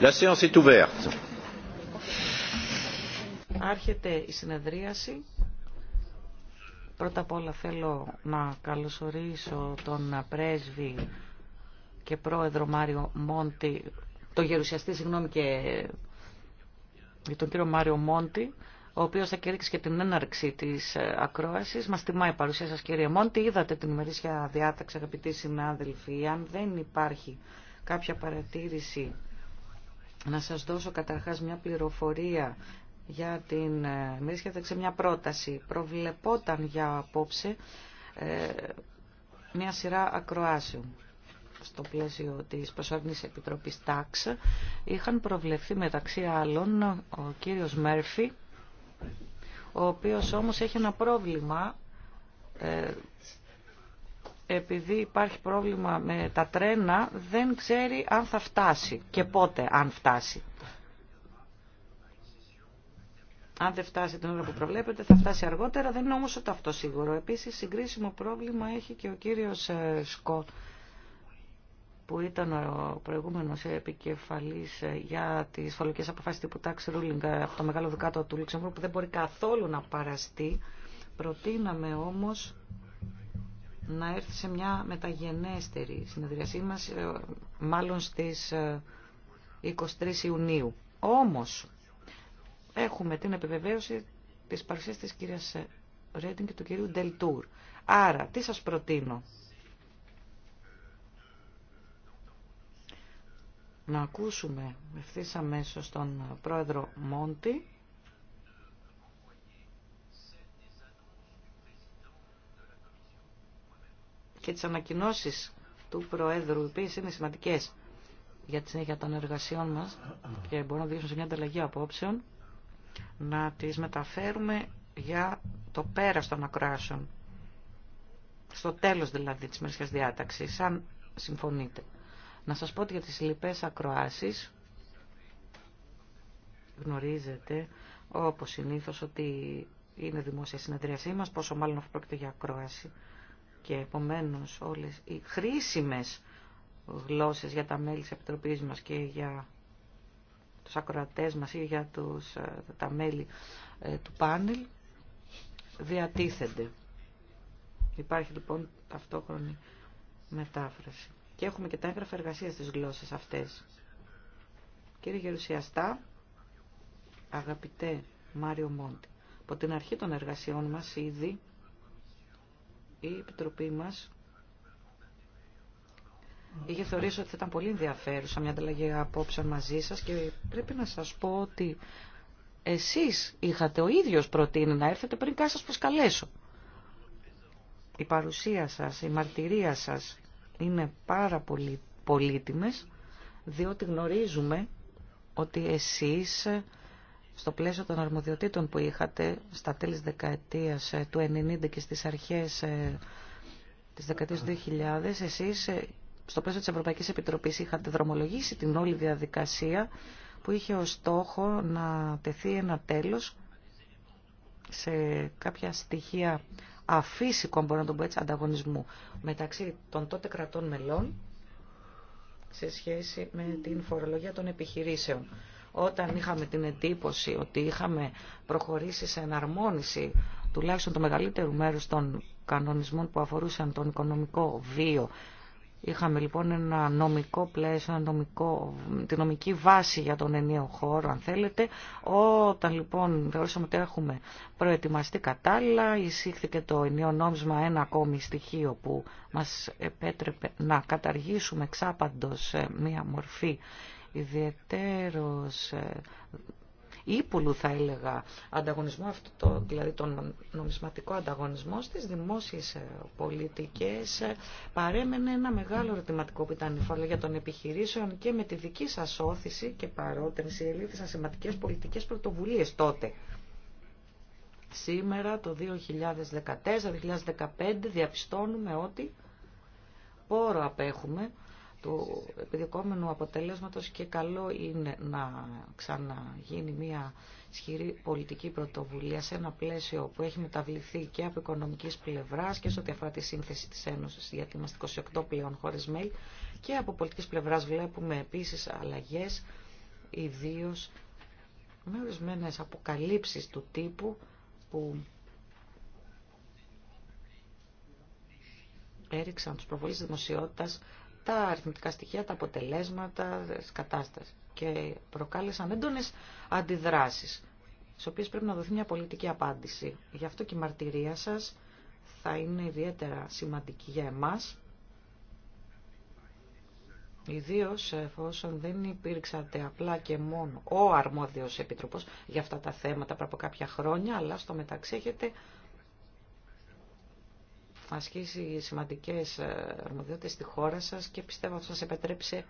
La séance est ouverte. Άρχεται η συνεδρίαση. Πρώτα απ' όλα θέλω να καλωσορίσω τον πρέσβη και πρόεδρο Μάριο Μόντι, τον γερουσιαστή συγγνώμη και τον κύριο Μάριο Μόντι, ο οποίο θα κηρύξει και την έναρξη τη ε, ακρόαση. Μα τιμάει η παρουσία σα, κύριε Μόντι. Είδατε την ημερήσια διάταξη, αγαπητοί συνάδελφοι. Αν δεν υπάρχει κάποια παρατήρηση να σας δώσω καταρχάς μια πληροφορία για την ε, μυρίσκεται σε μια πρόταση. Προβλεπόταν για απόψε ε, μια σειρά ακροάσεων στο πλαίσιο της Προσωρινής Επιτροπής ΤΑΞ. Είχαν προβλεφθεί μεταξύ άλλων ο κύριος Μέρφη, ο οποίος όμως έχει ένα πρόβλημα ε, επειδή υπάρχει πρόβλημα με τα τρένα, δεν ξέρει αν θα φτάσει και πότε αν φτάσει. Αν δεν φτάσει την ώρα που προβλέπετε, θα φτάσει αργότερα, δεν είναι όμως ούτε αυτό σίγουρο. Επίσης, συγκρίσιμο πρόβλημα έχει και ο κύριος ε, Σκοτ, που ήταν ο προηγούμενος επικεφαλής ε, για τις φορολογικές αποφάσεις τύπου tax ruling ε, από το Μεγάλο Δουκάτο του Λουξεμβούργου, που δεν μπορεί καθόλου να παραστεί. Προτείναμε όμως να έρθει σε μια μεταγενέστερη συνεδριασή μας, ε, μάλλον στις 23 ε, Ιουνίου. Όμως, έχουμε την επιβεβαίωση της παρουσίας της κυρίας ε, Ρέντιν και του κυρίου Ντελτούρ. Άρα, τι σας προτείνω. Να ακούσουμε ευθύ αμέσω τον πρόεδρο Μόντι και τις ανακοινώσεις του Προέδρου, οι οποίε είναι σημαντικές για τη συνέχεια των εργασιών μας και μπορούν να δείξουν σε μια ανταλλαγή απόψεων, να τις μεταφέρουμε για το πέρας των ακροάσεων, στο τέλος δηλαδή της μερικής διάταξης, αν συμφωνείτε. Να σας πω ότι για τις λοιπές ακροάσεις γνωρίζετε όπως συνήθως ότι είναι δημόσια συνεδρίασή μας, πόσο μάλλον αυτό πρόκειται για ακρόαση και επομένως όλες οι χρήσιμες γλώσσες για τα μέλη της Επιτροπής μας και για τους ακροατές μας ή για τους, ε, τα μέλη ε, του πάνελ διατίθενται. Υπάρχει λοιπόν ταυτόχρονη μετάφραση. Και έχουμε και τα έγγραφα εργασία στις γλώσσες αυτές. Κύριε Γερουσιαστά, αγαπητέ Μάριο Μόντι, από την αρχή των εργασιών μας ήδη η Επιτροπή μας είχε θεωρήσει ότι θα ήταν πολύ ενδιαφέρουσα μια ανταλλαγή απόψε μαζί σας και πρέπει να σας πω ότι εσείς είχατε ο ίδιος προτείνει να έρθετε πριν κάτι σας προσκαλέσω. Η παρουσία σας, η μαρτυρία σας είναι πάρα πολύ πολύτιμες διότι γνωρίζουμε ότι εσείς στο πλαίσιο των αρμοδιοτήτων που είχατε στα τέλη της δεκαετίας ε, του 90 και στις αρχές ε, της δεκαετίας του 2000, εσείς ε, στο πλαίσιο της Ευρωπαϊκής Επιτροπής είχατε δρομολογήσει την όλη διαδικασία που είχε ως στόχο να τεθεί ένα τέλος σε κάποια στοιχεία αφύσικων, ανταγωνισμού μεταξύ των τότε κρατών μελών σε σχέση με την φορολογία των επιχειρήσεων όταν είχαμε την εντύπωση ότι είχαμε προχωρήσει σε εναρμόνιση τουλάχιστον το μεγαλύτερο μέρος των κανονισμών που αφορούσαν τον οικονομικό βίο. Είχαμε λοιπόν ένα νομικό πλαίσιο, ένα νομικό, τη νομική βάση για τον ενιαίο χώρο, αν θέλετε. Όταν λοιπόν θεωρούσαμε ότι έχουμε προετοιμαστεί κατάλληλα, εισήχθηκε το ενίο νόμισμα ένα ακόμη στοιχείο που μας επέτρεπε να καταργήσουμε εξάπαντος ε, μία μορφή ιδιαίτερος ε, ύπουλου θα έλεγα ανταγωνισμό, αυτό δηλαδή τον νομισματικό ανταγωνισμό στις δημόσιες ε, πολιτικές ε, παρέμενε ένα μεγάλο ερωτηματικό που ήταν η για τον επιχειρήσεων και με τη δική σας όθηση και παρότρινση ελήφθησαν σημαντικές πολιτικές πρωτοβουλίες τότε. Σήμερα το 2014-2015 διαπιστώνουμε ότι πόρο απέχουμε του επιδιωκόμενου αποτελέσματος και καλό είναι να ξαναγίνει μια ισχυρή πολιτική πρωτοβουλία σε ένα πλαίσιο που έχει μεταβληθεί και από οικονομικής πλευράς και σε ό,τι αφορά τη σύνθεση της Ένωσης, γιατί είμαστε 28 πλέον χώρες μέλη και από πολιτικής πλευράς βλέπουμε επίσης αλλαγές, ιδίως με ορισμένε αποκαλύψεις του τύπου που έριξαν τους προβολείς δημοσιότητας τα αριθμητικά στοιχεία, τα αποτελέσματα της κατάσταση. και προκάλεσαν έντονες αντιδράσεις, στις οποίες πρέπει να δοθεί μια πολιτική απάντηση. Γι' αυτό και η μαρτυρία σας θα είναι ιδιαίτερα σημαντική για εμάς, Ιδίω εφόσον δεν υπήρξατε απλά και μόνο ο αρμόδιος επιτροπός για αυτά τα θέματα πριν από κάποια χρόνια, αλλά στο μεταξύ έχετε ασκήσει σημαντικές ε, αρμοδιότητες στη χώρα σας και πιστεύω ότι σας επιτρέψει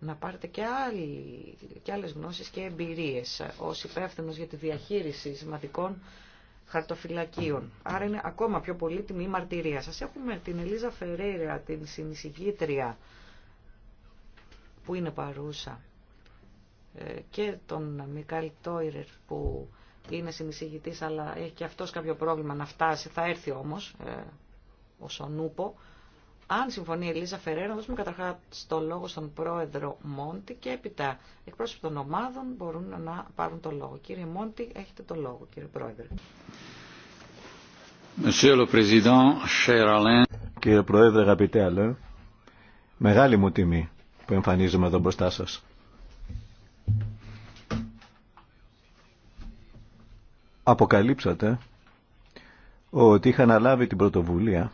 να πάρετε και, και άλλες γνώσεις και εμπειρίες ως υπεύθυνο για τη διαχείριση σημαντικών χαρτοφυλακίων. Άρα είναι ακόμα πιο πολύτιμη η μαρτυρία σας. Έχουμε την Ελίζα Φερέιρα, την συνεισηγήτρια που είναι παρούσα ε, και τον Μικάλ Τόιρερ που είναι συνεισηγητής αλλά έχει και αυτός κάποιο πρόβλημα να φτάσει. Θα έρθει όμως ε, ο Σονούπο. Αν συμφωνεί η Ελίζα Φεραίρα, να δώσουμε καταρχά το λόγο στον πρόεδρο Μόντι και έπειτα εκπρόσωποι των ομάδων μπορούν να πάρουν το λόγο. Κύριε Μόντι, έχετε το λόγο, κύριε πρόεδρε. Κύριε Πρόεδρε, αγαπητέ άλε μεγάλη μου τιμή που εμφανίζομαι εδώ μπροστά σας. Αποκαλύψατε ότι είχα αναλάβει την πρωτοβουλία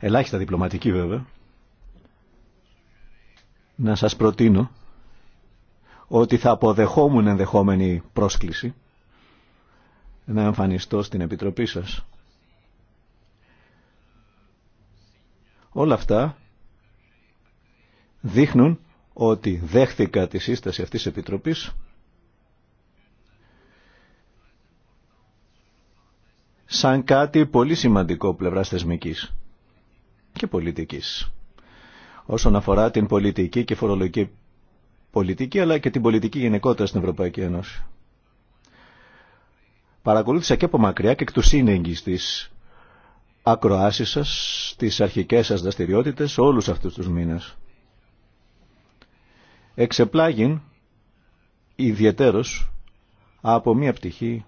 ελάχιστα διπλωματική βέβαια, να σας προτείνω ότι θα αποδεχόμουν ενδεχόμενη πρόσκληση να εμφανιστώ στην Επιτροπή σας. Όλα αυτά δείχνουν ότι δέχθηκα τη σύσταση αυτής της Επιτροπής σαν κάτι πολύ σημαντικό πλευράς θεσμικής και πολιτικής. Όσον αφορά την πολιτική και φορολογική πολιτική, αλλά και την πολιτική γενικότερα στην Ευρωπαϊκή Ένωση. Παρακολούθησα και από μακριά και εκ του σύνεγγυ της ακροάσεις σας, τις αρχικές σας δραστηριότητες όλους αυτούς τους μήνες. η ιδιαιτέρως από μία πτυχή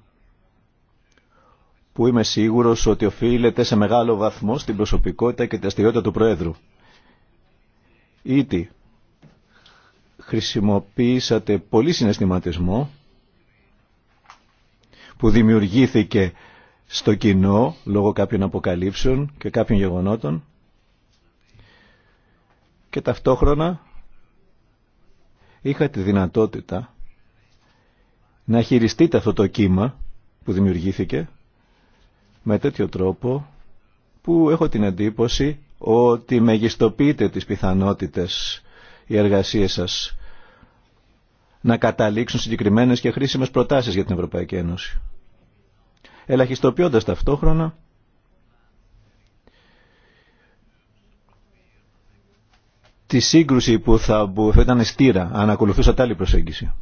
που είμαι σίγουρος ότι οφείλεται σε μεγάλο βαθμό στην προσωπικότητα και τη δραστηριότητα του Προέδρου. Ήτι, χρησιμοποίησατε πολύ συναισθηματισμό που δημιουργήθηκε στο κοινό λόγω κάποιων αποκαλύψεων και κάποιων γεγονότων και ταυτόχρονα είχα τη δυνατότητα να χειριστείτε αυτό το κύμα που δημιουργήθηκε με τέτοιο τρόπο που έχω την εντύπωση ότι μεγιστοποιείτε τις πιθανότητες οι εργασίες σας να καταλήξουν συγκεκριμένες και χρήσιμες προτάσεις για την Ευρωπαϊκή Ένωση. Ελαχιστοποιώντας ταυτόχρονα τη σύγκρουση που θα, που θα ήταν στήρα αν ακολουθούσα προσέγγιση.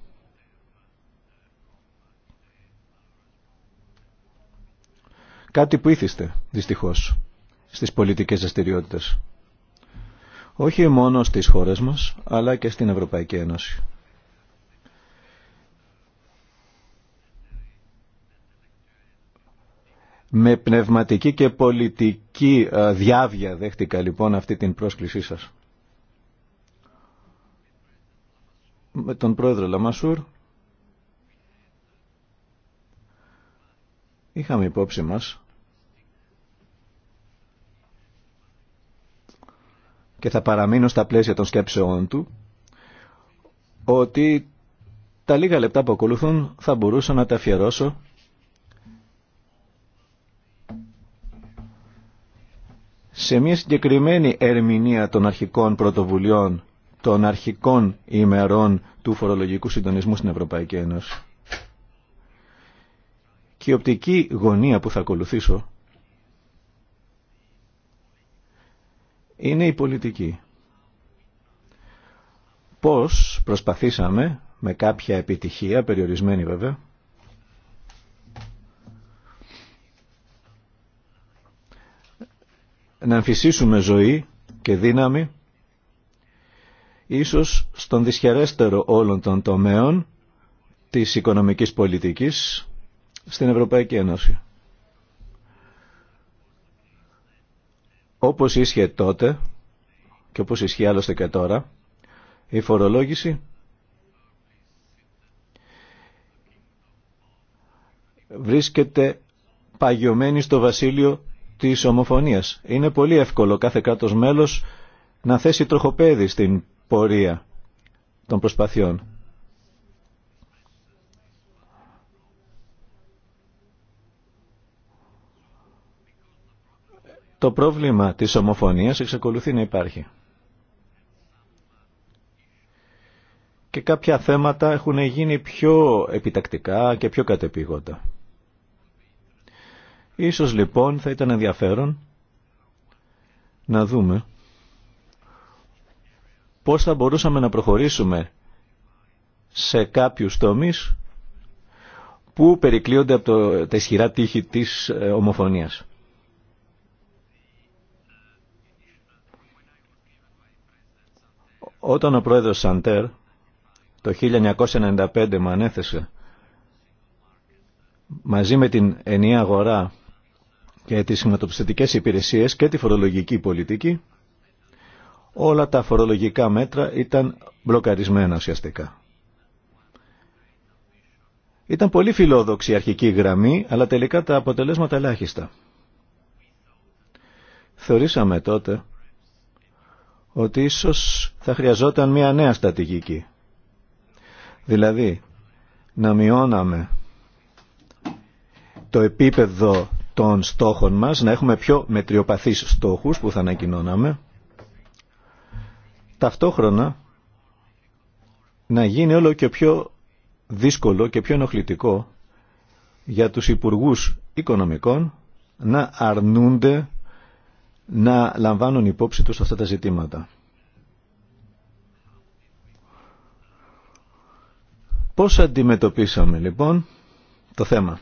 Κάτι που ήθιστε, δυστυχώς, στις πολιτικές δραστηριότητε. Όχι μόνο στις χώρες μας, αλλά και στην Ευρωπαϊκή Ένωση. Με πνευματική και πολιτική διάβια δέχτηκα λοιπόν αυτή την πρόσκλησή σας. Με τον πρόεδρο Λαμασούρ Είχαμε υπόψη μας και θα παραμείνω στα πλαίσια των σκέψεών του ότι τα λίγα λεπτά που ακολουθούν θα μπορούσα να τα αφιερώσω σε μια συγκεκριμένη ερμηνεία των αρχικών πρωτοβουλειών των αρχικών ημερών του φορολογικού συντονισμού στην Ευρωπαϊκή Ένωση. Και η οπτική γωνία που θα ακολουθήσω είναι η πολιτική. Πώς προσπαθήσαμε με κάποια επιτυχία, περιορισμένη βέβαια, να αμφισίσουμε ζωή και δύναμη ίσως στον δυσχερέστερο όλων των τομέων της οικονομικής πολιτικής στην Ευρωπαϊκή Ένωση. Όπως ίσχυε τότε και όπως ισχύει άλλωστε και τώρα, η φορολόγηση βρίσκεται παγιωμένη στο βασίλειο της ομοφωνίας. Είναι πολύ εύκολο κάθε κράτος μέλος να θέσει τροχοπέδι στην πορεία των προσπαθειών. το πρόβλημα της ομοφωνίας εξακολουθεί να υπάρχει. Και κάποια θέματα έχουν γίνει πιο επιτακτικά και πιο κατεπήγοντα. Ίσως λοιπόν θα ήταν ενδιαφέρον να δούμε πώς θα μπορούσαμε να προχωρήσουμε σε κάποιους τομείς που περικλείονται από το, τα ισχυρά τείχη της ε, ομοφωνίας. Όταν ο πρόεδρος Σαντέρ το 1995 με ανέθεσε μαζί με την ενιαία αγορά και τις χρηματοπιστωτικές υπηρεσίες και τη φορολογική πολιτική, όλα τα φορολογικά μέτρα ήταν μπλοκαρισμένα ουσιαστικά. Ήταν πολύ φιλόδοξη η αρχική γραμμή, αλλά τελικά τα αποτελέσματα ελάχιστα. Θεωρήσαμε τότε ότι ίσως θα χρειαζόταν μια νέα στρατηγική. Δηλαδή, να μειώναμε το επίπεδο των στόχων μας, να έχουμε πιο μετριοπαθείς στόχους που θα ανακοινώναμε, ταυτόχρονα να γίνει όλο και πιο δύσκολο και πιο ενοχλητικό για τους υπουργούς οικονομικών να αρνούνται να λαμβάνουν υπόψη τους αυτά τα ζητήματα. Πώς αντιμετωπίσαμε λοιπόν το θέμα.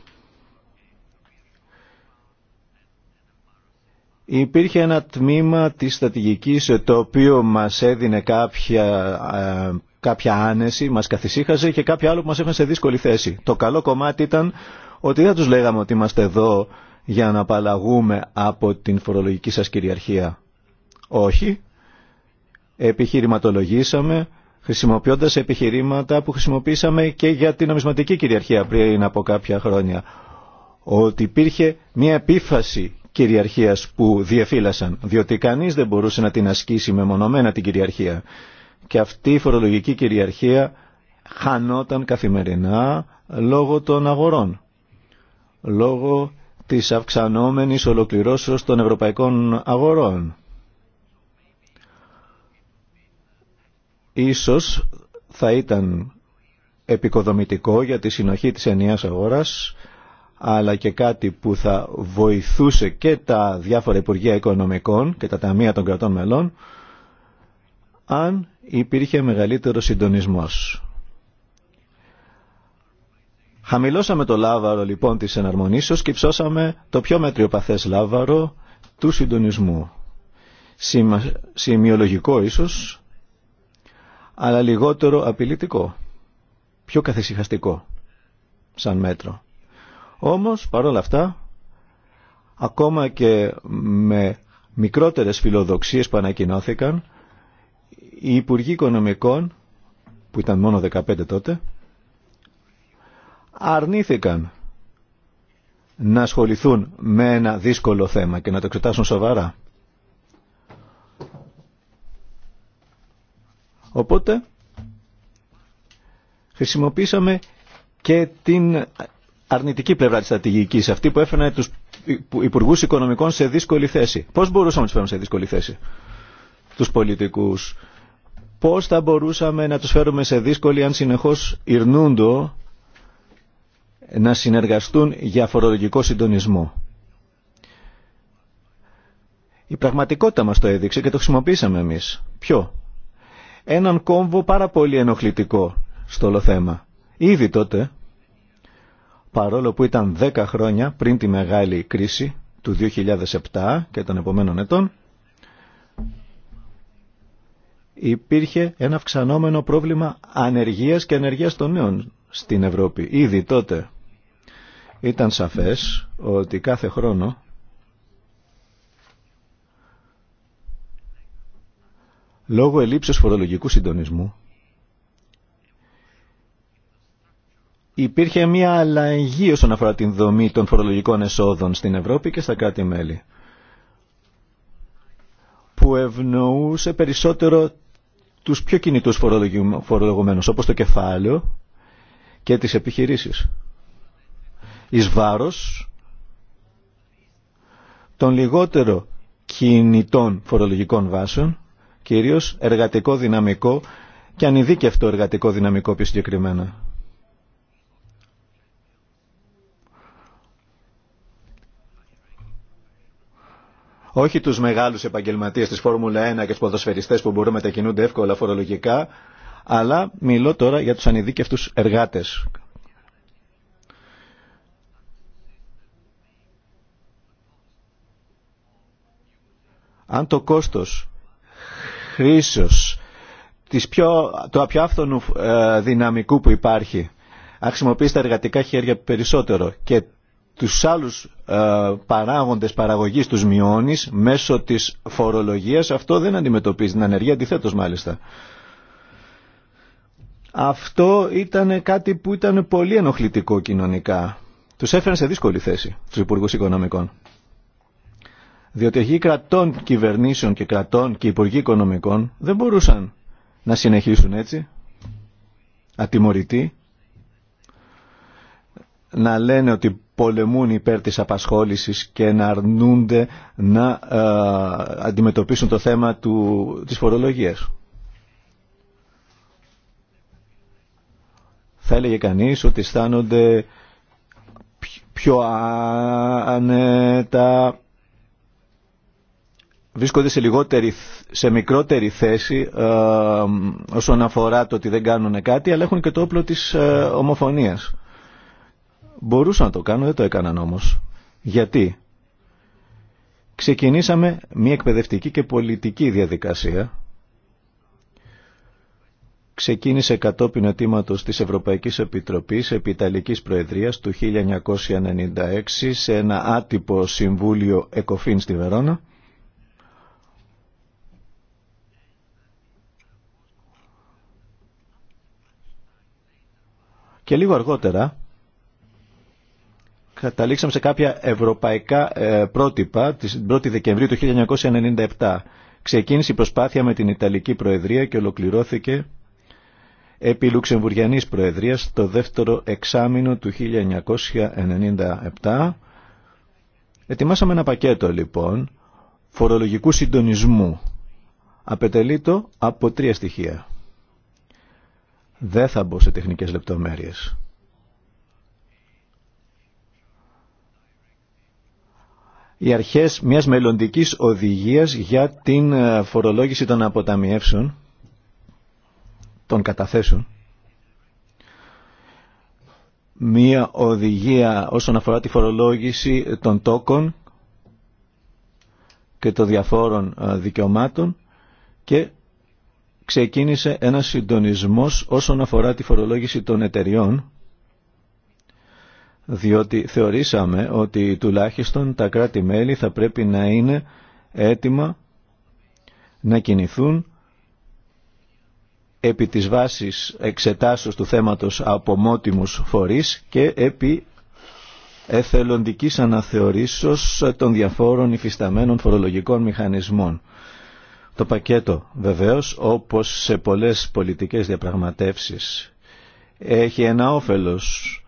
Υπήρχε ένα τμήμα της στρατηγικής το οποίο μας έδινε κάποια, κάποια άνεση, μας καθησύχαζε και κάποια άλλο που μας έφερε σε δύσκολη θέση. Το καλό κομμάτι ήταν ότι δεν τους λέγαμε ότι είμαστε εδώ για να απαλλαγούμε από την φορολογική σας κυριαρχία. Όχι. Επιχειρηματολογήσαμε χρησιμοποιώντας επιχειρήματα που χρησιμοποίησαμε και για την νομισματική κυριαρχία πριν από κάποια χρόνια. Ότι υπήρχε μια επίφαση κυριαρχίας που διεφύλασαν, διότι κανείς δεν μπορούσε να την ασκήσει μεμονωμένα την κυριαρχία. Και αυτή η φορολογική κυριαρχία χανόταν καθημερινά λόγω των αγορών, λόγω της αυξανόμενης ολοκληρώσεως των ευρωπαϊκών αγορών. Ίσως θα ήταν επικοδομητικό για τη συνοχή της ενιαίας αγοράς, αλλά και κάτι που θα βοηθούσε και τα διάφορα Υπουργεία Οικονομικών και τα Ταμεία των Κρατών Μελών, αν υπήρχε μεγαλύτερο συντονισμός. Χαμηλώσαμε το λάβαρο λοιπόν της εναρμονίσεως και ψώσαμε το πιο παθές λάβαρο του συντονισμού. Σημειολογικό ίσως, αλλά λιγότερο απειλητικό, πιο καθησυχαστικό σαν μέτρο. Όμως, παρόλα αυτά, ακόμα και με μικρότερες φιλοδοξίες που ανακοινώθηκαν, οι Υπουργοί Οικονομικών, που ήταν μόνο 15 τότε, αρνήθηκαν να ασχοληθούν με ένα δύσκολο θέμα και να το εξετάσουν σοβαρά. Οπότε χρησιμοποίησαμε και την αρνητική πλευρά της στρατηγικής, αυτή που έφερε τους υπουργούς οικονομικών σε δύσκολη θέση. Πώς μπορούσαμε να τους φέρουμε σε δύσκολη θέση, τους πολιτικούς. Πώς θα μπορούσαμε να τους φέρουμε σε δύσκολη αν συνεχώς ειρνούντο να συνεργαστούν για φορολογικό συντονισμό. Η πραγματικότητα μας το έδειξε και το χρησιμοποίησαμε εμείς. Ποιο? Έναν κόμβο πάρα πολύ ενοχλητικό στο όλο θέμα. Ήδη τότε, παρόλο που ήταν 10 χρόνια πριν τη μεγάλη κρίση του 2007 και των επομένων ετών, υπήρχε ένα αυξανόμενο πρόβλημα ανεργίας και ανεργίας των νέων στην Ευρώπη. Ήδη τότε ήταν σαφές ότι κάθε χρόνο λόγω ελλείψης φορολογικού συντονισμού υπήρχε μια αλλαγή όσον αφορά την δομή των φορολογικών εσόδων στην Ευρώπη και στα κάτι μέλη που ευνοούσε περισσότερο τους πιο κινητούς φορολογουμένους όπως το κεφάλαιο και τις επιχειρήσεις εις βάρος των λιγότερο κινητών φορολογικών βάσεων, κυρίως εργατικό δυναμικό και ανειδίκευτο εργατικό δυναμικό πιο συγκεκριμένα. Όχι τους μεγάλους επαγγελματίες της Φόρμουλα 1 και τους ποδοσφαιριστές που μπορούν να μετακινούνται εύκολα φορολογικά, αλλά μιλώ τώρα για τους ανειδίκευτους εργάτες, Αν το κόστος χρήσεως της πιο, του ε, δυναμικού που υπάρχει χρησιμοποιείς τα εργατικά χέρια περισσότερο και τους άλλους ε, παράγοντες παραγωγής τους μειώνεις μέσω της φορολογίας, αυτό δεν αντιμετωπίζει την ανεργία, αντιθέτως μάλιστα. Αυτό ήταν κάτι που ήταν πολύ ενοχλητικό κοινωνικά. Τους έφεραν σε δύσκολη θέση, τους Υπουργούς Οικονομικών. Διότι αρχή κρατών κυβερνήσεων και κρατών και υπουργοί οικονομικών δεν μπορούσαν να συνεχίσουν έτσι, ατιμωρητοί, να λένε ότι πολεμούν υπέρ της απασχόλησης και να αρνούνται να ε, αντιμετωπίσουν το θέμα του, της φορολογίας. Θα έλεγε κανείς ότι αισθάνονται πιο άνετα βρίσκονται σε, λιγότερη, σε μικρότερη θέση ε, όσον αφορά το ότι δεν κάνουν κάτι, αλλά έχουν και το όπλο της ε, ομοφωνίας. Μπορούσαν να το κάνουν, δεν το έκαναν όμως. Γιατί? Ξεκινήσαμε μια εκπαιδευτική και πολιτική διαδικασία. Ξεκίνησε κατόπιν ετήματος της Ευρωπαϊκής Επιτροπής επί Ιταλικής Προεδρίας του 1996 σε ένα άτυπο συμβούλιο ΕΚΟΦΗΝ στη Βερόνα. Και λίγο αργότερα καταλήξαμε σε κάποια ευρωπαϊκά ε, πρότυπα την 1η Δεκεμβρίου του 1997. Ξεκίνησε η προσπάθεια με την Ιταλική Προεδρία και ολοκληρώθηκε επί Λουξεμβουριανής Προεδρίας το δεύτερο εξάμεινο του 1997. Ετοιμάσαμε ένα πακέτο λοιπόν φορολογικού συντονισμού. απετελείτο από τρία στοιχεία. Δεν θα μπω σε τεχνικές λεπτομέρειες. Οι αρχές μιας μελλοντικής οδηγίας για την ε, φορολόγηση των αποταμιεύσεων, των καταθέσεων. Μία οδηγία όσον αφορά τη φορολόγηση των τόκων και των διαφόρων ε, δικαιωμάτων και ξεκίνησε ένας συντονισμός όσον αφορά τη φορολόγηση των εταιριών, διότι θεωρήσαμε ότι τουλάχιστον τα κράτη-μέλη θα πρέπει να είναι έτοιμα να κινηθούν επί της βάσης εξετάσεως του θέματος από μότιμους φορείς και επί εθελοντικής αναθεωρήσεως των διαφόρων υφισταμένων φορολογικών μηχανισμών. Το πακέτο βεβαίως όπως σε πολλές πολιτικές διαπραγματεύσεις έχει ένα όφελος,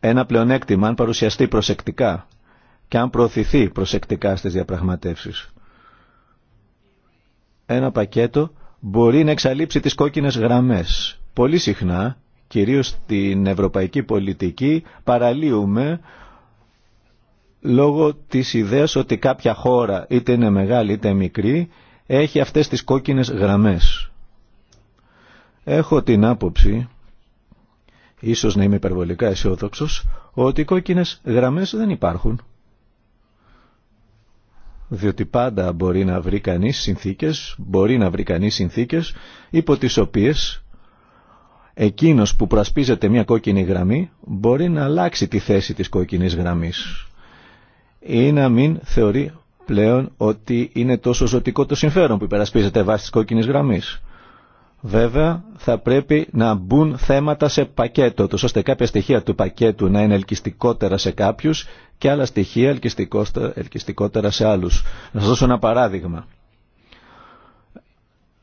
ένα πλεονέκτημα αν παρουσιαστεί προσεκτικά και αν προωθηθεί προσεκτικά στις διαπραγματεύσεις. Ένα πακέτο μπορεί να εξαλείψει τις κόκκινες γραμμές. Πολύ συχνά, κυρίως στην ευρωπαϊκή πολιτική, παραλύουμε λόγω της ιδέας ότι κάποια χώρα είτε είναι μεγάλη είτε μικρή έχει αυτές τις κόκκινες γραμμές. Έχω την άποψη, ίσως να είμαι υπερβολικά αισιόδοξο, ότι οι κόκκινες γραμμές δεν υπάρχουν. Διότι πάντα μπορεί να βρει κανείς συνθήκες, μπορεί να βρει κανείς συνθήκες υπό τις οποίες εκείνος που προασπίζεται μια κόκκινη γραμμή μπορεί να αλλάξει τη θέση της κόκκινης γραμμής ή να μην θεωρεί πλέον ότι είναι τόσο ζωτικό το συμφέρον που υπερασπίζεται βάσει τη κόκκινη γραμμή. Βέβαια, θα πρέπει να μπουν θέματα σε πακέτο, τόσο ώστε κάποια στοιχεία του πακέτου να είναι ελκυστικότερα σε κάποιους και άλλα στοιχεία ελκυστικότερα σε άλλους. Να σας δώσω ένα παράδειγμα.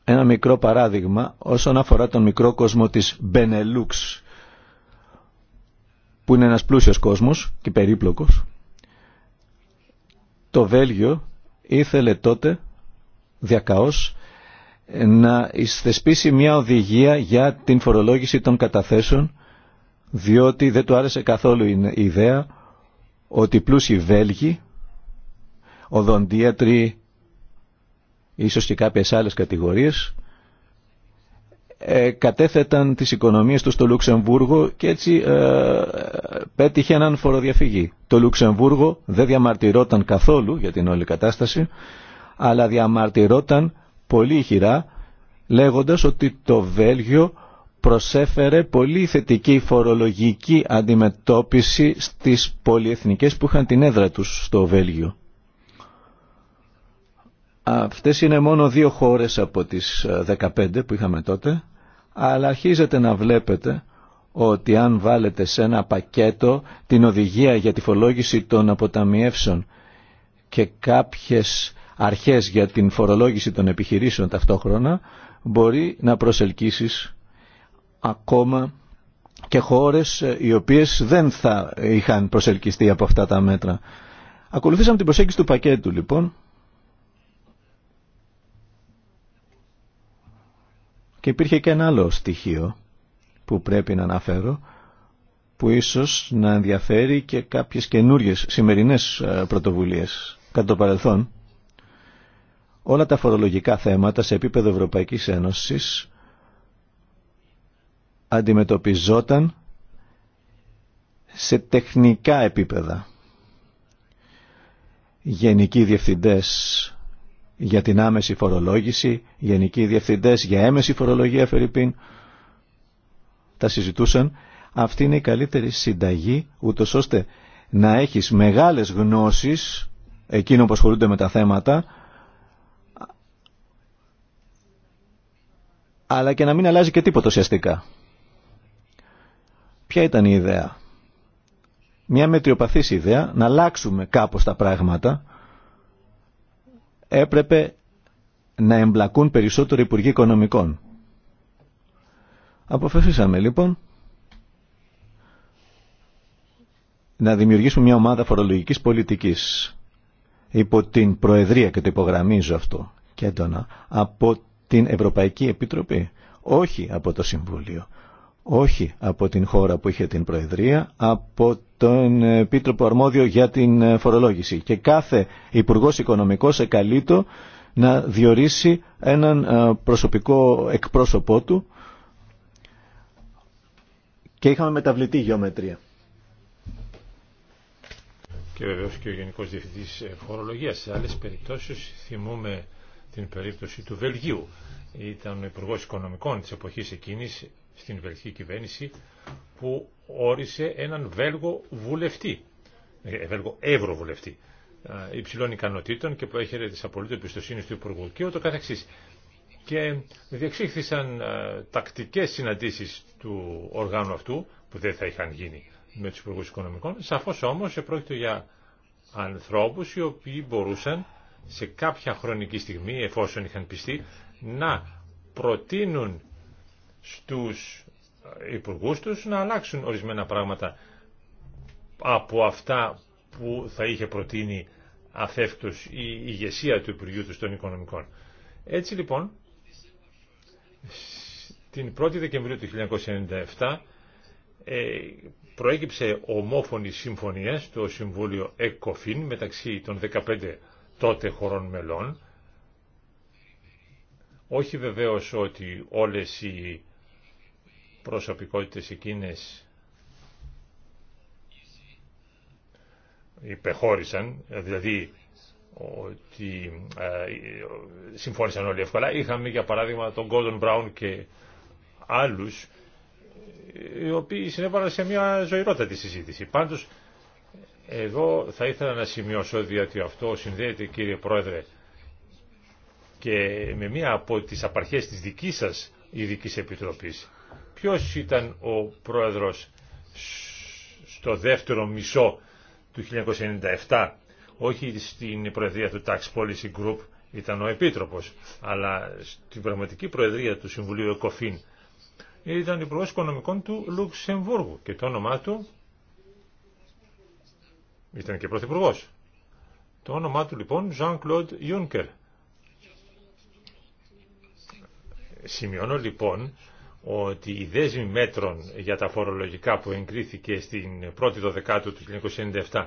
Ένα μικρό παράδειγμα όσον αφορά τον μικρό κόσμο της Benelux, που είναι ένας πλούσιος κόσμος και περίπλοκος. Το Βέλγιο ήθελε τότε διακαώς να εισθεσπίσει μια οδηγία για την φορολόγηση των καταθέσεων διότι δεν του άρεσε καθόλου η ιδέα ότι πλούσιοι Βέλγοι, οδοντίατροι, ίσως και κάποιες άλλες κατηγορίες, ε, κατέθεταν τις οικονομίες του στο Λουξεμβούργο και έτσι ε, πέτυχε έναν φοροδιαφυγή. Το Λουξεμβούργο δεν διαμαρτυρόταν καθόλου για την όλη κατάσταση, αλλά διαμαρτυρόταν πολύ χειρά λέγοντας ότι το Βέλγιο προσέφερε πολύ θετική φορολογική αντιμετώπιση στις πολυεθνικές που είχαν την έδρα τους στο Βέλγιο. Αυτές είναι μόνο δύο χώρες από τις 15 ε, που είχαμε τότε αλλά αρχίζετε να βλέπετε ότι αν βάλετε σε ένα πακέτο την οδηγία για τη φορολόγηση των αποταμιεύσεων και κάποιες αρχές για την φορολόγηση των επιχειρήσεων ταυτόχρονα, μπορεί να προσελκύσεις ακόμα και χώρες ε, οι οποίες δεν θα είχαν προσελκυστεί από αυτά τα μέτρα. Ακολουθήσαμε την προσέγγιση του πακέτου λοιπόν Και υπήρχε και ένα άλλο στοιχείο που πρέπει να αναφέρω που ίσως να ενδιαφέρει και κάποιες καινούριες σημερινές ε, πρωτοβουλίες κατά το παρελθόν. Όλα τα φορολογικά θέματα σε επίπεδο Ευρωπαϊκής Ένωσης αντιμετωπιζόταν σε τεχνικά επίπεδα. Γενικοί διευθυντές για την άμεση φορολόγηση, γενικοί διευθυντές για έμεση φορολογία Φερρυπίν, τα συζητούσαν. Αυτή είναι η καλύτερη συνταγή, ούτω ώστε να έχεις μεγάλες γνώσεις εκείνο που ασχολούνται με τα θέματα, αλλά και να μην αλλάζει και τίποτα ουσιαστικά. Ποια ήταν η ιδέα. Μια μετριοπαθής ιδέα, να αλλάξουμε κάπως τα πράγματα, έπρεπε να εμπλακούν περισσότερο Υπουργοί Οικονομικών. Αποφασίσαμε λοιπόν να δημιουργήσουμε μια ομάδα φορολογικής πολιτικής υπό την Προεδρία και το υπογραμμίζω αυτό και έντονα από την Ευρωπαϊκή Επιτροπή όχι από το Συμβούλιο όχι από την χώρα που είχε την Προεδρία, από τον ε, Επίτροπο Αρμόδιο για την ε, φορολόγηση. Και κάθε Υπουργός Οικονομικός εκαλείτο να διορίσει έναν ε, προσωπικό εκπρόσωπό του και είχαμε μεταβλητή γεωμετρία. Και βεβαίω και ο Γενικός Διευθυντής Φορολογίας. Σε άλλε περιπτώσεις θυμούμε την περίπτωση του Βελγίου. Ήταν ο υπουργό Οικονομικών τη εποχή εκείνη στην βελγική κυβέρνηση που όρισε έναν Βέλγο βουλευτή, ε, Βέλγο ευρωβουλευτή ε, υψηλών ικανοτήτων και που έχερε τις απολύτω εμπιστοσύνη του Υπουργού και ούτω καθεξής. Και διεξήχθησαν ε, τακτικές συναντήσεις του οργάνου αυτού που δεν θα είχαν γίνει με τους Υπουργούς Οικονομικών. Σαφώς όμως επρόκειτο για ανθρώπους οι οποίοι μπορούσαν σε κάποια χρονική στιγμή εφόσον είχαν πιστεί να προτείνουν στους υπουργούς τους να αλλάξουν ορισμένα πράγματα από αυτά που θα είχε προτείνει αφεύκτος η ηγεσία του Υπουργείου του των Οικονομικών. Έτσι λοιπόν, την 1η Δεκεμβρίου του 1997 ε, προέκυψε ομόφωνη συμφωνία στο Συμβούλιο ΕΚΟΦΗΝ μεταξύ των 15 τότε χωρών μελών. Όχι βεβαίως ότι όλες οι προσωπικότητες εκείνες υπεχώρησαν, δηλαδή ότι ε, συμφώνησαν όλοι εύκολα. Είχαμε για παράδειγμα τον Gordon Brown και άλλους οι οποίοι συνέβαλαν σε μια ζωηρότατη συζήτηση. Πάντως εδώ θα ήθελα να σημειώσω διότι αυτό συνδέεται κύριε Πρόεδρε και με μία από τις απαρχές της δικής σας ειδική Επιτροπής Ποιος ήταν ο πρόεδρος στο δεύτερο μισό του 1997, όχι στην προεδρία του Tax Policy Group, ήταν ο Επίτροπος, αλλά στην πραγματική προεδρία του Συμβουλίου ΕΚΟΦΗΝ ήταν υπουργός Οικονομικών του Λουξεμβούργου και το όνομά του ήταν και πρωθυπουργός. Το όνομά του λοιπόν Jean-Claude Juncker. Σημειώνω λοιπόν ότι η δέσμη μέτρων για τα φορολογικά που εγκρίθηκε στην πρώτη η του 1997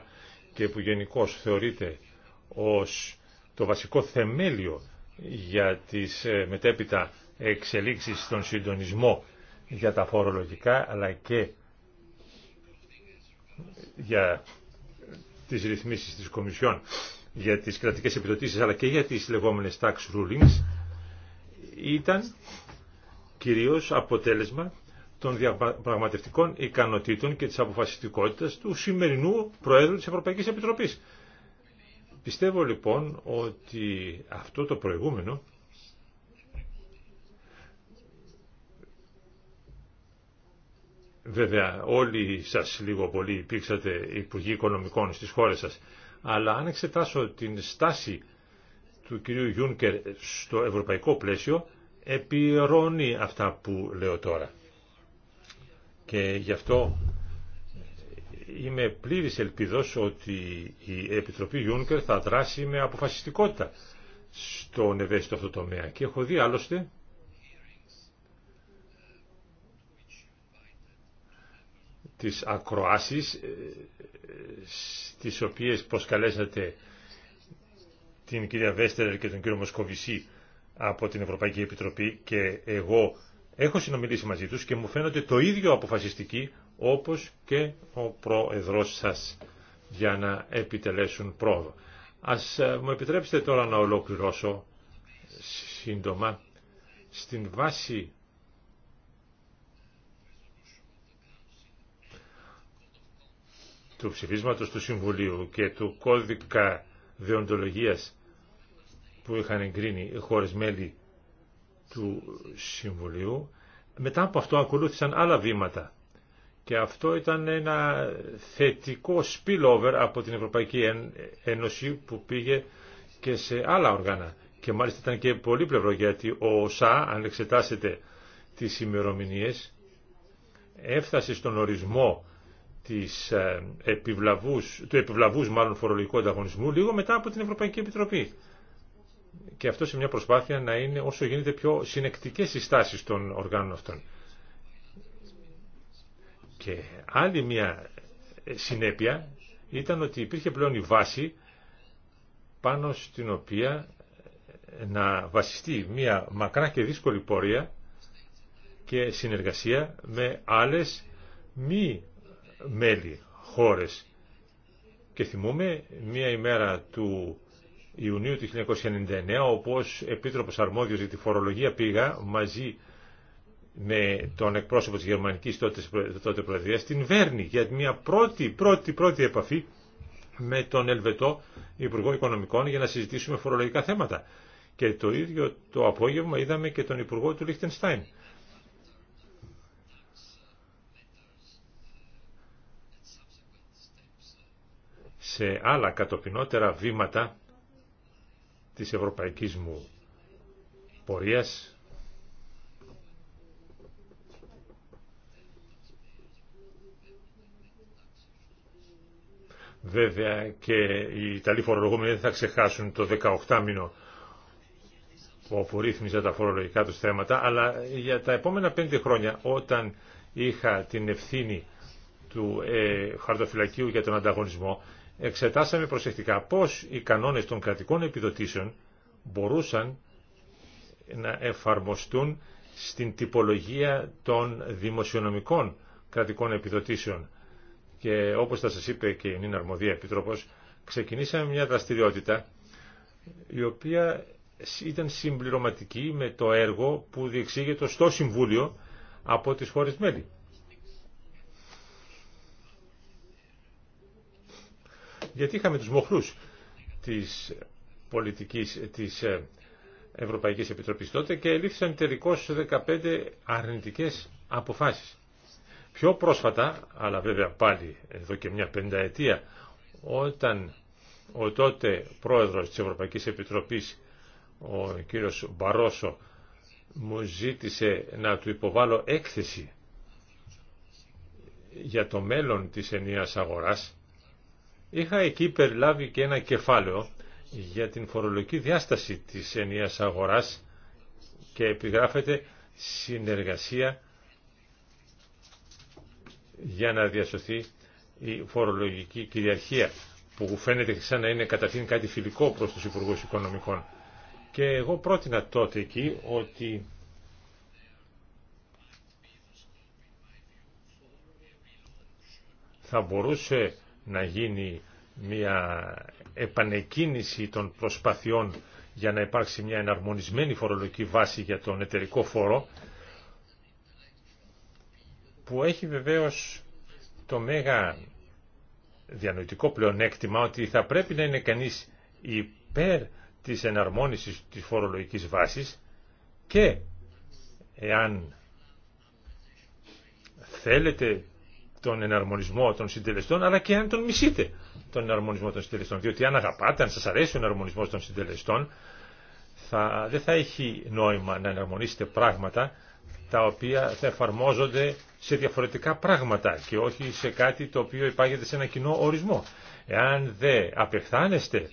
και που γενικώ θεωρείται ως το βασικό θεμέλιο για τις ε, μετέπειτα εξελίξεις στον συντονισμό για τα φορολογικά αλλά και για τις ρυθμίσεις της Κομισιόν για τις κρατικές επιδοτήσεις αλλά και για τις λεγόμενες tax rulings ήταν κυρίως αποτέλεσμα των διαπραγματευτικών ικανοτήτων και της αποφασιστικότητας του σημερινού Προέδρου της Ευρωπαϊκής Επιτροπής. Πιστεύω λοιπόν ότι αυτό το προηγούμενο Βέβαια όλοι σας λίγο πολύ υπήρξατε Υπουργοί Οικονομικών στις χώρες σας αλλά αν εξετάσω την στάση του κυρίου Γιούνκερ στο ευρωπαϊκό πλαίσιο επιρρώνει αυτά που λέω τώρα. Και γι' αυτό είμαι πλήρης ελπιδός ότι η Επιτροπή Γιούνκερ θα δράσει με αποφασιστικότητα στον ευαίσθητο αυτό τομέα. Και έχω δει άλλωστε τις ακροάσεις ε, στις οποίες προσκαλέσατε την κυρία Βέστερ και τον κύριο Μοσκοβισή από την Ευρωπαϊκή Επιτροπή και εγώ έχω συνομιλήσει μαζί τους και μου φαίνονται το ίδιο αποφασιστικοί όπως και ο πρόεδρος σας για να επιτελέσουν πρόοδο. Ας ε, μου επιτρέψετε τώρα να ολοκληρώσω σύντομα στην βάση του ψηφίσματος του Συμβουλίου και του κώδικα διοντολογίας που είχαν εγκρίνει χώρες μέλη του Συμβουλίου. Μετά από αυτό ακολούθησαν άλλα βήματα και αυτό ήταν ένα θετικό spillover από την Ευρωπαϊκή Ένωση που πήγε και σε άλλα όργανα. Και μάλιστα ήταν και πλευρό γιατί ο ΣΑ, αν εξετάσετε τις ημερομηνίε, έφτασε στον ορισμό της ε, επιβλαβούς, του επιβλαβούς μάλλον φορολογικού ανταγωνισμού λίγο μετά από την Ευρωπαϊκή Επιτροπή και αυτό σε μια προσπάθεια να είναι όσο γίνεται πιο συνεκτικές οι στάσεις των οργάνων αυτών. Και άλλη μια συνέπεια ήταν ότι υπήρχε πλέον η βάση πάνω στην οποία να βασιστεί μια μακρά και δύσκολη πορεία και συνεργασία με άλλες μη μέλη χώρες. Και θυμούμε μια ημέρα του Ιουνίου του 1999, όπου ως Επίτροπος Αρμόδιος για τη Φορολογία πήγα μαζί με τον εκπρόσωπο της Γερμανικής τότε, τότε Προεδρίας στην Βέρνη για μια πρώτη, πρώτη, πρώτη επαφή με τον Ελβετό Υπουργό Οικονομικών για να συζητήσουμε φορολογικά θέματα. Και το ίδιο το απόγευμα είδαμε και τον Υπουργό του Λίχτενστάιν. Σε άλλα κατοπινότερα βήματα της ευρωπαϊκής μου πορείας. Βέβαια και οι Ιταλοί φορολογούμενοι δεν θα ξεχάσουν το 18 μήνο όπου ρύθμιζα τα φορολογικά τους θέματα, αλλά για τα επόμενα πέντε χρόνια όταν είχα την ευθύνη του ε, χαρτοφυλακίου για τον ανταγωνισμό εξετάσαμε προσεκτικά πώς οι κανόνες των κρατικών επιδοτήσεων μπορούσαν να εφαρμοστούν στην τυπολογία των δημοσιονομικών κρατικών επιδοτήσεων. Και όπως θα σας είπε και η Νίνα Αρμοδία Επίτροπος, ξεκινήσαμε μια δραστηριότητα η οποία ήταν συμπληρωματική με το έργο που διεξήγεται στο Συμβούλιο από τις χώρες μέλη. γιατί είχαμε τους μοχλούς της πολιτικής της ε, Ευρωπαϊκής Επιτροπής τότε και ελήφθησαν τελικώς 15 αρνητικές αποφάσεις. Πιο πρόσφατα, αλλά βέβαια πάλι εδώ και μια πενταετία, όταν ο τότε πρόεδρος της Ευρωπαϊκής Επιτροπής, ο κύριος Μπαρόσο, μου ζήτησε να του υποβάλω έκθεση για το μέλλον της ενίας αγοράς, Είχα εκεί περιλάβει και ένα κεφάλαιο για την φορολογική διάσταση της ενιαίας αγοράς και επιγράφεται συνεργασία για να διασωθεί η φορολογική κυριαρχία που φαίνεται σαν να είναι καταρχήν κάτι φιλικό προς τους Υπουργούς Οικονομικών. Και εγώ πρότεινα τότε εκεί ότι θα μπορούσε να γίνει μια επανεκκίνηση των προσπαθειών για να υπάρξει μια εναρμονισμένη φορολογική βάση για τον εταιρικό φόρο που έχει βεβαίως το μέγα διανοητικό πλεονέκτημα ότι θα πρέπει να είναι κανείς υπέρ της εναρμόνισης της φορολογικής βάσης και εάν θέλετε τον εναρμονισμό των συντελεστών, αλλά και αν τον μισείτε τον εναρμονισμό των συντελεστών. Διότι αν αγαπάτε, αν σας αρέσει ο εναρμονισμό των συντελεστών, θα, δεν θα έχει νόημα να εναρμονίσετε πράγματα τα οποία θα εφαρμόζονται σε διαφορετικά πράγματα και όχι σε κάτι το οποίο υπάγεται σε ένα κοινό ορισμό. Εάν δεν απεχθάνεστε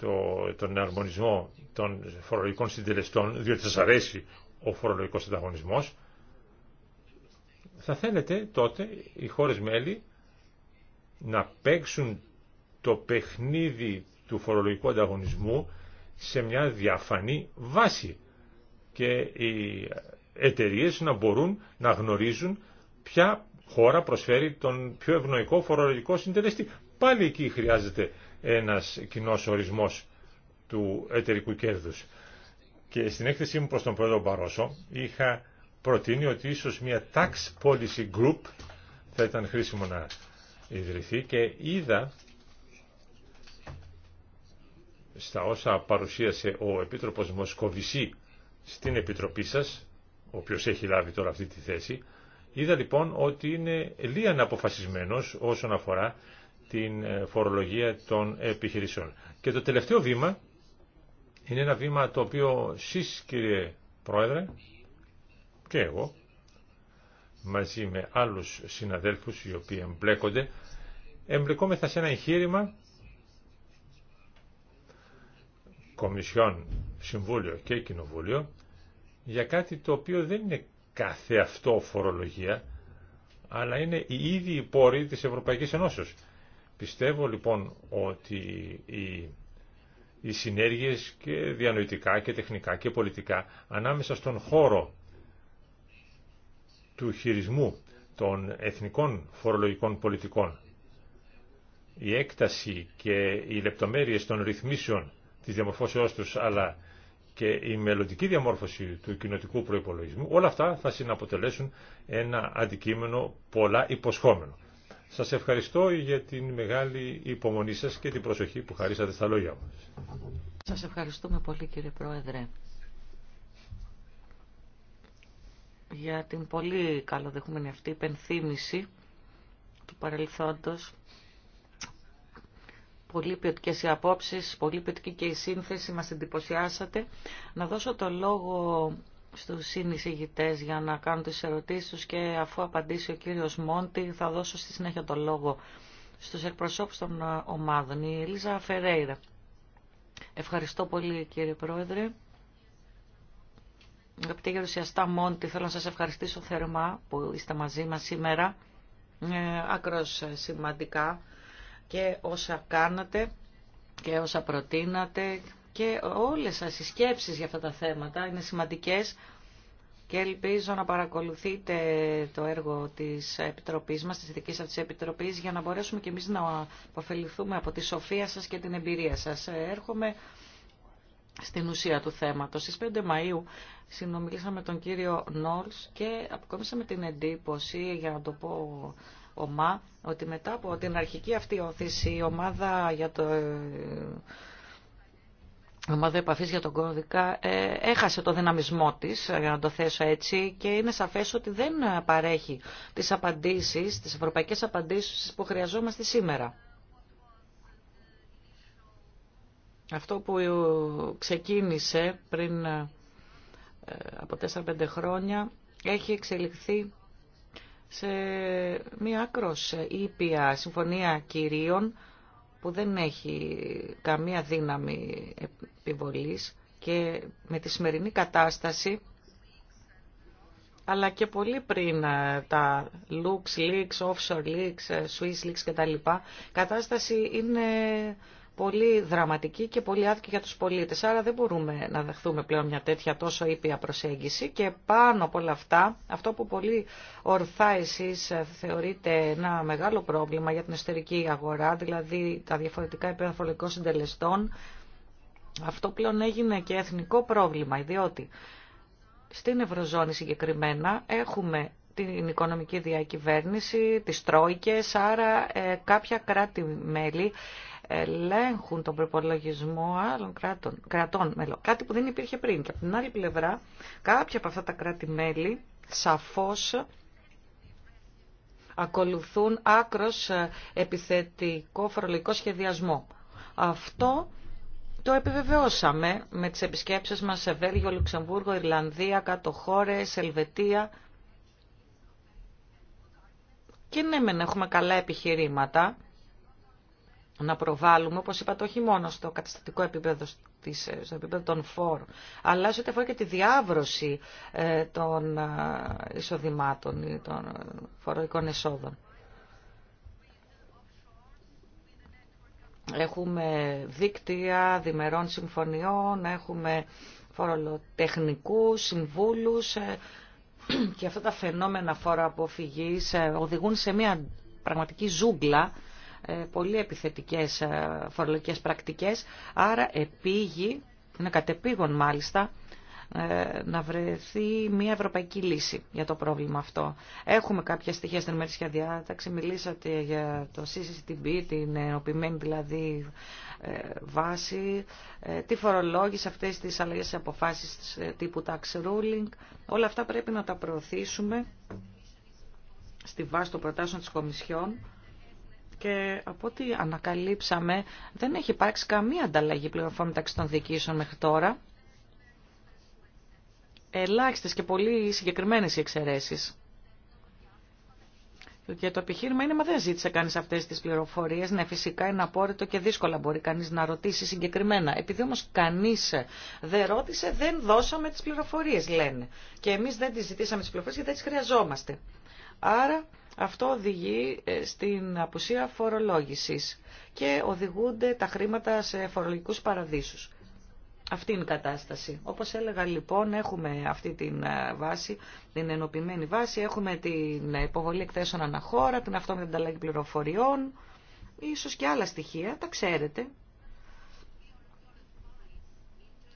το, τον εναρμονισμό των φορολογικών συντελεστών, διότι σας αρέσει ο φορολογικός ανταγωνισμός, θα θέλετε τότε οι χώρες μέλη να παίξουν το παιχνίδι του φορολογικού ανταγωνισμού σε μια διαφανή βάση και οι εταιρείε να μπορούν να γνωρίζουν ποια χώρα προσφέρει τον πιο ευνοϊκό φορολογικό συντελεστή. Πάλι εκεί χρειάζεται ένας κοινό ορισμός του εταιρικού κέρδους. Και στην έκθεσή μου προς τον πρόεδρο Μπαρόσο είχα προτείνει ότι ίσως μια tax policy group θα ήταν χρήσιμο να ιδρυθεί και είδα στα όσα παρουσίασε ο Επίτροπος Μοσκοβισή στην Επιτροπή σας, ο οποίος έχει λάβει τώρα αυτή τη θέση, είδα λοιπόν ότι είναι λίαν αποφασισμένος όσον αφορά την ε, φορολογία των επιχειρήσεων. Και το τελευταίο βήμα είναι ένα βήμα το οποίο εσείς κύριε Πρόεδρε και εγώ μαζί με άλλους συναδέλφους οι οποίοι εμπλέκονται εμπλεκόμεθα σε ένα εγχείρημα Κομισιόν, Συμβούλιο και Κοινοβούλιο για κάτι το οποίο δεν είναι κάθε αυτό φορολογία αλλά είναι οι ίδιοι πόροι της Ευρωπαϊκής Ενώσεως. Πιστεύω λοιπόν ότι οι, οι συνέργειες και διανοητικά και τεχνικά και πολιτικά ανάμεσα στον χώρο του χειρισμού των εθνικών φορολογικών πολιτικών. Η έκταση και οι λεπτομέρειες των ρυθμίσεων της διαμορφώσεώς τους, αλλά και η μελλοντική διαμόρφωση του κοινοτικού προϋπολογισμού, όλα αυτά θα συναποτελέσουν ένα αντικείμενο πολλά υποσχόμενο. Σας ευχαριστώ για την μεγάλη υπομονή σας και την προσοχή που χαρίσατε στα λόγια μας. Σας ευχαριστούμε πολύ κύριε Πρόεδρε. για την πολύ καλοδεχούμενη αυτή υπενθύμηση του παρελθόντος. Πολύ ποιοτικέ οι απόψεις, πολύ ποιοτική και η σύνθεση, μας εντυπωσιάσατε. Να δώσω το λόγο στους συνεισηγητές για να κάνουν τις ερωτήσεις τους και αφού απαντήσει ο κύριος Μόντι θα δώσω στη συνέχεια το λόγο στους εκπροσώπους των ομάδων. Η Ελίζα Φερέιρα. Ευχαριστώ πολύ κύριε Πρόεδρε. Αγαπητέ Γερουσιαστά Μόντι, θέλω να σας ευχαριστήσω θερμά που είστε μαζί μας σήμερα. Ε, άκρος σημαντικά και όσα κάνατε και όσα προτείνατε και όλες σας οι σκέψεις για αυτά τα θέματα είναι σημαντικές και ελπίζω να παρακολουθείτε το έργο της Επιτροπής μας, της δικής αυτής Επιτροπής, για να μπορέσουμε και εμείς να αποφεληθούμε από τη σοφία σας και την εμπειρία σας. Ε, έρχομαι στην ουσία του θέματος. Στις 5 Μαΐου συνομιλήσαμε με τον κύριο Νόλς και αποκόμισαμε την εντύπωση, για να το πω ομά, ότι μετά από την αρχική αυτή όθηση η ομάδα για το... ομάδα επαφή για τον κώδικα ε, έχασε το δυναμισμό τη, ε, για να το θέσω έτσι, και είναι σαφέ ότι δεν παρέχει τι απαντήσει, τι ευρωπαϊκέ απαντήσει που χρειαζόμαστε σήμερα. Αυτό που ξεκίνησε πριν ε, από 4-5 χρόνια έχει εξελιχθεί σε μία άκρος ήπια συμφωνία κυρίων που δεν έχει καμία δύναμη επιβολής και με τη σημερινή κατάσταση αλλά και πολύ πριν ε, τα Lux Leaks, Offshore Leaks, ε, Swiss Leaks κτλ. κατάσταση είναι πολύ δραματική και πολύ άδικη για τους πολίτες. Άρα δεν μπορούμε να δεχθούμε πλέον μια τέτοια τόσο ήπια προσέγγιση και πάνω από όλα αυτά, αυτό που πολύ ορθά εσείς θεωρείτε ένα μεγάλο πρόβλημα για την εσωτερική αγορά, δηλαδή τα διαφορετικά επέμφωλικών συντελεστών, αυτό πλέον έγινε και εθνικό πρόβλημα, διότι στην Ευρωζώνη συγκεκριμένα έχουμε την οικονομική διακυβέρνηση, τις τρόικες, άρα ε, κάποια κράτη-μέλη ελέγχουν τον προπολογισμό άλλων κράτων, κρατών Κάτι που δεν υπήρχε πριν. Και από την άλλη πλευρά, κάποια από αυτά τα κράτη-μέλη σαφώς ακολουθούν άκρος ε, επιθετικό φορολογικό σχεδιασμό. Αυτό το επιβεβαιώσαμε με τις επισκέψεις μας σε Βέλγιο, Λουξεμβούργο, Ιρλανδία, κάτω χώρες, Ελβετία. Και ναι, μεν έχουμε καλά επιχειρήματα, να προβάλλουμε, όπως είπατε, όχι μόνο στο καταστατικό επίπεδο, στο επίπεδο των φόρων, αλλά σε ό,τι αφορά και τη διάβρωση ε, των ε, εισοδημάτων ή των ε, φοροϊκών εσόδων. Έχουμε δίκτυα διμερών συμφωνιών, έχουμε φορολοτεχνικούς, συμβούλους και αυτά τα φαινόμενα ε, οδηγούν σε μια πραγματική ζούγκλα ε, πολύ επιθετικές ε, φορολογικές πρακτικές, άρα επίγει, είναι κατεπήγον μάλιστα, ε, να βρεθεί μια ευρωπαϊκή λύση για το πρόβλημα αυτό. Έχουμε κάποια στοιχεία στην ημερήσια διάταξη. Μιλήσατε για το CCTB, την ενωπημένη δηλαδή βάση, τι φορολόγηση, αυτές τις αλλαγές αποφάσεις τύπου tax ruling. Όλα αυτά πρέπει να τα προωθήσουμε στη βάση των προτάσεων της Κομισιόν και από ό,τι ανακαλύψαμε δεν έχει υπάρξει καμία ανταλλαγή πληροφόρων μεταξύ των διοικήσεων μέχρι τώρα. Ελάχιστες και πολύ συγκεκριμένες οι εξαιρέσεις. Και το επιχείρημα είναι, μα δεν ζήτησε κανεί αυτέ τι πληροφορίε. Ναι, φυσικά είναι απόρριτο και δύσκολα μπορεί κανεί να ρωτήσει συγκεκριμένα. Επειδή όμω κανεί δεν ρώτησε, δεν δώσαμε τι πληροφορίε, λένε. Και εμεί δεν τι ζητήσαμε τι πληροφορίε γιατί δεν τι χρειαζόμαστε. Άρα αυτό οδηγεί ε, στην απουσία φορολόγησης και οδηγούνται τα χρήματα σε φορολογικούς παραδείσους. Αυτή είναι η κατάσταση. Όπως έλεγα λοιπόν έχουμε αυτή την ε, βάση, την ενωπημένη βάση, έχουμε την ε, υποβολή εκθέσεων αναχώρα, την αυτόματη ανταλλαγή πληροφοριών, ίσως και άλλα στοιχεία, τα ξέρετε.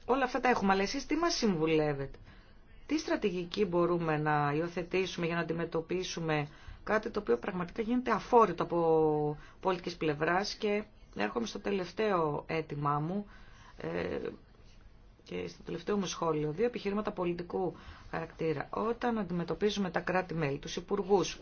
Όλα αυτά τα έχουμε, αλλά εσείς τι μας συμβουλεύετε. Τι στρατηγική μπορούμε να υιοθετήσουμε για να αντιμετωπίσουμε Κάτι το οποίο πραγματικά γίνεται αφόρητο από πολιτικής πλευράς και έρχομαι στο τελευταίο αίτημά μου ε, και στο τελευταίο μου σχόλιο. Δύο επιχειρήματα πολιτικού χαρακτήρα. Όταν αντιμετωπίζουμε τα κράτη-μέλη, τους υπουργούς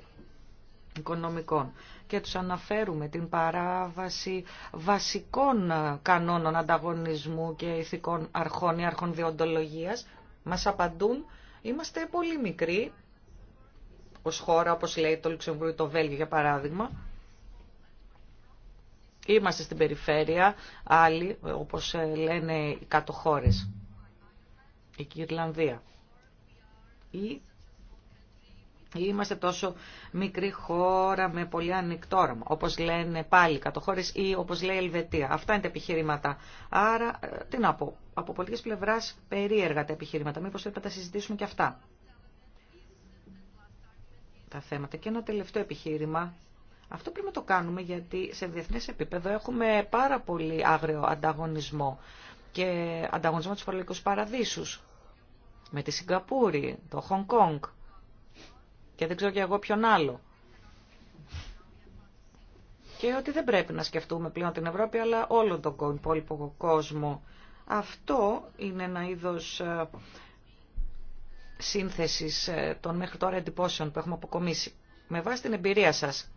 οικονομικών και τους αναφέρουμε την παράβαση βασικών κανόνων ανταγωνισμού και ηθικών αρχών ή αρχών διοντολογίας, μας απαντούν είμαστε πολύ μικροί ως χώρα, όπως λέει το Λουξεμβούργο το Βέλγιο για παράδειγμα. Είμαστε στην περιφέρεια, άλλοι, όπως ε, λένε οι κάτω η κυρλανδια η Ελβετία. Αυτά οι είναι τα επιχειρήματα. Άρα, ε, τι να πω, από πολιτικής πλευράς περίεργα τα επιχειρήματα. Μήπως πρέπει να τα συζητήσουμε και αυτά τα θέματα. Και ένα τελευταίο επιχείρημα. Αυτό πρέπει να το κάνουμε γιατί σε διεθνέ επίπεδο έχουμε πάρα πολύ άγριο ανταγωνισμό και ανταγωνισμό τους φορολογικού παραδείσους με τη Σιγκαπούρη, το Χονγκ Κόνγκ και δεν ξέρω και εγώ ποιον άλλο. Και ότι δεν πρέπει να σκεφτούμε πλέον την Ευρώπη αλλά όλο τον υπόλοιπο κόσμο. Αυτό είναι ένα είδος ε, σύνθεσης ε, των μέχρι τώρα εντυπώσεων που έχουμε αποκομίσει. Με βάση την εμπειρία σας,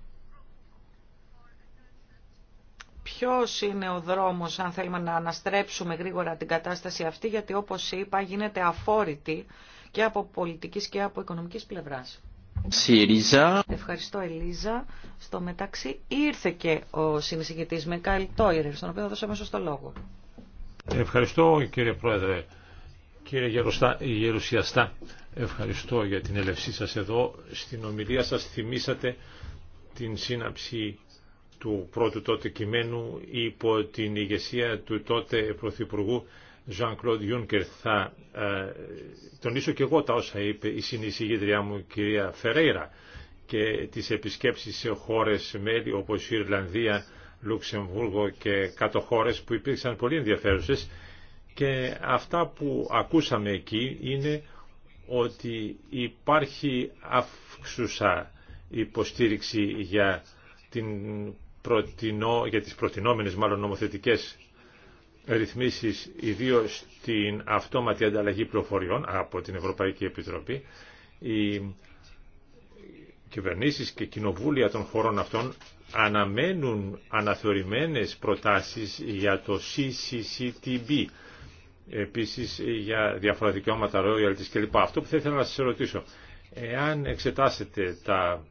ποιος είναι ο δρόμος αν θέλουμε να αναστρέψουμε γρήγορα την κατάσταση αυτή, γιατί όπως είπα γίνεται αφόρητη και από πολιτικής και από οικονομικής πλευράς. ΣΥΡΙΖΑ. Ευχαριστώ Ελίζα. Στο μεταξύ ήρθε και ο συνεισηγητής Μικάλ Τόιρερ, στον οποίο θα δώσω αμέσως το λόγο. Ευχαριστώ κύριε Πρόεδρε. Κύριε Γερουστά, Γερουσιαστά, ευχαριστώ για την έλευσή σας εδώ. Στην ομιλία σας θυμήσατε την σύναψη του πρώτου τότε κειμένου υπό την ηγεσία του τότε Πρωθυπουργού Jean-Claude Juncker. Θα ε, τονίσω και εγώ τα όσα είπε η συνεισηγήτριά μου κυρία Φερέιρα και τις επισκέψεις σε χώρες μέλη όπως η Ιρλανδία, Λουξεμβούργο και κάτω χώρες που υπήρξαν πολύ ενδιαφέρουσες και αυτά που ακούσαμε εκεί είναι ότι υπάρχει αύξουσα υποστήριξη για, την προτινό, για τις προτινόμενες μάλλον νομοθετικές ρυθμίσεις ιδίως στην αυτόματη ανταλλαγή πληροφοριών από την Ευρωπαϊκή Επιτροπή. Οι κυβερνήσεις και κοινοβούλια των χωρών αυτών αναμένουν αναθεωρημένες προτάσεις για το CCCTB επίσης για διάφορα δικαιώματα, royalties κλπ. Αυτό που θα ήθελα να σας ρωτήσω, εάν εξετάσετε τα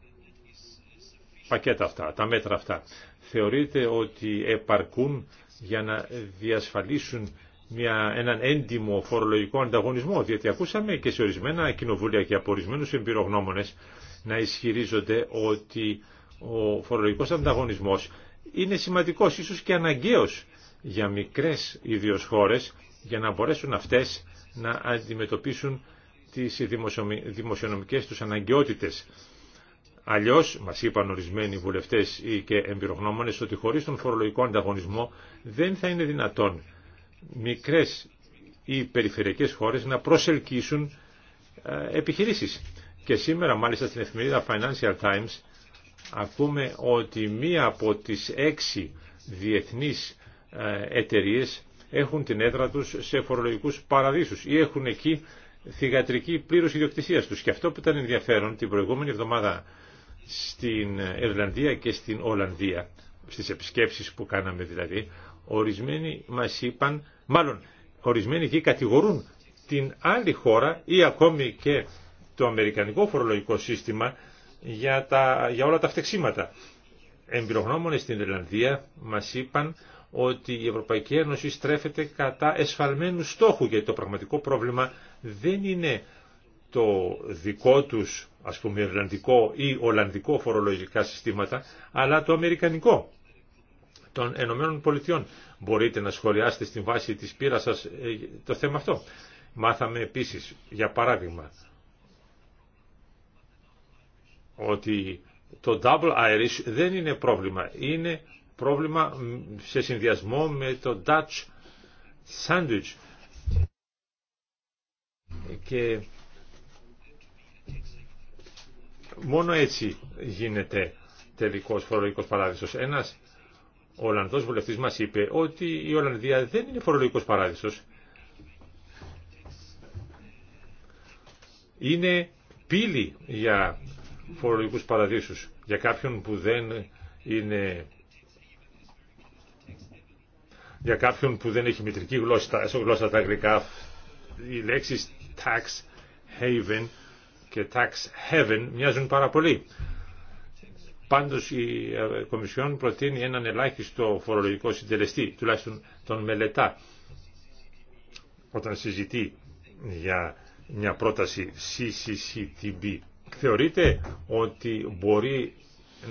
πακέτα αυτά, τα μέτρα αυτά, θεωρείτε ότι επαρκούν για να διασφαλίσουν μια, έναν έντιμο φορολογικό ανταγωνισμό, διότι ακούσαμε και σε ορισμένα κοινοβούλια και από ορισμένου εμπειρογνώμονες να ισχυρίζονται ότι ο φορολογικός ανταγωνισμός είναι σημαντικός, ίσως και αναγκαίος για μικρές ιδίως χώρες για να μπορέσουν αυτές να αντιμετωπίσουν τις δημοσιονομικές τους αναγκαιότητες. Αλλιώς, μας είπαν ορισμένοι βουλευτές ή και εμπειρογνώμονες, ότι χωρίς τον φορολογικό ανταγωνισμό δεν θα είναι δυνατόν μικρές ή περιφερειακές χώρες να προσελκύσουν ε, επιχειρήσεις. Και σήμερα, μάλιστα, στην εφημερίδα Financial Times ακούμε ότι μία από τις έξι διεθνείς ε, εταιρείε έχουν την έδρα τους σε φορολογικούς παραδείσους ή έχουν εκεί θηγατρική πλήρωση ιδιοκτησία τους. Και αυτό που ήταν ενδιαφέρον την προηγούμενη εβδομάδα στην Ιρλανδία και στην Ολλανδία, στις επισκέψεις που κάναμε δηλαδή, ορισμένοι μας είπαν, μάλλον ορισμένοι εκεί κατηγορούν την άλλη χώρα ή ακόμη και το αμερικανικό φορολογικό σύστημα για, τα, για όλα τα φτεξίματα. Εμπειρογνώμονες στην Ιρλανδία μας είπαν ότι η Ευρωπαϊκή Ένωση στρέφεται κατά εσφαλμένου στόχου, γιατί το πραγματικό πρόβλημα δεν είναι το δικό τους, ας πούμε, ελλανδικό ή Ολλανδικό φορολογικά συστήματα, αλλά το Αμερικανικό των Ενωμένων Πολιτειών. Μπορείτε να σχολιάσετε στην βάση της πείρας σας ε, το θέμα αυτό. Μάθαμε επίσης, για παράδειγμα, ότι το Double Irish δεν είναι πρόβλημα, είναι πρόβλημα σε συνδυασμό με το Dutch sandwich. Και μόνο έτσι γίνεται τελικός φορολογικός παράδεισος. Ένας Ολλανδός βουλευτής μας είπε ότι η Ολλανδία δεν είναι φορολογικός παράδεισος. Είναι πύλη για φορολογικούς παραδείσους, για κάποιον που δεν είναι για κάποιον που δεν έχει μητρική γλώσσα, γλώσσα τα αγγλικά, οι λέξεις tax haven και tax heaven μοιάζουν πάρα πολύ. Πάντως η ε, Κομισιόν προτείνει έναν ελάχιστο φορολογικό συντελεστή, τουλάχιστον τον μελετά όταν συζητεί για μια πρόταση CCCTB. Θεωρείτε ότι μπορεί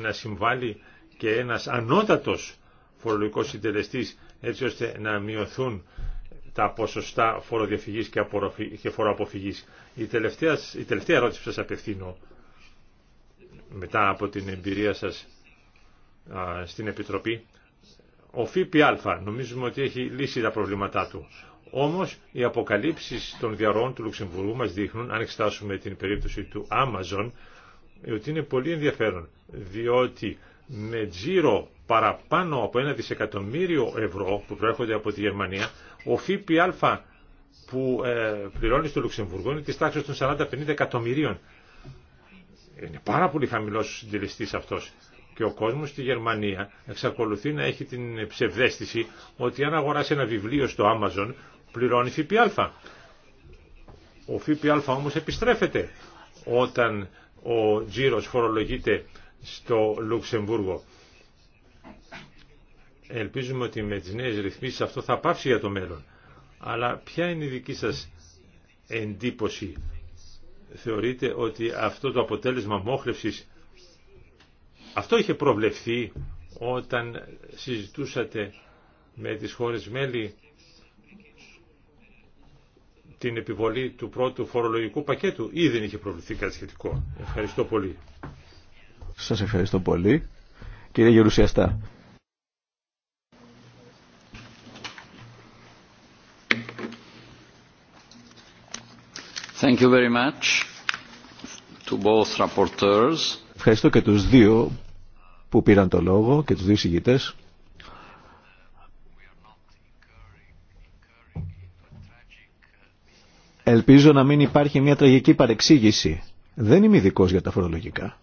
να συμβάλλει και ένας ανώτατος φορολογικός συντελεστής έτσι ώστε να μειωθούν τα ποσοστά φοροδιαφυγής και φοροαποφυγής. Η τελευταία, η τελευταία ερώτηση που σας απευθύνω μετά από την εμπειρία σας στην Επιτροπή ο ΦΠΑ νομίζουμε ότι έχει λύσει τα προβλήματά του. Όμως οι αποκαλύψεις των διαρροών του Λουξεμβουργού μας δείχνουν, αν εξετάσουμε την περίπτωση του Amazon, ότι είναι πολύ ενδιαφέρον, διότι με ναι, τζίρο παραπάνω από ένα δισεκατομμύριο ευρώ που προέρχονται από τη Γερμανία, ο ΦΠΑ που ε, πληρώνει στο Λουξεμβουργό είναι της τάξης των 40-50 εκατομμυρίων. Είναι πάρα πολύ χαμηλός ο συντελεστή αυτός. Και ο κόσμος στη Γερμανία εξακολουθεί να έχει την ψευδέστηση ότι αν αγοράσει ένα βιβλίο στο Amazon πληρώνει ΦΠΑ. Ο ΦΠΑ όμως επιστρέφεται όταν ο τζίρος φορολογείται στο Λουξεμβούργο. Ελπίζουμε ότι με τις νέες ρυθμίσεις αυτό θα πάψει για το μέλλον. Αλλά ποια είναι η δική σας εντύπωση. Θεωρείτε ότι αυτό το αποτέλεσμα μόχλευσης, αυτό είχε προβλεφθεί όταν συζητούσατε με τις χώρες μέλη την επιβολή του πρώτου φορολογικού πακέτου ή δεν είχε προβληθεί κάτι σχετικό. Ευχαριστώ πολύ. Σας ευχαριστώ πολύ. Κύριε Γερουσιαστά. Thank you very much to both rapporteurs. Ευχαριστώ και τους δύο που πήραν το λόγο και τους δύο συγγητές. Ελπίζω να μην υπάρχει μια τραγική παρεξήγηση. Δεν είμαι ειδικό για τα φορολογικά.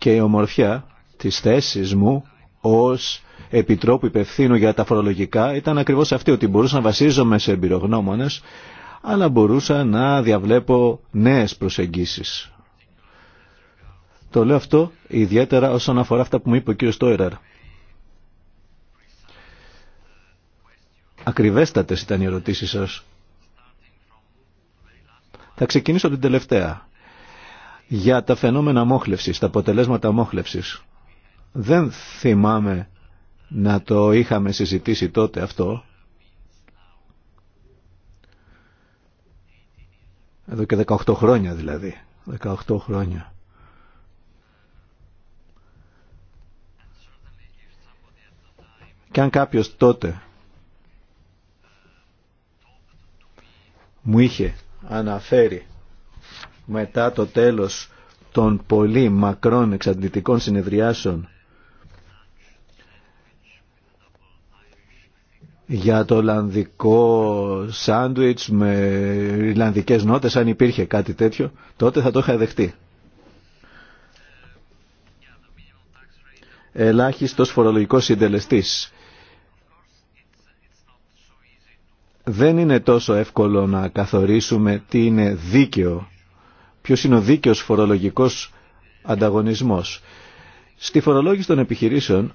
και η ομορφιά της θέσης μου ως Επιτρόπου Υπευθύνου για τα φορολογικά ήταν ακριβώς αυτή ότι μπορούσα να βασίζομαι σε εμπειρογνώμονες αλλά μπορούσα να διαβλέπω νέες προσεγγίσεις. Το λέω αυτό ιδιαίτερα όσον αφορά αυτά που μου είπε ο κ. Τόιραρ. Ακριβέστατες ήταν οι ερωτήσεις σας. Θα ξεκινήσω την τελευταία για τα φαινόμενα μόχλευσης, τα αποτελέσματα μόχλευσης. Δεν θυμάμαι να το είχαμε συζητήσει τότε αυτό. Εδώ και 18 χρόνια δηλαδή. 18 χρόνια. Και αν κάποιος τότε μου είχε αναφέρει μετά το τέλος των πολύ μακρών εξαντλητικών συνεδριάσεων για το Ολλανδικό σάντουιτς με Ιρλανδικές νότες, αν υπήρχε κάτι τέτοιο, τότε θα το είχα δεχτεί. Ελάχιστος φορολογικός συντελεστής. Δεν είναι τόσο εύκολο να καθορίσουμε τι είναι δίκαιο ποιος είναι ο δίκαιος φορολογικός ανταγωνισμός. Στη φορολόγηση των επιχειρήσεων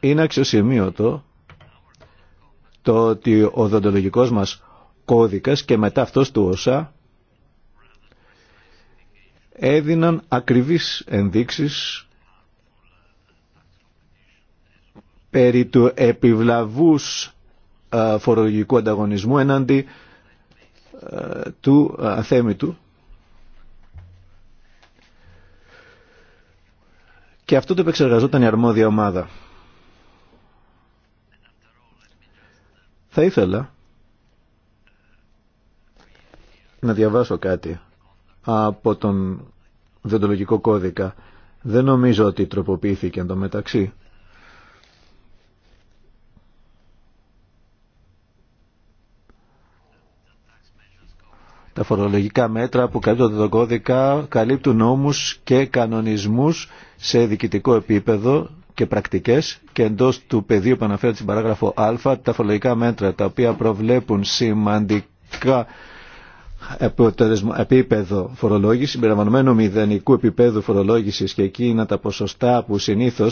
είναι αξιοσημείωτο το ότι ο δοντολογικός μας κώδικας και μετά αυτός του ΩΣΑ έδιναν ακριβείς ενδείξεις περί του επιβλαβούς φορολογικού ανταγωνισμού έναντι του αθέμητου και αυτό το επεξεργαζόταν η αρμόδια ομάδα. Θα ήθελα να διαβάσω κάτι από τον δεντολογικό κώδικα. Δεν νομίζω ότι τροποποιήθηκε εν μεταξύ. Τα φορολογικά μέτρα που καλύπτονται τον κώδικα καλύπτουν νόμους και κανονισμούς σε διοικητικό επίπεδο και πρακτικές και εντός του πεδίου που αναφέρεται στην παράγραφο α τα φορολογικά μέτρα τα οποία προβλέπουν σημαντικά επίπεδο φορολόγηση, συμπεριλαμβανομένου μηδενικού επίπεδου φορολόγηση και εκείνα τα ποσοστά που συνήθω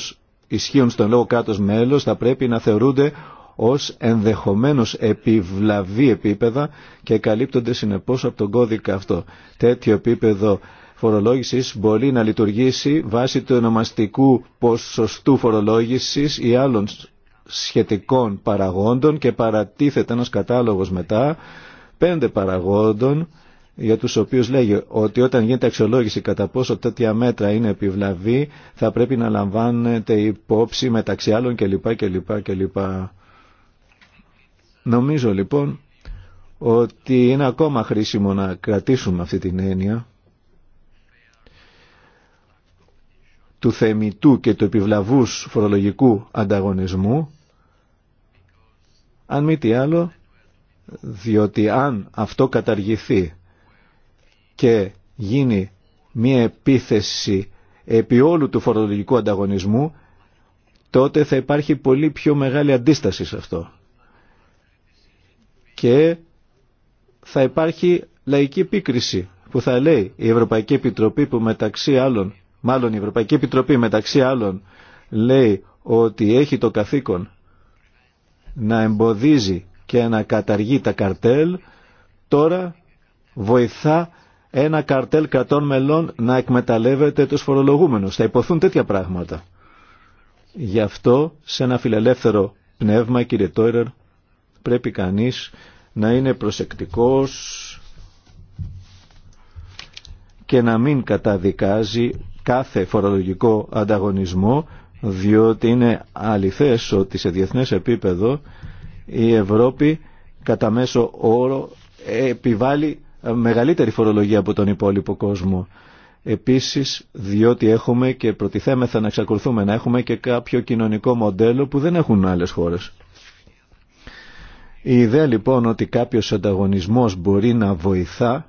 ισχύουν στον λόγο κάτω μέλο θα πρέπει να θεωρούνται ως ενδεχομένως επιβλαβή επίπεδα και καλύπτονται συνεπώς από τον κώδικα αυτό. Τέτοιο επίπεδο φορολόγησης μπορεί να λειτουργήσει βάσει του ονομαστικού ποσοστού φορολόγησης ή άλλων σχετικών παραγόντων και παρατίθεται ένας κατάλογος μετά πέντε παραγόντων για τους οποίους λέγει ότι όταν γίνεται αξιολόγηση κατά πόσο τέτοια μέτρα είναι επιβλαβή θα πρέπει να λαμβάνεται υπόψη μεταξύ άλλων κλπ. κλπ, κλπ. Νομίζω λοιπόν ότι είναι ακόμα χρήσιμο να κρατήσουμε αυτή την έννοια του θεμητού και του επιβλαβούς φορολογικού ανταγωνισμού αν μη τι άλλο διότι αν αυτό καταργηθεί και γίνει μία επίθεση επί όλου του φορολογικού ανταγωνισμού τότε θα υπάρχει πολύ πιο μεγάλη αντίσταση σε αυτό και θα υπάρχει λαϊκή επίκριση που θα λέει η Ευρωπαϊκή Επιτροπή που μεταξύ άλλων, μάλλον η Ευρωπαϊκή Επιτροπή μεταξύ άλλων λέει ότι έχει το καθήκον να εμποδίζει και να καταργεί τα καρτέλ, τώρα βοηθά ένα καρτέλ κρατών μελών να εκμεταλλεύεται τους φορολογούμενους. Θα υποθούν τέτοια πράγματα. Γι' αυτό, σε ένα φιλελεύθερο πνεύμα, κύριε Τόιρερ, πρέπει κανείς να είναι προσεκτικός και να μην καταδικάζει κάθε φορολογικό ανταγωνισμό διότι είναι αληθές ότι σε διεθνές επίπεδο η Ευρώπη κατά μέσο όρο επιβάλλει μεγαλύτερη φορολογία από τον υπόλοιπο κόσμο. Επίσης, διότι έχουμε και προτιθέμεθα να εξακολουθούμε να έχουμε και κάποιο κοινωνικό μοντέλο που δεν έχουν άλλες χώρες. Η ιδέα λοιπόν ότι κάποιος ανταγωνισμός μπορεί να βοηθά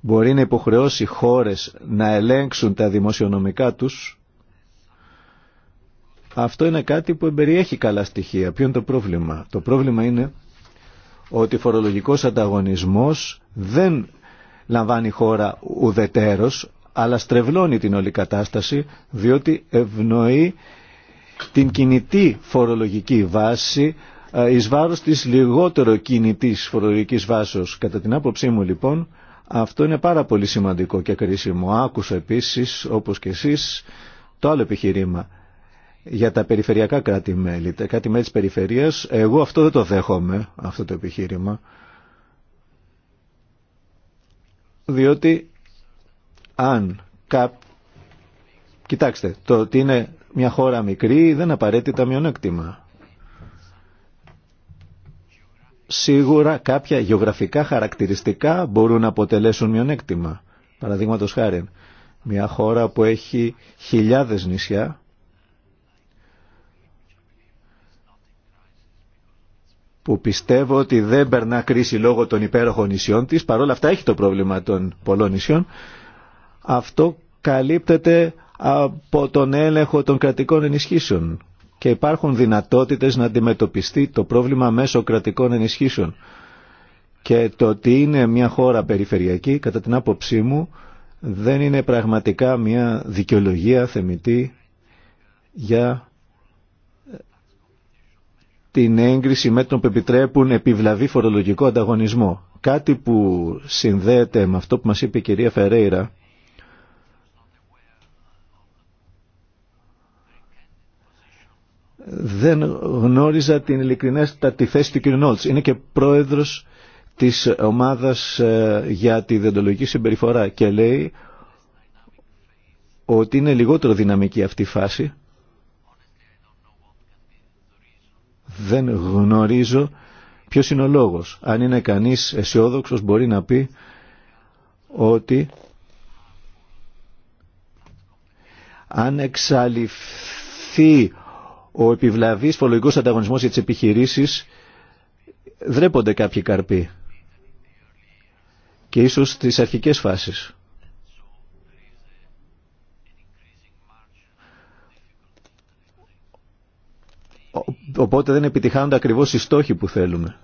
μπορεί να υποχρεώσει χώρες να ελέγξουν τα δημοσιονομικά τους αυτό είναι κάτι που εμπεριέχει καλά στοιχεία. Ποιο είναι το πρόβλημα. Το πρόβλημα είναι ότι ο φορολογικός ανταγωνισμός δεν λαμβάνει χώρα ουδετέρως αλλά στρεβλώνει την όλη κατάσταση διότι ευνοεί την κινητή φορολογική βάση ε, εις βάρος της λιγότερο κινητής φορολογικής βάσεως. Κατά την άποψή μου λοιπόν αυτό είναι πάρα πολύ σημαντικό και κρίσιμο. Άκουσα επίσης όπως και εσείς το άλλο επιχειρήμα για τα περιφερειακά κράτη-μέλη, τα κράτη-μέλη της περιφερείας. Εγώ αυτό δεν το δέχομαι, αυτό το επιχείρημα, διότι αν κάποιοι Κοιτάξτε, το ότι είναι μια χώρα μικρή δεν απαραίτητα μειονέκτημα. Σίγουρα κάποια γεωγραφικά χαρακτηριστικά μπορούν να αποτελέσουν μειονέκτημα. Παραδείγματο χάρη, μια χώρα που έχει χιλιάδες νησιά που πιστεύω ότι δεν περνά κρίση λόγω των υπέροχων νησιών της, παρόλα αυτά έχει το πρόβλημα των πολλών νησιών, αυτό καλύπτεται από τον έλεγχο των κρατικών ενισχύσεων και υπάρχουν δυνατότητες να αντιμετωπιστεί το πρόβλημα μέσω κρατικών ενισχύσεων. Και το ότι είναι μια χώρα περιφερειακή, κατά την άποψή μου, δεν είναι πραγματικά μια δικαιολογία θεμητή για την έγκριση μέτρων που επιτρέπουν επιβλαβή φορολογικό ανταγωνισμό. Κάτι που συνδέεται με αυτό που μας είπε η κυρία Φερέιρα δεν γνώριζα την τη θέση του κ. Νόλτς. Είναι και πρόεδρος της ομάδας ε, για τη διοντολογική συμπεριφορά και λέει ότι είναι λιγότερο δυναμική αυτή η φάση. Δεν γνωρίζω ποιος είναι ο λόγος. Αν είναι κανείς αισιόδοξο μπορεί να πει ότι αν εξαλειφθεί ο επιβλαβής φορολογικός ανταγωνισμός για τις επιχειρήσεις δρέπονται κάποιοι καρποί και ίσως στις αρχικές φάσεις. Οπότε δεν επιτυχάνονται ακριβώς οι στόχοι που θέλουμε.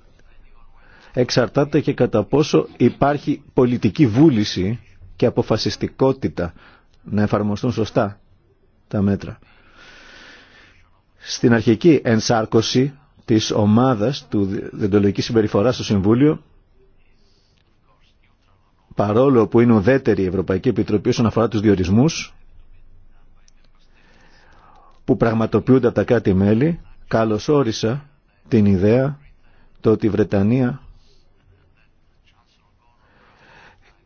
Εξαρτάται και κατά πόσο υπάρχει πολιτική βούληση και αποφασιστικότητα να εφαρμοστούν σωστά τα μέτρα. Στην αρχική ενσάρκωση της ομάδας του δεντολογικής συμπεριφοράς στο Συμβούλιο παρόλο που είναι ουδέτερη η Ευρωπαϊκή Επιτροπή όσον αφορά τους διορισμούς που πραγματοποιούνται από τα κάτι μέλη καλωσόρισα την ιδέα το ότι η Βρετανία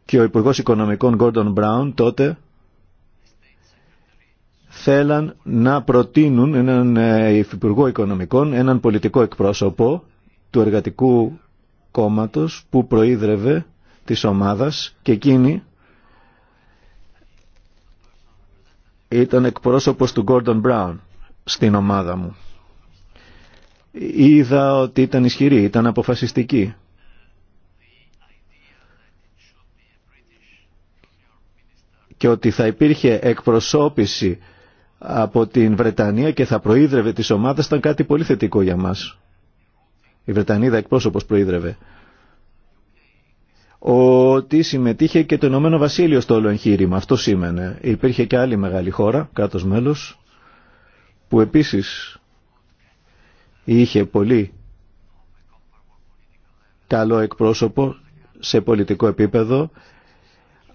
και ο Υπουργός Οικονομικών Gordon Brown τότε θέλαν να προτείνουν έναν ε, υφυπουργό οικονομικών, έναν πολιτικό εκπρόσωπο του εργατικού κόμματος που προείδρευε της ομάδας και εκείνη ήταν εκπρόσωπος του Gordon Brown στην ομάδα μου. Είδα ότι ήταν ισχυρή, ήταν αποφασιστική. Και ότι θα υπήρχε εκπροσώπηση από την Βρετανία και θα προείδρευε τις ομάδες ήταν κάτι πολύ θετικό για μας. Η Βρετανίδα εκπρόσωπος προείδρευε. Ότι συμμετείχε και το Ηνωμένο Βασίλειο στο όλο εγχείρημα. Αυτό σήμαινε. Υπήρχε και άλλη μεγάλη χώρα, κάτω μέλος, που επίσης είχε πολύ καλό εκπρόσωπο σε πολιτικό επίπεδο,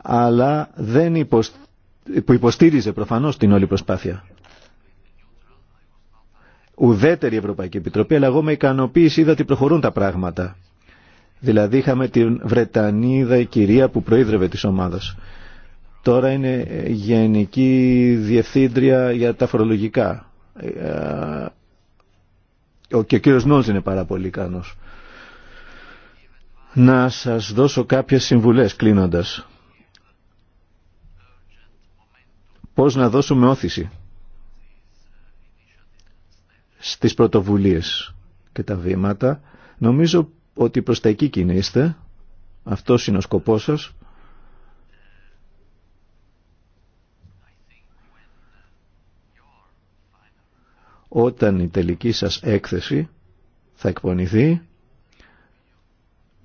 αλλά δεν υποστηρίζει που υποστήριζε προφανώς την όλη προσπάθεια. Ουδέτερη Ευρωπαϊκή Επιτροπή, αλλά εγώ με ικανοποίηση είδα ότι προχωρούν τα πράγματα. Δηλαδή είχαμε την Βρετανίδα η κυρία που προείδρευε της ομάδας. Τώρα είναι γενική διευθύντρια για τα φορολογικά. Ε, ε, ο και ο κύριος Νόλς είναι πάρα πολύ ικανός. Να σας δώσω κάποιες συμβουλές κλείνοντας. πώς να δώσουμε όθηση στις πρωτοβουλίες και τα βήματα. Νομίζω ότι προς τα εκεί κινείστε. Αυτός είναι ο σκοπός σας. Όταν η τελική σας έκθεση θα εκπονηθεί,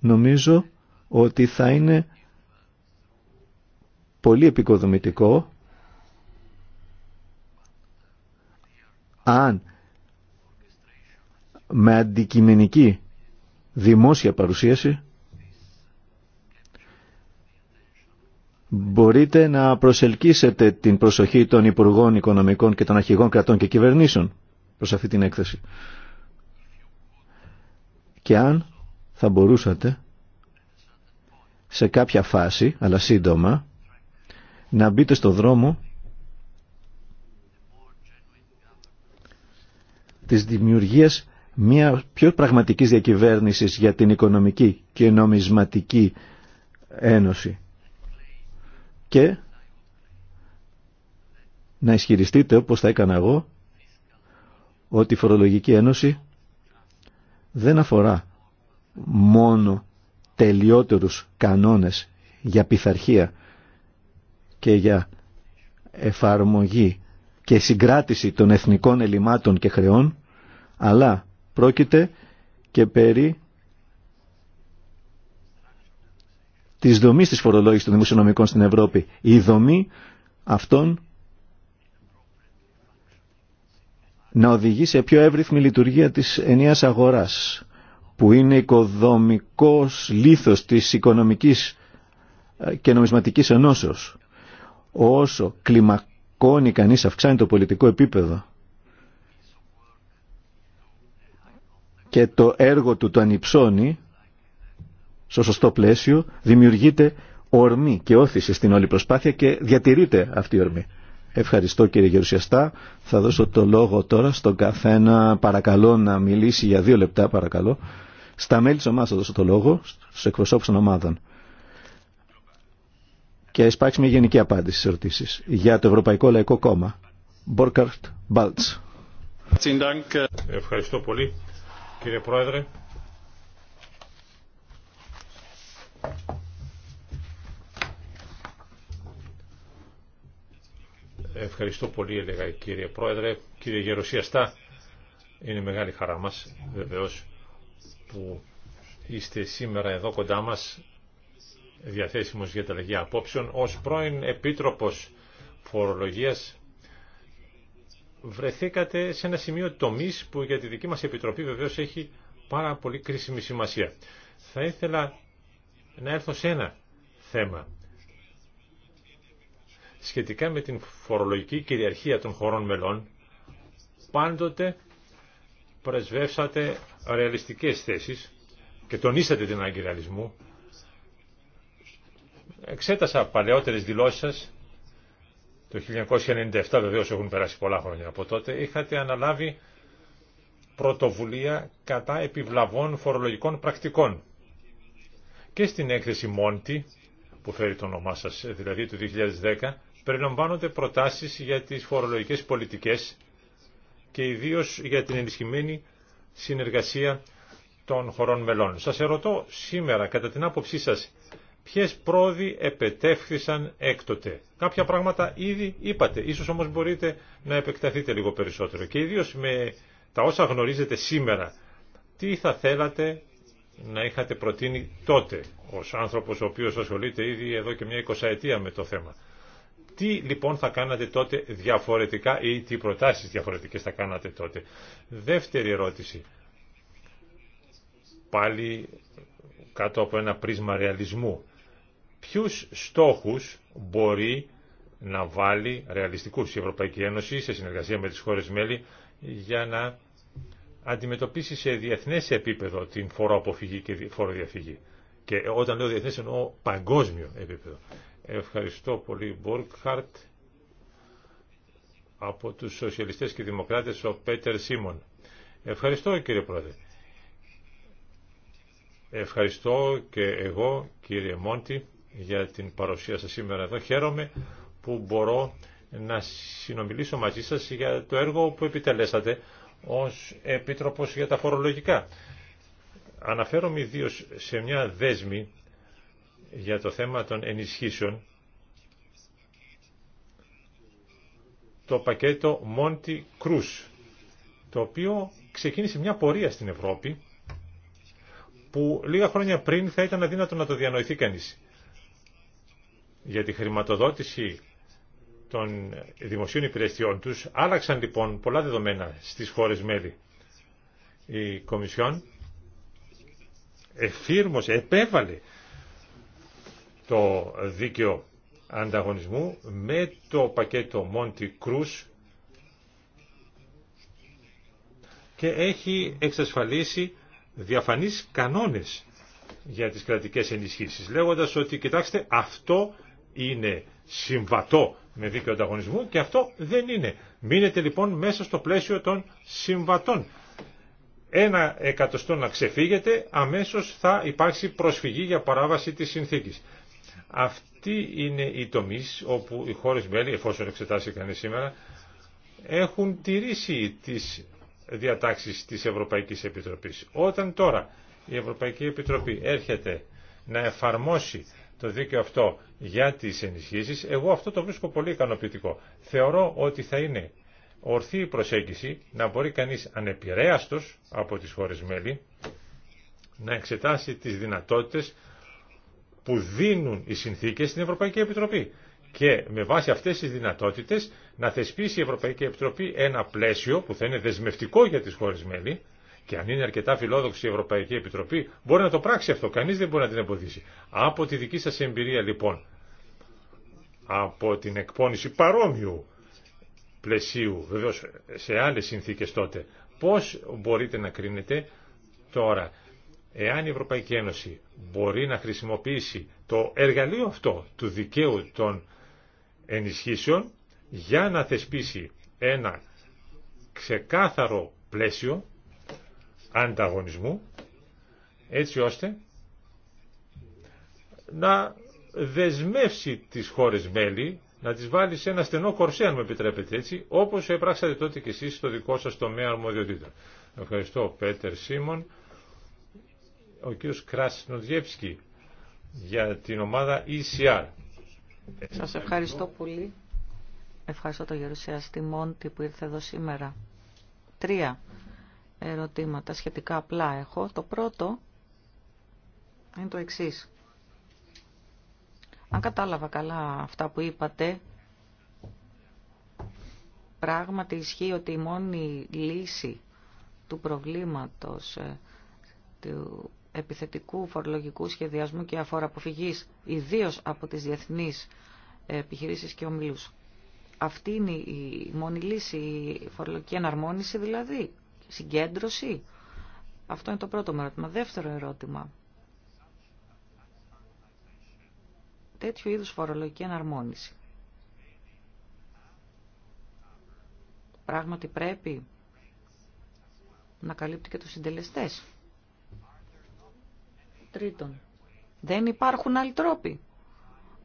νομίζω ότι θα είναι πολύ επικοδομητικό αν με αντικειμενική δημόσια παρουσίαση μπορείτε να προσελκύσετε την προσοχή των Υπουργών Οικονομικών και των Αρχηγών Κρατών και Κυβερνήσεων προς αυτή την έκθεση. Και αν θα μπορούσατε σε κάποια φάση, αλλά σύντομα, να μπείτε στο δρόμο της δημιουργίας μια πιο πραγματικής διακυβέρνησης για την οικονομική και νομισματική ένωση. Και να ισχυριστείτε, όπως θα έκανα εγώ, ότι η φορολογική ένωση δεν αφορά μόνο τελειότερους κανόνες για πειθαρχία και για εφαρμογή και συγκράτηση των εθνικών ελλημάτων και χρεών, αλλά πρόκειται και περί της δομής της φορολόγησης των δημοσιονομικών στην Ευρώπη. Η δομή αυτών να οδηγεί σε πιο εύρυθμη λειτουργία της ενιαίας αγοράς, που είναι οικοδομικός λίθος της οικονομικής ε, και νομισματικής ενώσεως. Όσο κλιμακώνει κανείς, αυξάνει το πολιτικό επίπεδο και το έργο του το ανυψώνει στο σωστό πλαίσιο, δημιουργείται ορμή και όθηση στην όλη προσπάθεια και διατηρείται αυτή η ορμή. Ευχαριστώ κύριε Γερουσιαστά. Θα δώσω το λόγο τώρα στον καθένα παρακαλώ να μιλήσει για δύο λεπτά παρακαλώ. Στα μέλη της ομάδας θα δώσω το λόγο, στους εκπροσώπους των ομάδων. Και εισπάξει μια γενική απάντηση στις ερωτήσεις. Για το Ευρωπαϊκό Λαϊκό Κόμμα. Μπορκαρτ Μπάλτς. Ευχαριστώ πολύ. Κύριε Πρόεδρε. Ευχαριστώ πολύ, έλεγα κύριε Πρόεδρε. Κύριε Γεροσιαστά, είναι μεγάλη χαρά μας, βεβαίως, που είστε σήμερα εδώ κοντά μας, διαθέσιμος για τα λεγεία απόψεων, ως πρώην Επίτροπος Φορολογίας βρεθήκατε σε ένα σημείο τομής που για τη δική μα Επιτροπή βεβαίως έχει πάρα πολύ κρίσιμη σημασία. Θα ήθελα να έρθω σε ένα θέμα σχετικά με την φορολογική κυριαρχία των χωρών μελών πάντοτε πρεσβεύσατε ρεαλιστικές θέσεις και τονίσατε την ανάγκη Εξέτασα παλαιότερες δηλώσεις σας το 1997 βεβαίως έχουν περάσει πολλά χρόνια από τότε. Είχατε αναλάβει πρωτοβουλία κατά επιβλαβών φορολογικών πρακτικών. Και στην έκθεση Μόντι, που φέρει το όνομά σας, δηλαδή του 2010, περιλαμβάνονται προτάσεις για τις φορολογικές πολιτικές και ιδίως για την ενισχυμένη συνεργασία των χωρών μελών. Σας ερωτώ σήμερα, κατά την άποψή σας, ποιες πρόοδοι επετεύχθησαν έκτοτε. Κάποια πράγματα ήδη είπατε, ίσως όμως μπορείτε να επεκταθείτε λίγο περισσότερο. Και ιδίως με τα όσα γνωρίζετε σήμερα, τι θα θέλατε να είχατε προτείνει τότε, ως άνθρωπος ο οποίος ασχολείται ήδη εδώ και μια εικοσαετία με το θέμα. Τι λοιπόν θα κάνατε τότε διαφορετικά ή τι προτάσεις διαφορετικές θα κάνατε τότε. Δεύτερη ερώτηση. Πάλι κάτω από ένα πρίσμα ρεαλισμού ποιους στόχους μπορεί να βάλει ρεαλιστικούς η Ευρωπαϊκή Ένωση σε συνεργασία με τις χώρες μέλη για να αντιμετωπίσει σε διεθνές επίπεδο την φοροαποφυγή και φοροδιαφυγή. Και όταν λέω διεθνές εννοώ παγκόσμιο επίπεδο. Ευχαριστώ πολύ Μπορκχαρτ από τους σοσιαλιστές και δημοκράτες ο Πέτερ Σίμον. Ευχαριστώ κύριε Πρόεδρε. Ευχαριστώ και εγώ κύριε Μόντι για την παρουσία σας σήμερα εδώ. Χαίρομαι που μπορώ να συνομιλήσω μαζί σας για το έργο που επιτελέσατε ως Επίτροπος για τα φορολογικά. Αναφέρομαι ιδίω σε μια δέσμη για το θέμα των ενισχύσεων το πακέτο Monty Cruz το οποίο ξεκίνησε μια πορεία στην Ευρώπη που λίγα χρόνια πριν θα ήταν αδύνατο να το διανοηθεί κανείς για τη χρηματοδότηση των δημοσίων υπηρεσιών τους. Άλλαξαν λοιπόν πολλά δεδομένα στις χώρες μέλη. Η Κομισιόν εφήρμοσε, επέβαλε το δίκαιο ανταγωνισμού με το πακέτο Monte Cruz και έχει εξασφαλίσει διαφανείς κανόνες για τις κρατικές ενισχύσεις, λέγοντας ότι κοιτάξτε αυτό είναι συμβατό με δίκαιο ανταγωνισμού και αυτό δεν είναι. Μείνετε λοιπόν μέσα στο πλαίσιο των συμβατών. Ένα εκατοστό να ξεφύγετε, αμέσως θα υπάρξει προσφυγή για παράβαση της συνθήκης. αυτή είναι η τομή όπου οι χώρες μέλη, εφόσον εξετάσει κανείς σήμερα, έχουν τηρήσει τις διατάξεις της Ευρωπαϊκής Επιτροπής. Όταν τώρα η Ευρωπαϊκή Επιτροπή έρχεται να εφαρμόσει το δίκαιο αυτό για τις ενισχύσεις, εγώ αυτό το βρίσκω πολύ ικανοποιητικό. Θεωρώ ότι θα είναι ορθή η προσέγγιση να μπορεί κανείς ανεπηρέαστος από τις χώρες μέλη να εξετάσει τις δυνατότητες που δίνουν οι συνθήκες στην Ευρωπαϊκή Επιτροπή και με βάση αυτές τις δυνατότητες να θεσπίσει η Ευρωπαϊκή Επιτροπή ένα πλαίσιο που θα είναι δεσμευτικό για τις χώρες μέλη και αν είναι αρκετά φιλόδοξη η Ευρωπαϊκή Επιτροπή, μπορεί να το πράξει αυτό. Κανείς δεν μπορεί να την εμποδίσει. Από τη δική σας εμπειρία λοιπόν, από την εκπόνηση παρόμοιου πλαισίου, βεβαίω σε άλλε συνθήκε τότε, πώς μπορείτε να κρίνετε τώρα, εάν η Ευρωπαϊκή Ένωση μπορεί να χρησιμοποιήσει το εργαλείο αυτό του δικαίου των ενισχύσεων για να θεσπίσει ένα ξεκάθαρο πλαίσιο ανταγωνισμού έτσι ώστε να δεσμεύσει τις χώρες μέλη να τις βάλει σε ένα στενό κορσέ αν με επιτρέπετε έτσι όπως έπραξατε τότε και εσείς στο δικό σας τομέα αρμοδιοτήτων. Ευχαριστώ Πέτερ Σίμων ο κ. Κράσινοδιεύσκη για την ομάδα ECR. Σας ευχαριστώ πολύ. Ευχαριστώ τον Γερουσιαστή Μόντι που ήρθε εδώ σήμερα. Τρία ερωτήματα σχετικά απλά έχω. Το πρώτο είναι το εξής. Αν κατάλαβα καλά αυτά που είπατε, πράγματι ισχύει ότι η μόνη λύση του προβλήματος ε, του επιθετικού φορολογικού σχεδιασμού και αφορά αποφυγής, ιδίως από τις διεθνείς ε, επιχειρήσεις και ομιλούς. Αυτή είναι η μόνη λύση, η φορολογική εναρμόνιση δηλαδή συγκέντρωση. Αυτό είναι το πρώτο μου ερώτημα. Δεύτερο ερώτημα. Τέτοιου είδους φορολογική εναρμόνιση. Πράγματι πρέπει να καλύπτει και τους συντελεστές. Τρίτον, δεν υπάρχουν άλλοι τρόποι.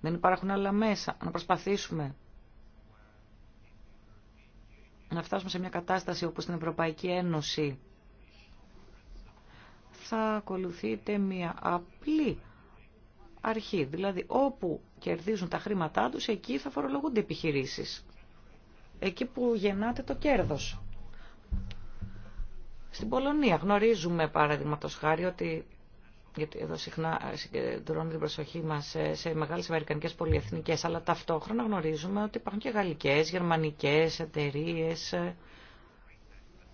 Δεν υπάρχουν άλλα μέσα. Να προσπαθήσουμε να φτάσουμε σε μια κατάσταση όπως στην Ευρωπαϊκή Ένωση θα ακολουθείτε μια απλή αρχή. Δηλαδή όπου κερδίζουν τα χρήματά τους, εκεί θα φορολογούνται επιχειρήσεις. Εκεί που γεννάται το κέρδος. Στην Πολωνία γνωρίζουμε παραδείγματος χάρη ότι γιατί εδώ συχνά ε, συγκεντρώνουμε την προσοχή μας ε, σε μεγάλες αμερικανικές πολυεθνικέ, αλλά ταυτόχρονα γνωρίζουμε ότι υπάρχουν και γαλλικέ γερμανικές εταιρείε ε,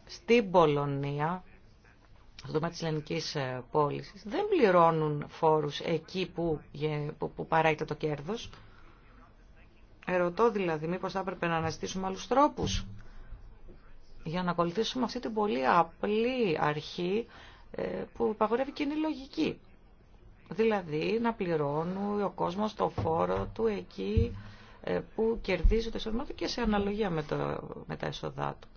στην Πολωνία, στο τομέα τη ελληνική πώληση, δεν πληρώνουν φόρους εκεί που, που, που παράγεται το κέρδος. Ερωτώ δηλαδή μήπω θα έπρεπε να αναζητήσουμε αλλού τρόπου για να ακολουθήσουμε αυτή την πολύ απλή αρχή ε, που και είναι λογική. Δηλαδή να πληρώνουν ο κόσμος το φόρο του εκεί ε, που κερδίζει το εισόδημά του και σε αναλογία με, το, με τα έσοδά του.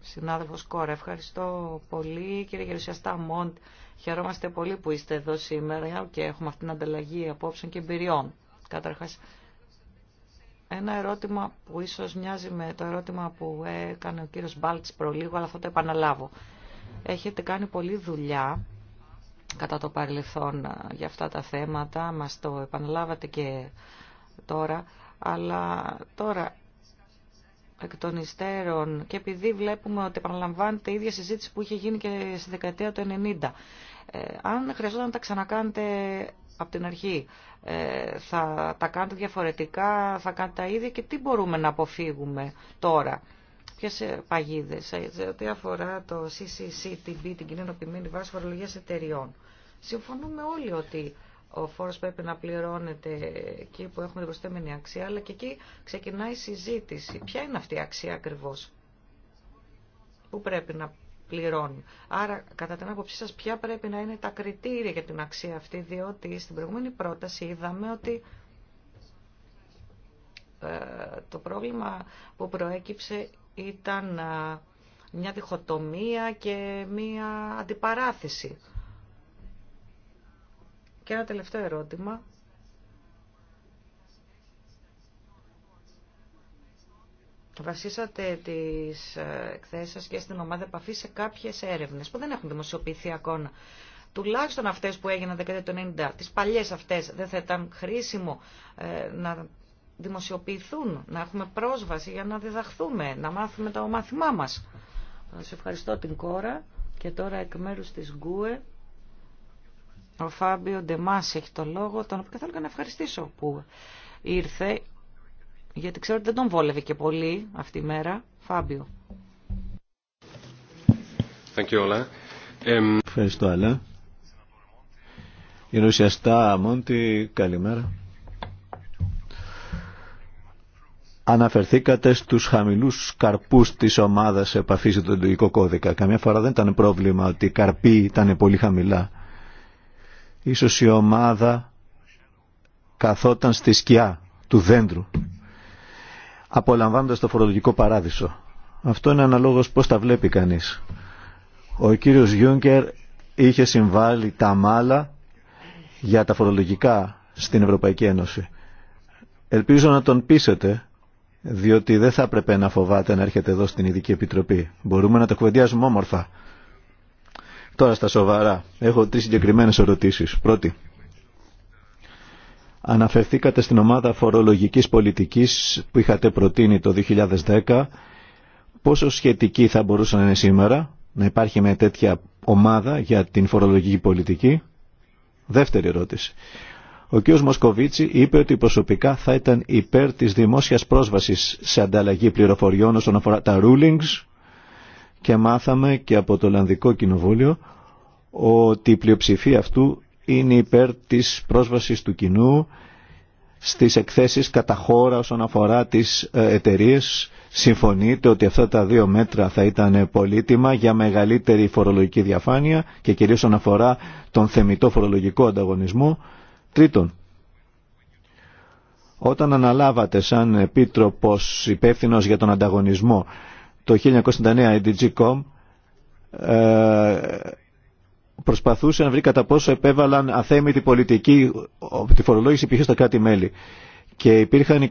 Συνάδελφος Κόρα, ευχαριστώ πολύ. Κύριε Γερουσιαστά Μοντ, χαιρόμαστε πολύ που είστε εδώ σήμερα και έχουμε αυτήν την ανταλλαγή απόψεων και εμπειριών. Καταρχάς, ένα ερώτημα που ίσως μοιάζει με το ερώτημα που έκανε ο κύριος Μπάλτς προλίγο, αλλά θα το επαναλάβω. Έχετε κάνει πολλή δουλειά κατά το παρελθόν ε, για αυτά τα θέματα, μας το επαναλάβατε και τώρα, αλλά τώρα εκ των υστέρων και επειδή βλέπουμε ότι επαναλαμβάνεται η ίδια συζήτηση που είχε γίνει και στη δεκαετία του 90, ε, αν χρειαζόταν να τα ξανακάνετε από την αρχή. Ε, θα τα κάνετε διαφορετικά, θα κάνετε τα ίδια και τι μπορούμε να αποφύγουμε τώρα. Ποιε παγίδε, ε, σε ό,τι αφορά το CCCTB, την κοινωνιοποιημένη βάση φορολογία εταιριών. Συμφωνούμε όλοι ότι ο φόρος πρέπει να πληρώνεται εκεί που έχουμε την προσθέμενη αξία, αλλά και εκεί ξεκινάει η συζήτηση. Ποια είναι αυτή η αξία ακριβώς που πρέπει να Άρα, κατά την άποψή σας, ποια πρέπει να είναι τα κριτήρια για την αξία αυτή, διότι στην προηγούμενη πρόταση είδαμε ότι ε, το πρόβλημα που προέκυψε ήταν ε, μια διχοτομία και μια αντιπαράθεση. Και ένα τελευταίο ερώτημα βασίσατε τις ε, εκθέσεις σας και στην ομάδα επαφή σε κάποιες έρευνες που δεν έχουν δημοσιοποιηθεί ακόμα. Τουλάχιστον αυτές που έγιναν δεκαετία του 90, τις παλιές αυτές δεν θα ήταν χρήσιμο ε, να δημοσιοποιηθούν, να έχουμε πρόσβαση για να διδαχθούμε, να μάθουμε το μάθημά μας. Ε, σας ευχαριστώ την κόρα και τώρα εκ μέρους της Γκουε ο Φάμπιο Ντεμάς έχει το λόγο, τον οποίο θέλω να ευχαριστήσω που ήρθε γιατί ξέρω ότι δεν τον βόλευε και πολύ αυτή η μέρα. Φάμπιο. Thank you, Ευχαριστώ, Αλά. Μόντι, καλημέρα. Αναφερθήκατε στους χαμηλούς καρπούς της ομάδας επαφής του λογικό κώδικα. Καμιά φορά δεν ήταν πρόβλημα ότι οι καρποί ήταν πολύ χαμηλά. Ίσως η ομάδα καθόταν στη σκιά του δέντρου απολαμβάνοντας το φορολογικό παράδεισο. Αυτό είναι αναλόγως πώς τα βλέπει κανείς. Ο κύριος Γιούγκερ είχε συμβάλει τα μάλα για τα φορολογικά στην Ευρωπαϊκή Ένωση. Ελπίζω να τον πείσετε, διότι δεν θα έπρεπε να φοβάται να έρχεται εδώ στην Ειδική Επιτροπή. Μπορούμε να τα κουβεντιάζουμε όμορφα. Τώρα στα σοβαρά. Έχω τρεις συγκεκριμένες ερωτήσεις. Πρώτη. Αναφερθήκατε στην ομάδα φορολογικής πολιτικής που είχατε προτείνει το 2010. Πόσο σχετική θα μπορούσε να είναι σήμερα να υπάρχει μια τέτοια ομάδα για την φορολογική πολιτική. Δεύτερη ερώτηση. Ο κ. Μοσκοβίτσι είπε ότι προσωπικά θα ήταν υπέρ της δημόσιας πρόσβασης σε ανταλλαγή πληροφοριών όσον αφορά τα rulings και μάθαμε και από το Ολλανδικό Κοινοβούλιο ότι η πλειοψηφία αυτού είναι υπέρ της πρόσβασης του κοινού στις εκθέσεις κατά χώρα όσον αφορά τις ε, εταιρείε. Συμφωνείτε ότι αυτά τα δύο μέτρα θα ήταν πολύτιμα για μεγαλύτερη φορολογική διαφάνεια και κυρίως όσον αφορά τον θεμητό φορολογικό ανταγωνισμό. Τρίτον, όταν αναλάβατε σαν επίτροπος υπεύθυνο για τον ανταγωνισμό το 1999 η ε, προσπαθούσε να βρει κατά πόσο επέβαλαν αθέμητη πολιτική τη φορολόγηση π.χ. στα κράτη-μέλη. Και υπήρχαν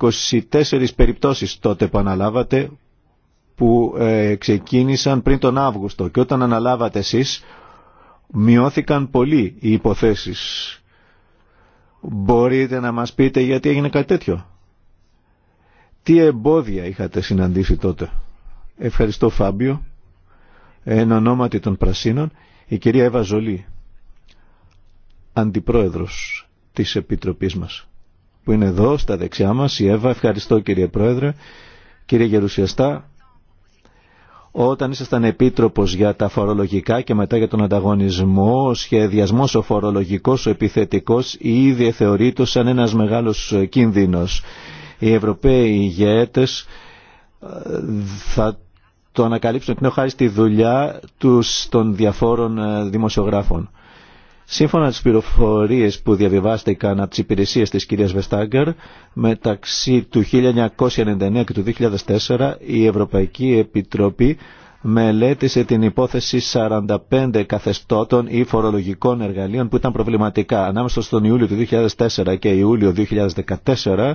24 περιπτώσεις τότε που αναλάβατε που ε, ξεκίνησαν πριν τον Αύγουστο και όταν αναλάβατε εσείς μειώθηκαν πολύ οι υποθέσεις. Μπορείτε να μας πείτε γιατί έγινε κάτι τέτοιο. Τι εμπόδια είχατε συναντήσει τότε. Ευχαριστώ Φάμπιο, εν ονόματι των Πρασίνων η κυρία Εύα Ζολή, αντιπρόεδρος της Επιτροπής μας, που είναι εδώ στα δεξιά μας. Η Εύα, ευχαριστώ κύριε Πρόεδρε, κύριε Γερουσιαστά. Όταν ήσασταν επίτροπος για τα φορολογικά και μετά για τον ανταγωνισμό, ο σχεδιασμός ο φορολογικός, ο επιθετικός, ήδη θεωρείται σαν ένας μεγάλος κίνδυνος. Οι Ευρωπαίοι ηγέτες ε, θα το ανακαλύψουν εκ νέου χάρη στη δουλειά τους των διαφόρων ε, δημοσιογράφων. Σύμφωνα με τις πληροφορίες που διαβιβάστηκαν από τις υπηρεσίες της κυρίας Βεστάγκερ, μεταξύ του 1999 και του 2004 η Ευρωπαϊκή Επιτροπή μελέτησε την υπόθεση 45 καθεστώτων ή φορολογικών εργαλείων που ήταν προβληματικά. Ανάμεσα στον Ιούλιο του 2004 και Ιούλιο 2014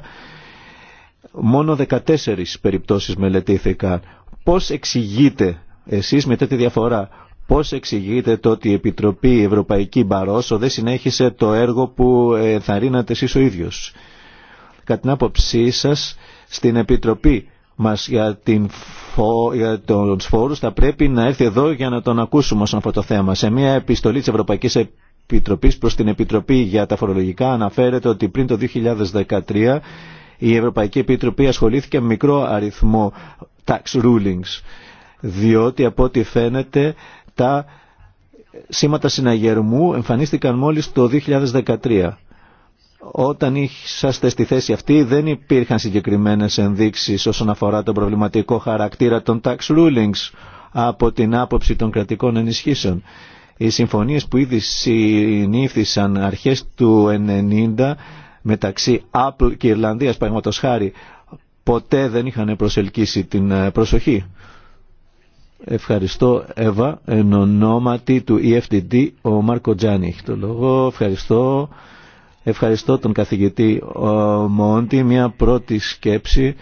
μόνο 14 περιπτώσεις μελετήθηκαν. Πώς εξηγείτε εσείς με τέτοια διαφορά, πώς εξηγείτε το ότι η Επιτροπή Ευρωπαϊκή Μπαρόσο δεν συνέχισε το έργο που θα εσείς ο ίδιος. Κατά την άποψή σας, στην Επιτροπή μας για, την φο... τον φόρους θα πρέπει να έρθει εδώ για να τον ακούσουμε όσον αυτό το θέμα. Σε μια επιστολή της Ευρωπαϊκής Επιτροπής προς την Επιτροπή για τα φορολογικά αναφέρεται ότι πριν το 2013 η Ευρωπαϊκή Επιτροπή ασχολήθηκε με μικρό αριθμό tax rulings, διότι από ό,τι φαίνεται τα σήματα συναγερμού εμφανίστηκαν μόλις το 2013. Όταν είσαστε στη θέση αυτή δεν υπήρχαν συγκεκριμένες ενδείξεις όσον αφορά τον προβληματικό χαρακτήρα των tax rulings από την άποψη των κρατικών ενισχύσεων. Οι συμφωνίες που ήδη συνήθισαν αρχές του 1990 μεταξύ Apple και Ιρλανδίας παραδείγματο χάρη ποτέ δεν είχαν προσελκύσει την ε, προσοχή. Ευχαριστώ Εύα, εν ονόματι του EFTD ο Μάρκο Τζάνι το λόγο. Ευχαριστώ. Ευχαριστώ τον καθηγητή Μόντι. Μια πρώτη σκέψη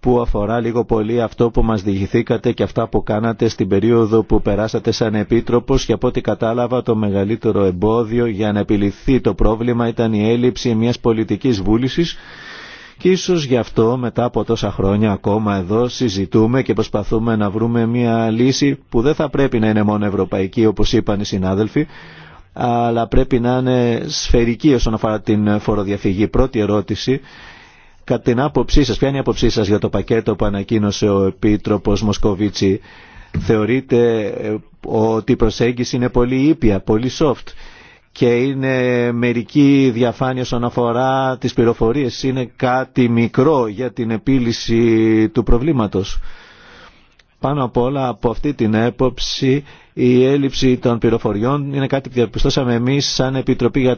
που αφορά λίγο πολύ αυτό που μας διηγηθήκατε και αυτά που κάνατε στην περίοδο που περάσατε σαν επίτροπος και από ό,τι κατάλαβα το μεγαλύτερο εμπόδιο για να επιληθεί το πρόβλημα ήταν η έλλειψη μιας πολιτικής βούλησης και ίσως γι' αυτό μετά από τόσα χρόνια ακόμα εδώ συζητούμε και προσπαθούμε να βρούμε μια λύση που δεν θα πρέπει να είναι μόνο ευρωπαϊκή όπως είπαν οι συνάδελφοι αλλά πρέπει να είναι σφαιρική όσον αφορά την φοροδιαφυγή. Πρώτη ερώτηση Κατά την άποψή σας, ποια είναι η άποψή σας για το πακέτο που ανακοίνωσε ο Επίτροπος Μοσκοβίτσι. Θεωρείτε ε, ότι η προσέγγιση είναι πολύ ήπια, πολύ soft και είναι μερική διαφάνεια όσον αφορά τις πληροφορίες. Είναι κάτι μικρό για την επίλυση του προβλήματος. Πάνω απ' όλα από αυτή την έποψη η έλλειψη των πληροφοριών είναι κάτι που διαπιστώσαμε εμείς σαν Επιτροπή για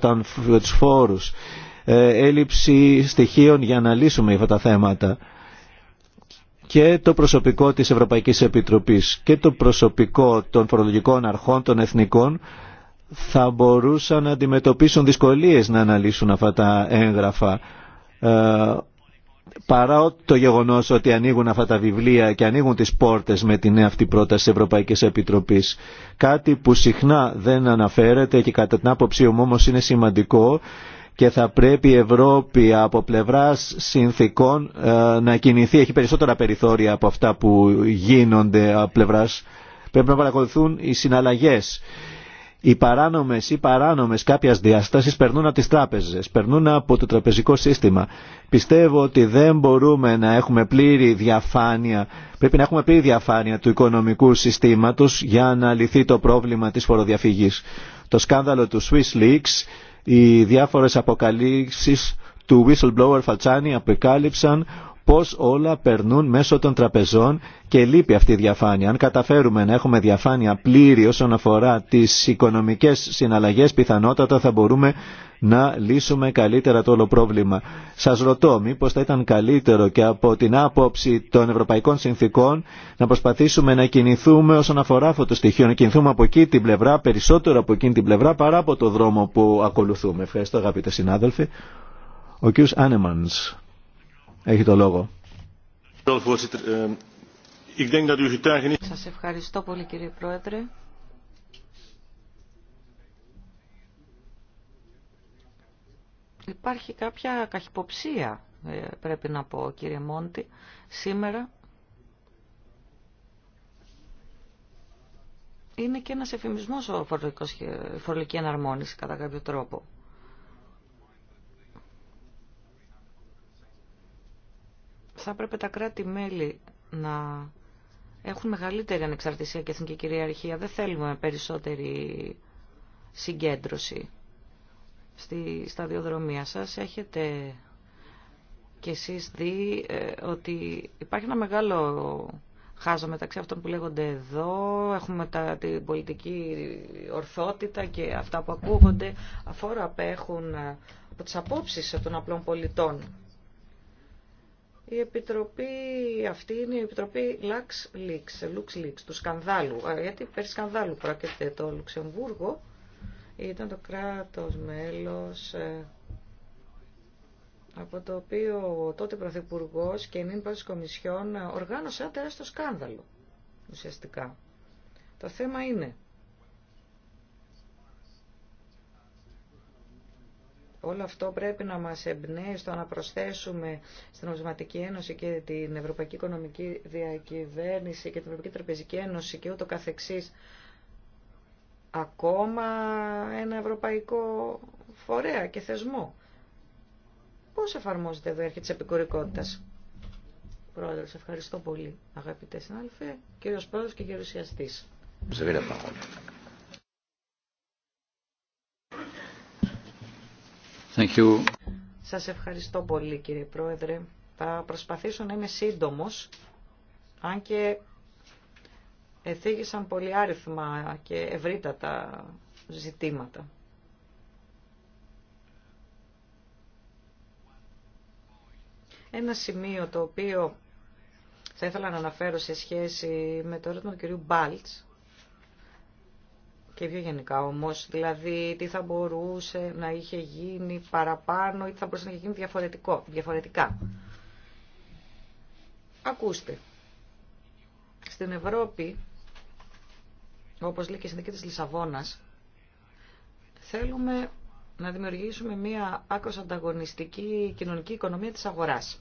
τους φόρους ε, έλλειψη στοιχείων για να λύσουμε αυτά τα θέματα και το προσωπικό της Ευρωπαϊκής Επιτροπής και το προσωπικό των φορολογικών αρχών των εθνικών θα μπορούσαν να αντιμετωπίσουν δυσκολίες να αναλύσουν αυτά τα έγγραφα ε, παρά το γεγονός ότι ανοίγουν αυτά τα βιβλία και ανοίγουν τις πόρτες με την αυτή πρόταση της Ευρωπαϊκής Επιτροπής. Κάτι που συχνά δεν αναφέρεται και κατά την άποψή μου όμως είναι σημαντικό και θα πρέπει η Ευρώπη από πλευράς συνθήκων ε, να κινηθεί. Έχει περισσότερα περιθώρια από αυτά που γίνονται από πλευράς. Πρέπει να παρακολουθούν οι συναλλαγές. Οι παράνομες ή παράνομες κάποιας διάστασης περνούν από τις τράπεζες, περνούν από το τραπεζικό σύστημα. Πιστεύω ότι δεν μπορούμε να έχουμε πλήρη διαφάνεια, πρέπει να έχουμε πλήρη διαφάνεια του οικονομικού συστήματος για να λυθεί το πρόβλημα της φοροδιαφυγής. Το σκάνδαλο του Swiss Leaks οι διάφορες αποκαλύψεις του whistleblower Φατσάνη απεκάλυψαν πώς όλα περνούν μέσω των τραπεζών και λείπει αυτή η διαφάνεια. Αν καταφέρουμε να έχουμε διαφάνεια πλήρη όσον αφορά τις οικονομικές συναλλαγές, πιθανότατα θα μπορούμε να λύσουμε καλύτερα το όλο πρόβλημα. Σας ρωτώ μήπως θα ήταν καλύτερο και από την άποψη των ευρωπαϊκών συνθήκων να προσπαθήσουμε να κινηθούμε όσον αφορά αυτό το στοιχείο, να κινηθούμε από εκεί την πλευρά, περισσότερο από εκείνη την πλευρά παρά από το δρόμο που ακολουθούμε. Ευχαριστώ Αγαπητοί συνάδελφοι. Ο κ. Άνεμανς. Έχει το λόγο. Σας ευχαριστώ πολύ κύριε Πρόεδρε. Υπάρχει κάποια καχυποψία, ε, πρέπει να πω κύριε Μόντι, σήμερα. Είναι και ένας εφημισμός ο φορολογική εναρμόνιση κατά κάποιο τρόπο. θα έπρεπε τα κράτη-μέλη να έχουν μεγαλύτερη ανεξαρτησία και εθνική κυριαρχία. Δεν θέλουμε περισσότερη συγκέντρωση στη σταδιοδρομία σας. Έχετε και εσείς δει ε, ότι υπάρχει ένα μεγάλο χάζο μεταξύ αυτών που λέγονται εδώ, έχουμε τα, την πολιτική ορθότητα και αυτά που ακούγονται, αφόρα απέχουν ε, από τις απόψεις των απλών πολιτών η επιτροπή αυτή είναι η επιτροπή Lux Leaks, Lux του σκανδάλου. Γιατί περί σκανδάλου πρόκειται το Λουξεμβούργο. Ήταν το κράτος μέλος ε, από το οποίο ο τότε Πρωθυπουργό και η νύμπα της Κομισιόν οργάνωσε ένα τεράστιο σκάνδαλο ουσιαστικά. Το θέμα είναι Όλο αυτό πρέπει να μας εμπνέει στο να προσθέσουμε στην Ομισματική Ένωση και την Ευρωπαϊκή Οικονομική Διακυβέρνηση και την Ευρωπαϊκή Τραπεζική Ένωση και ούτω καθεξής ακόμα ένα ευρωπαϊκό φορέα και θεσμό. Πώς εφαρμόζεται εδώ η αρχή της επικουρικότητας. Πρόεδρος, ευχαριστώ πολύ αγαπητέ συνάδελφε, κύριος Πρόεδρος και Ιαστής. Thank you. Σας ευχαριστώ πολύ κύριε Πρόεδρε. Θα προσπαθήσω να είμαι σύντομος, αν και εθίγησαν πολύ άριθμα και ευρύτατα ζητήματα. Ένα σημείο το οποίο θα ήθελα να αναφέρω σε σχέση με το ερώτημα του κυρίου Μπάλτς και πιο γενικά όμως, δηλαδή τι θα μπορούσε να είχε γίνει παραπάνω ή τι θα μπορούσε να είχε γίνει διαφορετικό, διαφορετικά. Ακούστε, στην Ευρώπη, όπως λέει και η Συνδική της Λισαβόνας, θέλουμε να δημιουργήσουμε μία άκρος ανταγωνιστική κοινωνική οικονομία της αγοράς.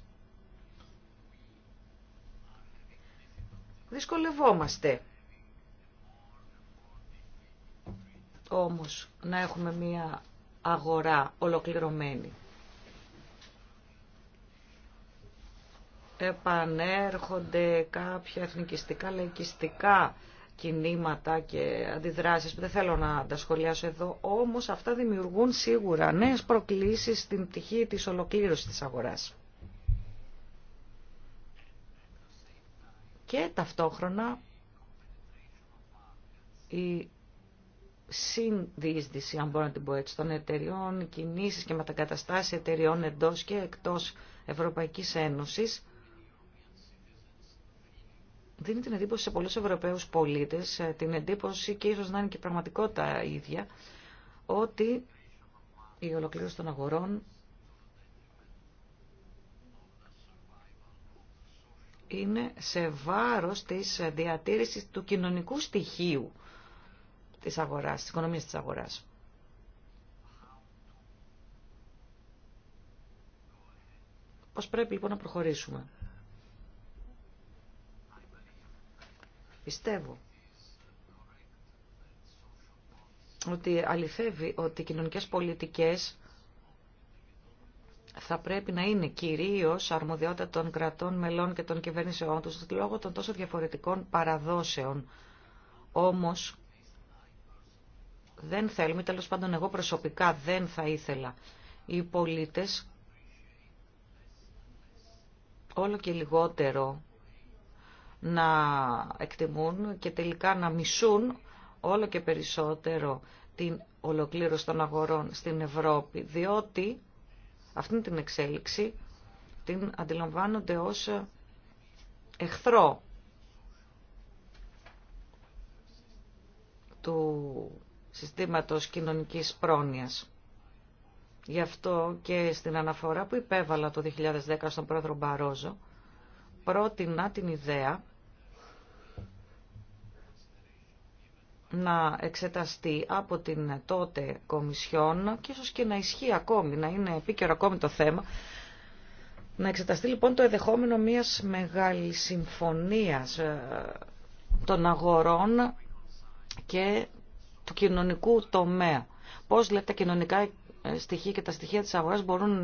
Δυσκολευόμαστε όμως να έχουμε μία αγορά ολοκληρωμένη. Επανέρχονται κάποια εθνικιστικά, λαϊκιστικά κινήματα και αντιδράσεις που δεν θέλω να τα σχολιάσω εδώ, όμως αυτά δημιουργούν σίγουρα νέες προκλήσεις στην πτυχή της ολοκλήρωσης της αγοράς. Και ταυτόχρονα η συνδιείσδυση, αν μπορώ να την πω έτσι, των εταιριών, κινήσεις και μετακαταστάσεις εταιριών εντός και εκτός Ευρωπαϊκής Ένωσης, δίνει την εντύπωση σε πολλούς Ευρωπαίους πολίτες, ε, την εντύπωση και ίσως να είναι και πραγματικότητα ίδια, ότι η ολοκλήρωση των αγορών είναι σε βάρος της διατήρησης του κοινωνικού στοιχείου της αγοράς, της οικονομίας της αγοράς. Πώς πρέπει λοιπόν να προχωρήσουμε. Πιστεύω ότι αληθεύει ότι οι κοινωνικές πολιτικές θα πρέπει να είναι κυρίως αρμοδιότητα των κρατών μελών και των κυβέρνησεών τους λόγω των τόσο διαφορετικών παραδόσεων. Όμως, δεν θέλουμε, τέλος πάντων εγώ προσωπικά δεν θα ήθελα οι πολίτες όλο και λιγότερο να εκτιμούν και τελικά να μισούν όλο και περισσότερο την ολοκλήρωση των αγορών στην Ευρώπη, διότι αυτή την εξέλιξη την αντιλαμβάνονται ως εχθρό του συστήματος κοινωνικής πρόνοιας. Γι' αυτό και στην αναφορά που υπέβαλα το 2010 στον πρόεδρο Μπαρόζο, πρότεινα την ιδέα να εξεταστεί από την τότε Κομισιόν και ίσως και να ισχύει ακόμη, να είναι επίκαιρο ακόμη το θέμα, να εξεταστεί λοιπόν το εδεχόμενο μιας μεγάλης συμφωνίας ε, των αγορών και του κοινωνικού τομέα. Πώς δηλαδή τα κοινωνικά ε, στοιχεία και τα στοιχεία της αγοράς μπορούν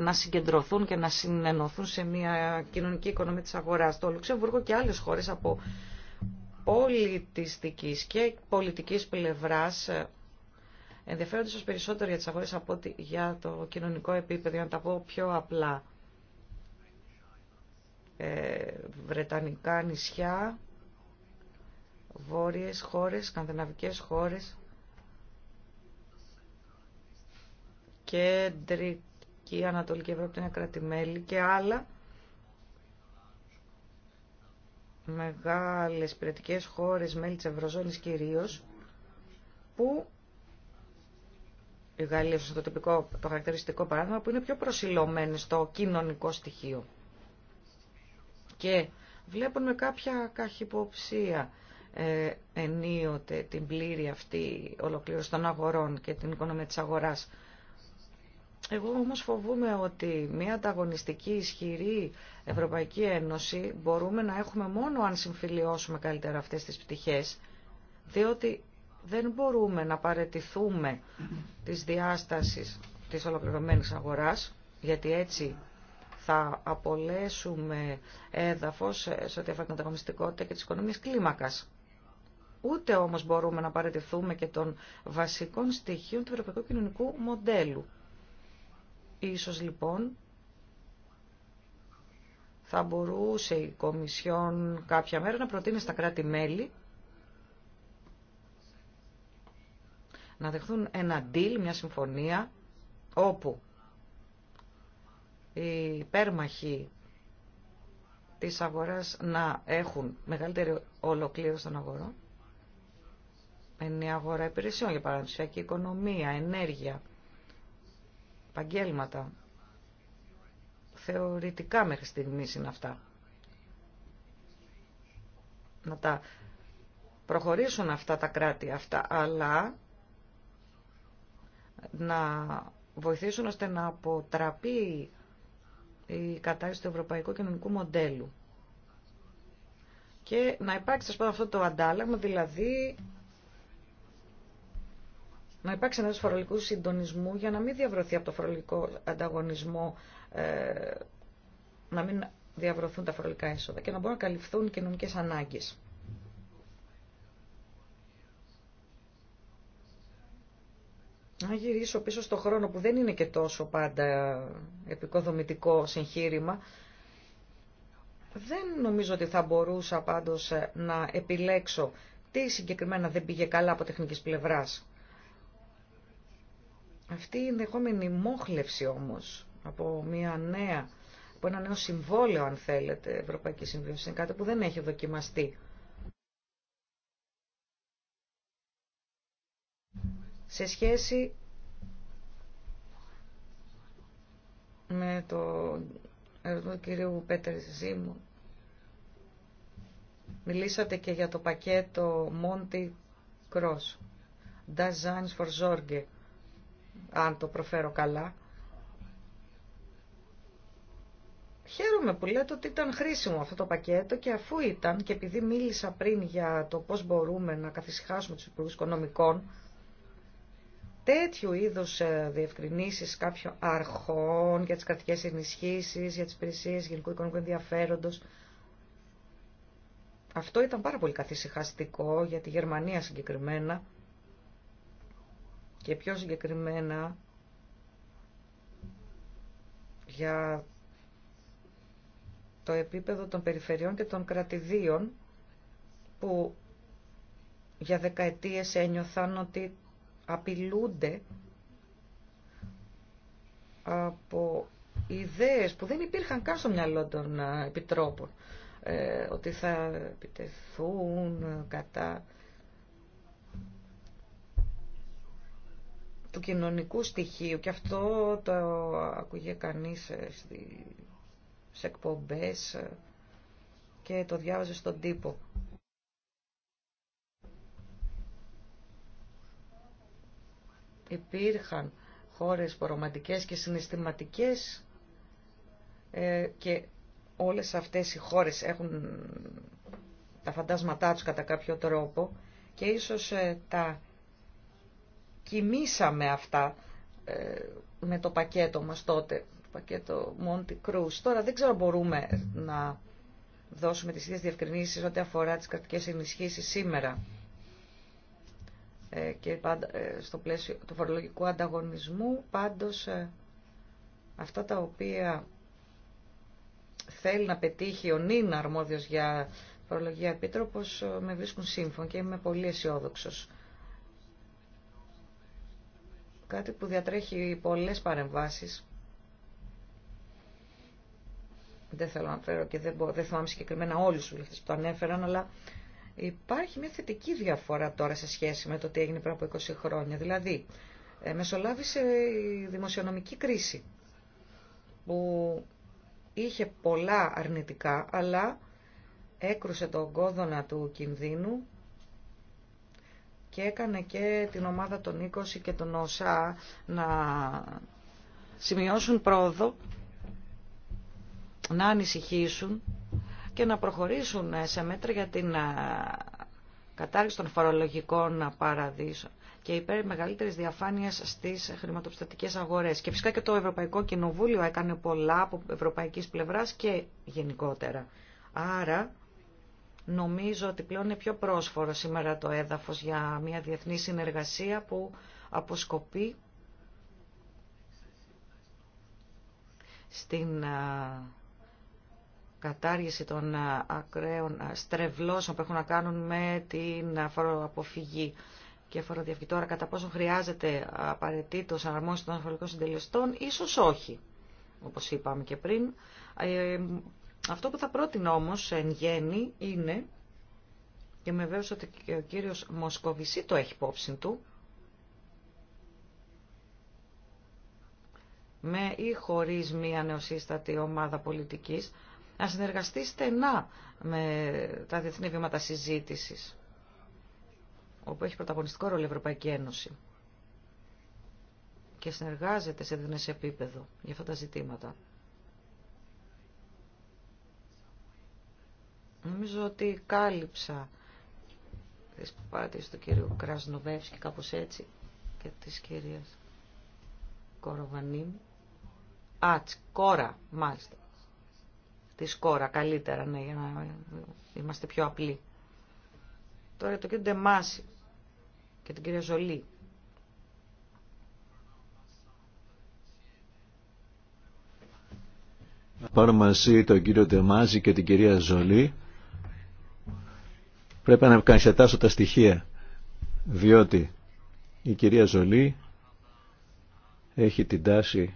να, συγκεντρωθούν και να συνενωθούν σε μια κοινωνική οικονομία της αγοράς. Το Λουξεμβούργο και άλλες χώρες από πολιτιστικής και πολιτικής πλευράς ε, ενδιαφέρονται ίσως περισσότερο για τις αγορές από ότι για το κοινωνικό επίπεδο, για να τα πω πιο απλά. Ε, Βρετανικά νησιά βόρειες χώρες, σκανδιναβικές χώρες, κεντρική Ανατολική Ευρώπη είναι κρατημέλη και άλλα μεγάλες πυρετικές χώρες, μέλη της Ευρωζώνης κυρίως, που η Γαλλία, στο τοπικό, το χαρακτηριστικό παράδειγμα, που είναι πιο προσιλωμένη στο κοινωνικό στοιχείο. Και βλέπουμε κάποια καχυποψία ε, ενίοτε την πλήρη αυτή ολοκλήρωση των αγορών και την οικονομία της αγοράς. Εγώ όμως φοβούμαι ότι μια ανταγωνιστική ισχυρή Ευρωπαϊκή Ένωση μπορούμε να έχουμε μόνο αν συμφιλιώσουμε καλύτερα αυτές τις πτυχές, διότι δεν μπορούμε να παρετηθούμε της διάστασης της ολοκληρωμένης αγοράς, γιατί έτσι θα απολέσουμε έδαφος σε ό,τι αφορά την και της οικονομίες κλίμακας. Ούτε όμως μπορούμε να παρατηθούμε και των βασικών στοιχείων του ευρωπαϊκού κοινωνικού μοντέλου. Ίσως λοιπόν θα μπορούσε η Κομισιόν κάποια μέρα να προτείνει στα κράτη-μέλη να δεχθούν ένα deal, μια συμφωνία, όπου οι υπέρμαχοι της αγοράς να έχουν μεγαλύτερη ολοκλήρωση των αγορών η αγορά υπηρεσιών, για παράδειγμα, οικονομία, ενέργεια, επαγγέλματα. Θεωρητικά μέχρι στιγμής είναι αυτά. Να τα προχωρήσουν αυτά τα κράτη αυτά, αλλά να βοηθήσουν ώστε να αποτραπεί η κατάσταση του ευρωπαϊκού κοινωνικού μοντέλου. Και να υπάρξει, ας πούμε, αυτό το αντάλλαγμα, δηλαδή να υπάρξει ένα φορολογικού συντονισμού για να μην διαβρωθεί από το φορολογικό ανταγωνισμό, ε, να μην διαβρωθούν τα φορολογικά έσοδα και να μπορούν να καλυφθούν κοινωνικέ ανάγκες. Να γυρίσω πίσω στο χρόνο που δεν είναι και τόσο πάντα επικοδομητικό συγχείρημα, δεν νομίζω ότι θα μπορούσα πάντως ε, να επιλέξω τι συγκεκριμένα δεν πήγε καλά από τεχνικής πλευράς. Αυτή η ενδεχόμενη μόχλευση όμως από μια νέα, από ένα νέο συμβόλαιο αν θέλετε Ευρωπαϊκή Συμβίωση είναι κάτι που δεν έχει δοκιμαστεί. Σε σχέση με το ερώτημα του κυρίου Πέτερ Ζήμου, μιλήσατε και για το πακέτο Monty Cross, Das for Zorge αν το προφέρω καλά. Χαίρομαι που λέτε ότι ήταν χρήσιμο αυτό το πακέτο και αφού ήταν και επειδή μίλησα πριν για το πώς μπορούμε να καθησυχάσουμε τους υπουργούς οικονομικών, τέτοιου είδους ε, διευκρινήσεις κάποιων αρχών για τις κρατικές ενισχύσεις, για τις υπηρεσίε γενικού οικονομικού ενδιαφέροντος, αυτό ήταν πάρα πολύ καθησυχαστικό για τη Γερμανία συγκεκριμένα, και πιο συγκεκριμένα για το επίπεδο των περιφερειών και των κρατηδίων που για δεκαετίες ένιωθαν ότι απειλούνται από ιδέες που δεν υπήρχαν καν στο μυαλό των ε, επιτρόπων ε, ότι θα επιτεθούν κατά του κοινωνικού στοιχείου και αυτό το ακούγε κανείς σε εκπομπές ε, και το διάβαζε στον τύπο. Υπήρχαν χώρες προρομαντικές και συναισθηματικές ε, και όλες αυτές οι χώρες έχουν τα φαντάσματά τους κατά κάποιο τρόπο και ίσως ε, τα κοιμήσαμε αυτά ε, με το πακέτο μας τότε, το πακέτο Monte Cruz. Τώρα δεν ξέρω μπορούμε να δώσουμε τις ίδιες διευκρινήσεις ό,τι αφορά τις κρατικές ενισχύσεις σήμερα ε, και πάντα, ε, στο πλαίσιο του φορολογικού ανταγωνισμού. Πάντως αυτά τα οποία θέλει να πετύχει ο Νίνα αρμόδιος για φορολογία επίτροπος με βρίσκουν σύμφωνο και είμαι πολύ αισιόδοξο κάτι που διατρέχει πολλές παρεμβάσεις. Δεν θέλω να φέρω και δεν, δεν θυμάμαι συγκεκριμένα όλου του που το ανέφεραν, αλλά υπάρχει μια θετική διαφορά τώρα σε σχέση με το τι έγινε πριν από 20 χρόνια. Δηλαδή, ε, μεσολάβησε η δημοσιονομική κρίση που είχε πολλά αρνητικά, αλλά έκρουσε τον κόδωνα του κινδύνου και έκανε και την ομάδα των 20 και των ΩΣΑ να σημειώσουν πρόοδο, να ανησυχήσουν και να προχωρήσουν σε μέτρα για την κατάργηση των φορολογικών παραδείσων και υπέρ μεγαλύτερης διαφάνειας στις χρηματοπιστωτικές αγορές. Και φυσικά και το Ευρωπαϊκό Κοινοβούλιο έκανε πολλά από ευρωπαϊκής πλευράς και γενικότερα. Άρα Νομίζω ότι πλέον είναι πιο πρόσφορο σήμερα το έδαφος για μια διεθνή συνεργασία που αποσκοπεί στην κατάργηση των ακραίων στρεβλώσεων που έχουν να κάνουν με την φοροαποφυγή και φοροδιαφυγή. Τώρα, κατά πόσο χρειάζεται απαραίτητο αναρμόνιση των αφορικών συντελεστών, ίσως όχι, όπως είπαμε και πριν. Ε, αυτό που θα πρότεινα όμως εν γέννη είναι, και με βέβαιος ότι και ο κύριος Μοσκοβισή το έχει υπόψη του, με ή χωρίς μία νεοσύστατη ομάδα πολιτικής, να συνεργαστεί στενά με τα διεθνή βήματα συζήτησης, όπου έχει πρωταγωνιστικό ρόλο η Ευρωπαϊκή Ένωση και συνεργάζεται σε διεθνές επίπεδο για αυτά τα ζητήματα. Νομίζω ότι κάλυψα τις παρατηρήσεις του κύριου Κρασνοβεύσκη κάπως έτσι και της κυρίας Κοροβανίμ. Α, κόρα, μάλιστα. Της κόρα, καλύτερα, ναι, για να είμαστε πιο απλοί. Τώρα το τον κύριο Ντεμάση και την κυρία Ζολή. Πάρουμε μαζί τον κύριο Ντεμάζη και την κυρία Ζολή Πρέπει να εξετάσω τα στοιχεία, διότι η κυρία Ζολή έχει την τάση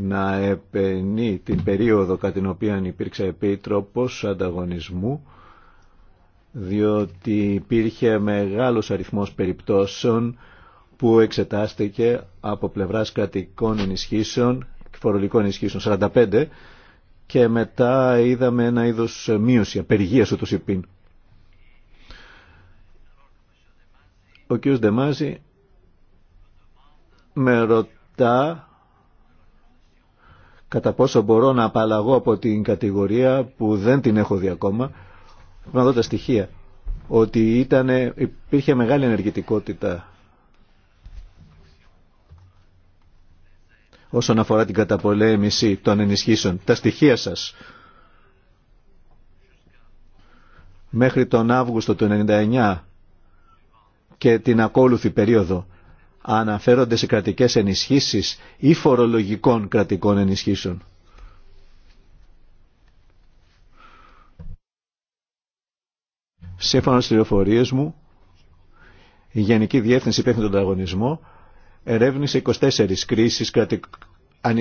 να επενεί την περίοδο κατά την οποία υπήρξε επίτροπος ανταγωνισμού διότι υπήρχε μεγάλος αριθμός περιπτώσεων που εξετάστηκε από πλευράς κρατικών ενισχύσεων φορολογικών ενισχύσεων 45 και μετά είδαμε ένα είδος μείωση, απεργίας ούτως υπήν. Ο κ. Ντεμάζη με ρωτά κατά πόσο μπορώ να απαλλαγώ από την κατηγορία που δεν την έχω δει ακόμα. Να δω τα στοιχεία. Ότι ήτανε, υπήρχε μεγάλη ενεργητικότητα όσον αφορά την καταπολέμηση των ενισχύσεων. Τα στοιχεία σας. Μέχρι τον Αύγουστο του 1999 και την ακόλουθη περίοδο αναφέρονται σε κρατικές ενισχύσεις ή φορολογικών κρατικών ενισχύσεων. Σύμφωνα στις μου, η Γενική Διεύθυνση υπεύθυνη τον ανταγωνισμό ερεύνησε 24 κρίσεις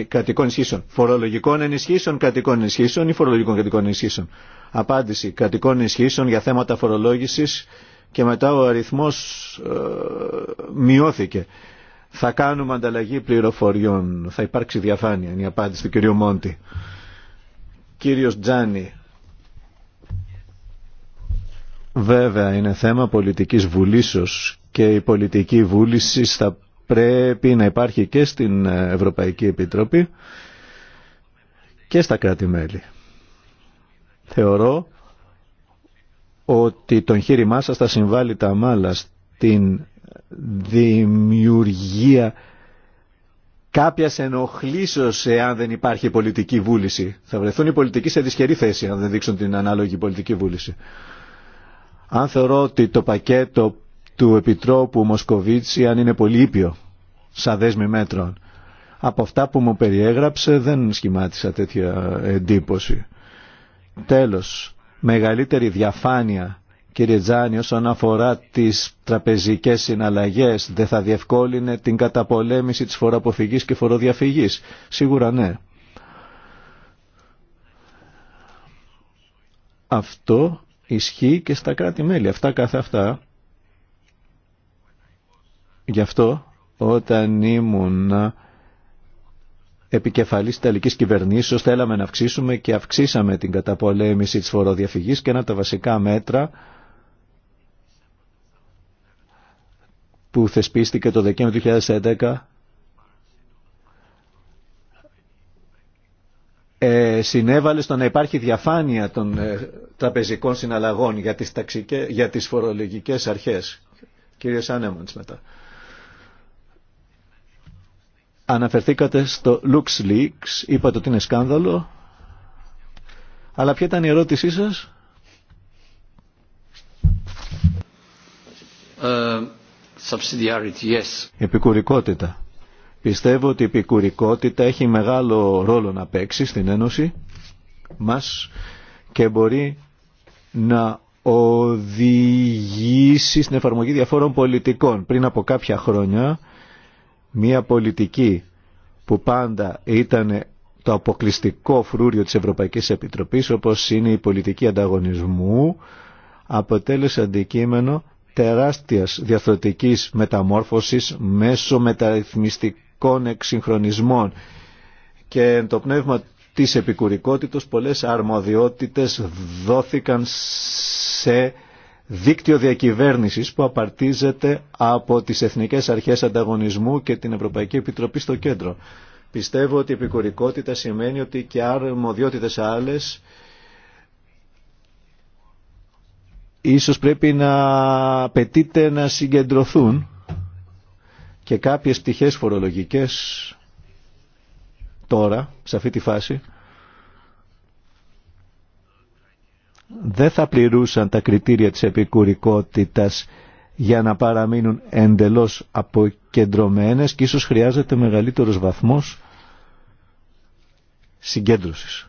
κρατικών ενισχύσεων, φορολογικών ενισχύσεων, κρατικών ενισχύσεων ή φορολογικών κρατικών ενισχύσεων. Απάντηση κρατικών ενισχύσεων για θέματα φορολόγησης και μετά ο αριθμός ε, μειώθηκε. Θα κάνουμε ανταλλαγή πληροφοριών. Θα υπάρξει διαφάνεια, είναι η απάντηση του κυρίου Μόντι. Κύριος Τζάνι. Βέβαια είναι θέμα πολιτικής βουλήσεως και η πολιτική βούληση θα πρέπει να υπάρχει και στην Ευρωπαϊκή Επιτροπή και στα κράτη-μέλη. Θεωρώ ότι το εγχείρημά σας θα συμβάλλει τα μάλα στην δημιουργία κάποια ενοχλήσεως εάν δεν υπάρχει πολιτική βούληση. Θα βρεθούν οι πολιτικοί σε δυσχερή θέση αν δεν δείξουν την ανάλογη πολιτική βούληση. Αν θεωρώ ότι το πακέτο του Επιτρόπου Μοσκοβίτση αν είναι πολύ ήπιο, σαν δέσμη μέτρων, από αυτά που μου περιέγραψε δεν σχημάτισα τέτοια εντύπωση. Τέλος, μεγαλύτερη διαφάνεια, κύριε Τζάνι, όσον αφορά τις τραπεζικές συναλλαγές, δεν θα διευκόλυνε την καταπολέμηση της φοροαποφυγής και φοροδιαφυγής. Σίγουρα ναι. Αυτό ισχύει και στα κράτη-μέλη. Αυτά κάθε αυτά. Γι' αυτό όταν ήμουν επικεφαλής Ιταλική κυβερνήσεω θέλαμε να αυξήσουμε και αυξήσαμε την καταπολέμηση της φοροδιαφυγής και ένα από τα βασικά μέτρα που θεσπίστηκε το Δεκέμβριο 2011 ε, συνέβαλε στο να υπάρχει διαφάνεια των ε, τραπεζικών συναλλαγών για τις, ταξικές, για τις φορολογικές αρχές. Κύριε Σάνεμαντς μετά. Αναφερθήκατε στο LuxLeaks, είπατε ότι είναι σκάνδαλο, αλλά ποια ήταν η ερώτησή σας? Ε, επικουρικότητα. Πιστεύω ότι η επικουρικότητα έχει μεγάλο ρόλο να παίξει στην Ένωση μας και μπορεί να οδηγήσει στην εφαρμογή διαφόρων πολιτικών. Πριν από κάποια χρόνια Μία πολιτική που πάντα ήταν το αποκλειστικό φρούριο της Ευρωπαϊκής Επιτροπής, όπως είναι η πολιτική ανταγωνισμού, αποτέλεσε αντικείμενο τεράστιας διαθροτικής μεταμόρφωσης μέσω μεταρρυθμιστικών εξυγχρονισμών και το πνεύμα της επικουρικότητας πολλές αρμοδιότητες δόθηκαν σε δίκτυο διακυβέρνησης που απαρτίζεται από τις Εθνικές Αρχές Ανταγωνισμού και την Ευρωπαϊκή Επιτροπή στο κέντρο. Πιστεύω ότι η επικουρικότητα σημαίνει ότι και αρμοδιότητες άλλες ίσως πρέπει να απαιτείται να συγκεντρωθούν και κάποιες πτυχές φορολογικές τώρα, σε αυτή τη φάση, δεν θα πληρούσαν τα κριτήρια της επικουρικότητας για να παραμείνουν εντελώς αποκεντρωμένες και ίσως χρειάζεται μεγαλύτερος βαθμός συγκέντρωσης.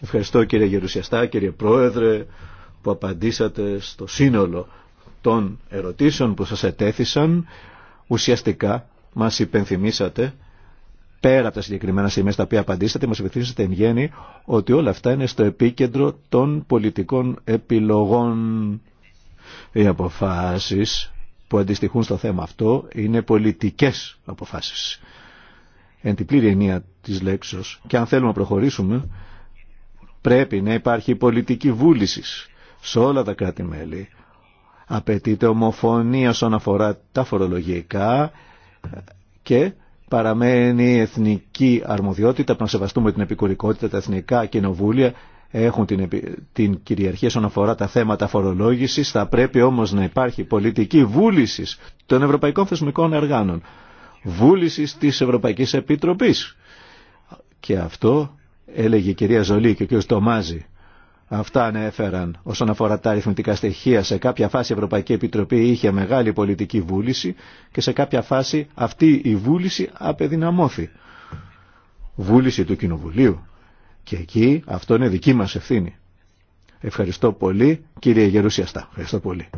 Ευχαριστώ κύριε Γερουσιαστά, κύριε Πρόεδρε που απαντήσατε στο σύνολο των ερωτήσεων που σας ετέθησαν. Ουσιαστικά μας υπενθυμίσατε πέρα από τα συγκεκριμένα σημεία στα οποία απαντήσατε, μας επιθυμήσατε εν γέννη ότι όλα αυτά είναι στο επίκεντρο των πολιτικών επιλογών. Οι αποφάσεις που αντιστοιχούν στο θέμα αυτό είναι πολιτικές αποφάσεις. Εν την πλήρη ενία της λέξης και αν θέλουμε να προχωρήσουμε πρέπει να υπάρχει πολιτική βούληση σε όλα τα κράτη-μέλη. Απαιτείται ομοφωνία όσον αφορά τα φορολογικά και παραμένει εθνική αρμοδιότητα, πρέπει να σεβαστούμε την επικουρικότητα, τα εθνικά κοινοβούλια έχουν την, την κυριαρχία όσον αφορά τα θέματα φορολόγησης, θα πρέπει όμως να υπάρχει πολιτική βούληση των Ευρωπαϊκών Θεσμικών Εργάνων, βούληση της Ευρωπαϊκής Επιτροπής. Και αυτό έλεγε η κυρία Ζολή και ο κ. Τομάζη Αυτά ανέφεραν όσον αφορά τα αριθμητικά στοιχεία. Σε κάποια φάση η Ευρωπαϊκή Επιτροπή είχε μεγάλη πολιτική βούληση και σε κάποια φάση αυτή η βούληση απεδυναμώθη. Βούληση του Κοινοβουλίου. Και εκεί αυτό είναι δική μας ευθύνη. Ευχαριστώ πολύ κύριε Γερουσιαστά. Ευχαριστώ πολύ.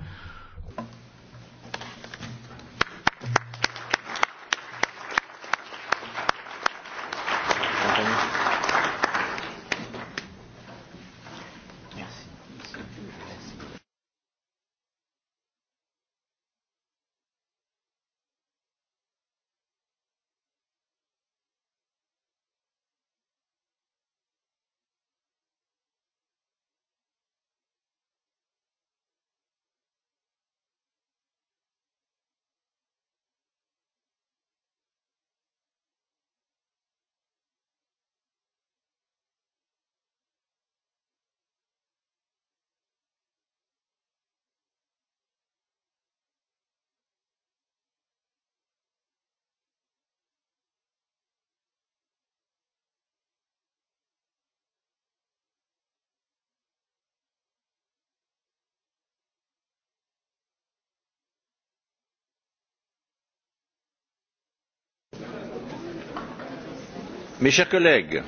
Mes chers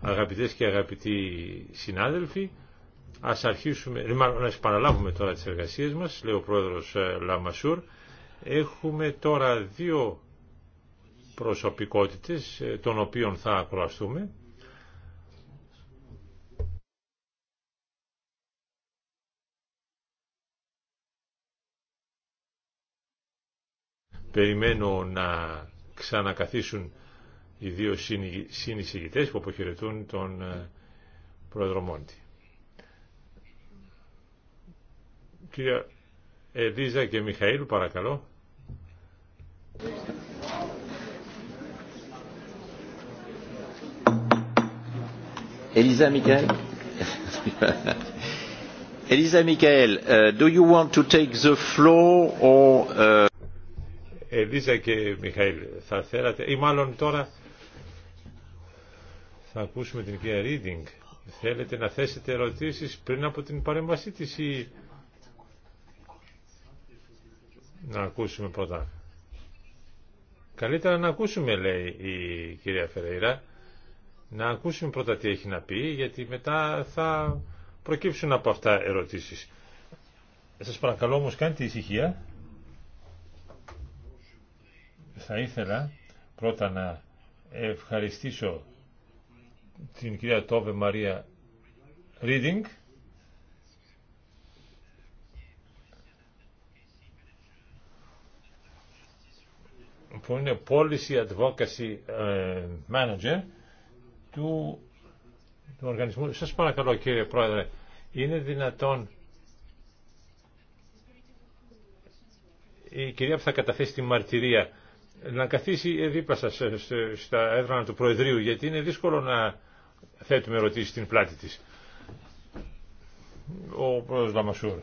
Αγαπητές και αγαπητοί συνάδελφοι, ας αρχίσουμε, ε, μάλλον ας παραλάβουμε τώρα τις εργασίες μας, λέει ο πρόεδρος ε, Λαμασούρ. Έχουμε τώρα δύο προσωπικότητες, ε, των οποίων θα ακροαστούμε. Περιμένω να ξανακαθίσουν οι δύο συνεισηγητές που αποχαιρετούν τον ε, πρόεδρο Μόντι. Κυρία Ελίζα και Μιχαήλ, παρακαλώ. Ελίζα Μιχαήλ. Ελίζα Μιχαήλ, do you want to take the floor or... Ελίζα uh, και Μιχαήλ, θα θέλατε, ή μάλλον τώρα θα ακούσουμε την κυρία Ρίδινγκ. Θέλετε να θέσετε ερωτήσεις πριν από την παρέμβασή της ή να ακούσουμε πρώτα. Καλύτερα να ακούσουμε, λέει να ακούσουμε πρώτα τι έχει να πει, γιατί μετά θα προκύψουν από αυτά ερωτήσεις. Σας παρακαλώ όμως κάντε ησυχία. Θα ήθελα πρώτα να ευχαριστήσω την κυρία Τόβε Μαρία Ρίδινγκ που είναι Policy Advocacy ε, Manager του, του οργανισμού. Σας παρακαλώ κύριε Πρόεδρε, είναι δυνατόν η κυρία που θα καταθέσει τη μαρτυρία να καθίσει δίπλα σας ε, στα έδρανα του Προεδρείου γιατί είναι δύσκολο να θέτουμε ερωτήσει στην πλάτη της. Ο πρόεδρος Λαμασούρ.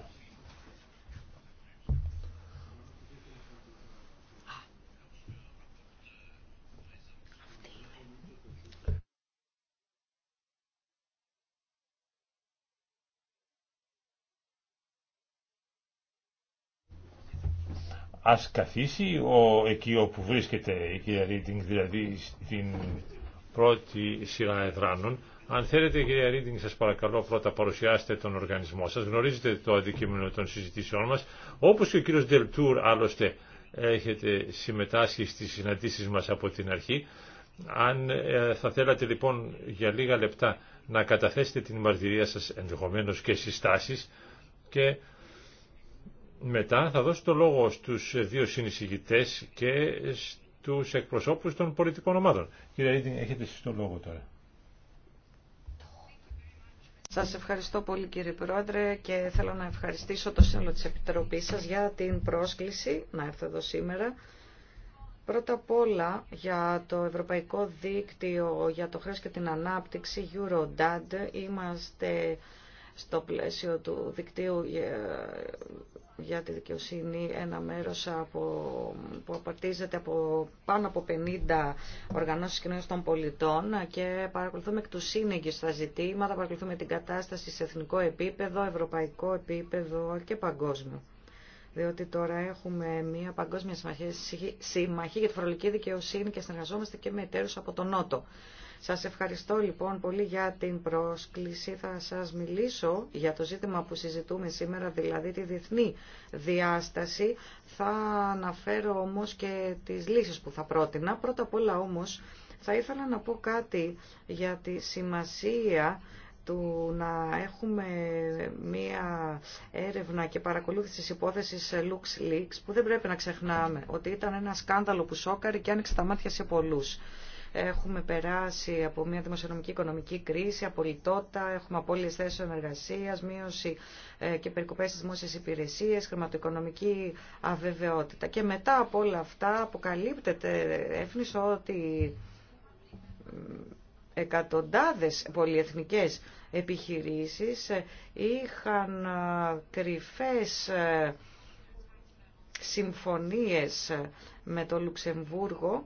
ας καθίσει ο, εκεί όπου βρίσκεται η κυρία Ρίτινγκ, δηλαδή στην πρώτη σειρά εδράνων. Αν θέλετε κυρία Ρίντινγκ σας παρακαλώ πρώτα παρουσιάστε τον οργανισμό σας, γνωρίζετε το αντικείμενο των συζητήσεών μα, όπως και ο κύριος Ντελτούρ, άλλωστε έχετε συμμετάσχει στις συναντήσεις μας από την αρχή. Αν ε, θα θέλατε λοιπόν για λίγα λεπτά να καταθέσετε την μαρτυρία σας ενδεχομένως και συστάσεις και μετά θα δώσω το λόγο στους δύο συνεισηγητές και του εκπροσώπου των πολιτικών ομάδων. Κύριε Ρίτινγκ, έχετε εσεί τον λόγο τώρα. Σας ευχαριστώ πολύ κύριε Πρόεδρε και θέλω να ευχαριστήσω το σύνολο τη επιτροπή σα για την πρόσκληση να έρθω εδώ σήμερα. Πρώτα απ' όλα για το Ευρωπαϊκό Δίκτυο για το Χρέος και την Ανάπτυξη, Eurodad, είμαστε στο πλαίσιο του δικτύου ε, για τη δικαιοσύνη ένα μέρος από, που απαρτίζεται από πάνω από 50 οργανώσεις κοινωνίας των πολιτών και παρακολουθούμε εκ του σύνεγγυς στα ζητήματα, παρακολουθούμε την κατάσταση σε εθνικό επίπεδο, ευρωπαϊκό επίπεδο και παγκόσμιο. Διότι τώρα έχουμε μια παγκόσμια συμμαχία για τη φορολογική δικαιοσύνη και συνεργαζόμαστε και με εταίρους από τον Νότο. Σας ευχαριστώ λοιπόν πολύ για την πρόσκληση. Θα σας μιλήσω για το ζήτημα που συζητούμε σήμερα, δηλαδή τη διεθνή διάσταση. Θα αναφέρω όμως και τις λύσεις που θα πρότεινα. Πρώτα απ' όλα όμως θα ήθελα να πω κάτι για τη σημασία του να έχουμε μία έρευνα και παρακολούθηση της υπόθεσης LuxLeaks που δεν πρέπει να ξεχνάμε ότι ήταν ένα σκάνδαλο που σόκαρε και άνοιξε τα μάτια σε πολλούς. Έχουμε περάσει από μια δημοσιονομική οικονομική κρίση, απολυτότητα, έχουμε απώλειες θέσεων εργασίας, μείωση ε, και περικοπές στις δημόσιες υπηρεσίες, χρηματοοικονομική αβεβαιότητα. Και μετά από όλα αυτά αποκαλύπτεται έφνης ότι εκατοντάδες πολυεθνικές επιχειρήσεις ε, είχαν ε, κρυφές συμφωνίες με το Λουξεμβούργο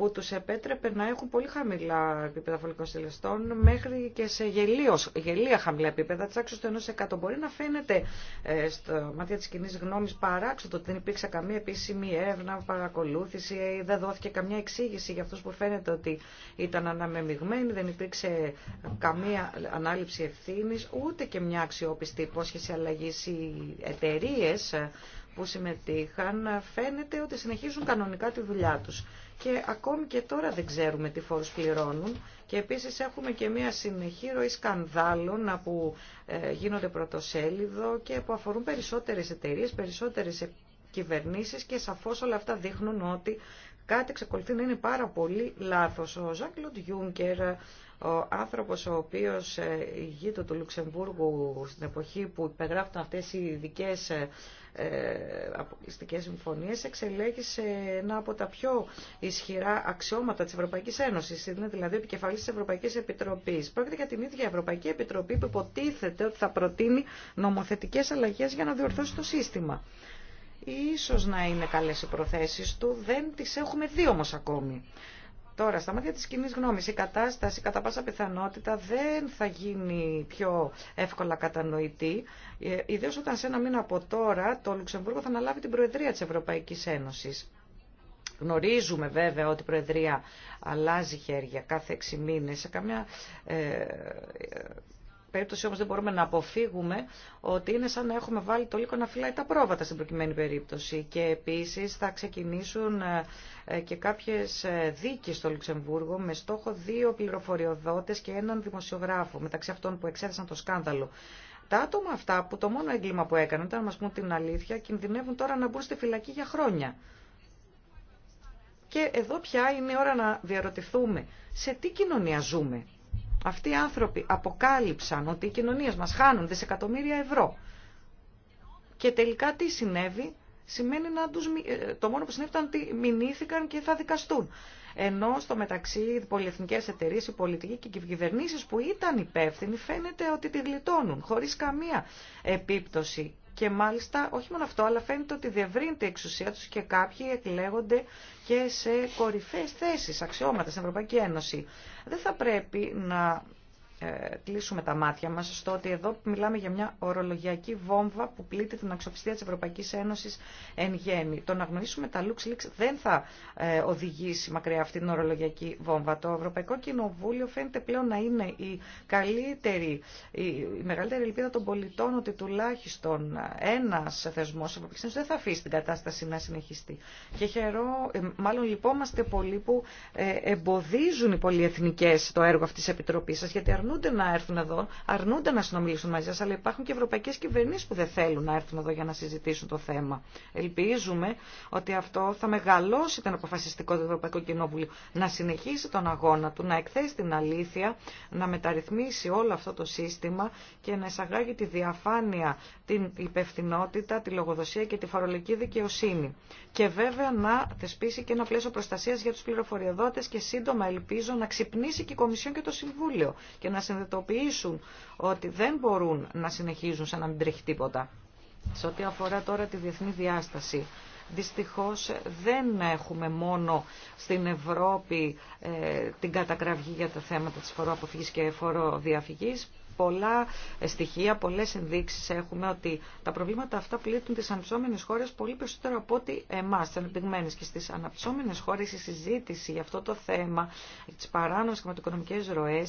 που τους επέτρεπε να έχουν πολύ χαμηλά επίπεδα φωλικών συλλεστών μέχρι και σε γελίος, γελία χαμηλά επίπεδα της άξιος του 1%. Μπορεί να φαίνεται ε, στο μάτια της κοινή γνώμης παράξενο ότι δεν υπήρξε καμία επίσημη έρευνα, παρακολούθηση, ε, δεν δόθηκε καμιά εξήγηση για αυτούς που φαίνεται ότι ήταν αναμεμειγμένοι, δεν υπήρξε καμία ανάληψη ευθύνη, ούτε και μια αξιόπιστη υπόσχεση αλλαγή. Οι εταιρείε που συμμετείχαν φαίνεται ότι συνεχίζουν κανονικά τη δουλειά τους και ακόμη και τώρα δεν ξέρουμε τι φόρους πληρώνουν και επίσης έχουμε και μια συνεχή ροή σκανδάλων που ε, γίνονται πρωτοσέλιδο και που αφορούν περισσότερες εταιρείες, περισσότερες κυβερνήσεις και σαφώς όλα αυτά δείχνουν ότι κάτι εξακολουθεί να είναι πάρα πολύ λάθος. Ο ο άνθρωπος ο οποίος ε, ηγείται του Λουξεμβούργου στην εποχή που υπεγράφουν αυτές οι ειδικέ ε, ε, αποκλειστικέ συμφωνίε εξελέγει σε ένα από τα πιο ισχυρά αξιώματα της Ευρωπαϊκής Ένωσης, Είναι δηλαδή επικεφαλής της Ευρωπαϊκής Επιτροπής. Πρόκειται για την ίδια Ευρωπαϊκή Επιτροπή που υποτίθεται ότι θα προτείνει νομοθετικές αλλαγές για να διορθώσει το σύστημα. Ίσως να είναι καλές οι προθέσεις του, δεν τις έχουμε δει όμως ακόμη. Τώρα, στα μάτια τη κοινή γνώμης, η κατάσταση κατά πάσα πιθανότητα δεν θα γίνει πιο εύκολα κατανοητή, ε, ιδίω όταν σε ένα μήνα από τώρα το Λουξεμβούργο θα αναλάβει την Προεδρία της Ευρωπαϊκής Ένωσης. Γνωρίζουμε βέβαια ότι η Προεδρία αλλάζει χέρια κάθε έξι μήνες. Σε καμιά, ε, περίπτωση όμως δεν μπορούμε να αποφύγουμε ότι είναι σαν να έχουμε βάλει το λύκο να φυλάει τα πρόβατα στην προκειμένη περίπτωση. Και επίσης θα ξεκινήσουν ε, ε, και κάποιες ε, δίκες στο Λουξεμβούργο με στόχο δύο πληροφοριοδότες και έναν δημοσιογράφο μεταξύ αυτών που εξέθεσαν το σκάνδαλο. Τα άτομα αυτά που το μόνο έγκλημα που έκαναν ήταν να μας πούν την αλήθεια κινδυνεύουν τώρα να μπουν στη φυλακή για χρόνια. Και εδώ πια είναι ώρα να διαρωτηθούμε σε τι κοινωνία ζούμε. Αυτοί οι άνθρωποι αποκάλυψαν ότι οι κοινωνίες μας χάνουν δισεκατομμύρια ευρώ. Και τελικά τι συνέβη, σημαίνει να τους, ε, το μόνο που συνέβη ήταν ότι μηνύθηκαν και θα δικαστούν. Ενώ στο μεταξύ οι πολυεθνικές εταιρείες, οι πολιτικοί και οι κυβερνήσεις που ήταν υπεύθυνοι φαίνεται ότι τη γλιτώνουν χωρίς καμία επίπτωση και μάλιστα όχι μόνο αυτό, αλλά φαίνεται ότι διευρύνεται η εξουσία τους και κάποιοι εκλέγονται και σε κορυφαίες θέσεις, αξιώματα στην Ευρωπαϊκή Ένωση. Δεν θα πρέπει να ε, κλείσουμε τα μάτια μας στο ότι εδώ μιλάμε για μια ορολογιακή βόμβα που πλήττει την αξιοπιστία της Ευρωπαϊκής Ένωσης εν γέννη. Το να γνωρίσουμε τα LuxLeaks δεν θα ε, οδηγήσει μακριά αυτή την ορολογιακή βόμβα. Το Ευρωπαϊκό Κοινοβούλιο φαίνεται πλέον να είναι η καλύτερη, η, μεγαλύτερη ελπίδα των πολιτών ότι τουλάχιστον ένας θεσμός Ευρωπαϊκής Ένωσης δεν θα αφήσει την κατάσταση να συνεχιστεί. Και χαιρό, ε, μάλλον λυπόμαστε πολύ που εμποδίζουν οι πολυεθνικές το έργο αυτής της Επιτροπής σας, γιατί αρνούνται να έρθουν εδώ, αρνούνται να συνομιλήσουν μαζί σα, αλλά υπάρχουν και ευρωπαϊκέ κυβερνήσει που δεν θέλουν να έρθουν εδώ για να συζητήσουν το θέμα. Ελπίζουμε ότι αυτό θα μεγαλώσει την αποφασιστικό του Ευρωπαϊκού Κοινοβουλίου να συνεχίσει τον αγώνα του, να εκθέσει την αλήθεια, να μεταρρυθμίσει όλο αυτό το σύστημα και να εισαγάγει τη διαφάνεια, την υπευθυνότητα, τη λογοδοσία και τη φορολογική δικαιοσύνη. Και βέβαια να θεσπίσει και ένα πλαίσιο προστασία για του πληροφοριοδότε και σύντομα ελπίζω να ξυπνήσει και η Κομισιόν και το Συμβούλιο να συνειδητοποιήσουν ότι δεν μπορούν να συνεχίζουν σαν να μην τρέχει τίποτα. Σε ό,τι αφορά τώρα τη διεθνή διάσταση, δυστυχώς δεν έχουμε μόνο στην Ευρώπη ε, την κατακραυγή για τα θέματα της φοροαποφυγής και φοροδιαφυγής πολλά στοιχεία, πολλές ενδείξεις έχουμε ότι τα προβλήματα αυτά πλήττουν τις αναπτυσσόμενες χώρες πολύ περισσότερο από ότι εμάς, τι ανεπτυγμένε. και στις αναπτυσσόμενες χώρες η συζήτηση για αυτό το θέμα, τις παράνομες χρηματοοικονομικές ροέ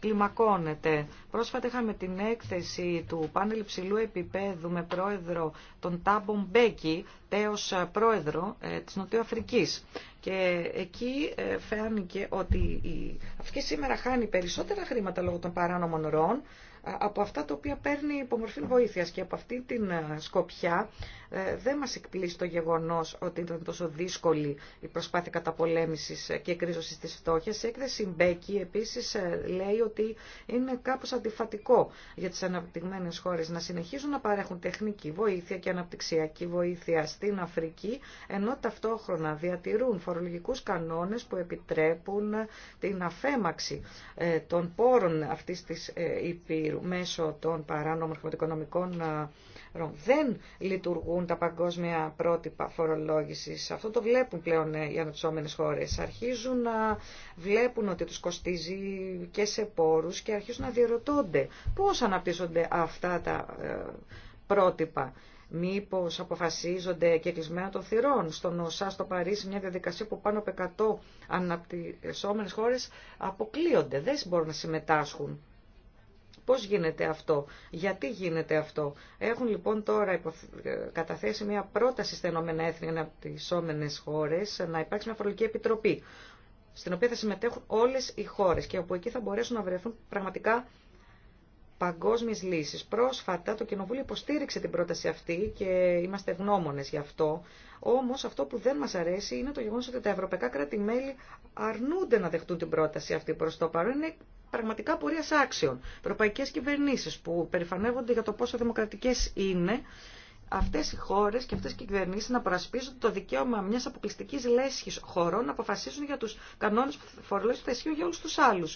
κλιμακώνεται. Πρόσφατα είχαμε την έκθεση του πάνελ υψηλού επίπεδου με πρόεδρο τον Τάμπο Μπέκη, έως ε, πρόεδρο ε, της Νοτιοαφρικής. Και εκεί ε, φάνηκε ότι η Αφρική σήμερα χάνει περισσότερα χρήματα λόγω των παράνομων ροών από αυτά τα οποία παίρνει υπομορφή μορφή βοήθειας και από αυτή την ε, σκοπιά ε, δεν μας εκπλήσει το γεγονός ότι ήταν τόσο δύσκολη η προσπάθεια καταπολέμησης και εκρίζωσης της φτώχειας. Η έκθεση Μπέκη επίσης ε, λέει ότι είναι κάπως αντιφατικό για τις αναπτυγμένες χώρες να συνεχίζουν να παρέχουν τεχνική βοήθεια και αναπτυξιακή βοήθεια στην Αφρική ενώ ταυτόχρονα διατηρούν φορολογικούς κανόνες που επιτρέπουν την αφέμαξη των πόρων αυτής της υπήρου μέσω των παράνομων χρηματοοικονομικών ε, Δεν λειτουργούν τα παγκόσμια πρότυπα φορολόγησης. Αυτό το βλέπουν πλέον ε, οι αναπτυσσόμενες χώρες. Αρχίζουν να βλέπουν ότι τους κοστίζει και σε πόρους και αρχίζουν να διερωτώνται πώς αναπτύσσονται αυτά τα ε, πρότυπα. Μήπως αποφασίζονται και κλεισμένα των θυρών στον ΩΣΑ, στο Παρίσι, μια διαδικασία που πάνω από 100 αναπτυσσόμενες χώρες αποκλείονται, δεν μπορούν να συμμετάσχουν. Πώς γίνεται αυτό, γιατί γίνεται αυτό. Έχουν λοιπόν τώρα καταθέσει μια πρόταση στα Ηνωμένα Έθνη από τις όμενες χώρες να υπάρξει μια φορολογική επιτροπή στην οποία θα συμμετέχουν όλες οι χώρες και όπου εκεί θα μπορέσουν να βρεθούν πραγματικά παγκόσμιες λύσεις. Πρόσφατα το Κοινοβούλιο υποστήριξε την πρόταση αυτή και είμαστε γνώμονες γι' αυτό. Όμως αυτό που δεν μας αρέσει είναι το γεγονός ότι τα ευρωπαϊκά κράτη-μέλη αρνούνται να δεχτούν την πρόταση αυτή προς το παρόν. Είναι πραγματικά πορεία άξιων. Ευρωπαϊκέ κυβερνήσει που περηφανεύονται για το πόσο δημοκρατικέ είναι, αυτέ οι χώρε και αυτέ οι κυβερνήσει να προασπίζονται το δικαίωμα μια αποκλειστική λέσχη χωρών να αποφασίζουν για του κανόνε που που θα ισχύουν για όλου του άλλου.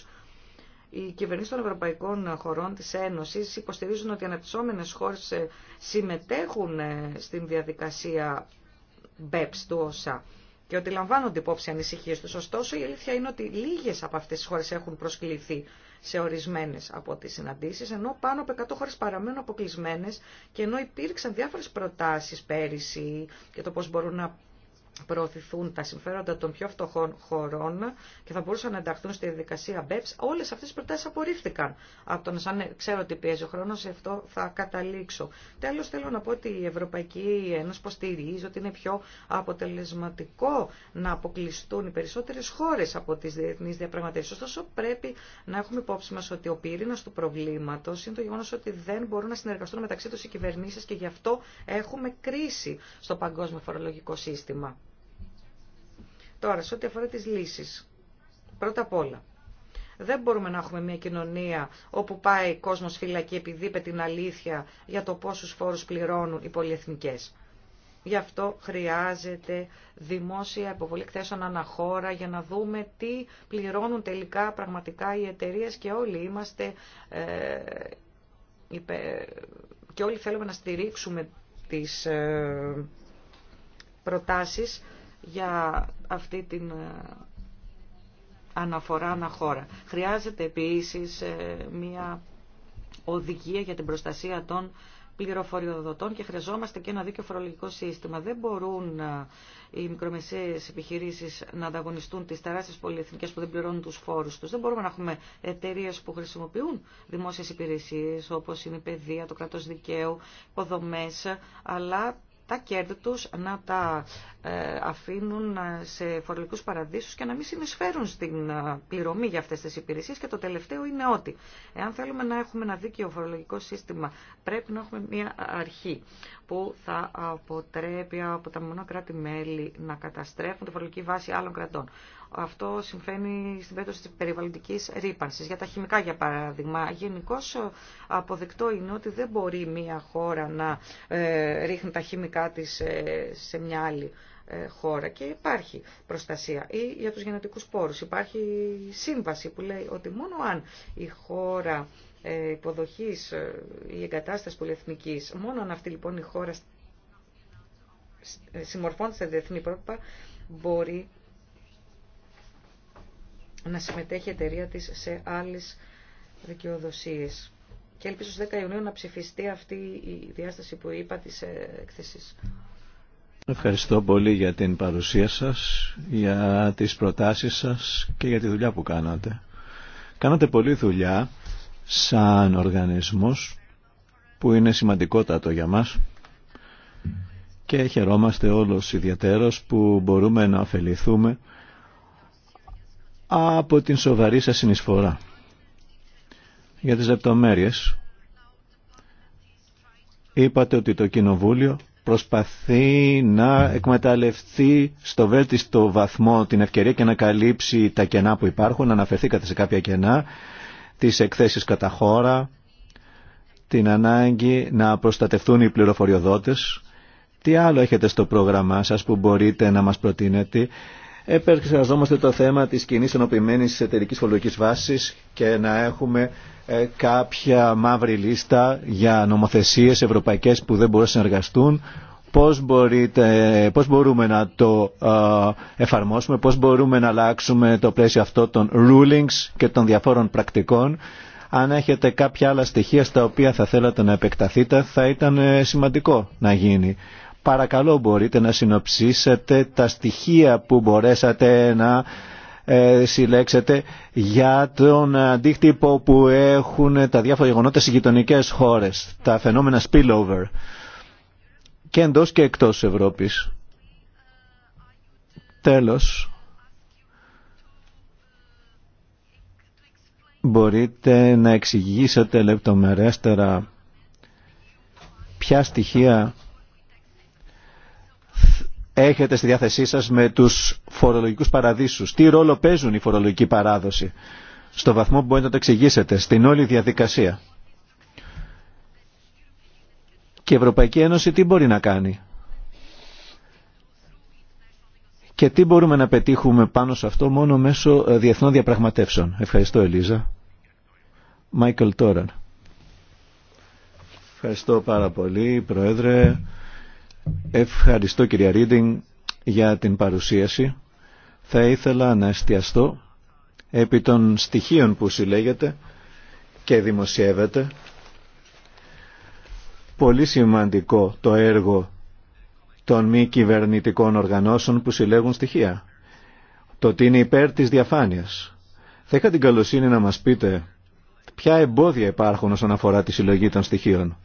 Οι κυβερνήσει των ευρωπαϊκών χωρών τη Ένωση υποστηρίζουν ότι οι αναπτυσσόμενε χώρε ε, συμμετέχουν ε, στην διαδικασία BEPS του ΩΣΑ και ότι λαμβάνονται υπόψη ανησυχίε του. Ωστόσο, η αλήθεια είναι ότι λίγε από αυτέ τι χώρε έχουν προσκληθεί σε ορισμένε από τι συναντήσει, ενώ πάνω από 100 χώρε παραμένουν αποκλεισμένε και ενώ υπήρξαν διάφορε προτάσει πέρυσι για το πώ μπορούν να προωθηθούν τα συμφέροντα των πιο φτωχών χωρών και θα μπορούσαν να ενταχθούν στη διαδικασία BEPS, όλες αυτές τις προτάσεις απορρίφθηκαν. Από τον σαν ξέρω ότι πιέζει ο χρόνος, σε αυτό θα καταλήξω. Τέλος θέλω να πω ότι η Ευρωπαϊκή Ένωση υποστηρίζει ότι είναι πιο αποτελεσματικό να αποκλειστούν οι περισσότερες χώρες από τις διεθνείς διαπραγματεύσεις. Ωστόσο πρέπει να έχουμε υπόψη μας ότι ο πυρήνας του προβλήματος είναι το γεγονός ότι δεν μπορούν να συνεργαστούν μεταξύ τους οι κυβερνήσεις και γι' αυτό έχουμε κρίση στο παγκόσμιο φορολογικό σύστημα. Τώρα, σε ό,τι αφορά τις λύσεις, πρώτα απ' όλα, δεν μπορούμε να έχουμε μια κοινωνία όπου πάει κόσμος φυλακή επειδή είπε την αλήθεια για το πόσους φόρους πληρώνουν οι πολυεθνικές. Γι' αυτό χρειάζεται δημόσια υποβολή εκθέσεων αναχώρα για να δούμε τι πληρώνουν τελικά πραγματικά οι εταιρείε και όλοι είμαστε ε, και όλοι θέλουμε να στηρίξουμε τις ε, προτάσεις για αυτή την ε, αναφορά αναχώρα. Χρειάζεται επίσης ε, μια οδηγία για την προστασία των πληροφοριοδοτών και χρειαζόμαστε και ένα δίκαιο φορολογικό σύστημα. Δεν μπορούν ε, οι μικρομεσαίες επιχειρήσεις να ανταγωνιστούν τις τεράστιες πολυεθνικές που δεν πληρώνουν τους φόρους τους. Δεν μπορούμε να έχουμε εταιρείε που χρησιμοποιούν δημόσιες υπηρεσίες όπως είναι η παιδεία, το κράτος δικαίου, υποδομές, αλλά τα κέρδη τους να τα ε, αφήνουν ε, σε φορολογικούς παραδείσους και να μην συνεισφέρουν στην ε, πληρωμή για αυτές τις υπηρεσίες. Και το τελευταίο είναι ότι εάν θέλουμε να έχουμε ένα δίκαιο φορολογικό σύστημα πρέπει να έχουμε μια αρχή που θα αποτρέπει από τα μονό κράτη-μέλη να καταστρέφουν τη φορολογική βάση άλλων κρατών. Αυτό συμβαίνει στην περίπτωση τη περιβαλλοντική ρήπανση. Για τα χημικά, για παράδειγμα, γενικώ αποδεκτό είναι ότι δεν μπορεί μια χώρα να ε, ρίχνει τα χημικά της ε, σε μια άλλη ε, χώρα και υπάρχει προστασία. Ή για τους γενετικούς πόρους υπάρχει σύμβαση που λέει ότι μόνο αν η χώρα υποδοχής ή εγκατάσταση πολυεθνικής, μόνο αν αυτή λοιπόν η χώρα συμμορφώνεται σε διεθνή πρότυπα, μπορεί να συμμετέχει η εταιρεία της σε άλλες δικαιοδοσίες. Και ελπίζω στις 10 Ιουνίου να ψηφιστεί αυτή η διάσταση που είπα της έκθεσης. Ευχαριστώ πολύ για την παρουσία σας, για τις προτάσεις σας και για τη δουλειά που κάνατε. Κάνατε πολλή δουλειά σαν οργανισμός που είναι σημαντικότατο για μας και χαιρόμαστε όλος ιδιαίτερος που μπορούμε να ωφεληθούμε από την σοβαρή σας συνεισφορά. Για τις λεπτομέρειες, είπατε ότι το Κοινοβούλιο προσπαθεί να εκμεταλλευτεί στο βέλτιστο βαθμό την ευκαιρία και να καλύψει τα κενά που υπάρχουν. Αναφερθήκατε σε κάποια κενά, τις εκθέσεις κατά χώρα, την ανάγκη να προστατευτούν οι πληροφοριοδότες. Τι άλλο έχετε στο πρόγραμμά σας που μπορείτε να μας προτείνετε επεξεργαζόμαστε το θέμα της κοινή ενωπημένης εταιρική φορολογικής βάσης και να έχουμε ε, κάποια μαύρη λίστα για νομοθεσίες ευρωπαϊκές που δεν μπορούν να συνεργαστούν. Πώς, μπορείτε, πώς μπορούμε να το ε, εφαρμόσουμε, πώς μπορούμε να αλλάξουμε το πλαίσιο αυτό των rulings και των διαφόρων πρακτικών. Αν έχετε κάποια άλλα στοιχεία στα οποία θα θέλατε να επεκταθείτε, θα ήταν ε, σημαντικό να γίνει. Παρακαλώ μπορείτε να συνοψίσετε τα στοιχεία που μπορέσατε να ε, συλλέξετε για τον αντίκτυπο που έχουν τα διάφορα γεγονότα στις γειτονικέ χώρες, τα φαινόμενα spillover και εντός και εκτός Ευρώπης. Τέλος, μπορείτε να εξηγήσετε λεπτομερέστερα ποια στοιχεία έχετε στη διάθεσή σας με τους φορολογικούς παραδείσους. Τι ρόλο παίζουν οι φορολογικοί παράδοση στο βαθμό που μπορείτε να το εξηγήσετε στην όλη διαδικασία. Και η Ευρωπαϊκή Ένωση τι μπορεί να κάνει. Και τι μπορούμε να πετύχουμε πάνω σε αυτό μόνο μέσω ε, διεθνών διαπραγματεύσεων. Ευχαριστώ Ελίζα. Μάικλ Τόραν. Ευχαριστώ πάρα πολύ, Πρόεδρε. Ευχαριστώ κυρία Ρίντινγκ για την παρουσίαση. Θα ήθελα να εστιαστώ επί των στοιχείων που συλλέγεται και δημοσιεύεται. Πολύ σημαντικό το έργο των μη κυβερνητικών οργανώσεων που συλλέγουν στοιχεία. Το ότι είναι υπέρ της διαφάνειας. Θα είχα την καλοσύνη να μας πείτε ποια εμπόδια υπάρχουν όσον αφορά τη συλλογή των στοιχείων.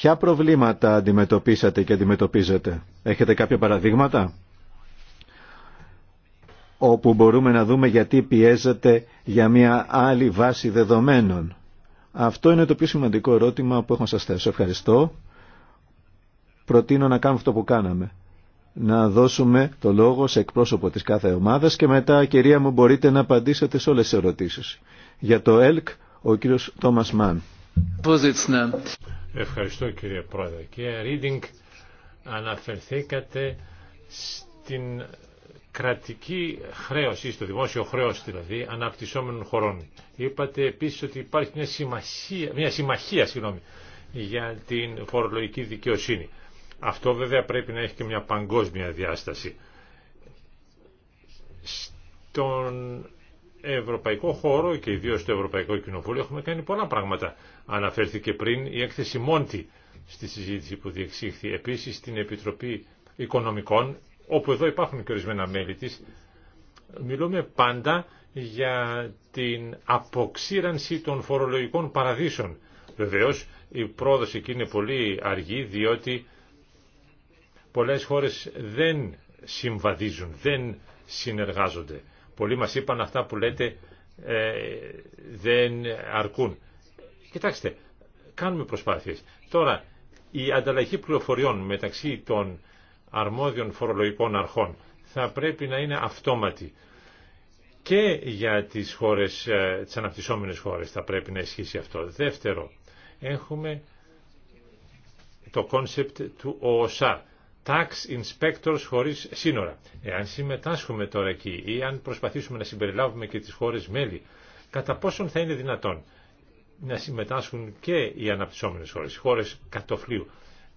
Ποια προβλήματα αντιμετωπίσατε και αντιμετωπίζετε. Έχετε κάποια παραδείγματα όπου μπορούμε να δούμε γιατί πιέζεται για μια άλλη βάση δεδομένων. Αυτό είναι το πιο σημαντικό ερώτημα που έχω να σας θέσω. Ευχαριστώ. Προτείνω να κάνουμε αυτό που κάναμε. Να δώσουμε το λόγο σε εκπρόσωπο της κάθε ομάδας και μετά, κυρία μου, μπορείτε να απαντήσετε σε όλες τις ερωτήσεις. Για το ΕΛΚ, ο κύριος Τόμας Μαν. Ευχαριστώ κύριε Πρόεδρε. Κύριε Ρίντινγκ, αναφερθήκατε στην κρατική χρέωση, στο δημόσιο χρέος δηλαδή, αναπτυσσόμενων χωρών. Είπατε επίσης ότι υπάρχει μια, συμμαχία, μια συμμαχία συγγνώμη, για την φορολογική δικαιοσύνη. Αυτό βέβαια πρέπει να έχει και μια παγκόσμια διάσταση. Στον ευρωπαϊκό χώρο και ιδίω στο Ευρωπαϊκό Κοινοβούλιο έχουμε κάνει πολλά πράγματα. Αναφέρθηκε πριν η έκθεση Μόντι στη συζήτηση που διεξήχθη. Επίσης στην Επιτροπή Οικονομικών, όπου εδώ υπάρχουν και ορισμένα μέλη τη, μιλούμε πάντα για την αποξήρανση των φορολογικών παραδείσων. Βεβαίως η πρόοδος εκεί είναι πολύ αργή διότι πολλές χώρες δεν συμβαδίζουν, δεν συνεργάζονται. Πολλοί μας είπαν αυτά που λέτε ε, δεν αρκούν. Κοιτάξτε, κάνουμε προσπάθειες. Τώρα, η ανταλλαγή πληροφοριών μεταξύ των αρμόδιων φορολογικών αρχών θα πρέπει να είναι αυτόματη. Και για τις, χώρες, ε, τις αναπτυσσόμενες χώρες θα πρέπει να ισχύσει αυτό. Δεύτερο, έχουμε το κόνσεπτ του ΟΟΣΑ tax inspectors χωρίς σύνορα. Εάν συμμετάσχουμε τώρα εκεί ή αν προσπαθήσουμε να συμπεριλάβουμε και τις χώρες μέλη, κατά πόσον θα είναι δυνατόν να συμμετάσχουν και οι αναπτυσσόμενες χώρες, οι χώρες κατοφλίου.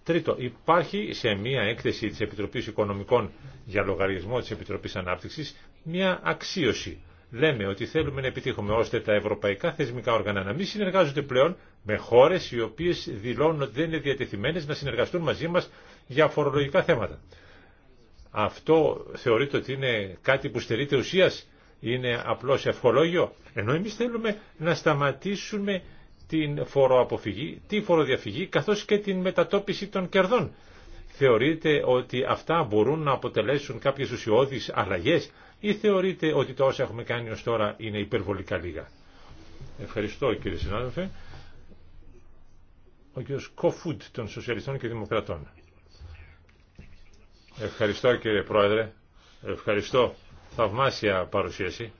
Τρίτο, υπάρχει σε μια έκθεση της Επιτροπής Οικονομικών για λογαριασμό της Επιτροπής Ανάπτυξης μια αξίωση. Λέμε ότι θέλουμε να επιτύχουμε ώστε τα ευρωπαϊκά θεσμικά όργανα να μην συνεργάζονται πλέον με χώρες οι οποίες δηλώνουν ότι δεν είναι διατεθειμένες να συνεργαστούν μαζί μας για φορολογικά θέματα. Αυτό θεωρείται ότι είναι κάτι που στερείται ουσίας, είναι απλώς ευχολόγιο, ενώ εμείς θέλουμε να σταματήσουμε την φοροαποφυγή, τη φοροδιαφυγή, καθώς και την μετατόπιση των κερδών. Θεωρείτε ότι αυτά μπορούν να αποτελέσουν κάποιες ουσιώδεις αλλαγές ή θεωρείτε ότι το όσα έχουμε κάνει ως τώρα είναι υπερβολικά λίγα. Ευχαριστώ κύριε συνάδελφε. Ο κύριος Κοφούντ των Σοσιαλιστών και Δημοκρατών. Ευχαριστώ κύριε Πρόεδρε. Ευχαριστώ. Θαυμάσια παρουσίαση.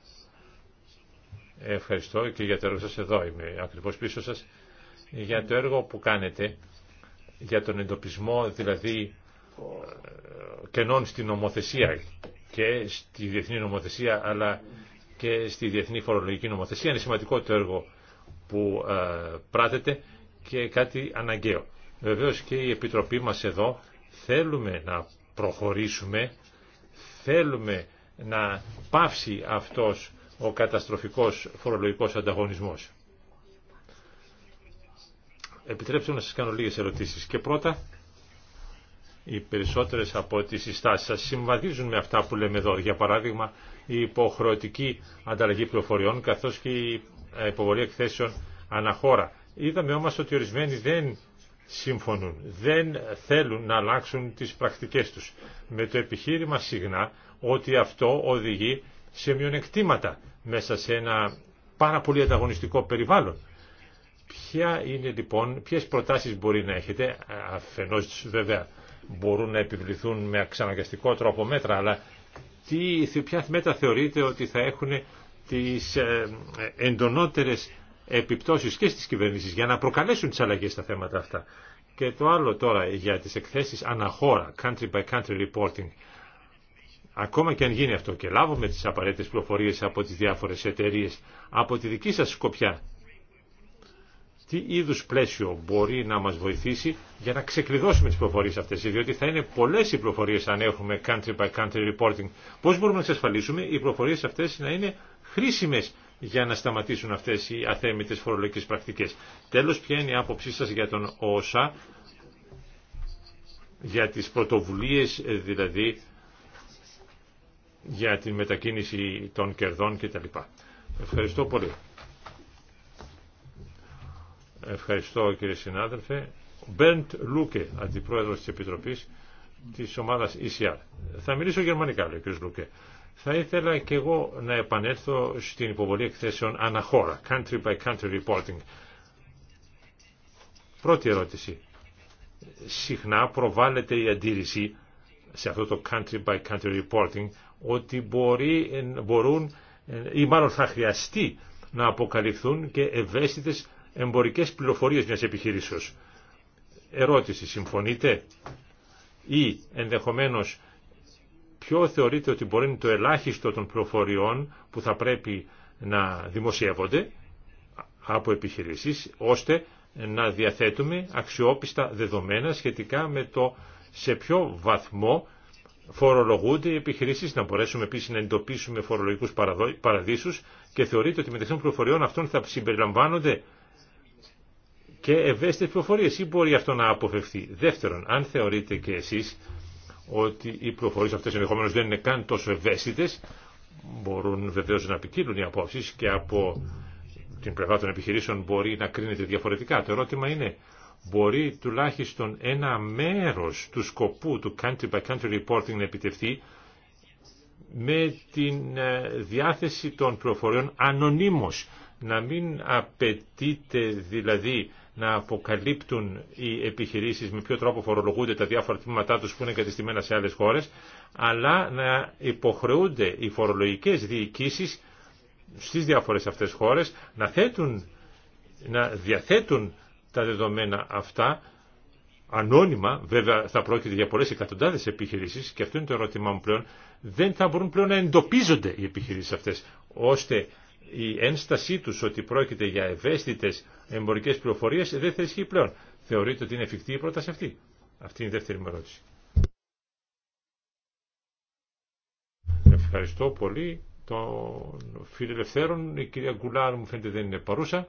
Ευχαριστώ και για το έργο σας εδώ. Είμαι ακριβώς πίσω σας. Για το έργο που κάνετε, για τον εντοπισμό δηλαδή ε, κενών στην νομοθεσία και στη διεθνή νομοθεσία αλλά και στη διεθνή φορολογική νομοθεσία. Είναι σημαντικό το έργο που ε, πράτεται και κάτι αναγκαίο. Βεβαίως και η Επιτροπή μας εδώ θέλουμε να προχωρήσουμε. Θέλουμε να πάυσει αυτός ο καταστροφικός φορολογικός ανταγωνισμός. Επιτρέψτε να σας κάνω λίγες ερωτήσεις. Και πρώτα, οι περισσότερες από τις συστάσεις σας συμβαδίζουν με αυτά που λέμε εδώ. Για παράδειγμα, η υποχρεωτική ανταλλαγή πληροφοριών, καθώς και η υποβολή εκθέσεων αναχώρα. Είδαμε όμως ότι ορισμένοι δεν συμφωνούν. Δεν θέλουν να αλλάξουν τις πρακτικές τους. Με το επιχείρημα συγνά ότι αυτό οδηγεί σε μειονεκτήματα μέσα σε ένα πάρα πολύ ανταγωνιστικό περιβάλλον. Ποια είναι λοιπόν, ποιες προτάσεις μπορεί να έχετε, αφενός βέβαια μπορούν να επιβληθούν με αξαναγκαστικό τρόπο μέτρα, αλλά τι, ποια μέτρα θεωρείτε ότι θα έχουν τις ε, ε, εντονότερες επιπτώσεις και στις κυβερνήσεις για να προκαλέσουν τις αλλαγές στα θέματα αυτά. Και το άλλο τώρα για τις εκθέσεις αναχώρα, country by country reporting. Ακόμα και αν γίνει αυτό και λάβουμε τις απαραίτητες πληροφορίες από τις διάφορες εταιρείε από τη δική σας σκοπιά, τι είδους πλαίσιο μπορεί να μας βοηθήσει για να ξεκλειδώσουμε τις πληροφορίες αυτές, διότι θα είναι πολλές οι πληροφορίες αν έχουμε country by country reporting. Πώς μπορούμε να εξασφαλίσουμε οι πληροφορίες αυτές να είναι χρήσιμες για να σταματήσουν αυτές οι αθέμητες φορολογικές πρακτικές. Τέλος, ποια είναι η άποψή σας για τον ΩΣΑ, για τις πρωτοβουλίες ε, δηλαδή, για τη μετακίνηση των κερδών κτλ. Ευχαριστώ πολύ. Ευχαριστώ κύριε συνάδελφε. Μπέρντ Λούκε, αντιπρόεδρος της Επιτροπής της ομάδας ECR. Θα μιλήσω γερμανικά, λέει ο κύριος Λούκε. Θα ήθελα και εγώ να επανέλθω στην υποβολή εκθέσεων αναχώρα, country by country reporting. Πρώτη ερώτηση. Συχνά προβάλλεται η αντίρρηση σε αυτό το country by country reporting ότι μπορεί, μπορούν ή μάλλον θα χρειαστεί να αποκαλυφθούν και ευαίσθητες εμπορικές πληροφορίες μιας επιχειρήσεως. Ερώτηση, συμφωνείτε ή ενδεχομένως ποιο θεωρείται ότι μπορεί να είναι το ελάχιστο των πληροφοριών που θα πρέπει να δημοσιεύονται από επιχειρήσεις, ώστε να διαθέτουμε αξιόπιστα δεδομένα σχετικά με το σε ποιο βαθμό φορολογούνται οι επιχειρήσεις, να μπορέσουμε επίσης να εντοπίσουμε φορολογικούς παραδείσους και θεωρείται ότι μεταξύ των πληροφοριών αυτών θα συμπεριλαμβάνονται και ευαίσθητες πληροφορίες ή μπορεί αυτό να αποφευθεί. Δεύτερον, αν θεωρείτε και εσείς ότι οι πληροφορίε αυτέ ενδεχομένω δεν είναι καν τόσο ευαίσθητες. Μπορούν βεβαίω να επικύλουν οι απόψει και από την πλευρά των επιχειρήσεων μπορεί να κρίνεται διαφορετικά. Το ερώτημα είναι, μπορεί τουλάχιστον ένα μέρος του σκοπού του country by country reporting να επιτευχθεί με την ε, διάθεση των πληροφοριών ανωνύμως. Να μην απαιτείται δηλαδή να αποκαλύπτουν οι επιχειρήσεις με ποιο τρόπο φορολογούνται τα διάφορα τμήματά τους που είναι κατεστημένα σε άλλες χώρες, αλλά να υποχρεούνται οι φορολογικές διοικήσεις στις διάφορες αυτές χώρες να, θέτουν, να διαθέτουν τα δεδομένα αυτά ανώνυμα, βέβαια θα πρόκειται για πολλές εκατοντάδες επιχειρήσεις και αυτό είναι το ερώτημά μου πλέον, δεν θα μπορούν πλέον να εντοπίζονται οι επιχειρήσεις αυτές, ώστε η ένστασή τους ότι πρόκειται για ευαίσθητες εμπορικές πληροφορίες δεν θα ισχύει πλέον. Θεωρείτε ότι είναι εφικτή η πρόταση αυτή. Αυτή είναι η δεύτερη μου ερώτηση. Ευχαριστώ πολύ τον φιλελευθέρων. Η κυρία Γκουλάρ μου φαίνεται δεν είναι παρούσα.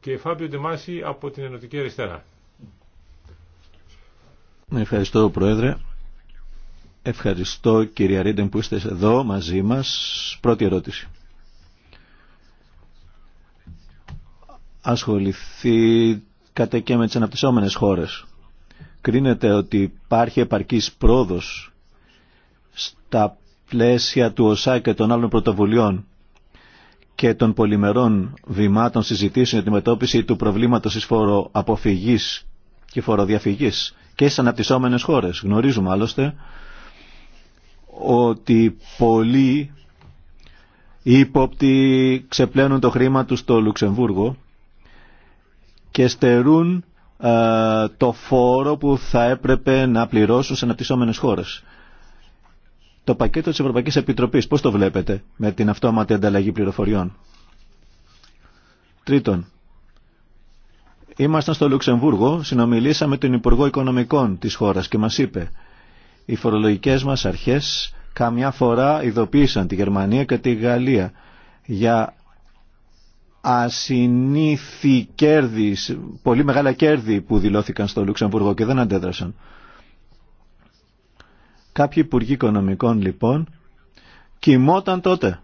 Και Φάμπιο Ντεμάση από την Ενωτική Αριστερά. Ευχαριστώ Πρόεδρε. Ευχαριστώ κυρία Ρίντεν που είστε εδώ μαζί μας. Πρώτη ερώτηση. Ασχοληθήκατε και με τις αναπτυσσόμενες χώρες. Κρίνεται ότι υπάρχει επαρκής πρόοδος στα πλαίσια του ΟΣΑ και των άλλων πρωτοβουλειών και των πολυμερών βημάτων συζητήσεων για τη μετώπιση του προβλήματος της φοροαποφυγής και φοροδιαφυγής και στις αναπτυσσόμενες χώρες. Γνωρίζουμε άλλωστε ότι πολλοί ύποπτοι ξεπλένουν το χρήμα τους στο Λουξεμβούργο και στερούν ε, το φόρο που θα έπρεπε να πληρώσουν σε αναπτυσσόμενες χώρες. Το πακέτο της Ευρωπαϊκής Επιτροπής, πώς το βλέπετε με την αυτόματη ανταλλαγή πληροφοριών. Τρίτον, ήμασταν στο Λουξεμβούργο, συνομιλήσαμε τον Υπουργό Οικονομικών της χώρας και μας είπε οι φορολογικές μας αρχές καμιά φορά ειδοποίησαν τη Γερμανία και τη Γαλλία για ασυνήθη κέρδη, πολύ μεγάλα κέρδη που δηλώθηκαν στο Λουξεμβούργο και δεν αντέδρασαν. Κάποιοι υπουργοί οικονομικών λοιπόν κοιμόταν τότε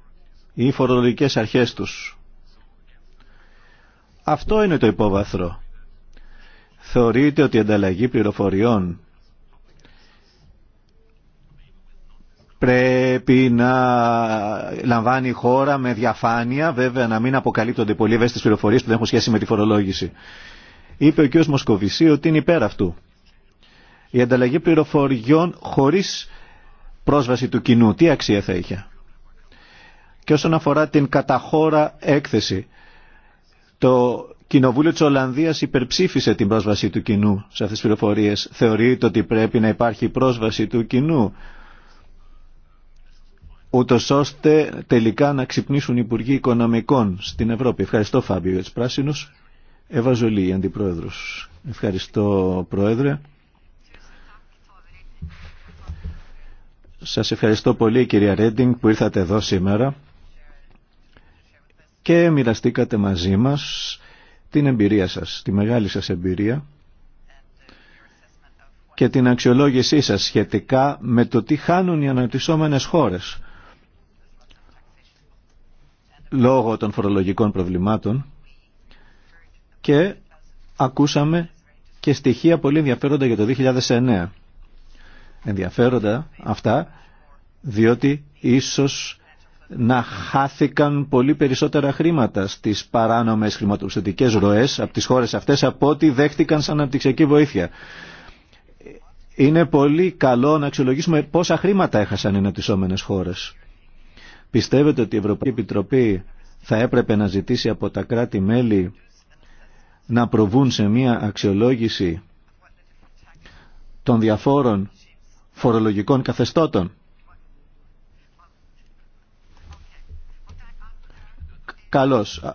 οι φορολογικές αρχές τους. Αυτό είναι το υπόβαθρο. Θεωρείται ότι η ανταλλαγή πληροφοριών πρέπει να λαμβάνει η χώρα με διαφάνεια, βέβαια να μην αποκαλύπτονται πολύ ευαίσθητες πληροφορίες που δεν έχουν σχέση με τη φορολόγηση. Είπε ο κ. Μοσκοβισή ότι είναι υπέρ αυτού. Η ανταλλαγή πληροφοριών χωρίς πρόσβαση του κοινού, τι αξία θα είχε. Και όσον αφορά την καταχώρα έκθεση, το Κοινοβούλιο της Ολλανδίας υπερψήφισε την πρόσβαση του κοινού σε αυτές τις πληροφορίες. Θεωρείται ότι πρέπει να υπάρχει πρόσβαση του κοινού ούτω ώστε τελικά να ξυπνήσουν οι Υπουργοί Οικονομικών στην Ευρώπη. Ευχαριστώ Φάμπιο για τους πράσινους. Εύα Ζολή, Αντιπρόεδρος. Ευχαριστώ Πρόεδρε. Σας ευχαριστώ πολύ κυρία Ρέντινγκ που ήρθατε εδώ σήμερα και μοιραστήκατε μαζί μας την εμπειρία σας, τη μεγάλη σας εμπειρία και την αξιολόγησή σας σχετικά με το τι χάνουν οι αναπτυσσόμενες χώρες λόγω των φορολογικών προβλημάτων και ακούσαμε και στοιχεία πολύ ενδιαφέροντα για το 2009. Ενδιαφέροντα αυτά διότι ίσως να χάθηκαν πολύ περισσότερα χρήματα στις παράνομες χρηματοπιστωτικές ροές από τις χώρες αυτές από ό,τι δέχτηκαν σαν αναπτυξιακή βοήθεια. Είναι πολύ καλό να αξιολογήσουμε πόσα χρήματα έχασαν οι αναπτυσσόμενες χώρες. Πιστεύετε ότι η Ευρωπαϊκή Επιτροπή θα έπρεπε να ζητήσει από τα κράτη-μέλη να προβούν σε μία αξιολόγηση των διαφόρων φορολογικών καθεστώτων. Καλώς.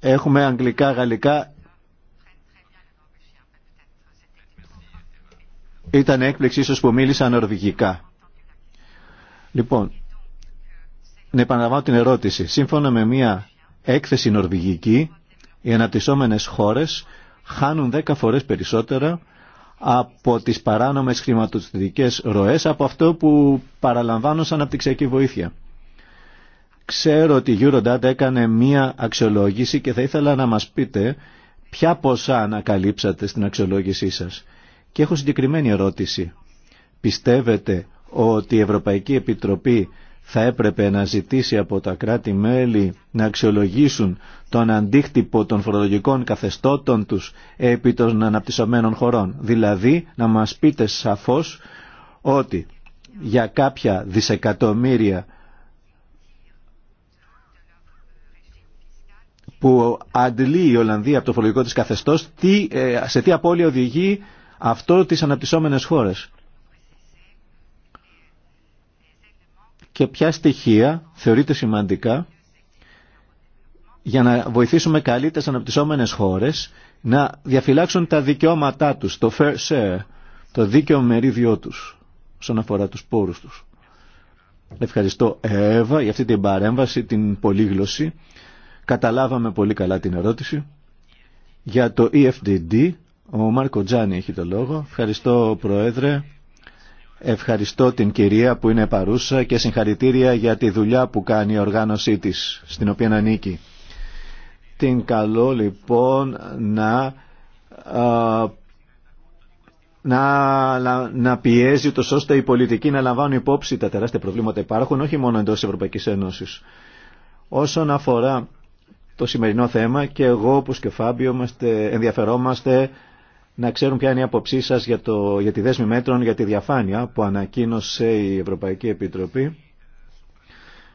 Έχουμε αγγλικά, γαλλικά. Ήταν έκπληξη ίσως που μίλησα νορβηγικά. Λοιπόν, να επαναλαμβάνω την ερώτηση. Σύμφωνα με μια έκθεση νορβηγική, οι αναπτυσσόμενες χώρες χάνουν 10 φορές περισσότερα από τις παράνομες χρηματοδοτικές ροές από αυτό που παραλαμβάνουν σαν αναπτυξιακή βοήθεια. Ξέρω ότι η Eurodata έκανε μία αξιολόγηση και θα ήθελα να μας πείτε ποια ποσά ανακαλύψατε στην αξιολόγησή σας. Και έχω συγκεκριμένη ερώτηση. Πιστεύετε ότι η Ευρωπαϊκή Επιτροπή θα έπρεπε να ζητήσει από τα κράτη-μέλη να αξιολογήσουν τον αντίκτυπο των φορολογικών καθεστώτων τους επί των αναπτυσσομένων χωρών. Δηλαδή να μας πείτε σαφώς ότι για κάποια δισεκατομμύρια που αντλεί η Ολλανδία από το φορολογικό της καθεστώς, ε, σε τι απώλεια οδηγεί αυτό τις αναπτυσσόμενες χώρες. και ποια στοιχεία θεωρείται σημαντικά για να βοηθήσουμε καλύτερα αναπτυσσόμενες χώρες να διαφυλάξουν τα δικαιώματά τους, το fair share, το δίκαιο μερίδιό τους όσον αφορά τους πόρους τους. Ευχαριστώ Εύα για αυτή την παρέμβαση, την πολύγλωση. Καταλάβαμε πολύ καλά την ερώτηση. Για το EFDD, ο Μάρκο Τζάνι έχει το λόγο. Ευχαριστώ Πρόεδρε. Ευχαριστώ την κυρία που είναι παρούσα και συγχαρητήρια για τη δουλειά που κάνει η οργάνωσή της, στην οποία ανήκει. Την καλώ λοιπόν να, να, να πιέζει το ώστε οι πολιτικοί να λαμβάνουν υπόψη τα τεράστια προβλήματα υπάρχουν, όχι μόνο εντός της Ευρωπαϊκής Ένωσης. Όσον αφορά το σημερινό θέμα και εγώ όπως και ο Φάμπιο ενδιαφερόμαστε να ξέρουν ποια είναι η άποψή σα για, για τη δέσμη μέτρων για τη διαφάνεια που ανακοίνωσε η Ευρωπαϊκή Επιτροπή.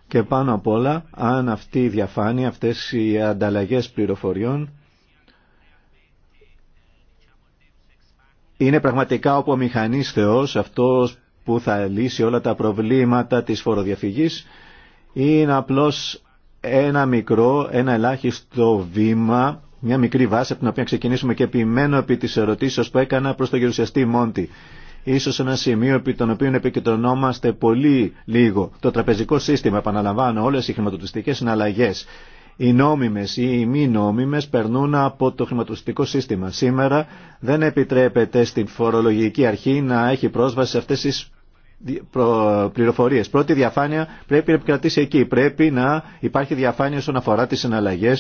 Και πάνω απ' όλα, αν αυτή η διαφάνεια, αυτές οι ανταλλαγές πληροφοριών είναι πραγματικά ο μηχανής Θεός, αυτός που θα λύσει όλα τα προβλήματα της φοροδιαφυγής, είναι απλώς ένα μικρό, ένα ελάχιστο βήμα μια μικρή βάση από την οποία ξεκινήσουμε και επιμένω επί της ερωτήσεως που έκανα προς τον γερουσιαστή Μόντι. Ίσως ένα σημείο επί τον οποίο επικεντρωνόμαστε πολύ λίγο. Το τραπεζικό σύστημα, επαναλαμβάνω, όλες οι χρηματοδοτικές συναλλαγές, οι νόμιμες ή οι μη νόμιμες περνούν από το χρηματοδοτικό σύστημα. Σήμερα δεν επιτρέπεται στην φορολογική αρχή να έχει πρόσβαση σε αυτές τις πληροφορίε. Πρώτη διαφάνεια πρέπει να επικρατήσει εκεί. Πρέπει να υπάρχει διαφάνεια όσον αφορά τι συναλλαγέ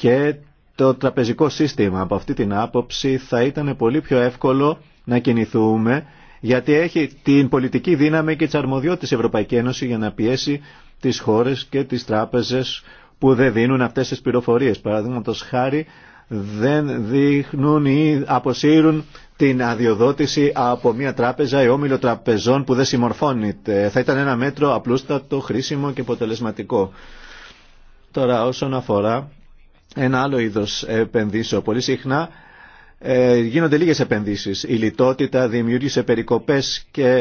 και το τραπεζικό σύστημα. Από αυτή την άποψη θα ήταν πολύ πιο εύκολο να κινηθούμε γιατί έχει την πολιτική δύναμη και τις αρμοδιότητες Ευρωπαϊκή Ένωση για να πιέσει τις χώρες και τις τράπεζες που δεν δίνουν αυτές τις πληροφορίες. Παραδείγματο χάρη δεν δείχνουν ή αποσύρουν την αδειοδότηση από μια τράπεζα ή όμιλο τραπεζών που δεν συμμορφώνεται. Θα ήταν ένα μέτρο απλούστατο, χρήσιμο και αποτελεσματικό. Τώρα όσον αφορά ένα άλλο είδος επενδύσεων. Πολύ συχνά ε, γίνονται λίγες επενδύσεις. Η λιτότητα δημιούργησε περικοπές και, ε,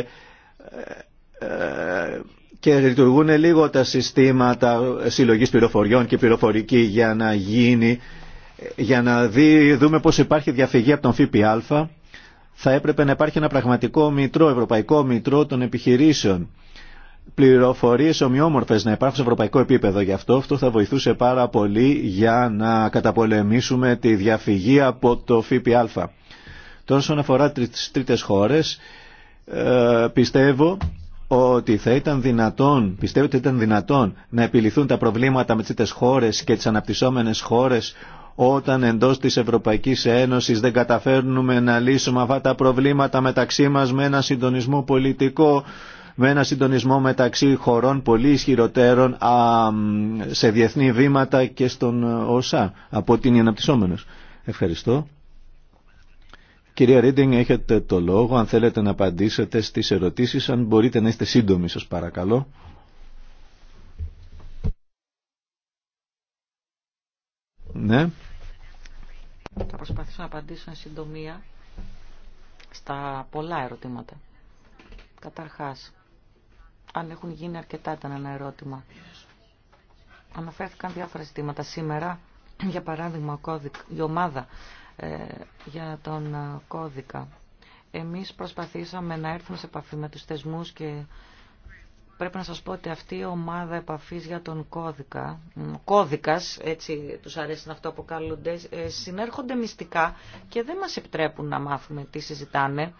ε, και λειτουργούν λίγο τα συστήματα συλλογής πληροφοριών και πληροφορική για να γίνει για να δούμε πώς υπάρχει διαφυγή από τον ΦΠΑ θα έπρεπε να υπάρχει ένα πραγματικό μητρό, ευρωπαϊκό μητρό των επιχειρήσεων πληροφορίε ομοιόμορφε να υπάρχουν σε ευρωπαϊκό επίπεδο. Γι' αυτό αυτό θα βοηθούσε πάρα πολύ για να καταπολεμήσουμε τη διαφυγή από το ΦΠΑ. Τώρα, όσον αφορά τι τρίτε χώρε, ε, πιστεύω ότι θα ήταν δυνατόν, πιστεύω ότι ήταν δυνατόν να επιληθούν τα προβλήματα με τι τρίτες χώρε και τι αναπτυσσόμενες χώρε όταν εντός της Ευρωπαϊκής Ένωσης δεν καταφέρνουμε να λύσουμε αυτά τα προβλήματα μεταξύ μας με ένα συντονισμό πολιτικό με ένα συντονισμό μεταξύ χωρών πολύ ισχυροτέρων σε διεθνή βήματα και στον όσα από ότι είναι αναπτυσσόμενος. Ευχαριστώ. Κυρία Ρίντινγκ, έχετε το λόγο αν θέλετε να απαντήσετε στις ερωτήσεις, αν μπορείτε να είστε σύντομοι σας παρακαλώ. Ναι. Θα προσπαθήσω να απαντήσω σε συντομία στα πολλά ερωτήματα. Καταρχάς, αν έχουν γίνει αρκετά ήταν ένα ερώτημα. Αναφέρθηκαν διάφορα ζητήματα σήμερα, για παράδειγμα η ομάδα ε, για τον ε, κώδικα. Εμείς προσπαθήσαμε να έρθουμε σε επαφή με τους θεσμούς και πρέπει να σας πω ότι αυτή η ομάδα επαφής για τον κώδικα, κώδικας, έτσι τους αρέσει να αυτό αποκαλούνται, ε, συνέρχονται μυστικά και δεν μας επιτρέπουν να μάθουμε τι συζητάνε.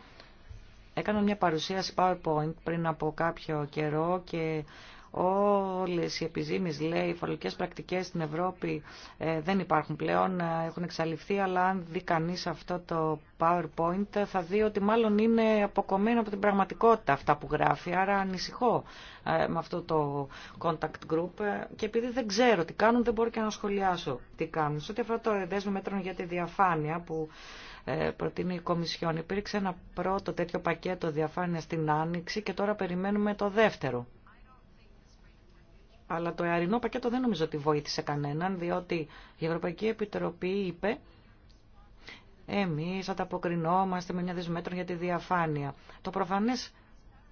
Έκανα μια παρουσίαση PowerPoint πριν από κάποιο καιρό και όλες οι επιζήμεις, λέει, οι φορολογικές πρακτικές στην Ευρώπη ε, δεν υπάρχουν πλέον, ε, έχουν εξαλειφθεί, αλλά αν δει κανείς αυτό το PowerPoint ε, θα δει ότι μάλλον είναι αποκομμένο από την πραγματικότητα αυτά που γράφει, άρα ανησυχώ με αυτό το contact group και επειδή δεν ξέρω τι κάνουν δεν μπορώ και να σχολιάσω τι κάνουν. Σε ό,τι αφορά το δέσμο μέτρων για τη διαφάνεια που ε, προτείνει η Κομισιόν. Υπήρξε ένα πρώτο τέτοιο πακέτο διαφάνεια στην Άνοιξη και τώρα περιμένουμε το δεύτερο. Αλλά το εαρινό πακέτο δεν νομίζω ότι βοήθησε κανέναν, διότι η Ευρωπαϊκή Επιτροπή είπε εμείς ανταποκρινόμαστε με μια δεσμέτρο για τη διαφάνεια. Το προφανές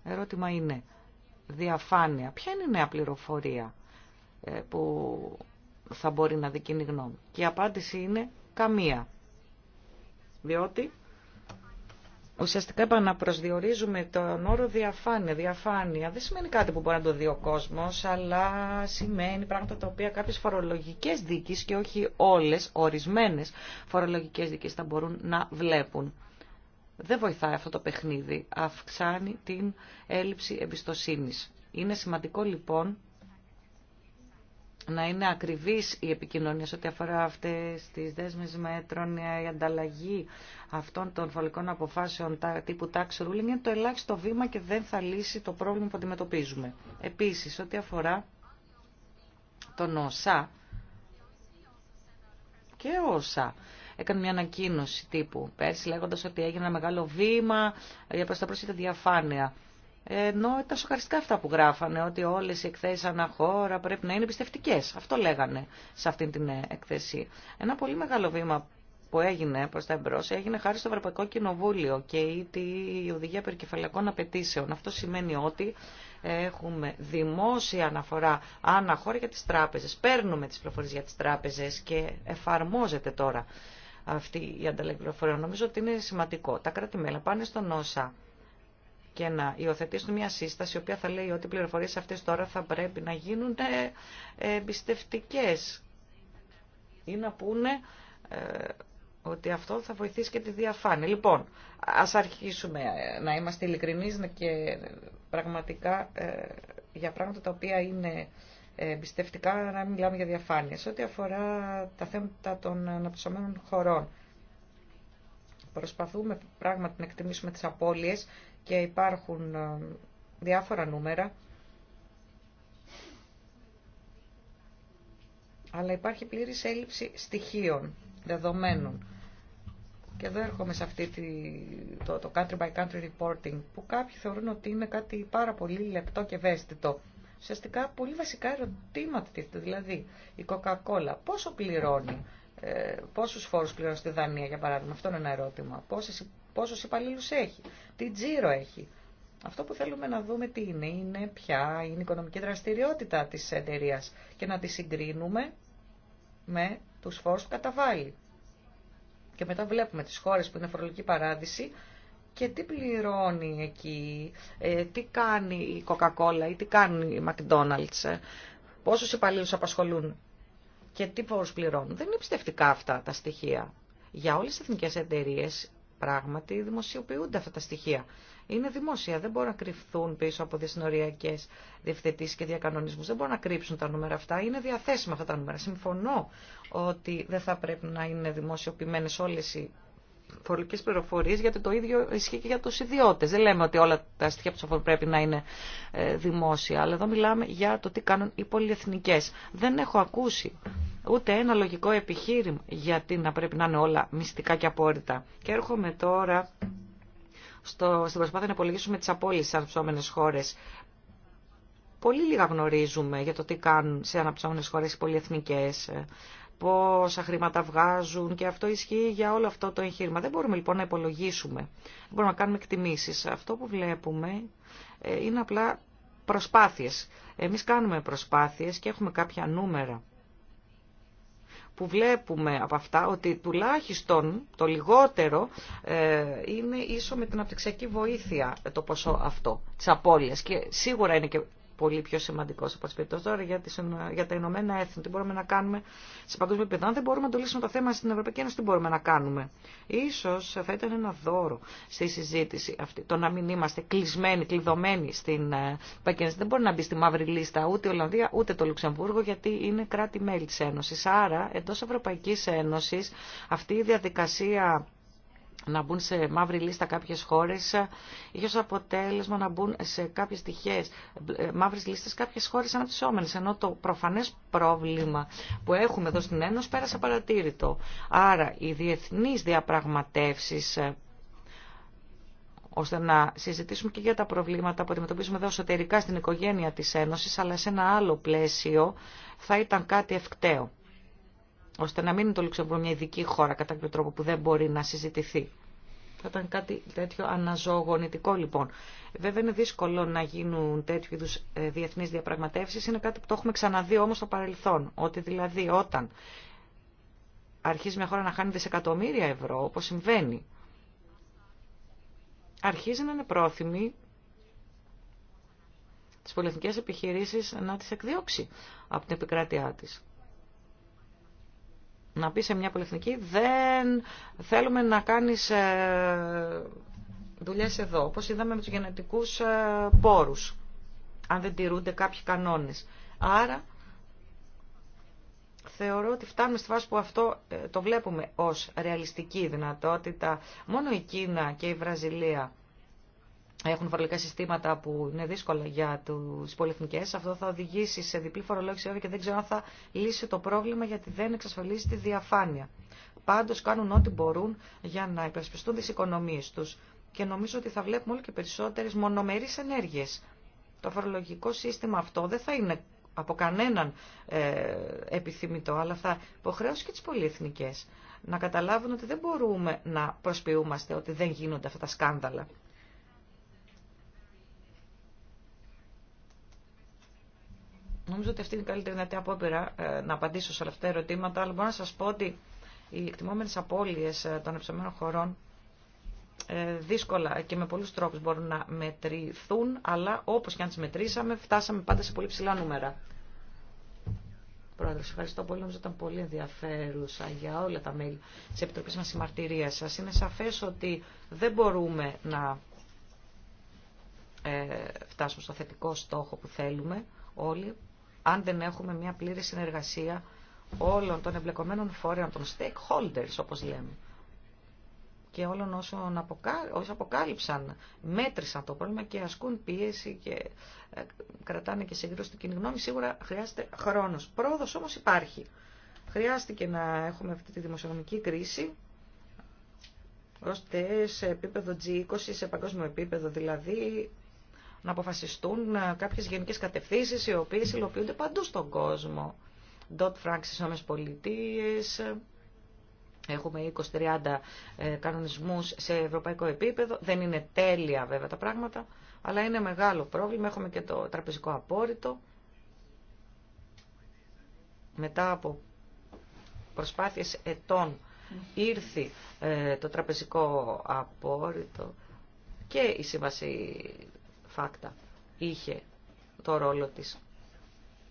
ερώτημα είναι διαφάνεια. Ποια είναι η νέα πληροφορία ε, που θα μπορεί να δει γνώμη. Και η απάντηση είναι καμία. Διότι ουσιαστικά προσδιορίζουμε τον όρο διαφάνεια. Διαφάνεια δεν σημαίνει κάτι που μπορεί να το δει ο κόσμο, αλλά σημαίνει πράγματα τα οποία κάποιε φορολογικέ δίκε και όχι όλε, ορισμένε φορολογικέ δίκε θα μπορούν να βλέπουν. Δεν βοηθάει αυτό το παιχνίδι. Αυξάνει την έλλειψη εμπιστοσύνη. Είναι σημαντικό λοιπόν να είναι ακριβής η επικοινωνία σε ό,τι αφορά αυτές τις δέσμες μέτρων, η ανταλλαγή αυτών των φορικών αποφάσεων τύπου tax ruling είναι το ελάχιστο βήμα και δεν θα λύσει το πρόβλημα που αντιμετωπίζουμε. Επίσης, ό,τι αφορά τον ΩΣΑ και ΩΣΑ, έκανε μια ανακοίνωση τύπου πέρσι λέγοντας ότι έγινε ένα μεγάλο βήμα για προς τα προς διαφάνεια. Ενώ ήταν σοχαριστικά αυτά που γράφανε, ότι όλες οι εκθέσει αναχώρα πρέπει να είναι πιστευτικές. Αυτό λέγανε σε αυτή την ε, εκθεσή. Ένα πολύ μεγάλο βήμα που έγινε προ τα εμπρό έγινε χάρη στο Ευρωπαϊκό Κοινοβούλιο και η Οδηγία Περικεφαλαικών Απαιτήσεων. Αυτό σημαίνει ότι έχουμε δημόσια αναφορά αναχώρα για τι τράπεζε. Παίρνουμε τι πληροφορίε για τι τράπεζε και εφαρμόζεται τώρα αυτή η ανταλλαγή πληροφοριών. Νομίζω ότι είναι σημαντικό. Τα κρατη πάνε στον ΩΣΑ και να υιοθετήσουν μια σύσταση η οποία θα λέει ότι οι πληροφορίες αυτές τώρα θα πρέπει να γίνουν εμπιστευτικέ ή να πούνε ε, ότι αυτό θα βοηθήσει και τη διαφάνεια. Λοιπόν, ας αρχίσουμε ε, να είμαστε ειλικρινεί και πραγματικά ε, για πράγματα τα οποία είναι εμπιστευτικά να μην μιλάμε για διαφάνεια. Σε ό,τι αφορά τα θέματα των αναπτυσσομένων χωρών, προσπαθούμε πράγματι να εκτιμήσουμε τις απώλειες και υπάρχουν ε, διάφορα νούμερα. Αλλά υπάρχει πλήρης έλλειψη στοιχείων, δεδομένων. Και εδώ έρχομαι σε αυτή τη, το, το country by country reporting, που κάποιοι θεωρούν ότι είναι κάτι πάρα πολύ λεπτό και ευαίσθητο. Ουσιαστικά πολύ βασικά ερωτήματα τίθεται. Δηλαδή, η Coca-Cola πόσο πληρώνει, ε, πόσους φόρους πληρώνει στη Δανία για παράδειγμα, αυτό είναι ένα ερώτημα. Πόσες πόσους υπαλλήλους έχει, τι τζίρο έχει. Αυτό που θέλουμε να δούμε τι είναι, είναι ποια είναι η οικονομική δραστηριότητα της εταιρεία και να τη συγκρίνουμε με τους φόρους που καταβάλει. Και μετά βλέπουμε τις χώρες που είναι φορολογική παράδειση και τι πληρώνει εκεί, ε, τι κάνει η Coca-Cola ή τι κάνει η McDonald's, ε, πόσους υπαλλήλους απασχολούν και τι φόρους πληρώνουν. Δεν είναι πιστευτικά αυτά τα στοιχεία. Για όλες τις εθνικές εταιρείες Πράγματι, δημοσιοποιούνται αυτά τα στοιχεία. Είναι δημόσια, δεν μπορούν να κρυφθούν πίσω από διασυνοριακέ διευθετήσει και διακανονισμού. Δεν μπορούν να κρύψουν τα νούμερα αυτά. Είναι διαθέσιμα αυτά τα νούμερα. Συμφωνώ ότι δεν θα πρέπει να είναι δημοσιοποιημένε όλε οι φορολογικές πληροφορίε, γιατί το ίδιο ισχύει και για τους ιδιώτες. Δεν λέμε ότι όλα τα στοιχεία που πρέπει να είναι ε, δημόσια, αλλά εδώ μιλάμε για το τι κάνουν οι πολυεθνικές. Δεν έχω ακούσει ούτε ένα λογικό επιχείρημα γιατί να πρέπει να είναι όλα μυστικά και απόρριτα. Και έρχομαι τώρα στο, στην προσπάθεια να υπολογίσουμε τις απόλυσεις στις αρψόμενες χώρες. Πολύ λίγα γνωρίζουμε για το τι κάνουν σε αναψώμενες χώρες οι πολυεθνικές. Ε, πόσα χρήματα βγάζουν και αυτό ισχύει για όλο αυτό το εγχείρημα. Δεν μπορούμε λοιπόν να υπολογίσουμε, δεν μπορούμε να κάνουμε εκτιμήσεις. Αυτό που βλέπουμε ε, είναι απλά προσπάθειες. Εμείς κάνουμε προσπάθειες και έχουμε κάποια νούμερα που βλέπουμε από αυτά ότι τουλάχιστον το λιγότερο ε, είναι ίσο με την απτυξιακή βοήθεια το ποσό αυτό της και σίγουρα είναι και πολύ πιο σημαντικό σε πάση περιπτώσει. Τώρα για, τις, για τα Ηνωμένα Έθνη, τι μπορούμε να κάνουμε σε παγκόσμιο επίπεδο. Αν δεν μπορούμε να το λύσουμε το θέμα στην Ευρωπαϊκή Ένωση, τι μπορούμε να κάνουμε. σω θα ήταν ένα δώρο στη συζήτηση αυτή. Το να μην είμαστε κλεισμένοι, κλειδωμένοι στην ε, Ευρωπαϊκή Ένωση. Δεν μπορεί να μπει στη μαύρη λίστα ούτε η Ολλανδία ούτε το Λουξεμβούργο, γιατί είναι κράτη-μέλη τη Ένωση. Άρα, εντό Ευρωπαϊκή Ένωση, αυτή η διαδικασία να μπουν σε μαύρη λίστα κάποιες χώρες, είχε ως αποτέλεσμα να μπουν σε κάποιες τυχές ε, μαύρες λίστες κάποιες χώρες αναπτυσσόμενες, ενώ το προφανές πρόβλημα που έχουμε εδώ στην Ένωση πέρασε παρατήρητο. Άρα οι διεθνείς διαπραγματεύσεις ε, ώστε να συζητήσουμε και για τα προβλήματα που αντιμετωπίζουμε εδώ εσωτερικά στην οικογένεια της Ένωσης, αλλά σε ένα άλλο πλαίσιο θα ήταν κάτι ευκταίο ώστε να μην είναι το Λουξεμβούργο μια ειδική χώρα κατά κάποιο τρόπο που δεν μπορεί να συζητηθεί. Θα ήταν κάτι τέτοιο αναζωογονητικό λοιπόν. Βέβαια είναι δύσκολο να γίνουν τέτοιου είδου ε, διεθνεί διαπραγματεύσει. Είναι κάτι που το έχουμε ξαναδεί όμω στο παρελθόν. Ότι δηλαδή όταν αρχίζει μια χώρα να χάνει δισεκατομμύρια ευρώ, όπω συμβαίνει, αρχίζει να είναι πρόθυμη τι πολυεθνικέ επιχειρήσει να τι εκδιώξει από την επικράτειά τη να πει σε μια πολυεθνική δεν θέλουμε να κάνεις ε, δουλειές εδώ, όπως είδαμε με τους γενετικούς ε, πόρους, αν δεν τηρούνται κάποιοι κανόνες. Άρα θεωρώ ότι φτάνουμε στη φάση που αυτό ε, το βλέπουμε ως ρεαλιστική δυνατότητα. Μόνο η Κίνα και η Βραζιλία έχουν φορολογικά συστήματα που είναι δύσκολα για τις πολυεθνικές. Αυτό θα οδηγήσει σε διπλή φορολόγηση και δεν ξέρω αν θα λύσει το πρόβλημα γιατί δεν εξασφαλίζει τη διαφάνεια. Πάντως κάνουν ό,τι μπορούν για να υπερασπιστούν τις οικονομίες τους και νομίζω ότι θα βλέπουμε όλο και περισσότερες μονομερείς ενέργειες. Το φορολογικό σύστημα αυτό δεν θα είναι από κανέναν ε, επιθυμητό, αλλά θα υποχρέωσει και τις πολυεθνικές να καταλάβουν ότι δεν μπορούμε να προσποιούμαστε ότι δεν γίνονται αυτά τα σκάνδαλα. Νομίζω ότι αυτή είναι η καλύτερη δυνατή απόπειρα ε, να απαντήσω σε όλα αυτά τα ερωτήματα, αλλά μπορώ να σα πω ότι οι εκτιμόμενε απώλειες ε, των εψωμένων χωρών ε, δύσκολα και με πολλού τρόπου μπορούν να μετρηθούν, αλλά όπω και αν τι μετρήσαμε φτάσαμε πάντα σε πολύ ψηλά νούμερα. Πρόεδρε, ευχαριστώ πολύ. Νομίζω ήταν πολύ ενδιαφέρουσα για όλα τα μέλη τη Επιτροπή μα η μαρτυρία σα. Είναι σαφέ ότι δεν μπορούμε να φτάσουμε στο θετικό στόχο που θέλουμε όλοι αν δεν έχουμε μια πλήρη συνεργασία όλων των εμπλεκομένων φορέων, των stakeholders όπως λέμε, και όλων όσων αποκάλυψαν, μέτρησαν το πρόβλημα και ασκούν πίεση και ε, κρατάνε και συγκρούσει την κοινή γνώμη, σίγουρα χρειάζεται χρόνος. Πρόοδος όμως υπάρχει. Χρειάστηκε να έχουμε αυτή τη δημοσιονομική κρίση, ώστε σε επίπεδο G20, σε παγκόσμιο επίπεδο δηλαδή, να αποφασιστούν ε, κάποιες γενικές κατευθύνσεις οι οποίε υλοποιούνται παντού στον κόσμο. Dot Frank στι ΗΠΑ. Πολιτείες, έχουμε 20-30 ε, κανονισμούς σε ευρωπαϊκό επίπεδο, δεν είναι τέλεια βέβαια τα πράγματα, αλλά είναι μεγάλο πρόβλημα, έχουμε και το τραπεζικό απόρριτο. Μετά από προσπάθειες ετών ήρθε ε, το τραπεζικό απόρριτο και η σύμβαση φάκτα είχε το ρόλο της.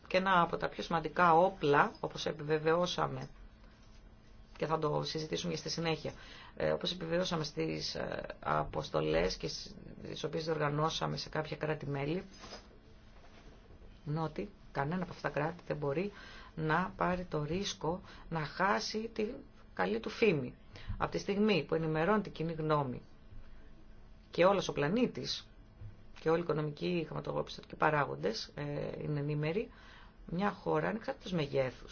Και ένα από τα πιο σημαντικά όπλα, όπως επιβεβαιώσαμε και θα το συζητήσουμε και στη συνέχεια, ε, όπως επιβεβαιώσαμε στις ε, αποστολές και στις οποίες διοργανώσαμε σε κάποια κράτη-μέλη, είναι ότι κανένα από αυτά τα κράτη δεν μπορεί να πάρει το ρίσκο να χάσει την καλή του φήμη. Από τη στιγμή που ενημερώνει την κοινή γνώμη και όλος ο πλανήτης και όλοι οι οικονομικοί χρηματοπιστωτικοί παράγοντες ε, είναι ενήμεροι, μια χώρα ανεξάρτητο μεγέθου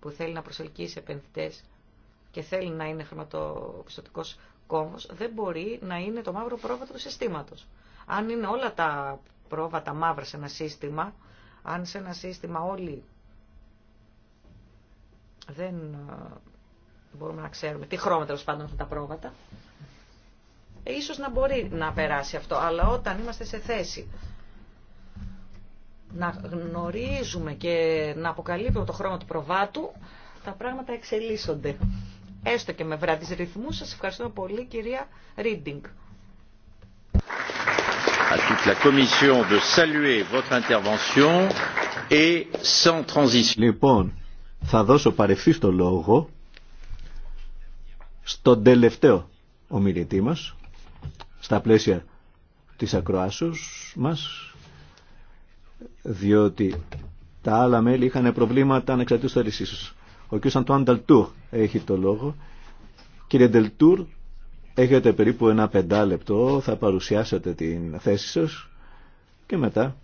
που θέλει να προσελκύσει επενδυτέ και θέλει να είναι χρηματοπιστωτικό κόμμος, δεν μπορεί να είναι το μαύρο πρόβατο του συστήματο. Αν είναι όλα τα πρόβατα μαύρα σε ένα σύστημα, αν σε ένα σύστημα όλοι δεν ε, μπορούμε να ξέρουμε τι χρώμα τέλο πάντων έχουν τα πρόβατα, ίσως να μπορεί να περάσει αυτό. Αλλά όταν είμαστε σε θέση να γνωρίζουμε και να αποκαλύπτουμε το χρώμα του προβάτου, τα πράγματα εξελίσσονται. Έστω και με βράδυς ρυθμού, Σας ευχαριστώ πολύ κυρία Ρίντινγκ. toute la de saluer votre intervention et sans transition. Λοιπόν, θα δώσω παρευθύ το λόγο στον τελευταίο ομιλητή μας, στα πλαίσια της ακροάσεως μας, διότι τα άλλα μέλη είχαν προβλήματα ανεξαρτήτως θέλησής Ο κ. Αντουάν έχει το λόγο. Κύριε Ντελτούρ, έχετε περίπου ένα πεντάλεπτο, θα παρουσιάσετε την θέση σας και μετά,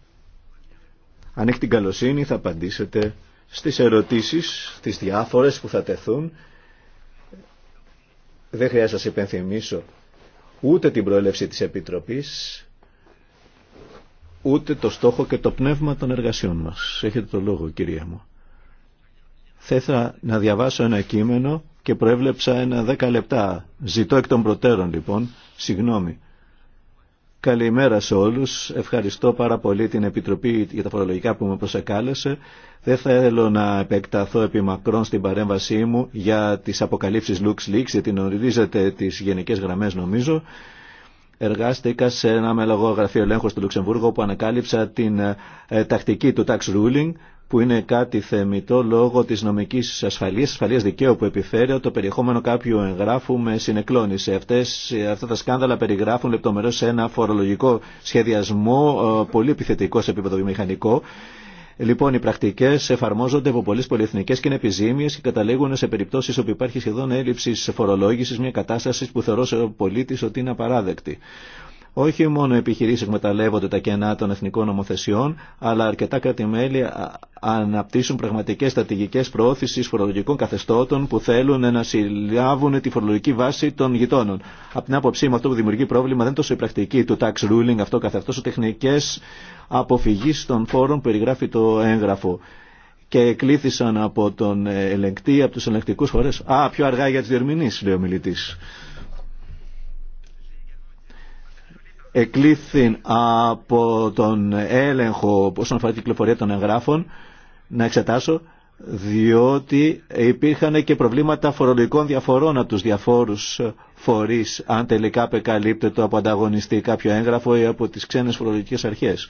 αν έχει την καλοσύνη, θα απαντήσετε στις ερωτήσεις, τις διάφορες που θα τεθούν. Δεν χρειάζεται να σας υπενθυμίσω ούτε την προέλευση της Επιτροπής, ούτε το στόχο και το πνεύμα των εργασιών μας. Έχετε το λόγο, κυρία μου. Θα ήθελα να διαβάσω ένα κείμενο και προέβλεψα ένα δέκα λεπτά. Ζητώ εκ των προτέρων, λοιπόν, συγγνώμη. Καλημέρα σε όλους. Ευχαριστώ πάρα πολύ την Επιτροπή για τα φορολογικά που με προσεκάλεσε. Δεν θέλω να επεκταθώ μακρόν στην παρέμβασή μου για τις αποκαλύψεις LuxLeaks, γιατί γνωρίζετε τις γενικές γραμμές νομίζω εργάστηκα σε ένα μελαγό γραφείο ελέγχου στο Λουξεμβούργο που ανακάλυψα την ε, τακτική του tax ruling που είναι κάτι θεμητό λόγω της νομικής ασφαλείας, ασφαλείας δικαίου που επιφέρει το περιεχόμενο κάποιου εγγράφου με συνεκλώνηση. Αυτές, αυτά τα σκάνδαλα περιγράφουν λεπτομερώς σε ένα φορολογικό σχεδιασμό ε, πολύ επιθετικό σε επίπεδο βιομηχανικό Λοιπόν, οι πρακτικέ εφαρμόζονται από πολλέ πολυεθνικέ και είναι επιζήμιε και καταλήγουν σε περιπτώσει όπου υπάρχει σχεδόν έλλειψη φορολόγηση, μια κατάσταση που θεωρώ ο πολίτη ότι είναι απαράδεκτη. Όχι μόνο οι επιχειρήσει εκμεταλλεύονται τα κενά των εθνικών νομοθεσιών, αλλά αρκετά κράτη-μέλη αναπτύσσουν πραγματικέ στρατηγικέ προώθηση φορολογικών καθεστώτων που θέλουν να συλλάβουν τη φορολογική βάση των γειτόνων. Από την άποψή μου, αυτό που δημιουργεί πρόβλημα δεν είναι τόσο η πρακτική του tax ruling, αυτό τεχνικέ Αποφυγή των φόρων περιγράφει το έγγραφο. Και εκλήθησαν από τον ελεγκτή, από τους ελεγκτικούς φορέ. Α, πιο αργά για τις διερμηνείς, λέει ο μιλητής. Εκλήθην από τον έλεγχο όσον αφορά την κυκλοφορία των εγγράφων να εξετάσω διότι υπήρχαν και προβλήματα φορολογικών διαφορών από τους διαφόρους φορείς αν τελικά απεκαλύπτεται από ανταγωνιστή κάποιο έγγραφο ή από τις ξένες φορολογικές αρχές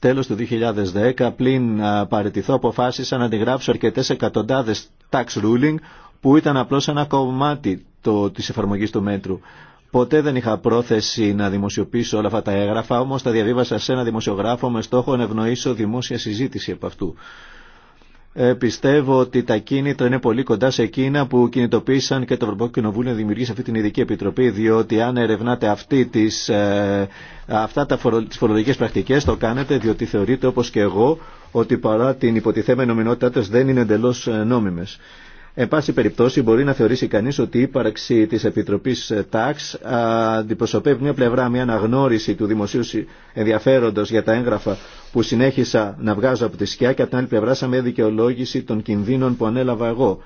τέλος του 2010 πλην παρετηθώ, αποφάσισα να αντιγράψω αρκετές εκατοντάδες tax ruling που ήταν απλώς ένα κομμάτι το, της εφαρμογής του μέτρου. Ποτέ δεν είχα πρόθεση να δημοσιοποιήσω όλα αυτά τα έγγραφα, όμως τα διαβίβασα σε ένα δημοσιογράφο με στόχο να ευνοήσω δημόσια συζήτηση από αυτού. Ε, πιστεύω ότι τα κίνητρα είναι πολύ κοντά σε εκείνα που κινητοποίησαν και το Ευρωπαϊκό Κοινοβούλιο να δημιουργήσει αυτή την ειδική επιτροπή, διότι αν ερευνάτε αυτή τις, ε, αυτά τα τις φορολογικές πρακτικές το κάνετε διότι θεωρείτε όπως και εγώ ότι παρά την υποτιθέμενη νομινότητά δεν είναι εντελώς ε, νόμιμες. Εν πάση περιπτώσει μπορεί να θεωρήσει κανείς ότι η ύπαρξη της Επιτροπής ΤΑΞ ε, αντιπροσωπεύει μια πλευρά, μια αναγνώριση του δημοσίου ενδιαφέροντος για τα έγγραφα που συνέχισα να βγάζω από τη σκιά και από την άλλη πλευρά σαν μια δικαιολόγηση των κινδύνων που ανέλαβα εγώ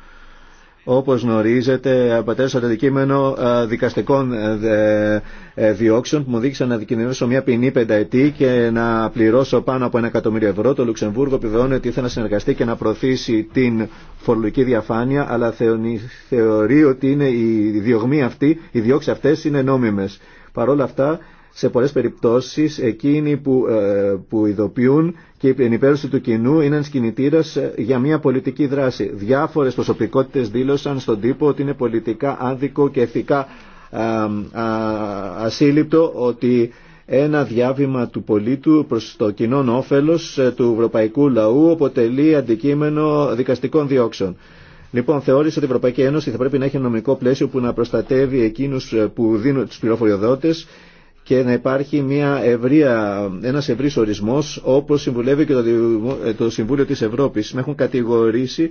όπως γνωρίζετε, πατέρασα το αντικείμενο ε, δικαστικών ε, ε, διώξεων που μου δείξαν να δικαινήσω μια ποινή πενταετή και να πληρώσω πάνω από ένα εκατομμύριο ευρώ. Το Λουξεμβούργο επιβεβαιώνει ότι ήθελε να συνεργαστεί και να προωθήσει την φορολογική διαφάνεια, αλλά θεωρεί ότι είναι η αυτή, οι διώξει αυτές είναι νόμιμες. Παρ' όλα αυτά, σε πολλές περιπτώσεις εκείνοι που, ε, που ειδοποιούν και η ενυπέρωση του κοινού είναι ένα κινητήρα ε, για μια πολιτική δράση. Διάφορες προσωπικότητες δήλωσαν στον τύπο ότι είναι πολιτικά άδικο και ηθικά ε, ασύλληπτο ότι ένα διάβημα του πολίτου προς το κοινό όφελος ε, του ευρωπαϊκού λαού αποτελεί αντικείμενο δικαστικών διώξεων. Λοιπόν, θεώρησε ότι η Ευρωπαϊκή Ένωση θα πρέπει να έχει ένα νομικό πλαίσιο που να προστατεύει εκείνους που δίνουν του πληροφοριοδότε και να υπάρχει μια ευρεία, ένας ευρύς ορισμός όπως συμβουλεύει και το, ε, το Συμβούλιο της Ευρώπης. Με έχουν κατηγορήσει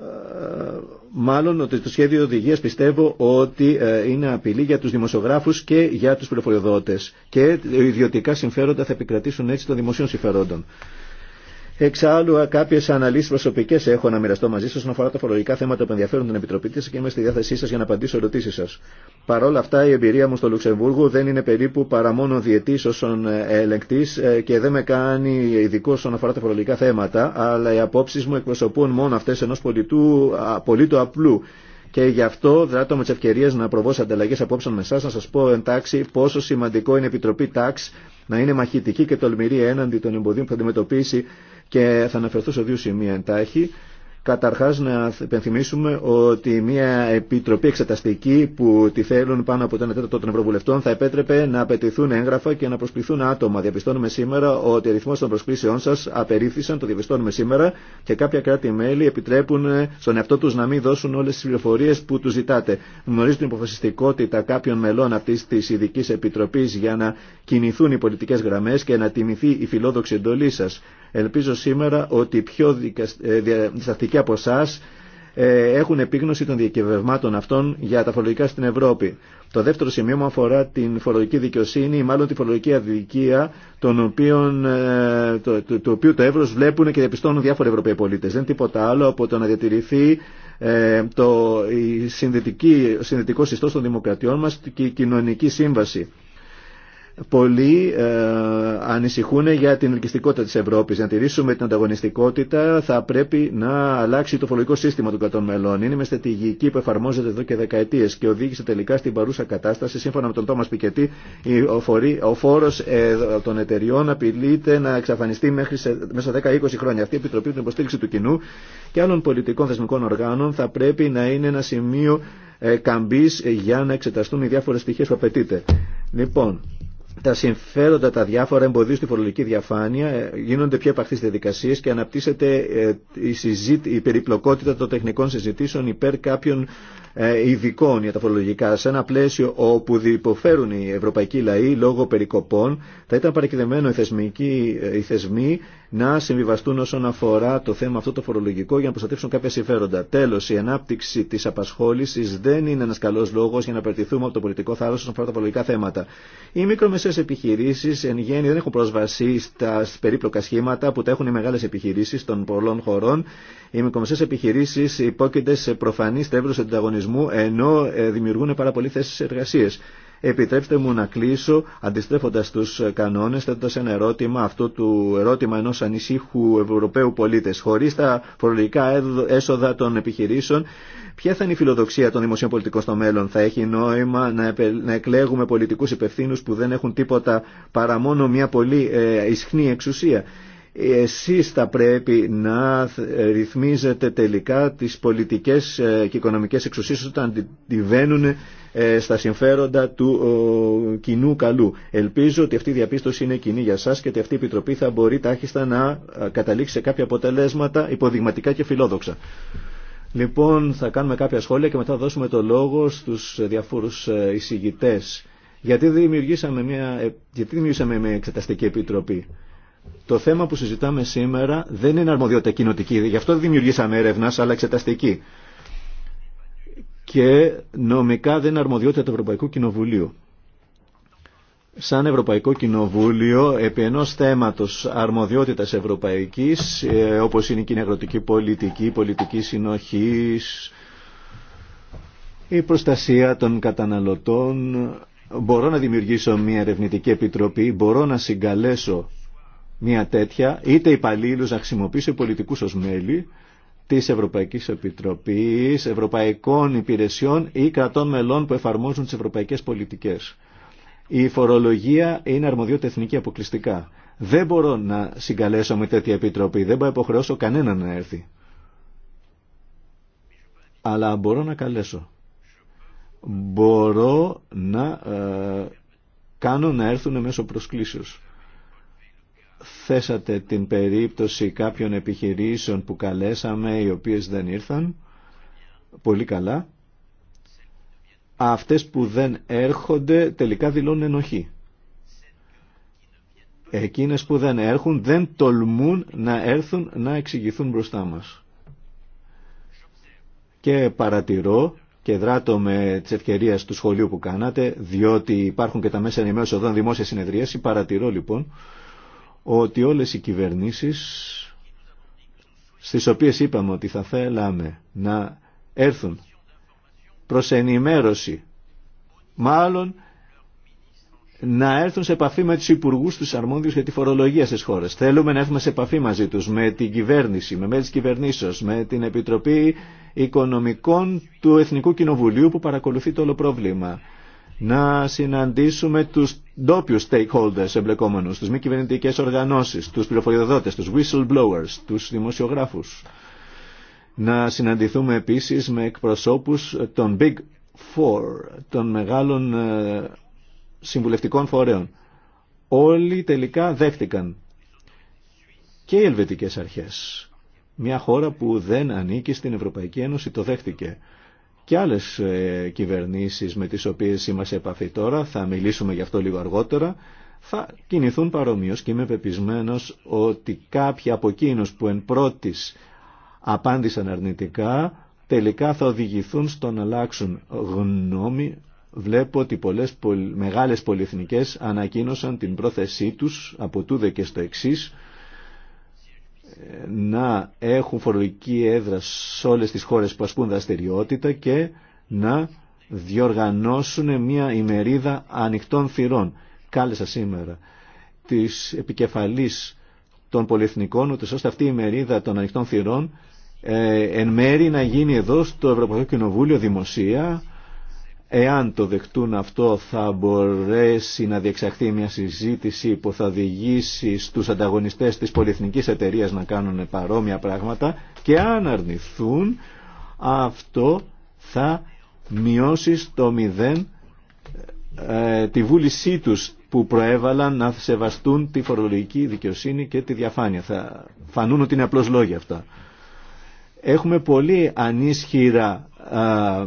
ε, μάλλον ότι το σχέδιο οδηγίας πιστεύω ότι ε, είναι απειλή για τους δημοσιογράφους και για τους πληροφοριοδότες και ιδιωτικά συμφέροντα θα επικρατήσουν έτσι των δημοσίων συμφερόντων. Εξάλλου, κάποιε αναλύσει προσωπικέ έχω να μοιραστώ μαζί σα όσον αφορά τα φορολογικά θέματα που ενδιαφέρουν την Επιτροπή τη και είμαι στη διάθεσή σα για να απαντήσω ερωτήσει σα. Παρ' όλα αυτά, η εμπειρία μου στο Λουξεμβούργο δεν είναι περίπου παρά μόνο διετή όσον ε, ελεγκτή ε, και δεν με κάνει ειδικό όσον αφορά τα φορολογικά θέματα, αλλά οι απόψει μου εκπροσωπούν μόνο αυτέ ενό πολίτου απλού. Και γι' αυτό δράτω με τι ευκαιρίε να προβώ σε ανταλλαγέ απόψεων με εσά, να σα πω εντάξει πόσο σημαντικό είναι η Επιτροπή Τάξ να είναι μαχητική και τολμηρή έναντι των εμποδίων που θα αντιμετωπίσει και θα αναφερθώ σε δύο σημεία εντάχει. Καταρχάς να υπενθυμίσουμε ότι μια επιτροπή εξεταστική που τη θέλουν πάνω από το 1 τέταρτο των Ευρωβουλευτών θα επέτρεπε να απαιτηθούν έγγραφα και να προσκληθούν άτομα. Διαπιστώνουμε σήμερα ότι ο αριθμός των προσκλήσεών σας απερίφθησαν, το διαπιστώνουμε σήμερα και κάποια κράτη-μέλη επιτρέπουν στον εαυτό τους να μην δώσουν όλες τις πληροφορίες που τους ζητάτε. Γνωρίζουν την υποφασιστικότητα κάποιων μελών αυτής της ειδική επιτροπής για να κινηθούν οι πολιτικές γραμμές και να τιμηθεί η φιλόδοξη εντολή Ελπίζω σήμερα ότι πιο ε, και από εσά ε, έχουν επίγνωση των διακυβευμάτων αυτών για τα φορολογικά στην Ευρώπη. Το δεύτερο σημείο μου αφορά την φορολογική δικαιοσύνη ή μάλλον τη φορολογική αδικία των οποίων, ε, το, το, το, οποίο το εύρος βλέπουν και διαπιστώνουν διάφοροι Ευρωπαίοι πολίτες. Δεν είναι τίποτα άλλο από το να διατηρηθεί ε, το η συνδετικό συστός των δημοκρατιών μας και η κοινωνική σύμβαση. Πολλοί ε, ανησυχούν για την ελκυστικότητα της Ευρώπης. Να τηρήσουμε την ανταγωνιστικότητα θα πρέπει να αλλάξει το φορολογικό σύστημα των κρατών μελών. Είναι με στρατηγική που εφαρμόζεται εδώ και δεκαετίες και οδήγησε τελικά στην παρούσα κατάσταση. Σύμφωνα με τον Τόμας Πικετή, ο, φόρος ε, των εταιριών απειλείται να εξαφανιστεί μέχρι σε, μέσα 10-20 χρόνια. Αυτή η Επιτροπή την υποστήριξη του κοινού και άλλων πολιτικών θεσμικών οργάνων θα πρέπει να είναι ένα σημείο ε, καμπής για να εξεταστούν οι διάφορες στοιχείες που απαιτείται. Λοιπόν, τα συμφέροντα τα διάφορα εμποδίου στη φορολογική διαφάνεια, ε, γίνονται πιο επαχθείς διαδικασίες και αναπτύσσεται ε, η, συζήτη, η περιπλοκότητα των τεχνικών συζητήσεων υπέρ κάποιων ε, ειδικών για τα φορολογικά σε ένα πλαίσιο όπου διποφέρουν οι ευρωπαϊκοί λαοί λόγω περικοπών θα ήταν παρακειδεμένο οι θεσμοί, ε, οι θεσμοί να συμβιβαστούν όσον αφορά το θέμα αυτό το φορολογικό για να προστατεύσουν κάποια συμφέροντα. Τέλο, η ανάπτυξη τη απασχόληση δεν είναι ένα καλό λόγο για να περτηθούμε από το πολιτικό θάρρο όσον αφορά τα φορολογικά θέματα. Οι μικρομεσαίε επιχειρήσει εν γέννη δεν έχουν πρόσβαση στα περίπλοκα σχήματα που τα έχουν οι μεγάλε επιχειρήσει των πολλών χωρών. Οι μικρομεσαίε επιχειρήσει υπόκειται σε προφανή στρέβλωση ενώ ε, δημιουργούν πάρα πολλοί θέσει εργασίες. Επιτρέψτε μου να κλείσω αντιστρέφοντα του κανόνε, θέτοντα ένα ερώτημα, αυτό του ερώτημα ενό ανησύχου Ευρωπαίου πολίτε. Χωρί τα φορολογικά έσοδα των επιχειρήσεων, ποια θα είναι η φιλοδοξία των δημοσίων πολιτικών στο μέλλον. Θα έχει νόημα να εκλέγουμε πολιτικού υπευθύνου που δεν έχουν τίποτα παρά μόνο μια πολύ ε, ισχνή εξουσία εσείς θα πρέπει να ρυθμίζετε τελικά τις πολιτικές ε, και οικονομικές εξουσίες όταν αντιβαίνουν ε, στα συμφέροντα του κοινού καλού. Ελπίζω ότι αυτή η διαπίστωση είναι κοινή για σας και ότι αυτή η Επιτροπή θα μπορεί τάχιστα να ε, καταλήξει σε κάποια αποτελέσματα υποδειγματικά και φιλόδοξα. Λοιπόν, θα κάνουμε κάποια σχόλια και μετά θα δώσουμε το λόγο στους διαφόρους εισηγητές. Γιατί δημιουργήσαμε μια, γιατί δημιουργήσαμε μια εξεταστική επιτροπή. Το θέμα που συζητάμε σήμερα δεν είναι αρμοδιότητα κοινοτική, γι' αυτό δημιουργήσαμε έρευνα, αλλά εξεταστική. Και νομικά δεν είναι αρμοδιότητα του Ευρωπαϊκού Κοινοβουλίου. Σαν Ευρωπαϊκό Κοινοβούλιο, επί θέματος αρμοδιότητας ευρωπαϊκής, ε, όπως είναι η κοινωνική πολιτική, η πολιτική συνοχής, η προστασία των καταναλωτών, μπορώ να δημιουργήσω μια ερευνητική επιτροπή, μπορώ να συγκαλέσω μια τέτοια, είτε υπαλλήλου να χρησιμοποιήσω πολιτικού ω μέλη τη Ευρωπαϊκή Επιτροπή, Ευρωπαϊκών Υπηρεσιών ή κρατών μελών που εφαρμόζουν τι ευρωπαϊκέ πολιτικέ. Η φορολογία είναι αρμοδιότητα εθνική αποκλειστικά. Δεν μπορώ να συγκαλέσω με τέτοια επιτροπή, δεν μπορώ να υποχρεώσω κανέναν να έρθει. Αλλά μπορώ να καλέσω. Μπορώ να ε, κάνω να έρθουν μέσω προσκλήσεως θέσατε την περίπτωση κάποιων επιχειρήσεων που καλέσαμε οι οποίες δεν ήρθαν πολύ καλά αυτές που δεν έρχονται τελικά δηλώνουν ενοχή εκείνες που δεν έρχουν δεν τολμούν να έρθουν να εξηγηθούν μπροστά μας και παρατηρώ και δράτω με τις ευκαιρίες του σχολείου που κάνατε, διότι υπάρχουν και τα μέσα ενημέρωση εδώ δημόσια συνεδρίαση. Παρατηρώ λοιπόν ότι όλες οι κυβερνήσεις στις οποίες είπαμε ότι θα θέλαμε να έρθουν προς ενημέρωση, μάλλον να έρθουν σε επαφή με τους υπουργούς τους αρμόδιους για τη φορολογία στις χώρες. Θέλουμε να έρθουμε σε επαφή μαζί τους, με την κυβέρνηση, με μέλη της κυβερνήσεως, με την Επιτροπή Οικονομικών του Εθνικού Κοινοβουλίου που παρακολουθεί το όλο πρόβλημα να συναντήσουμε τους ντόπιου stakeholders εμπλεκόμενους, τους μη κυβερνητικέ οργανώσεις, τους πληροφοριοδότες, τους whistleblowers, τους δημοσιογράφους. Να συναντηθούμε επίσης με εκπροσώπους των Big Four, των μεγάλων ε, συμβουλευτικών φορέων. Όλοι τελικά δέχτηκαν και οι ελβετικές αρχές. Μια χώρα που δεν ανήκει στην Ευρωπαϊκή Ένωση το δέχτηκε και άλλες ε, κυβερνήσεις με τις οποίες είμαστε επαφή τώρα, θα μιλήσουμε γι' αυτό λίγο αργότερα, θα κινηθούν παρομοίως και είμαι πεπισμένος ότι κάποιοι από εκείνους που εν πρώτης απάντησαν αρνητικά τελικά θα οδηγηθούν στο να αλλάξουν γνώμη. Βλέπω ότι πολλές μεγάλες πολυεθνικές ανακοίνωσαν την πρόθεσή τους από τούδε και στο εξής να έχουν φορολογική έδρα σε όλες τις χώρες που ασκούν δραστηριότητα και να διοργανώσουν μια ημερίδα ανοιχτών θυρών. Κάλεσα σήμερα τις επικεφαλής των πολυεθνικών, ώστε αυτή η ημερίδα των ανοιχτών θυρών ε, εν μέρη να γίνει εδώ στο Ευρωπαϊκό Κοινοβούλιο δημοσία Εάν το δεχτούν αυτό θα μπορέσει να διεξαχθεί μια συζήτηση που θα οδηγήσει στους ανταγωνιστές της πολυεθνικής εταιρείας να κάνουν παρόμοια πράγματα και αν αρνηθούν αυτό θα μειώσει στο μηδέν ε, τη βούλησή τους που προέβαλαν να σεβαστούν τη φορολογική δικαιοσύνη και τη διαφάνεια. Θα φανούν ότι είναι απλώς λόγια αυτά. Έχουμε πολύ ανίσχυρα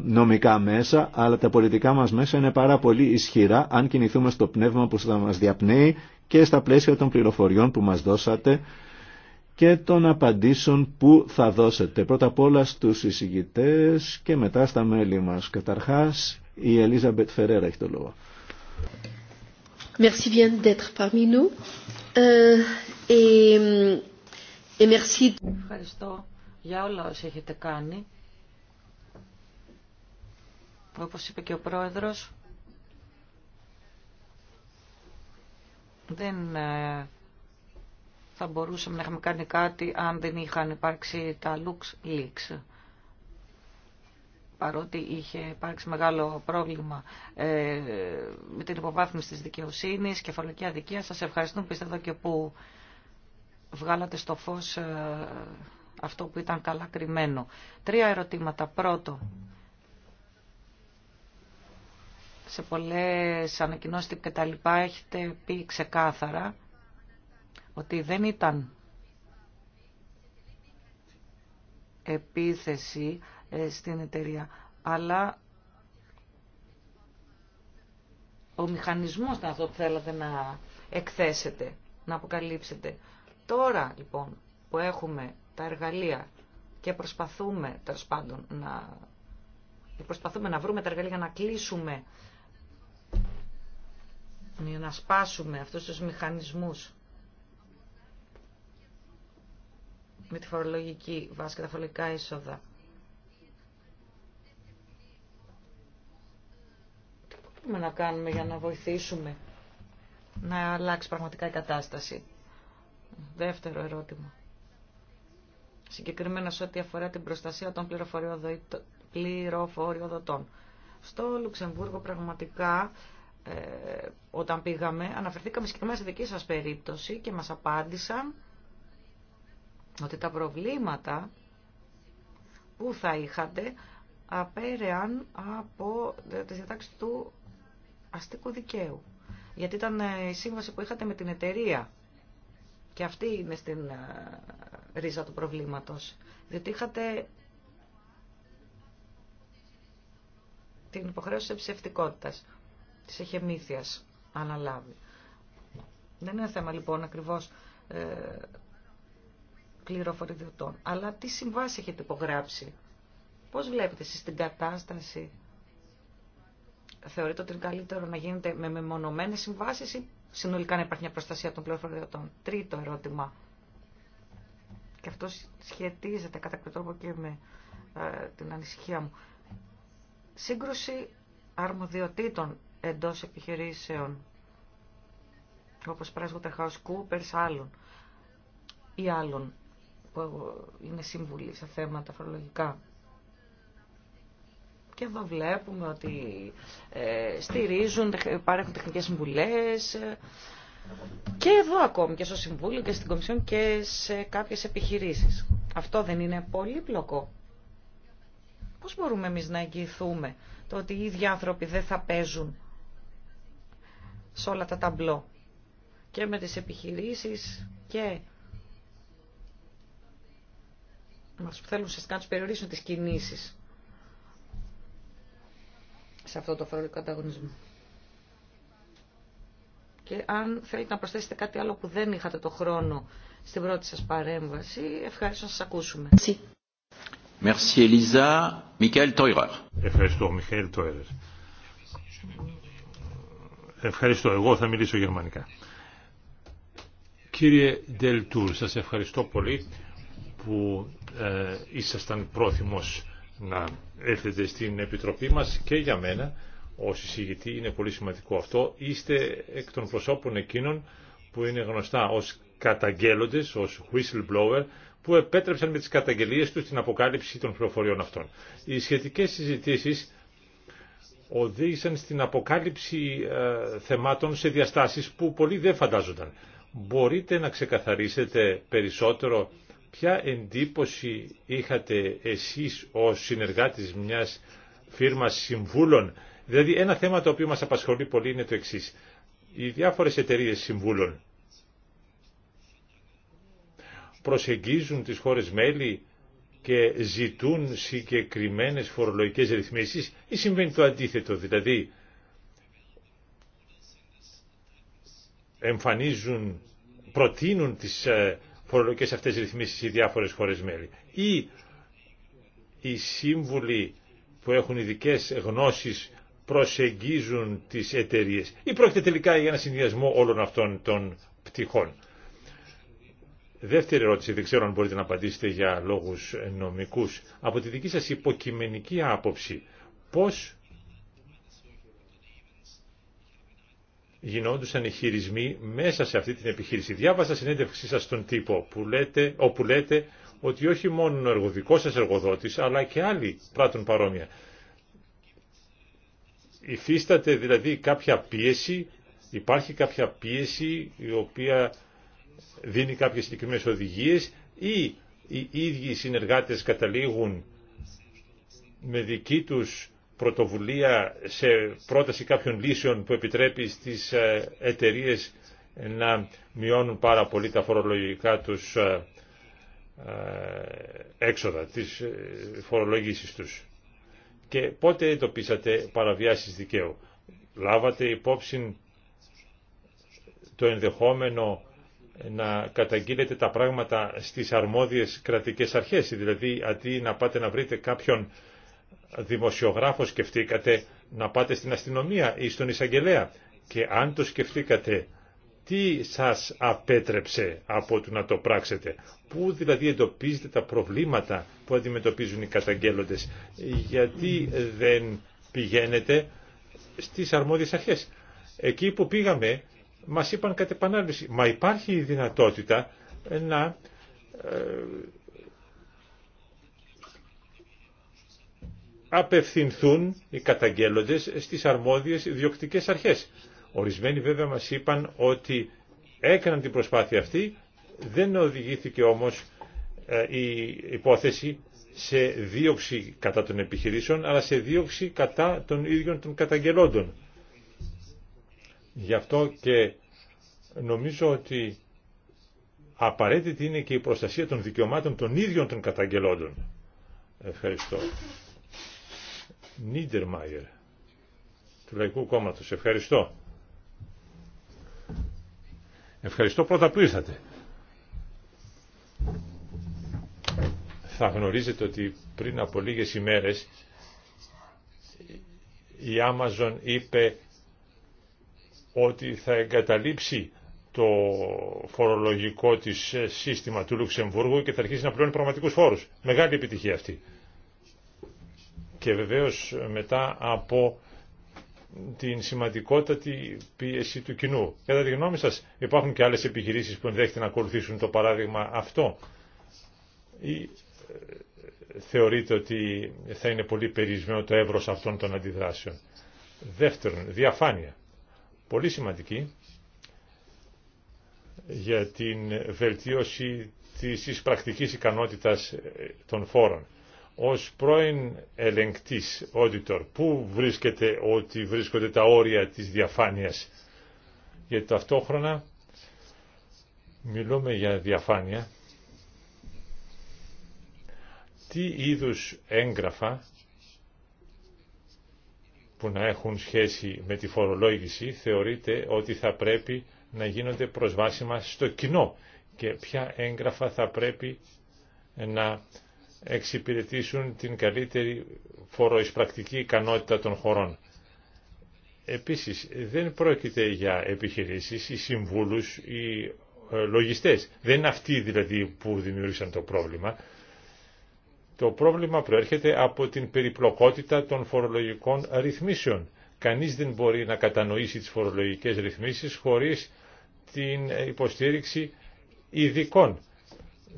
νομικά μέσα, αλλά τα πολιτικά μας μέσα είναι πάρα πολύ ισχυρά αν κινηθούμε στο πνεύμα που θα μας διαπνέει και στα πλαίσια των πληροφοριών που μας δώσατε και των απαντήσεων που θα δώσετε. Πρώτα απ' όλα στους εισηγητές και μετά στα μέλη μας. Καταρχάς, η Ελίζα Φερέρα έχει το λόγο. Merci bien d'être parmi nous. Euh, Ευχαριστώ για όλα όσα έχετε κάνει όπως είπε και ο Πρόεδρος, δεν ε, θα μπορούσαμε να είχαμε κάνει κάτι αν δεν είχαν υπάρξει τα Lux Leaks. Παρότι είχε υπάρξει μεγάλο πρόβλημα ε, με την υποβάθμιση της δικαιοσύνης και φορολογική αδικία, σας ευχαριστούμε πιστεύω και που βγάλατε στο φως ε, αυτό που ήταν καλά κρυμμένο. Τρία ερωτήματα. Πρώτο, σε πολλές ανακοινώσεις και τα λοιπά έχετε πει ξεκάθαρα ότι δεν ήταν επίθεση ε, στην εταιρεία, αλλά ο μηχανισμός ήταν αυτό που θέλατε να εκθέσετε, να αποκαλύψετε. Τώρα λοιπόν που έχουμε τα εργαλεία και προσπαθούμε τέλο πάντων να προσπαθούμε να βρούμε τα εργαλεία για να κλείσουμε να σπάσουμε αυτούς τους μηχανισμούς με τη φορολογική βάση και τα φορολογικά είσοδα. Τι μπορούμε να κάνουμε για να βοηθήσουμε να αλλάξει πραγματικά η κατάσταση. Δεύτερο ερώτημα. Συγκεκριμένα σε ό,τι αφορά την προστασία των πληροφοριοδοτών. Στο Λουξεμβούργο πραγματικά ε, όταν πήγαμε, αναφερθήκαμε συγκεκριμένα στη δική σας περίπτωση και μας απάντησαν ότι τα προβλήματα που θα είχατε απέρεαν από τις διατάξεις του αστικού δικαίου. Γιατί ήταν ε, η σύμβαση που είχατε με την εταιρεία. Και αυτή είναι στην ε, ρίζα του προβλήματος. Διότι είχατε την υποχρέωση ψευτικότητας της εχεμήθειας αναλάβει. Δεν είναι θέμα λοιπόν ακριβώς ε, πληροφοριδιωτών. Αλλά τι συμβάσει έχετε υπογράψει. Πώς βλέπετε εσείς την κατάσταση. Θεωρείτε ότι είναι καλύτερο να γίνεται με μεμονωμένες συμβάσεις ή συνολικά να υπάρχει μια προστασία των πληροφοριδιωτών. Τρίτο ερώτημα. Και αυτό σχετίζεται κατά κάποιο τρόπο και με ε, την ανησυχία μου. Σύγκρουση αρμοδιοτήτων εντός επιχειρήσεων, όπως ο Κούπερς άλλων ή άλλων που είναι σύμβουλοι σε θέματα φορολογικά. Και εδώ βλέπουμε ότι ε, στηρίζουν, υπάρχουν τεχνικές συμβουλές ε, και εδώ ακόμη και στο Συμβούλιο και στην Κομισιόν και σε κάποιες επιχειρήσεις. Αυτό δεν είναι πολύπλοκο. Πώς μπορούμε εμείς να εγγυηθούμε το ότι οι ίδιοι άνθρωποι δεν θα παίζουν σε όλα τα ταμπλό. Και με τις επιχειρήσεις και με που θέλουν ουσιαστικά να περιορίσουν τις κινήσεις σε αυτό το φορολογικό ανταγωνισμό. Και αν θέλετε να προσθέσετε κάτι άλλο που δεν είχατε το χρόνο στην πρώτη σας παρέμβαση, ευχαριστώ να σας ακούσουμε. Merci Elisa. Ευχαριστώ, Michael Teurer. Ευχαριστώ. Εγώ θα μιλήσω γερμανικά. Κύριε Δελτούρ, σας ευχαριστώ πολύ που ε, ήσασταν πρόθυμος να έρθετε στην Επιτροπή μας και για μένα ως εισηγητή είναι πολύ σημαντικό αυτό. Είστε εκ των προσώπων εκείνων που είναι γνωστά ως καταγγέλλοντες, ως whistleblower, που επέτρεψαν με τις καταγγελίες τους την αποκάλυψη των πληροφοριών αυτών. Οι σχετικές συζητήσεις οδήγησαν στην αποκάλυψη ε, θεμάτων σε διαστάσεις που πολλοί δεν φαντάζονταν. Μπορείτε να ξεκαθαρίσετε περισσότερο ποια εντύπωση είχατε εσείς ως συνεργάτης μιας φύρμας συμβούλων. Δηλαδή ένα θέμα το οποίο μας απασχολεί πολύ είναι το εξής. Οι διάφορες εταιρείες συμβούλων προσεγγίζουν τις χώρες μέλη και ζητούν συγκεκριμένες φορολογικές ρυθμίσεις ή συμβαίνει το αντίθετο, δηλαδή εμφανίζουν, προτείνουν τις ε, φορολογικές αυτές ρυθμίσεις οι διάφορες χώρες μέλη ή οι σύμβουλοι που έχουν ειδικέ γνώσεις προσεγγίζουν τις εταιρείε ή πρόκειται τελικά για ένα συνδυασμό όλων αυτών των πτυχών. Δεύτερη ερώτηση, δεν ξέρω αν μπορείτε να απαντήσετε για λόγους νομικούς. Από τη δική σας υποκειμενική άποψη, πώς γινόντουσαν οι χειρισμοί μέσα σε αυτή την επιχείρηση. Διάβασα συνέντευξή σας στον τύπο, που λέτε, όπου λέτε ότι όχι μόνο ο εργοδικός σας εργοδότης, αλλά και άλλοι πράττουν παρόμοια. Υφίσταται δηλαδή κάποια πίεση, υπάρχει κάποια πίεση η οποία δίνει κάποιες συγκεκριμένες οδηγίες ή οι ίδιοι συνεργάτες καταλήγουν με δική τους πρωτοβουλία σε πρόταση κάποιων λύσεων που επιτρέπει στις ε, εταιρείε να μειώνουν πάρα πολύ τα φορολογικά τους ε, ε, έξοδα, τις φορολογήσεις τους. Και πότε εντοπίσατε παραβιάσεις δικαίου. Λάβατε υπόψη το ενδεχόμενο να καταγγείλετε τα πράγματα στις αρμόδιες κρατικές αρχές. Δηλαδή, αντί να πάτε να βρείτε κάποιον δημοσιογράφο, σκεφτήκατε να πάτε στην αστυνομία ή στον εισαγγελέα. Και αν το σκεφτήκατε, τι σας απέτρεψε από το να το πράξετε. Πού δηλαδή εντοπίζετε τα προβλήματα που αντιμετωπίζουν οι καταγγέλλοντες. Γιατί δεν πηγαίνετε στις αρμόδιες αρχές. Εκεί που πήγαμε μας είπαν κατ' επανάληψη, μα υπάρχει η δυνατότητα να ε, απευθυνθούν οι καταγγέλλοντες στις αρμόδιες διοκτικές αρχές. Ορισμένοι βέβαια μας είπαν ότι έκαναν την προσπάθεια αυτή, δεν οδηγήθηκε όμως ε, η υπόθεση σε δίωξη κατά των επιχειρήσεων, αλλά σε δίωξη κατά των ίδιων των καταγγελόντων. Γι' αυτό και νομίζω ότι απαραίτητη είναι και η προστασία των δικαιωμάτων των ίδιων των καταγγελόντων. Ευχαριστώ. Νίτερ του Λαϊκού Κόμματος. Ευχαριστώ. Ευχαριστώ πρώτα που ήρθατε. Θα γνωρίζετε ότι πριν από λίγες ημέρες η Amazon είπε ότι θα εγκαταλείψει το φορολογικό της σύστημα του Λουξεμβούργου και θα αρχίσει να πληρώνει πραγματικούς φόρους. Μεγάλη επιτυχία αυτή. Και βεβαίως μετά από την σημαντικότατη πίεση του κοινού. Κατά τη γνώμη σας υπάρχουν και άλλες επιχειρήσεις που ενδέχεται να ακολουθήσουν το παράδειγμα αυτό. Ή ε, θεωρείτε ότι θα είναι πολύ περισμένο το εύρος αυτών των αντιδράσεων. Δεύτερον, διαφάνεια πολύ σημαντική για την βελτίωση της εισπρακτικής ικανότητας ε, των φόρων. Ως πρώην ελεγκτής, auditor, πού βρίσκεται ότι βρίσκονται τα όρια της διαφάνειας. Γιατί ταυτόχρονα μιλούμε για διαφάνεια. Τι είδους έγγραφα που να έχουν σχέση με τη φορολόγηση θεωρείται ότι θα πρέπει να γίνονται προσβάσιμα στο κοινό και ποια έγγραφα θα πρέπει να εξυπηρετήσουν την καλύτερη φοροεισπρακτική ικανότητα των χωρών. Επίσης, δεν πρόκειται για επιχειρήσεις ή συμβούλους ή ε, λογιστές. Δεν είναι αυτοί δηλαδή που δημιούργησαν το πρόβλημα. Το πρόβλημα προέρχεται από την περιπλοκότητα των φορολογικών ρυθμίσεων. Κανείς δεν μπορεί να κατανοήσει τις φορολογικές ρυθμίσεις χωρίς την υποστήριξη ειδικών.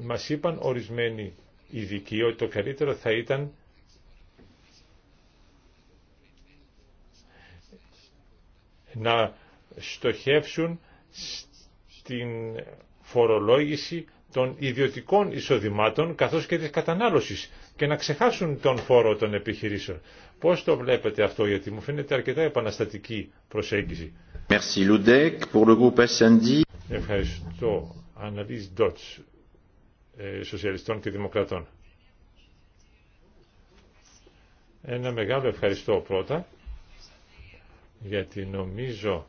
Μας είπαν ορισμένοι ειδικοί ότι το καλύτερο θα ήταν να στοχεύσουν στην φορολόγηση των ιδιωτικών εισοδημάτων καθώς και της κατανάλωσης και να ξεχάσουν τον φόρο των επιχειρήσεων. Πώς το βλέπετε αυτό, γιατί μου φαίνεται αρκετά επαναστατική προσέγγιση. Merci, pour le groupe Ευχαριστώ, Αναλύς Ντότς, ε, Σοσιαλιστών και Δημοκρατών. Ένα μεγάλο ευχαριστώ πρώτα, γιατί νομίζω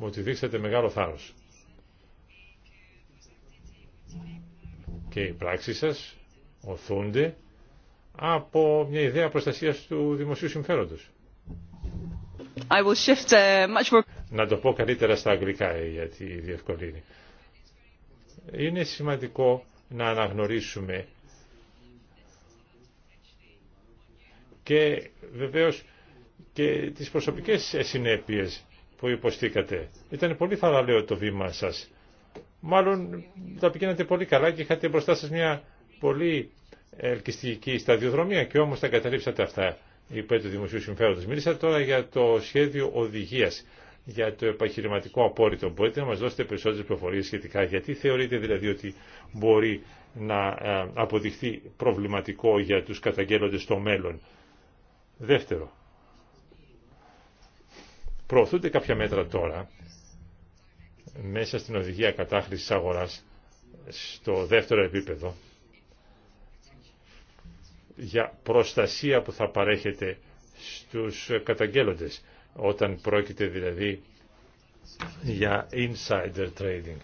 Μου ότι δείξατε μεγάλο θάρρος. Και οι πράξεις σας οθούνται από μια ιδέα προστασίας του δημοσίου συμφέροντος. Uh, να το πω καλύτερα στα αγγλικά ε, γιατί διευκολύνει. Είναι σημαντικό να αναγνωρίσουμε και βεβαίως και τις προσωπικές συνέπειες που υποστήκατε. Ήταν πολύ θαραλέο το βήμα σας. Μάλλον τα πηγαίνατε πολύ καλά και είχατε μπροστά σας μια πολύ ελκυστική σταδιοδρομία και όμως τα καταλήψατε αυτά υπέρ του δημοσίου συμφέροντος. Μίλησα τώρα για το σχέδιο οδηγίας για το επαχειρηματικό απόρριτο. Μπορείτε να μας δώσετε περισσότερες πληροφορίες σχετικά γιατί θεωρείτε δηλαδή ότι μπορεί να ε, αποδειχθεί προβληματικό για τους καταγγέλλοντες στο μέλλον. Δεύτερο, Προωθούνται κάποια μέτρα τώρα μέσα στην οδηγία κατάχρηση αγοράς στο δεύτερο επίπεδο για προστασία που θα παρέχεται στους καταγγέλλοντες όταν πρόκειται δηλαδή για insider trading.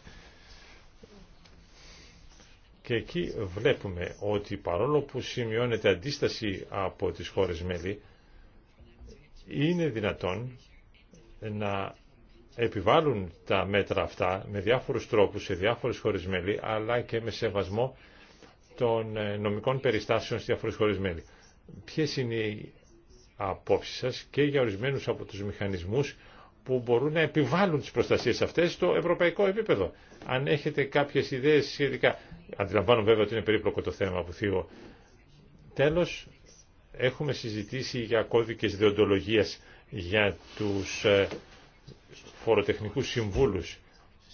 Και εκεί βλέπουμε ότι παρόλο που σημειώνεται αντίσταση από τις χώρες μέλη, είναι δυνατόν να επιβάλλουν τα μέτρα αυτά με διάφορους τρόπους σε διάφορες χώρες μέλη, αλλά και με σεβασμό των ε, νομικών περιστάσεων στις διάφορες χώρες μέλη. Ποιες είναι οι απόψεις σας και για ορισμένους από τους μηχανισμούς που μπορούν να επιβάλλουν τις προστασίες αυτές στο ευρωπαϊκό επίπεδο. Αν έχετε κάποιες ιδέες σχετικά, Αντιλαμβάνω βέβαια ότι είναι περίπλοκο το θέμα που θίγω. Τέλος, έχουμε συζητήσει για κώδικες διοντολογίας για τους ε, φοροτεχνικούς συμβούλους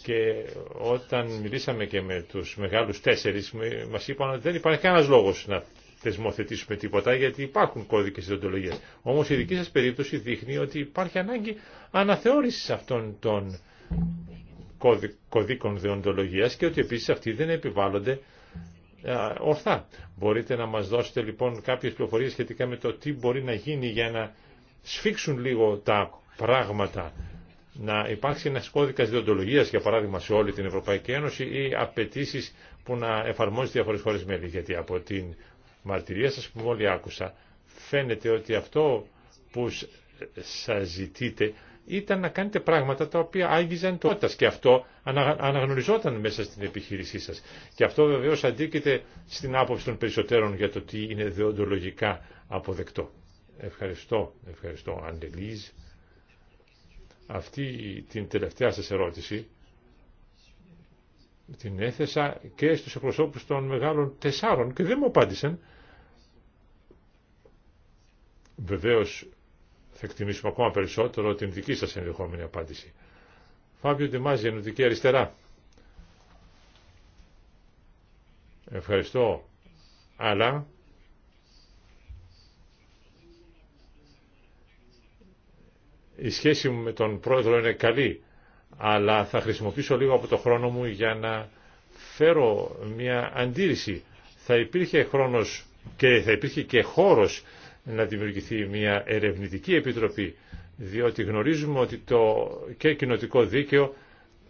και όταν μιλήσαμε και με τους μεγάλους τέσσερις μας είπαν ότι δεν υπάρχει κανένας λόγος να θεσμοθετήσουμε τίποτα γιατί υπάρχουν κώδικες διοντολογίας. Όμως η δική σας περίπτωση δείχνει ότι υπάρχει ανάγκη αναθεώρησης αυτών των κωδίκων διοντολογίας και ότι επίσης αυτοί δεν επιβάλλονται ορθά. Μπορείτε να μας δώσετε λοιπόν κάποιες πληροφορίες σχετικά με το τι μπορεί να γίνει για να σφίξουν λίγο τα πράγματα, να υπάρξει ένας κώδικας διοντολογίας, για παράδειγμα, σε όλη την Ευρωπαϊκή Ένωση ή απαιτήσει που να εφαρμόζει διάφορες χώρες μέλη. Γιατί από την μαρτυρία σας που μόλι άκουσα, φαίνεται ότι αυτό που σας ζητείτε ήταν να κάνετε πράγματα τα οποία άγγιζαν τότε και αυτό αναγνωριζόταν μέσα στην επιχείρησή σας. Και αυτό βεβαίως αντίκειται στην άποψη των περισσότερων για το τι είναι διοντολογικά αποδεκτό. Ευχαριστώ, ευχαριστώ Αντελίζ. Αυτή την τελευταία σας ερώτηση την έθεσα και στους εκπροσώπους των μεγάλων τεσσάρων και δεν μου απάντησαν. Βεβαίως θα εκτιμήσουμε ακόμα περισσότερο την δική σας ενδεχόμενη απάντηση. Φάβιο Ντεμάζη, Ενωτική Αριστερά. Ευχαριστώ. Αλλά η σχέση μου με τον πρόεδρο είναι καλή, αλλά θα χρησιμοποιήσω λίγο από το χρόνο μου για να φέρω μια αντίρρηση. Θα υπήρχε χρόνος και θα υπήρχε και χώρος να δημιουργηθεί μια ερευνητική επιτροπή, διότι γνωρίζουμε ότι το και κοινοτικό δίκαιο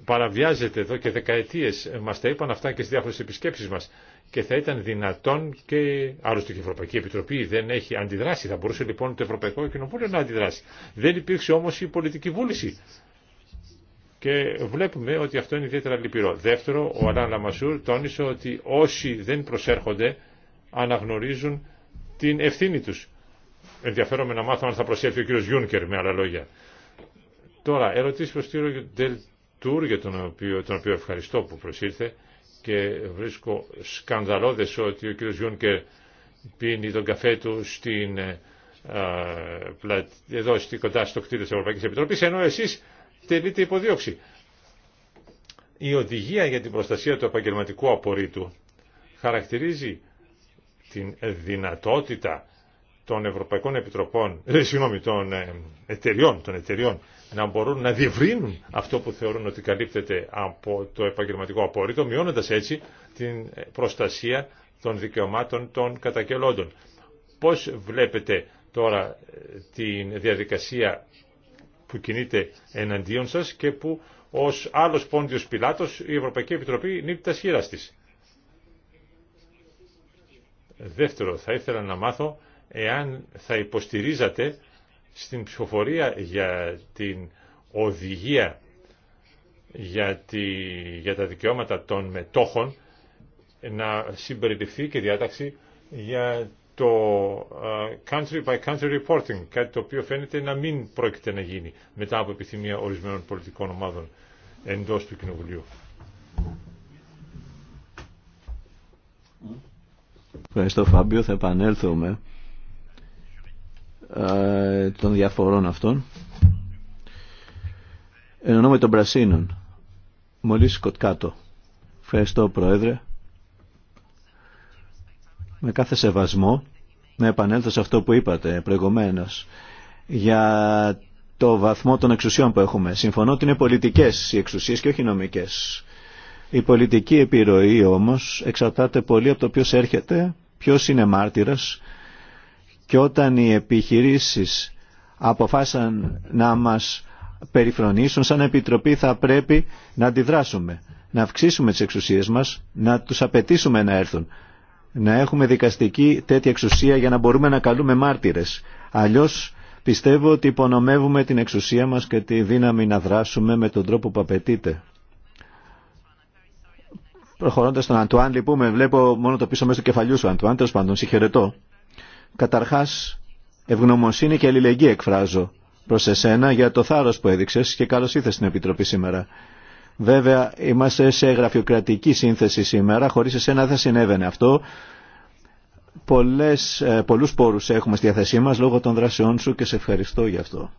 παραβιάζεται εδώ και δεκαετίες. Μας τα είπαν αυτά και στις διάφορες επισκέψεις μας και θα ήταν δυνατόν και άλλωστε και η Ευρωπαϊκή Επιτροπή δεν έχει αντιδράσει. Θα μπορούσε λοιπόν το Ευρωπαϊκό Κοινοβούλιο να αντιδράσει. Δεν υπήρξε όμω η πολιτική βούληση. Και βλέπουμε ότι αυτό είναι ιδιαίτερα λυπηρό. Δεύτερο, ο Αλάν Λαμασούρ τόνισε ότι όσοι δεν προσέρχονται αναγνωρίζουν την ευθύνη του Ενδιαφέρομαι να μάθω αν θα προσέλθει ο κύριος Γιούνκερ με άλλα λόγια. Τώρα, ερωτήσεις προς κύριο Ντελ Τούρ, τον οποίο, τον οποίο ευχαριστώ που προσήλθε και βρίσκω σκανδαλώδες ότι ο κ. Γιούνκερ πίνει τον καφέ του στην, ε, εδώ κοντά στο κτίριο της Ευρωπαϊκής Επιτροπής, ενώ εσείς τελείτε υποδίωξη. Η οδηγία για την προστασία του επαγγελματικού απορρίτου χαρακτηρίζει την δυνατότητα των Ευρωπαϊκών Επιτροπών, ε, των ε, εταιριών, των εταιριών να μπορούν να διευρύνουν αυτό που θεωρούν ότι καλύπτεται από το επαγγελματικό απόρριτο, μειώνοντας έτσι την προστασία των δικαιωμάτων των κατακελόντων. Πώς βλέπετε τώρα ε, την διαδικασία που κινείται εναντίον σας και που ως άλλος πόντιος πιλάτος η Ευρωπαϊκή Επιτροπή νύπτει τα σχήρας της. Δεύτερο, θα ήθελα να μάθω εάν θα υποστηρίζατε στην ψηφοφορία για την οδηγία για, για τα δικαιώματα των μετόχων να συμπεριληφθεί και διάταξη για το country by country reporting, κάτι το οποίο φαίνεται να μην πρόκειται να γίνει μετά από επιθυμία ορισμένων πολιτικών ομάδων εντός του Κοινοβουλίου. Ευχαριστώ Φάμπιο, θα επανέλθουμε. Ε, των διαφορών αυτών. Εννοώ με τον Πρασίνων. Μολύς Κοτκάτο. Ευχαριστώ Πρόεδρε. Με κάθε σεβασμό να επανέλθω σε αυτό που είπατε προηγουμένως για το βαθμό των εξουσιών που έχουμε. Συμφωνώ ότι είναι πολιτικές οι εξουσίες και όχι νομικές. Η πολιτική επιρροή όμως εξαρτάται πολύ από το ποιος έρχεται, ποιος είναι μάρτυρας, και όταν οι επιχειρήσεις αποφάσαν να μας περιφρονήσουν, σαν Επιτροπή θα πρέπει να αντιδράσουμε, να αυξήσουμε τις εξουσίες μας, να τους απαιτήσουμε να έρθουν, να έχουμε δικαστική τέτοια εξουσία για να μπορούμε να καλούμε μάρτυρες. Αλλιώς πιστεύω ότι υπονομεύουμε την εξουσία μας και τη δύναμη να δράσουμε με τον τρόπο που απαιτείται. Προχωρώντας τον Αντουάν, λυπούμε, λοιπόν, βλέπω μόνο το πίσω μέσα του κεφαλιού σου, Αντουάν, τέλος πάντων, συγχαιρετώ. Καταρχάς, ευγνωμοσύνη και αλληλεγγύη εκφράζω προς εσένα για το θάρρος που έδειξες και καλώς ήρθες στην Επιτροπή σήμερα. Βέβαια, είμαστε σε γραφειοκρατική σύνθεση σήμερα, χωρίς εσένα θα συνέβαινε αυτό. Πολλές, ε, πολλούς πόρους έχουμε στη διάθεσή μας λόγω των δράσεών σου και σε ευχαριστώ για αυτό.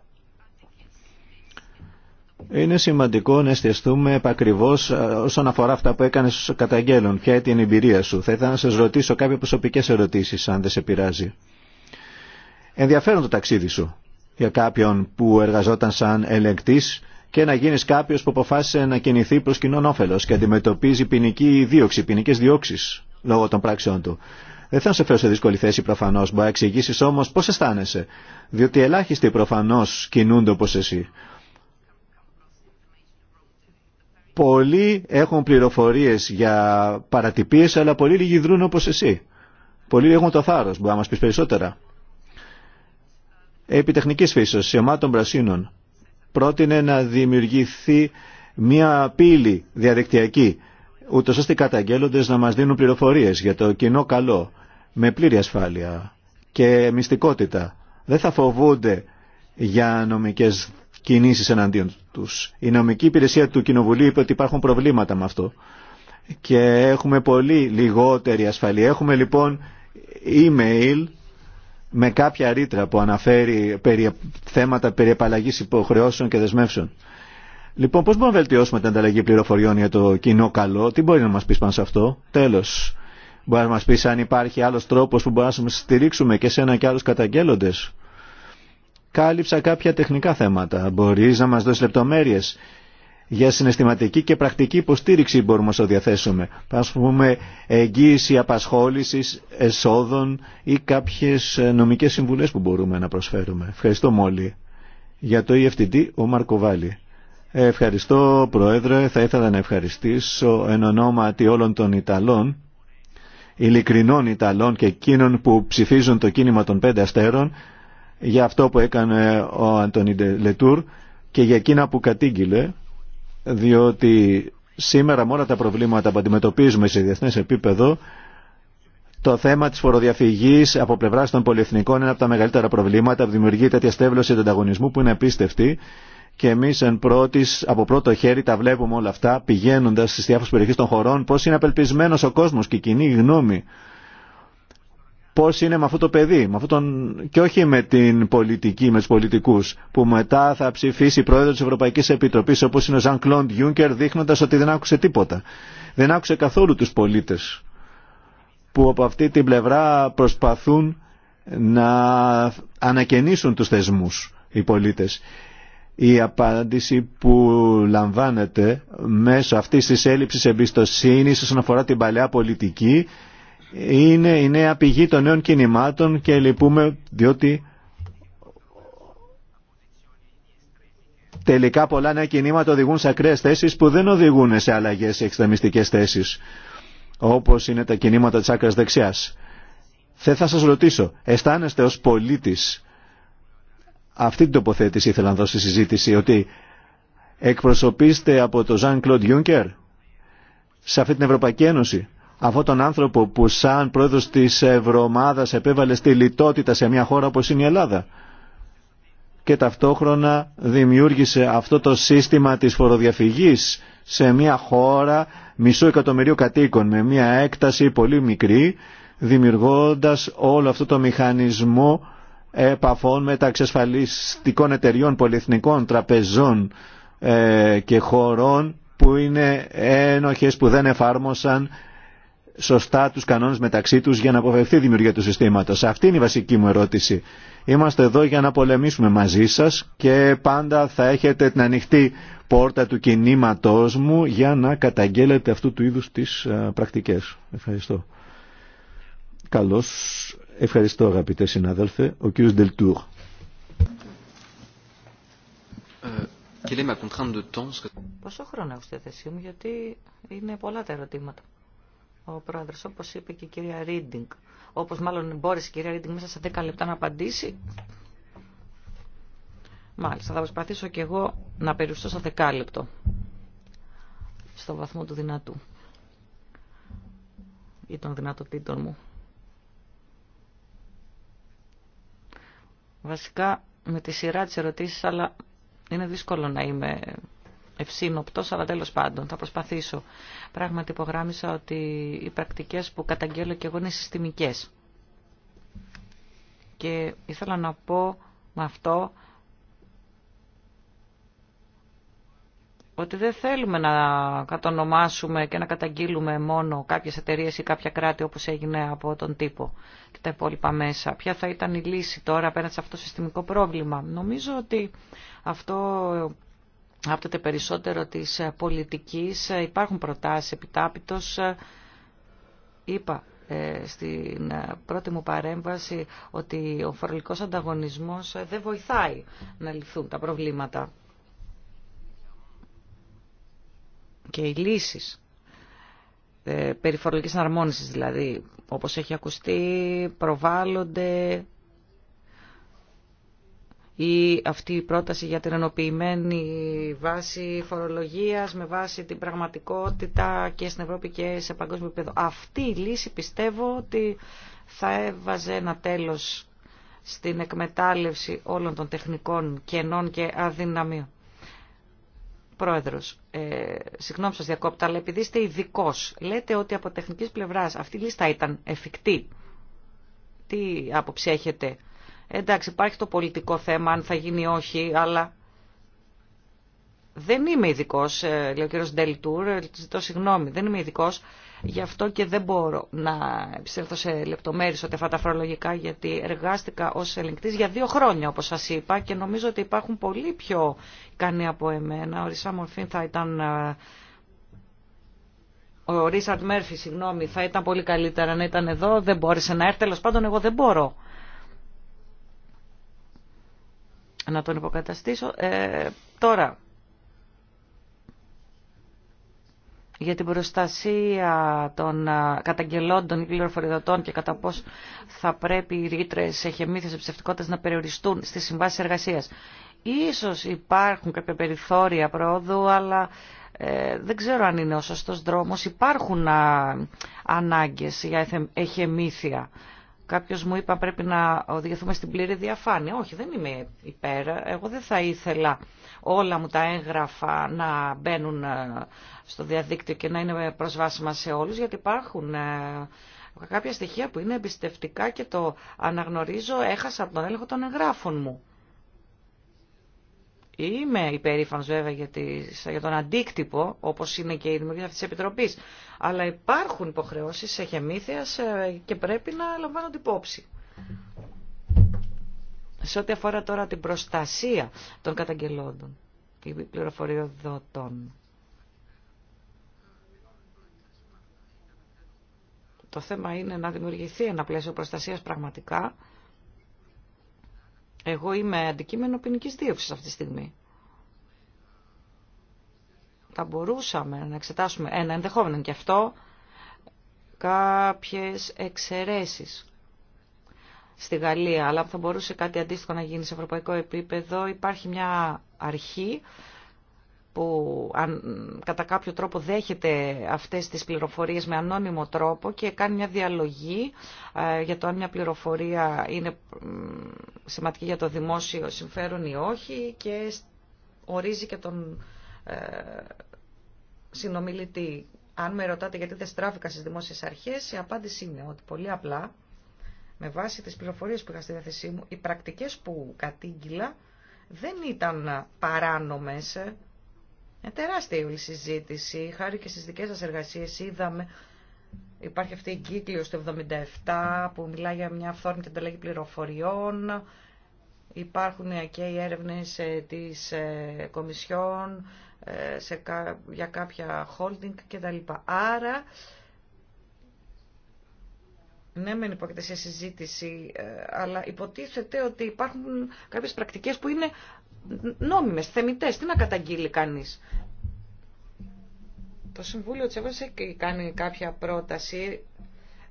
Είναι σημαντικό να εστιαστούμε επακριβώ ε, όσον αφορά αυτά που έκανε στου καταγγέλων. Ποια είναι η εμπειρία σου. Θα ήθελα να σα ρωτήσω κάποιε προσωπικέ ερωτήσει, αν δεν σε πειράζει. Ενδιαφέρον το ταξίδι σου για κάποιον που εργαζόταν σαν ελεγκτή και να γίνει κάποιο που αποφάσισε να κινηθεί προ κοινόν όφελο και αντιμετωπίζει ποινική δίωξη, ποινικέ διώξει λόγω των πράξεων του. Δεν θα σε φέρω σε δύσκολη θέση προφανώ. Μπορεί να εξηγήσει όμω πώ αισθάνεσαι. Διότι ελάχιστοι προφανώ κινούνται όπω εσύ. Πολλοί έχουν πληροφορίες για παρατυπίες, αλλά πολλοί λίγοι δρούν όπως εσύ. Πολλοί έχουν το θάρρος, μπορεί να μας πεις περισσότερα. Επί τεχνικής σε η ομάδα των Πρασίνων πρότεινε να δημιουργηθεί μια πύλη διαδικτυακή, ούτως ώστε οι καταγγέλλοντες να μας δίνουν πληροφορίες για το κοινό καλό, με πλήρη ασφάλεια και μυστικότητα. Δεν θα φοβούνται για νομικές κινήσεις εναντίον τους. Η νομική υπηρεσία του Κοινοβουλίου είπε ότι υπάρχουν προβλήματα με αυτό και έχουμε πολύ λιγότερη ασφαλή. Έχουμε λοιπόν email με κάποια ρήτρα που αναφέρει περί, θέματα περί επαλλαγής υποχρεώσεων και δεσμεύσεων. Λοιπόν, πώς μπορούμε να βελτιώσουμε την ανταλλαγή πληροφοριών για το κοινό καλό, τι μπορεί να μας πεις πάνω σε αυτό, τέλος. Μπορεί να μας πεις αν υπάρχει άλλος τρόπος που μπορούμε να στηρίξουμε και σε ένα και άλλους καταγγέλλοντες κάλυψα κάποια τεχνικά θέματα. Μπορείς να μας δώσει λεπτομέρειες για συναισθηματική και πρακτική υποστήριξη μπορούμε να σου διαθέσουμε. Ας πούμε εγγύηση απασχόλησης, εσόδων ή κάποιες νομικές συμβουλές που μπορούμε να προσφέρουμε. Ευχαριστώ μόλι. Για το EFTD ο Μάρκο Ευχαριστώ Πρόεδρε, θα ήθελα να ευχαριστήσω εν ονόματι όλων των Ιταλών, ειλικρινών Ιταλών και εκείνων που ψηφίζουν το κίνημα των πέντε αστέρων για αυτό που έκανε ο Αντώνιντε Λετούρ και για εκείνα που κατήγγειλε, διότι σήμερα με όλα τα προβλήματα που αντιμετωπίζουμε σε διεθνέ επίπεδο, το θέμα τη φοροδιαφυγής από πλευρά των πολυεθνικών είναι από τα μεγαλύτερα προβλήματα που δημιουργεί τέτοια στέβλωση του ανταγωνισμού που είναι απίστευτη και εμεί από πρώτο χέρι τα βλέπουμε όλα αυτά πηγαίνοντα στι διάφορε περιοχέ των χωρών πώ είναι απελπισμένο ο κόσμο και η κοινή γνώμη Πώ είναι με αυτό το παιδί με αυτό τον... και όχι με την πολιτική, με του πολιτικούς που μετά θα ψηφίσει η πρόεδρο τη Ευρωπαϊκής Επιτροπής όπω είναι ο Ζαν Κλοντ Γιούνκερ δείχνοντα ότι δεν άκουσε τίποτα. Δεν άκουσε καθόλου τους πολίτες που από αυτή την πλευρά προσπαθούν να ανακαινήσουν τους θεσμούς οι πολίτες. Η απάντηση που λαμβάνεται μέσω αυτής της έλλειψης εμπιστοσύνης όσον αφορά την παλαιά πολιτική είναι η νέα πηγή των νέων κινημάτων και λυπούμε διότι τελικά πολλά νέα κινήματα οδηγούν σε ακραίες θέσεις που δεν οδηγούν σε αλλαγές σε θέσεις όπως είναι τα κινήματα της άκρας δεξιάς. Θε θα σας ρωτήσω, αισθάνεστε ως πολίτης αυτή την τοποθέτηση ήθελα να δώσω στη συζήτηση ότι εκπροσωπείστε από τον Ζαν Κλοντ Γιούγκερ σε αυτή την Ευρωπαϊκή Ένωση αυτόν τον άνθρωπο που σαν πρόεδρος της Ευρωομάδας επέβαλε στη λιτότητα σε μια χώρα όπως είναι η Ελλάδα και ταυτόχρονα δημιούργησε αυτό το σύστημα της φοροδιαφυγής σε μια χώρα μισό εκατομμυρίου κατοίκων με μια έκταση πολύ μικρή δημιουργώντας όλο αυτό το μηχανισμό επαφών με τα εξασφαλιστικών εταιριών πολυεθνικών τραπεζών ε, και χωρών που είναι ένοχες που δεν εφάρμοσαν σωστά τους κανόνες μεταξύ τους για να αποφευθεί η δημιουργία του συστήματος. Αυτή είναι η βασική μου ερώτηση. Είμαστε εδώ για να πολεμήσουμε μαζί σας και πάντα θα έχετε την ανοιχτή πόρτα του κινήματός μου για να καταγγέλλετε αυτού του είδους τις ε, πρακτικές. Ευχαριστώ. Καλώς. Ευχαριστώ αγαπητέ συνάδελφε. Ο κύριος Δελτούρ. Ε, Πόσο χρόνο έχω στη θέση μου, γιατί είναι πολλά τα ερωτήματα ο πρόεδρος, όπως είπε και η κυρία Ρίντινγκ. Όπως μάλλον μπόρεσε η κυρία Ρίντινγκ μέσα σε 10 λεπτά να απαντήσει. Μάλιστα, θα προσπαθήσω και εγώ να περιουστώ σε λεπτό, στο βαθμό του δυνατού ή των δυνατοτήτων μου. Βασικά με τη σειρά της ερωτήσεις, αλλά είναι δύσκολο να είμαι ευσύνοπτος, αλλά τέλος πάντων θα προσπαθήσω. Πράγματι υπογράμμισα ότι οι πρακτικές που καταγγέλλω και εγώ είναι συστημικές. Και ήθελα να πω με αυτό ότι δεν θέλουμε να κατονομάσουμε και να καταγγείλουμε μόνο κάποιες εταιρείε ή κάποια κράτη όπως έγινε από τον τύπο και τα υπόλοιπα μέσα. Ποια θα ήταν η λύση τώρα απέναντι σε αυτό το συστημικό πρόβλημα. Νομίζω ότι αυτό άπτεται περισσότερο της ε, πολιτικής. Ε, υπάρχουν προτάσεις επιτάπητος. Ε, είπα στην πρώτη μου παρέμβαση ότι ο φορολογικός ανταγωνισμός δεν βοηθάει να λυθούν τα προβλήματα. Και οι λύσεις περιφορολογικής αρμόνισης δηλαδή, όπως έχει ακουστεί, προβάλλονται ή αυτή η πρόταση για την ενοποιημένη βάση φορολογίας με βάση την πραγματικότητα και στην Ευρώπη και σε παγκόσμιο επίπεδο. Αυτή η λύση πιστεύω ότι θα έβαζε ένα τέλος στην εκμετάλλευση όλων των τεχνικών κενών και αδυναμίων. Πρόεδρος, ε, συγγνώμη σας διακόπτω, αλλά επειδή είστε ειδικό, λέτε ότι από τεχνικής πλευράς αυτή η λίστα ήταν εφικτή. Τι άποψη έχετε Εντάξει, υπάρχει το πολιτικό θέμα, αν θα γίνει όχι, αλλά δεν είμαι ειδικό, ε, λέει ο κύριο Ντελτούρ, ε, ζητώ συγγνώμη, δεν είμαι ειδικό, γι' αυτό και δεν μπορώ να επισέλθω σε λεπτομέρειε ότι αυτά τα φορολογικά, γιατί εργάστηκα ω ελεγκτή για δύο χρόνια, όπω σα είπα, και νομίζω ότι υπάρχουν πολύ πιο ικανοί από εμένα. Ο Ρίσα θα ήταν. Ε, ο Ρίσαρτ Μέρφυ, συγγνώμη, θα ήταν πολύ καλύτερα να ήταν εδώ, δεν μπόρεσε να έρθει. Τέλο πάντων, εγώ δεν μπορώ να τον υποκαταστήσω. Ε, τώρα, για την προστασία των καταγγελών των πληροφοριδοτών και κατά πώς θα πρέπει οι ρήτρες εχεμήθειας ψευτικότητας να περιοριστούν στις συμβάσεις εργασίας. Ίσως υπάρχουν κάποια περιθώρια πρόοδου, αλλά ε, δεν ξέρω αν είναι ο σωστός δρόμος. Υπάρχουν α, ανάγκες για εχεμήθεια Κάποιο μου είπα πρέπει να οδηγηθούμε στην πλήρη διαφάνεια. Όχι, δεν είμαι υπέρ. Εγώ δεν θα ήθελα όλα μου τα έγγραφα να μπαίνουν ε, στο διαδίκτυο και να είναι προσβάσιμα σε όλους, γιατί υπάρχουν ε, κάποια στοιχεία που είναι εμπιστευτικά και το αναγνωρίζω, έχασα από τον έλεγχο των εγγράφων μου. Είμαι υπερήφανος βέβαια για, για τον αντίκτυπο, όπως είναι και η δημιουργία αυτής της Επιτροπής, αλλά υπάρχουν υποχρεώσεις χεμήθειας ε, και πρέπει να λαμβάνονται υπόψη. Σε ό,τι αφορά τώρα την προστασία των καταγγελόντων και πληροφοριοδοτών. Το θέμα είναι να δημιουργηθεί ένα πλαίσιο προστασίας πραγματικά εγώ είμαι αντικείμενο ποινική δίωξη αυτή τη στιγμή. Θα μπορούσαμε να εξετάσουμε ένα ενδεχόμενο και αυτό κάποιες εξαιρέσεις στη Γαλλία, αλλά θα μπορούσε κάτι αντίστοιχο να γίνει σε ευρωπαϊκό επίπεδο. Υπάρχει μια αρχή που κατά κάποιο τρόπο δέχεται αυτές τις πληροφορίες με ανώνυμο τρόπο και κάνει μια διαλογή ε, για το αν μια πληροφορία είναι σημαντική για το δημόσιο συμφέρον ή όχι και ορίζει και τον ε, συνομιλητή. Αν με ρωτάτε γιατί δεν στράφηκα στις δημόσιες αρχές, η απάντηση είναι ότι πολύ απλά, με βάση τις πληροφορίες που είχα στη διάθεσή μου, οι πρακτικές που κατήγγυλα δεν ήταν παράνομες τεράστια η συζήτηση. Χάρη και στι δικέ σας εργασίε. είδαμε Υπάρχει αυτή η κύκλιο του 77 που μιλάει για μια και ανταλλαγή πληροφοριών. Υπάρχουν και οι έρευνες ε, τη ε, Κομισιόν ε, σε, για κάποια holding κτλ. Άρα, ναι μεν υπόκειται σε συζήτηση, αλλά υποτίθεται ότι υπάρχουν κάποιες πρακτικές που είναι νόμιμες, θεμητές, τι να καταγγείλει κανείς. Το Συμβούλιο της Ευρώπης έχει κάνει κάποια πρόταση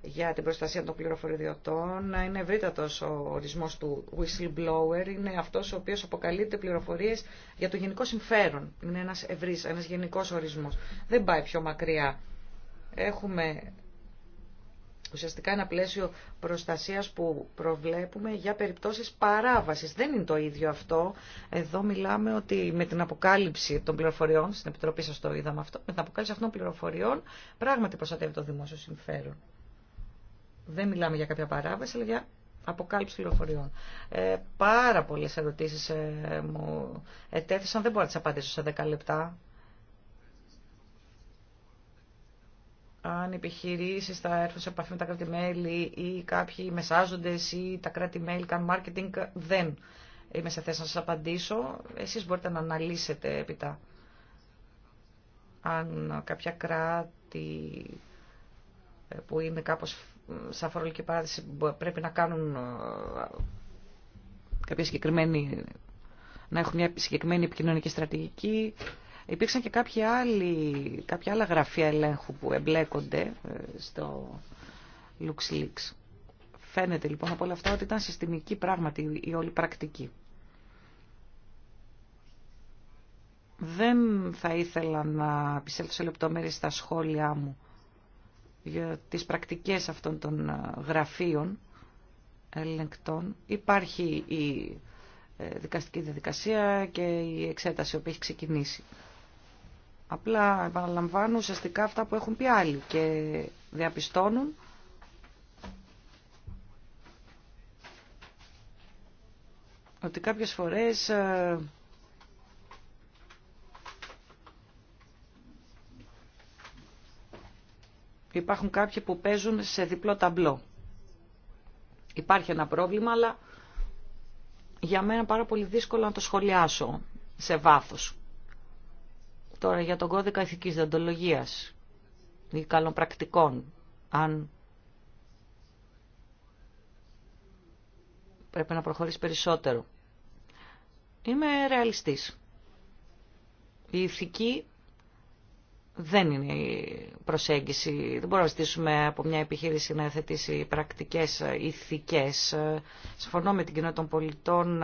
για την προστασία των πληροφοριδιωτών. Είναι ευρύτατο ο ορισμό του whistleblower. Είναι αυτό ο οποίο αποκαλύπτει πληροφορίε για το γενικό συμφέρον. Είναι ένα ευρύ, ένα γενικό ορισμό. Δεν πάει πιο μακριά. Έχουμε Ουσιαστικά ένα πλαίσιο προστασίας που προβλέπουμε για περιπτώσεις παράβασης. Δεν είναι το ίδιο αυτό. Εδώ μιλάμε ότι με την αποκάλυψη των πληροφοριών, στην Επιτροπή σας το είδαμε αυτό, με την αποκάλυψη αυτών των πληροφοριών πράγματι προστατεύει το δημόσιο συμφέρον. Δεν μιλάμε για κάποια παράβαση, αλλά για αποκάλυψη πληροφοριών. Ε, πάρα πολλές ερωτήσεις ε, μου ετέθησαν, δεν μπορώ να τις απαντήσω σε 10 λεπτά. αν επιχειρήσεις θα έρθουν σε επαφή με τα κράτη-μέλη ή κάποιοι μεσάζονται ή τα κράτη-μέλη κάνουν marketing, δεν είμαι σε θέση να σας απαντήσω. Εσείς μπορείτε να αναλύσετε έπειτα αν κάποια κράτη ε, που είναι κάπως σαν φορολογική παράδειση πρέπει να κάνουν ε, κάποια να έχουν μια συγκεκριμένη επικοινωνική στρατηγική. Υπήρξαν και άλλη κάποια άλλα γραφεία ελέγχου που εμπλέκονται ε, στο LuxLeaks. Φαίνεται λοιπόν από όλα αυτά ότι ήταν συστημική πράγματι η όλη πρακτική. Δεν θα ήθελα να επισέλθω σε λεπτομέρειες στα σχόλιά μου για τις πρακτικές αυτών των ε, γραφείων ελεγκτών. Υπάρχει η ε, δικαστική διαδικασία και η εξέταση που έχει ξεκινήσει. Απλά επαναλαμβάνω ουσιαστικά αυτά που έχουν πει άλλοι και διαπιστώνουν ότι κάποιες φορές ε, υπάρχουν κάποιοι που παίζουν σε διπλό ταμπλό. Υπάρχει ένα πρόβλημα, αλλά για μένα πάρα πολύ δύσκολο να το σχολιάσω σε βάθος. Τώρα για τον κώδικα ηθικής δαντολογίας ή καλών πρακτικών, αν πρέπει να προχωρήσει περισσότερο. Είμαι ρεαλιστής. Η ηθική δεν είναι η προσέγγιση. Δεν μπορούμε να ζητήσουμε από μια επιχείρηση να εθετήσει πρακτικές ηθικές. Συμφωνώ με την κοινότητα των πολιτών.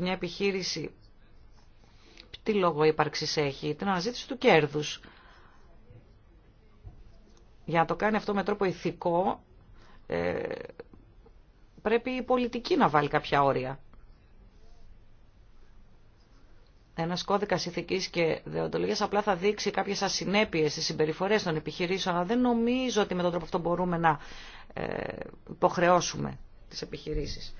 Μια επιχείρηση τι λόγο ύπαρξης έχει, την αναζήτηση του κέρδους. Για να το κάνει αυτό με τρόπο ηθικό, ε, πρέπει η πολιτική να βάλει κάποια όρια. Ένα κώδικα ηθική και δεοντολογία απλά θα δείξει κάποιε ασυνέπειε στι συμπεριφορέ των επιχειρήσεων, αλλά δεν νομίζω ότι με τον τρόπο αυτό μπορούμε να ε, υποχρεώσουμε τι επιχειρήσει.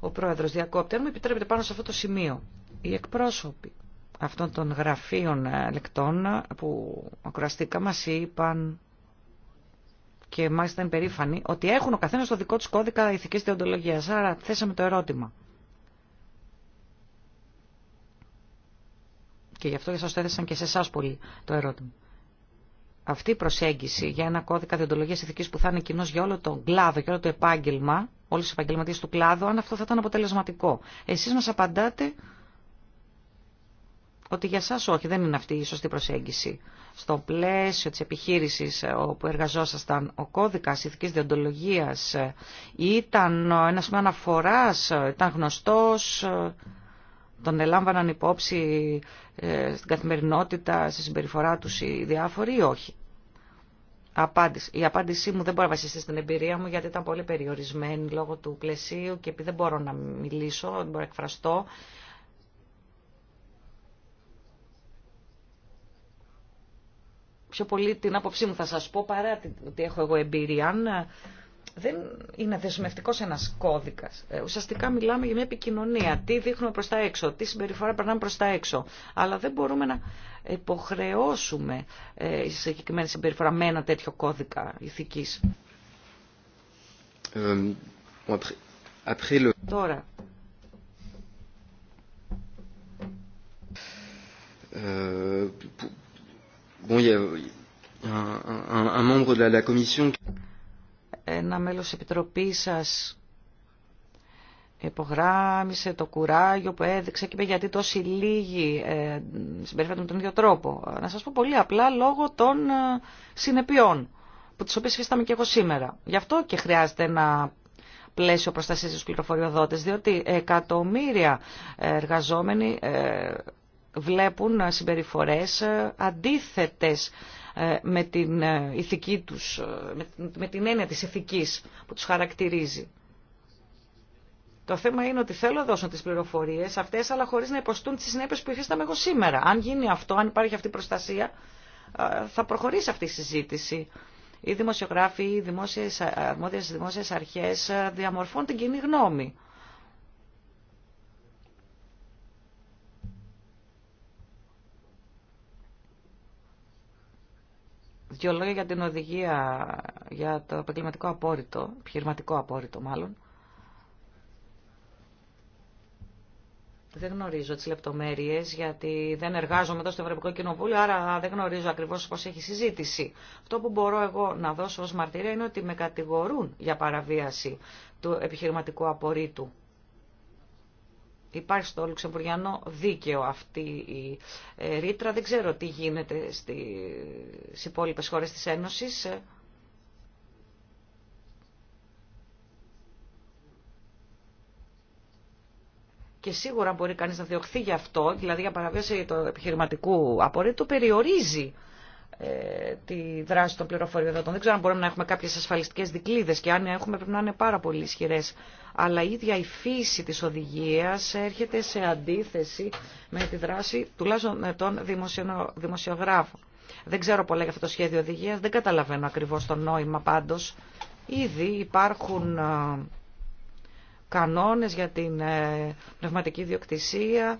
Ο πρόεδρο διακόπτει. Αν μου επιτρέπετε πάνω σε αυτό το σημείο, οι εκπρόσωποι αυτών των γραφείων ε, λεκτών ε, που ακροαστικά μας είπαν και μάλιστα ήταν περήφανοι ότι έχουν ο καθένας το δικό τους κώδικα ηθικής διοντολογίας. Άρα θέσαμε το ερώτημα. Και γι' αυτό σας το και σε εσά πολύ το ερώτημα. Αυτή η προσέγγιση για ένα κώδικα διοντολογία ηθικής που θα είναι κοινό για όλο τον κλάδο και όλο το επάγγελμα, όλου του επαγγελματίε του κλάδου, αν αυτό θα ήταν αποτελεσματικό. Εσεί μα απαντάτε ότι για σας όχι, δεν είναι αυτή η σωστή προσέγγιση. Στο πλαίσιο της επιχείρησης ε, όπου εργαζόσασταν ο κώδικας ηθικής διοντολογίας ε, ήταν ε, ένα με αναφοράς, ήταν γνωστός, τον ελάμβαναν υπόψη στην καθημερινότητα, στη συμπεριφορά τους οι διάφοροι ή όχι. Απάντηση. Η απάντησή μου δεν μπορεί να βασιστεί στην εμπειρία μου γιατί ήταν πολύ περιορισμένη λόγω του πλαισίου και επειδή δεν μπορώ να μιλήσω, δεν μπορώ να εκφραστώ. πιο πολύ την άποψή μου θα σας πω παρά ότι έχω εγώ εμπειρία. Ε, δεν είναι δεσμευτικός ένας κώδικας. Ε, ουσιαστικά μιλάμε για μια επικοινωνία. Τι δείχνουμε προς τα έξω, τι συμπεριφορά περνάμε προς τα έξω. Αλλά δεν μπορούμε να υποχρεώσουμε ε, η συγκεκριμένη συμπεριφορά με ένα τέτοιο κώδικα ηθικής. Ε, Τώρα. Bon, il y a un, Ένα μέλος επιτροπής σας υπογράμισε το κουράγιο που έδειξε και είπε γιατί τόσοι λίγοι ε, συμπεριφέρονται με τον ίδιο τρόπο. Να σας πω πολύ απλά λόγω των ε, συνεπειών που τις οποίες φύσταμε και εγώ σήμερα. Γι' αυτό και χρειάζεται ένα πλαίσιο προστασίας στους πληροφοριοδότες, διότι εκατομμύρια εργαζόμενοι ε, βλέπουν συμπεριφορές ε, αντίθετες ε, με την ε, ηθική τους, με την έννοια της ηθικής που τους χαρακτηρίζει. Το θέμα είναι ότι θέλω να δώσω τις πληροφορίες αυτές αλλά χωρίς να υποστούν τις συνέπειες που υφίσταμαι εγώ σήμερα. Αν γίνει αυτό, αν υπάρχει αυτή η προστασία, θα προχωρήσει αυτή η συζήτηση. Οι δημοσιογράφοι, οι δημόσιες, αρμόδιες δημόσιες αρχές διαμορφώνουν την κοινή γνώμη. Δύο λόγια για την οδηγία για το επαγγελματικό απόρριτο, επιχειρηματικό απόρριτο μάλλον. Δεν γνωρίζω τις λεπτομέρειες γιατί δεν εργάζομαι εδώ στο Ευρωπαϊκό Κοινοβούλιο, άρα δεν γνωρίζω ακριβώς πώς έχει συζήτηση. Αυτό που μπορώ εγώ να δώσω ως μαρτυρία είναι ότι με κατηγορούν για παραβίαση του επιχειρηματικού απορρίτου. Υπάρχει στο Λουξεμβουριανό δίκαιο αυτή η ε, ρήτρα. Δεν ξέρω τι γίνεται στις υπόλοιπες χώρες της Ένωσης. και σίγουρα μπορεί κανείς να διωχθεί γι' αυτό, δηλαδή για παραβίαση του επιχειρηματικού απορρίτου, περιορίζει ε, τη δράση των πληροφοριοδοτών. Δεν ξέρω αν μπορούμε να έχουμε κάποιες ασφαλιστικές δικλείδες και αν έχουμε πρέπει να είναι πάρα πολύ ισχυρέ. Αλλά η ίδια η φύση της οδηγίας έρχεται σε αντίθεση με τη δράση τουλάχιστον των δημοσιογράφων. Δεν ξέρω πολλά για αυτό το σχέδιο οδηγίας, δεν καταλαβαίνω ακριβώς το νόημα πάντως. Ήδη υπάρχουν ε, κανόνες για την ε, πνευματική διοκτησία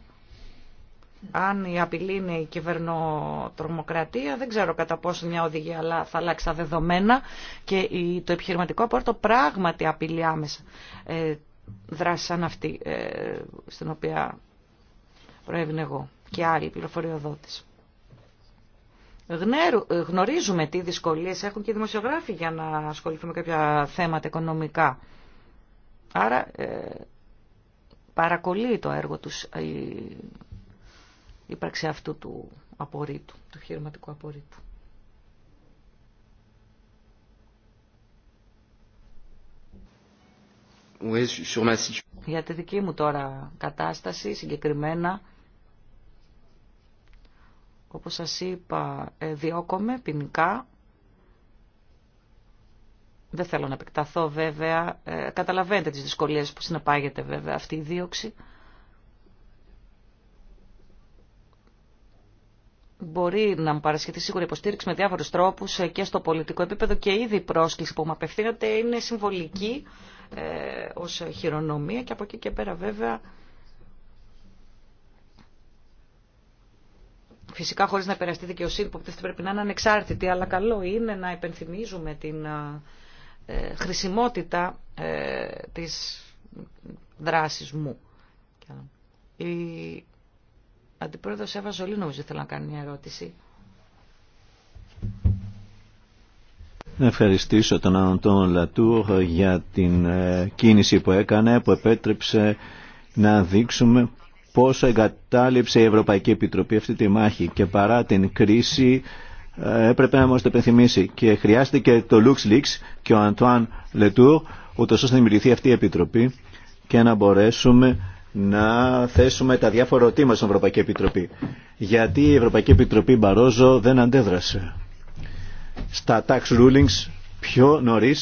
αν η απειλή είναι η κυβερνοτρομοκρατία, δεν ξέρω κατά πόσο μια οδηγία αλλά θα αλλάξει τα δεδομένα και το επιχειρηματικό απόρριτο πράγματι απειλεί άμεσα ε, δράση σαν αυτή ε, στην οποία προέβηνε εγώ και άλλοι πληροφοριοδότες. Γνωρίζουμε τι δυσκολίες έχουν και οι δημοσιογράφοι για να ασχοληθούμε κάποια θέματα οικονομικά. Άρα ε, παρακολεί το έργο τους η ύπαρξη αυτού του απορρίτου, του χειρηματικού απορρίτου. Για τη δική μου τώρα κατάσταση συγκεκριμένα, όπως σας είπα, ε, διώκομαι ποινικά. Δεν θέλω να επεκταθώ βέβαια. Ε, καταλαβαίνετε τις δυσκολίες που συνεπάγεται βέβαια αυτή η δίωξη. μπορεί να μου παρασχεθεί σίγουρα υποστήριξη με διάφορους τρόπους ε, και στο πολιτικό επίπεδο και ήδη η πρόσκληση που μου απευθύνεται είναι συμβολική ε, ως χειρονομία και από εκεί και πέρα βέβαια Φυσικά χωρίς να περαστεί δικαιοσύνη που πρέπει να είναι ανεξάρτητη, αλλά καλό είναι να υπενθυμίζουμε την ε, ε, χρησιμότητα ε, της δράσης μου. Αντιπρόεδρος Εύα Ζολή νομίζω θέλω να κάνει μια ερώτηση. Να ευχαριστήσω τον Αντών Λατούρ για την ε, κίνηση που έκανε, που επέτρεψε να δείξουμε πόσο εγκατάλειψε η Ευρωπαϊκή Επιτροπή αυτή τη μάχη και παρά την κρίση ε, έπρεπε να μας το επενθυμίσει και χρειάστηκε το LuxLeaks και ο Αντουάν Λετούρ ούτως ώστε να δημιουργηθεί αυτή η Επιτροπή και να μπορέσουμε να θέσουμε τα διάφορα ερωτήματα στην Ευρωπαϊκή Επιτροπή. Γιατί η Ευρωπαϊκή Επιτροπή Μπαρόζο δεν αντέδρασε στα tax rulings πιο νωρί,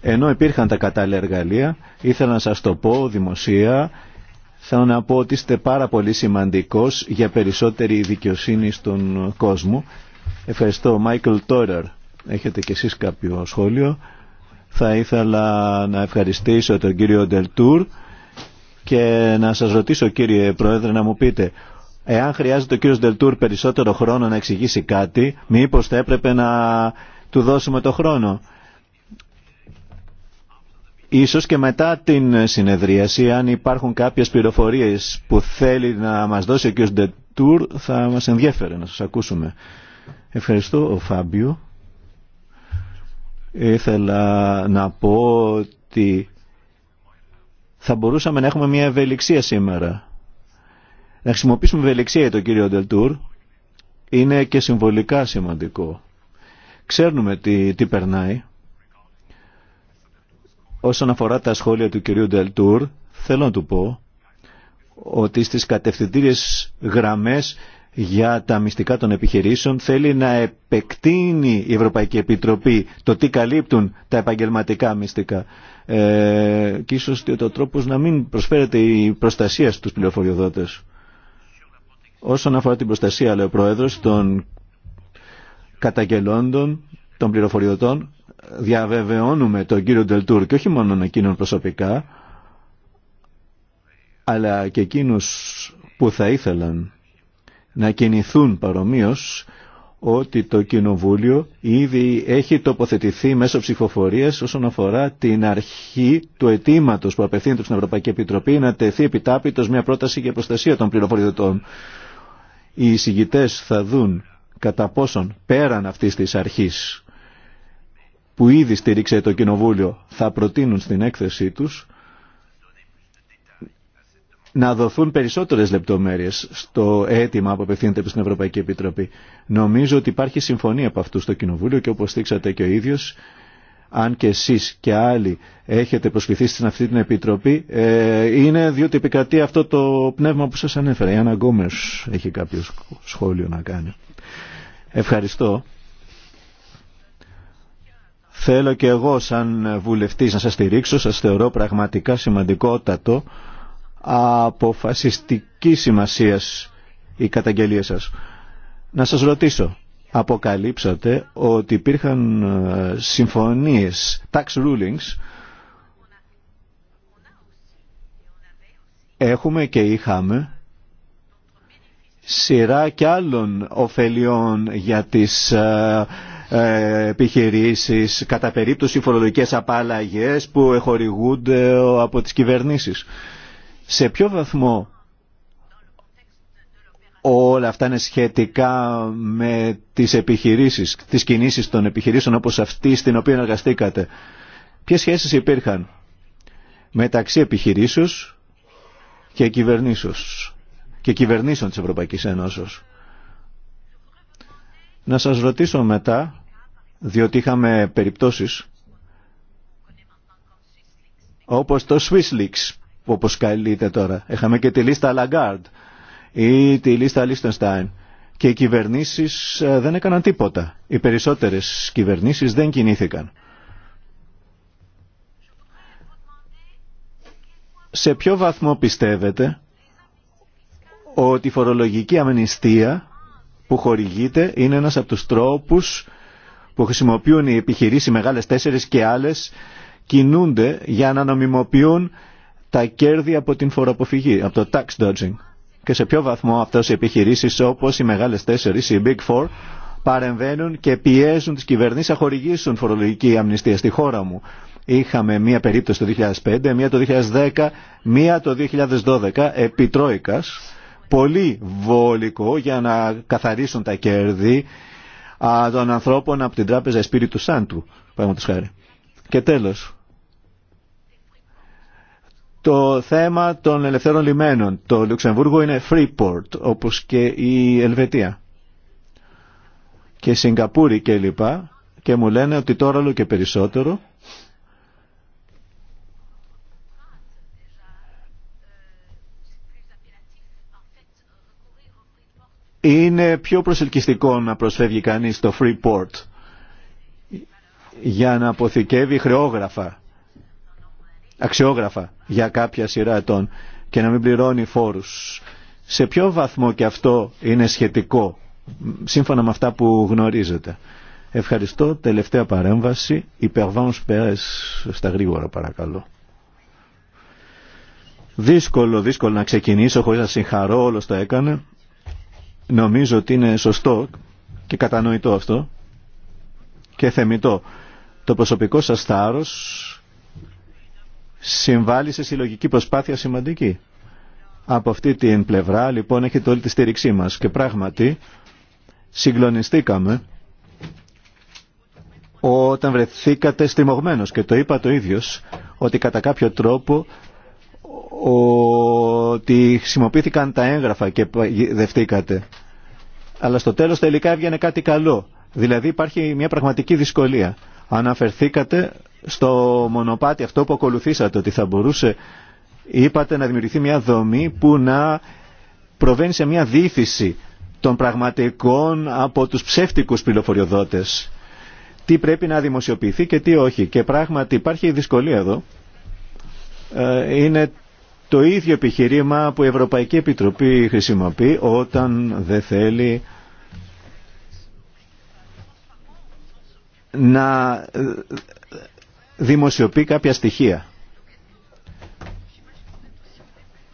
ενώ υπήρχαν τα κατάλληλα εργαλεία. Ήθελα να σα το πω δημοσία. Θέλω να πω ότι είστε πάρα πολύ σημαντικό για περισσότερη δικαιοσύνη στον κόσμο. Ευχαριστώ. Μάικλ Τόρερ, έχετε κι εσείς κάποιο σχόλιο. Θα ήθελα να ευχαριστήσω τον κύριο Ντελτούρ και να σας ρωτήσω κύριε Πρόεδρε να μου πείτε εάν χρειάζεται ο κύριος Δελτούρ περισσότερο χρόνο να εξηγήσει κάτι μήπως θα έπρεπε να του δώσουμε το χρόνο. Ίσως και μετά την συνεδρίαση αν υπάρχουν κάποιες πληροφορίες που θέλει να μας δώσει ο κύριος Δελτούρ θα μας ενδιέφερε να σας ακούσουμε. Ευχαριστώ ο Φάμπιο. Ήθελα να πω ότι θα μπορούσαμε να έχουμε μια ευελιξία σήμερα. Να χρησιμοποιήσουμε ευελιξία για τον κύριο Ντελτούρ είναι και συμβολικά σημαντικό. Ξέρουμε τι, τι περνάει. Όσον αφορά τα σχόλια του κυρίου Ντελτούρ, θέλω να του πω ότι στις κατευθυντήριες γραμμές για τα μυστικά των επιχειρήσεων θέλει να επεκτείνει η Ευρωπαϊκή Επιτροπή το τι καλύπτουν τα επαγγελματικά μυστικά ε, και ίσως το τρόπο να μην προσφέρεται η προστασία στους πληροφοριοδότες. Όσον αφορά την προστασία, λέει ο Πρόεδρος, των καταγγελόντων, των πληροφοριοδοτών, διαβεβαιώνουμε τον κύριο Ντελτούρ και όχι μόνο εκείνον προσωπικά, αλλά και εκείνους που θα ήθελαν να κινηθούν παρομοίως ότι το Κοινοβούλιο ήδη έχει τοποθετηθεί μέσω ψηφοφορίας όσον αφορά την αρχή του αιτήματο που απευθύνεται στην Ευρωπαϊκή Επιτροπή να τεθεί επιτάπητος μια πρόταση για προστασία των πληροφοριωτών. Οι εισηγητές θα δουν κατά πόσον πέραν αυτής της αρχής που ήδη στήριξε το Κοινοβούλιο θα προτείνουν στην έκθεσή τους να δοθούν περισσότερες λεπτομέρειες στο αίτημα που απευθύνεται στην Ευρωπαϊκή Επιτροπή. Νομίζω ότι υπάρχει συμφωνία από αυτού στο Κοινοβούλιο και όπως δείξατε και ο ίδιος, αν και εσείς και άλλοι έχετε προσκληθεί στην αυτή την Επιτροπή, ε, είναι διότι επικρατεί αυτό το πνεύμα που σας ανέφερα. Η Άννα Γκόμερς έχει κάποιο σχόλιο να κάνει. Ευχαριστώ. Θέλω και εγώ σαν βουλευτής να σας στηρίξω, σας θεωρώ πραγματικά σημαντικότατο αποφασιστική σημασίας η καταγγελία σας. Να σας ρωτήσω, αποκαλύψατε ότι υπήρχαν ε, συμφωνίες, tax rulings, έχουμε και είχαμε σειρά και άλλων ωφελιών για τις ε, ε, επιχειρήσεις κατά περίπτωση φορολογικές απαλλαγές που εχορηγούνται από τις κυβερνήσεις σε ποιο βαθμό όλα αυτά είναι σχετικά με τις επιχειρήσεις, τις κινήσεις των επιχειρήσεων όπως αυτή στην οποία εργαστήκατε. Ποιες σχέσεις υπήρχαν μεταξύ επιχειρήσεως και κυβερνήσεως και κυβερνήσεων της Ευρωπαϊκής Ένωσης. Να σας ρωτήσω μετά, διότι είχαμε περιπτώσεις όπως το SwissLeaks όπως καλείται τώρα. Έχαμε και τη λίστα Λαγκάρντ ή τη λίστα Λίστενστάιν. Και οι κυβερνήσεις ε, δεν έκαναν τίποτα. Οι περισσότερες κυβερνήσεις δεν κινήθηκαν. Σε ποιο βαθμό πιστεύετε ότι η φορολογική αμνηστία που χορηγείται είναι ένας από τους τρόπους που χρησιμοποιούν οι επιχειρήσεις οι μεγάλες τέσσερις και άλλες κινούνται για να νομιμοποιούν τα κέρδη από την φοροποφυγή από το tax dodging. Και σε ποιο βαθμό αυτές οι επιχειρήσει όπως οι μεγάλες τέσσερις, οι Big Four, παρεμβαίνουν και πιέζουν τις κυβερνήσεις να χορηγήσουν φορολογική αμνηστία στη χώρα μου. Είχαμε μία περίπτωση το 2005, μία το 2010, μία το 2012 επί πολύ βολικό για να καθαρίσουν τα κέρδη των ανθρώπων από την τράπεζα Espíritu Santu, χάρη. Και τέλος, το θέμα των ελευθέρων λιμένων. Το Λουξεμβούργο είναι Freeport, όπως και η Ελβετία. Και Σιγκαπούρη και λοιπά. Και μου λένε ότι τώρα όλο και περισσότερο είναι πιο προσελκυστικό να προσφεύγει κανείς στο Freeport για να αποθηκεύει χρεόγραφα αξιόγραφα για κάποια σειρά ετών και να μην πληρώνει φόρους. Σε ποιο βαθμό και αυτό είναι σχετικό, σύμφωνα με αυτά που γνωρίζετε. Ευχαριστώ. Τελευταία παρέμβαση. Υπερβάνος Πέρες στα γρήγορα παρακαλώ. Δύσκολο, δύσκολο να ξεκινήσω χωρίς να συγχαρώ όλο το έκανε. Νομίζω ότι είναι σωστό και κατανοητό αυτό και θεμητό. Το προσωπικό σας θάρρος συμβάλλει σε συλλογική προσπάθεια σημαντική. Από αυτή την πλευρά λοιπόν έχετε όλη τη στήριξή μας και πράγματι συγκλονιστήκαμε όταν βρεθήκατε στριμωγμένος και το είπα το ίδιος ότι κατά κάποιο τρόπο ότι χρησιμοποιήθηκαν τα έγγραφα και δευτήκατε. Αλλά στο τέλος τελικά έβγαινε κάτι καλό. Δηλαδή υπάρχει μια πραγματική δυσκολία. Αναφερθήκατε στο μονοπάτι αυτό που ακολουθήσατε, ότι θα μπορούσε, είπατε, να δημιουργηθεί μια δομή που να προβαίνει σε μια δίθηση των πραγματικών από τους ψεύτικους πληροφοριοδότες. Τι πρέπει να δημοσιοποιηθεί και τι όχι. Και πράγματι υπάρχει δυσκολία εδώ. Ε, είναι το ίδιο επιχειρήμα που η Ευρωπαϊκή Επιτροπή χρησιμοποιεί όταν δεν θέλει να δημοσιοποιεί κάποια στοιχεία.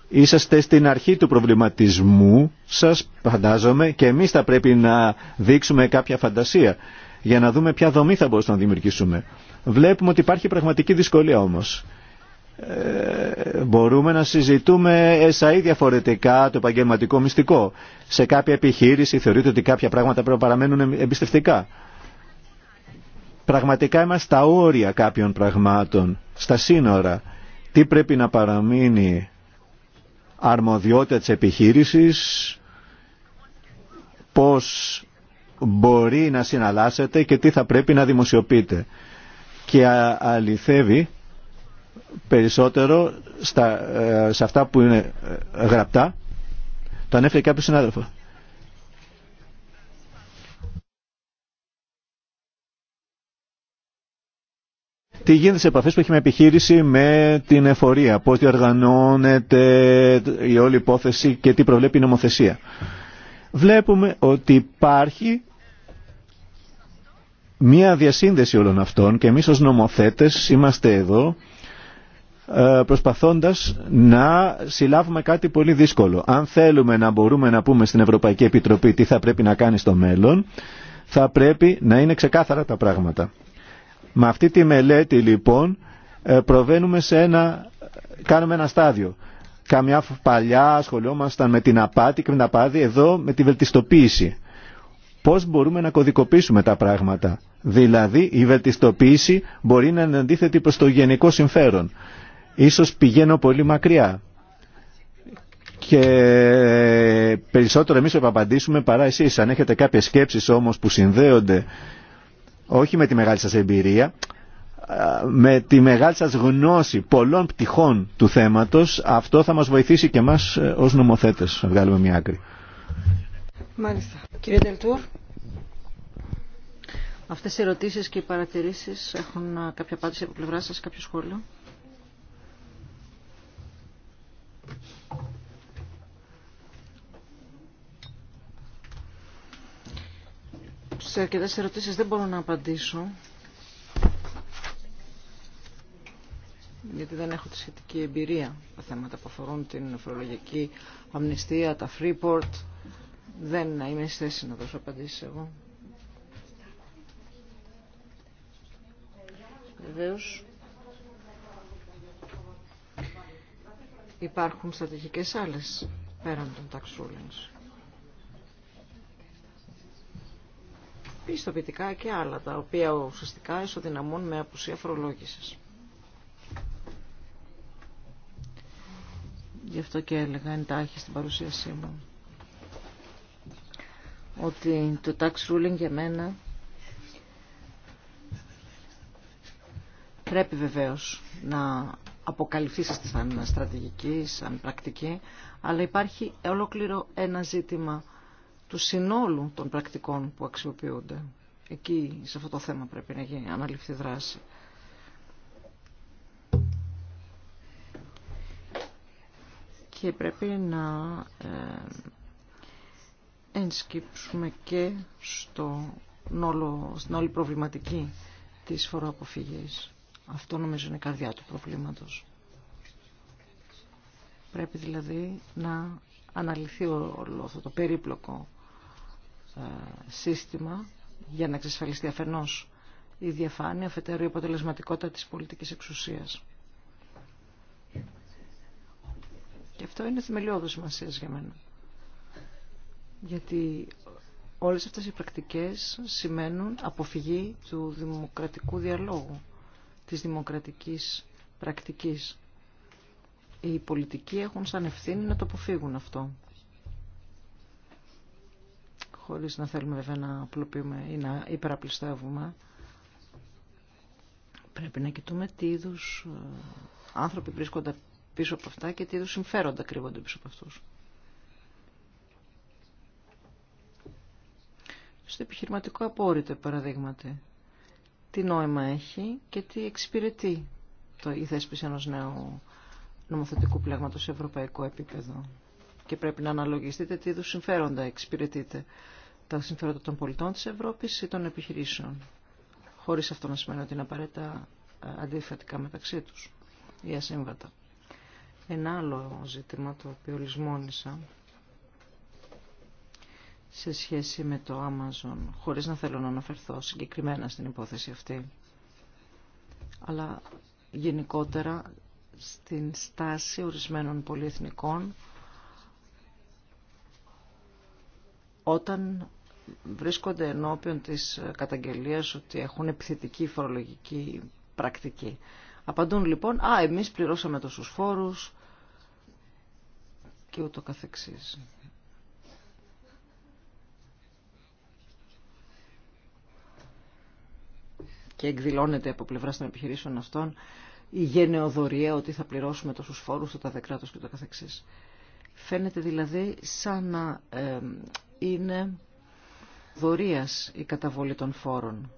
Είσαστε στην αρχή του προβληματισμού σας, φαντάζομαι, και εμείς θα πρέπει να δείξουμε κάποια φαντασία για να δούμε ποια δομή θα μπορούσαμε να δημιουργήσουμε. Βλέπουμε ότι υπάρχει πραγματική δυσκολία όμως. Ε, μπορούμε να συζητούμε εσαΐ διαφορετικά το επαγγελματικό μυστικό. Σε κάποια επιχείρηση θεωρείται ότι κάποια πράγματα πρέπει να παραμένουν εμπιστευτικά. Πραγματικά είμαστε στα όρια κάποιων πραγμάτων, στα σύνορα. Τι πρέπει να παραμείνει αρμοδιότητα της επιχείρησης, πώς μπορεί να συναλλάσσεται και τι θα πρέπει να δημοσιοποιείτε. Και αληθεύει περισσότερο στα, ε, σε αυτά που είναι ε, γραπτά. Το ανέφερε κάποιος συνάδελφος. Τι γίνεται σε επαφές που έχει με επιχείρηση με την εφορία, πώς διοργανώνεται η όλη υπόθεση και τι προβλέπει η νομοθεσία. Βλέπουμε ότι υπάρχει μία διασύνδεση όλων αυτών και εμείς ως νομοθέτες είμαστε εδώ ε, προσπαθώντας να συλλάβουμε κάτι πολύ δύσκολο. Αν θέλουμε να μπορούμε να πούμε στην Ευρωπαϊκή Επιτροπή τι θα πρέπει να κάνει στο μέλλον, θα πρέπει να είναι ξεκάθαρα τα πράγματα. Με αυτή τη μελέτη λοιπόν ε, προβαίνουμε σε ένα, κάνουμε ένα στάδιο. Καμιά παλιά ασχολιόμασταν με την απάτη και με την απάτη, εδώ με τη βελτιστοποίηση. Πώς μπορούμε να κωδικοποιήσουμε τα πράγματα. Δηλαδή η βελτιστοποίηση μπορεί να είναι αντίθετη προς το γενικό συμφέρον. Ίσως πηγαίνω πολύ μακριά. Και περισσότερο εμείς θα απαντήσουμε παρά εσείς. Αν έχετε κάποιες σκέψεις όμως που συνδέονται όχι με τη μεγάλη σας εμπειρία, με τη μεγάλη σας γνώση πολλών πτυχών του θέματος, αυτό θα μας βοηθήσει και εμάς ε, ως νομοθέτες να βγάλουμε μια άκρη. Μάλιστα. Κύριε Τελτούρ, αυτές οι ερωτήσεις και οι παρατηρήσεις έχουν κάποια απάντηση από πλευρά σας, κάποιο σχόλιο. Σε αρκετές ερωτήσεις δεν μπορώ να απαντήσω. γιατί δεν έχω τη σχετική εμπειρία. Τα θέματα που αφορούν την φορολογική αμνηστία, τα Freeport, δεν είμαι στη θέση να δώσω απαντήσεις εγώ. Βεβαίω. Υπάρχουν στρατηγικές άλλες πέραν των tax rulings. πιστοποιητικά και άλλα, τα οποία ουσιαστικά ισοδυναμούν με απουσία φορολόγησης. Γι' αυτό και έλεγα εντάχει στην παρουσίασή μου ότι το tax ruling για μένα πρέπει βεβαίως να αποκαλυφθεί σαν στρατηγική, σαν πρακτική, αλλά υπάρχει ολόκληρο ένα ζήτημα του συνόλου των πρακτικών που αξιοποιούνται. Εκεί, σε αυτό το θέμα πρέπει να γίνει αναλυφθή δράση. Και πρέπει να ε, ενσκύψουμε και στο νόλο, στην όλη προβληματική της φοροαποφυγής. Αυτό νομίζω είναι η καρδιά του προβλήματος. Πρέπει δηλαδή να αναλυθεί όλο αυτό το περίπλοκο ε, σύστημα για να εξασφαλιστεί αφενός η διαφάνεια, αφετέρου η αποτελεσματικότητα της πολιτικής εξουσίας. Και αυτό είναι θεμελιώδο σημασία για μένα. Γιατί όλες αυτές οι πρακτικές σημαίνουν αποφυγή του δημοκρατικού διαλόγου, της δημοκρατικής πρακτικής. Οι πολιτικοί έχουν σαν ευθύνη να το αποφύγουν αυτό χωρίς να θέλουμε βέβαια να απλοποιούμε ή να υπεραπληστεύουμε. Πρέπει να κοιτούμε τι είδου ε, άνθρωποι βρίσκονται πίσω από αυτά και τι είδου συμφέροντα κρύβονται πίσω από αυτούς. Στο επιχειρηματικό απόρριτο, παραδείγματι, τι νόημα έχει και τι εξυπηρετεί το η θέσπιση ενός νέου νομοθετικού πλέγματος σε ευρωπαϊκό επίπεδο και πρέπει να αναλογιστείτε τι είδου συμφέροντα εξυπηρετείτε. Τα συμφέροντα των πολιτών της Ευρώπης ή των επιχειρήσεων. Χωρίς αυτό να σημαίνει ότι είναι απαραίτητα ε, αντιφατικά μεταξύ τους ή ασύμβατα. Ένα άλλο ζήτημα το οποίο λησμόνησα σε σχέση με το Amazon, χωρίς να θέλω να αναφερθώ συγκεκριμένα στην υπόθεση αυτή, αλλά γενικότερα στην στάση ορισμένων πολυεθνικών όταν βρίσκονται ενώπιον της καταγγελίας ότι έχουν επιθετική φορολογική πρακτική. Απαντούν λοιπόν, α, εμείς πληρώσαμε τόσους φόρους και ούτω καθεξής. Και εκδηλώνεται από πλευρά των επιχειρήσεων αυτών η γενεοδορία ότι θα πληρώσουμε τόσους φόρους, το ταδεκράτος και το καθεξής. Φαίνεται δηλαδή σαν να ε, είναι δωρίας η καταβολή των φόρων.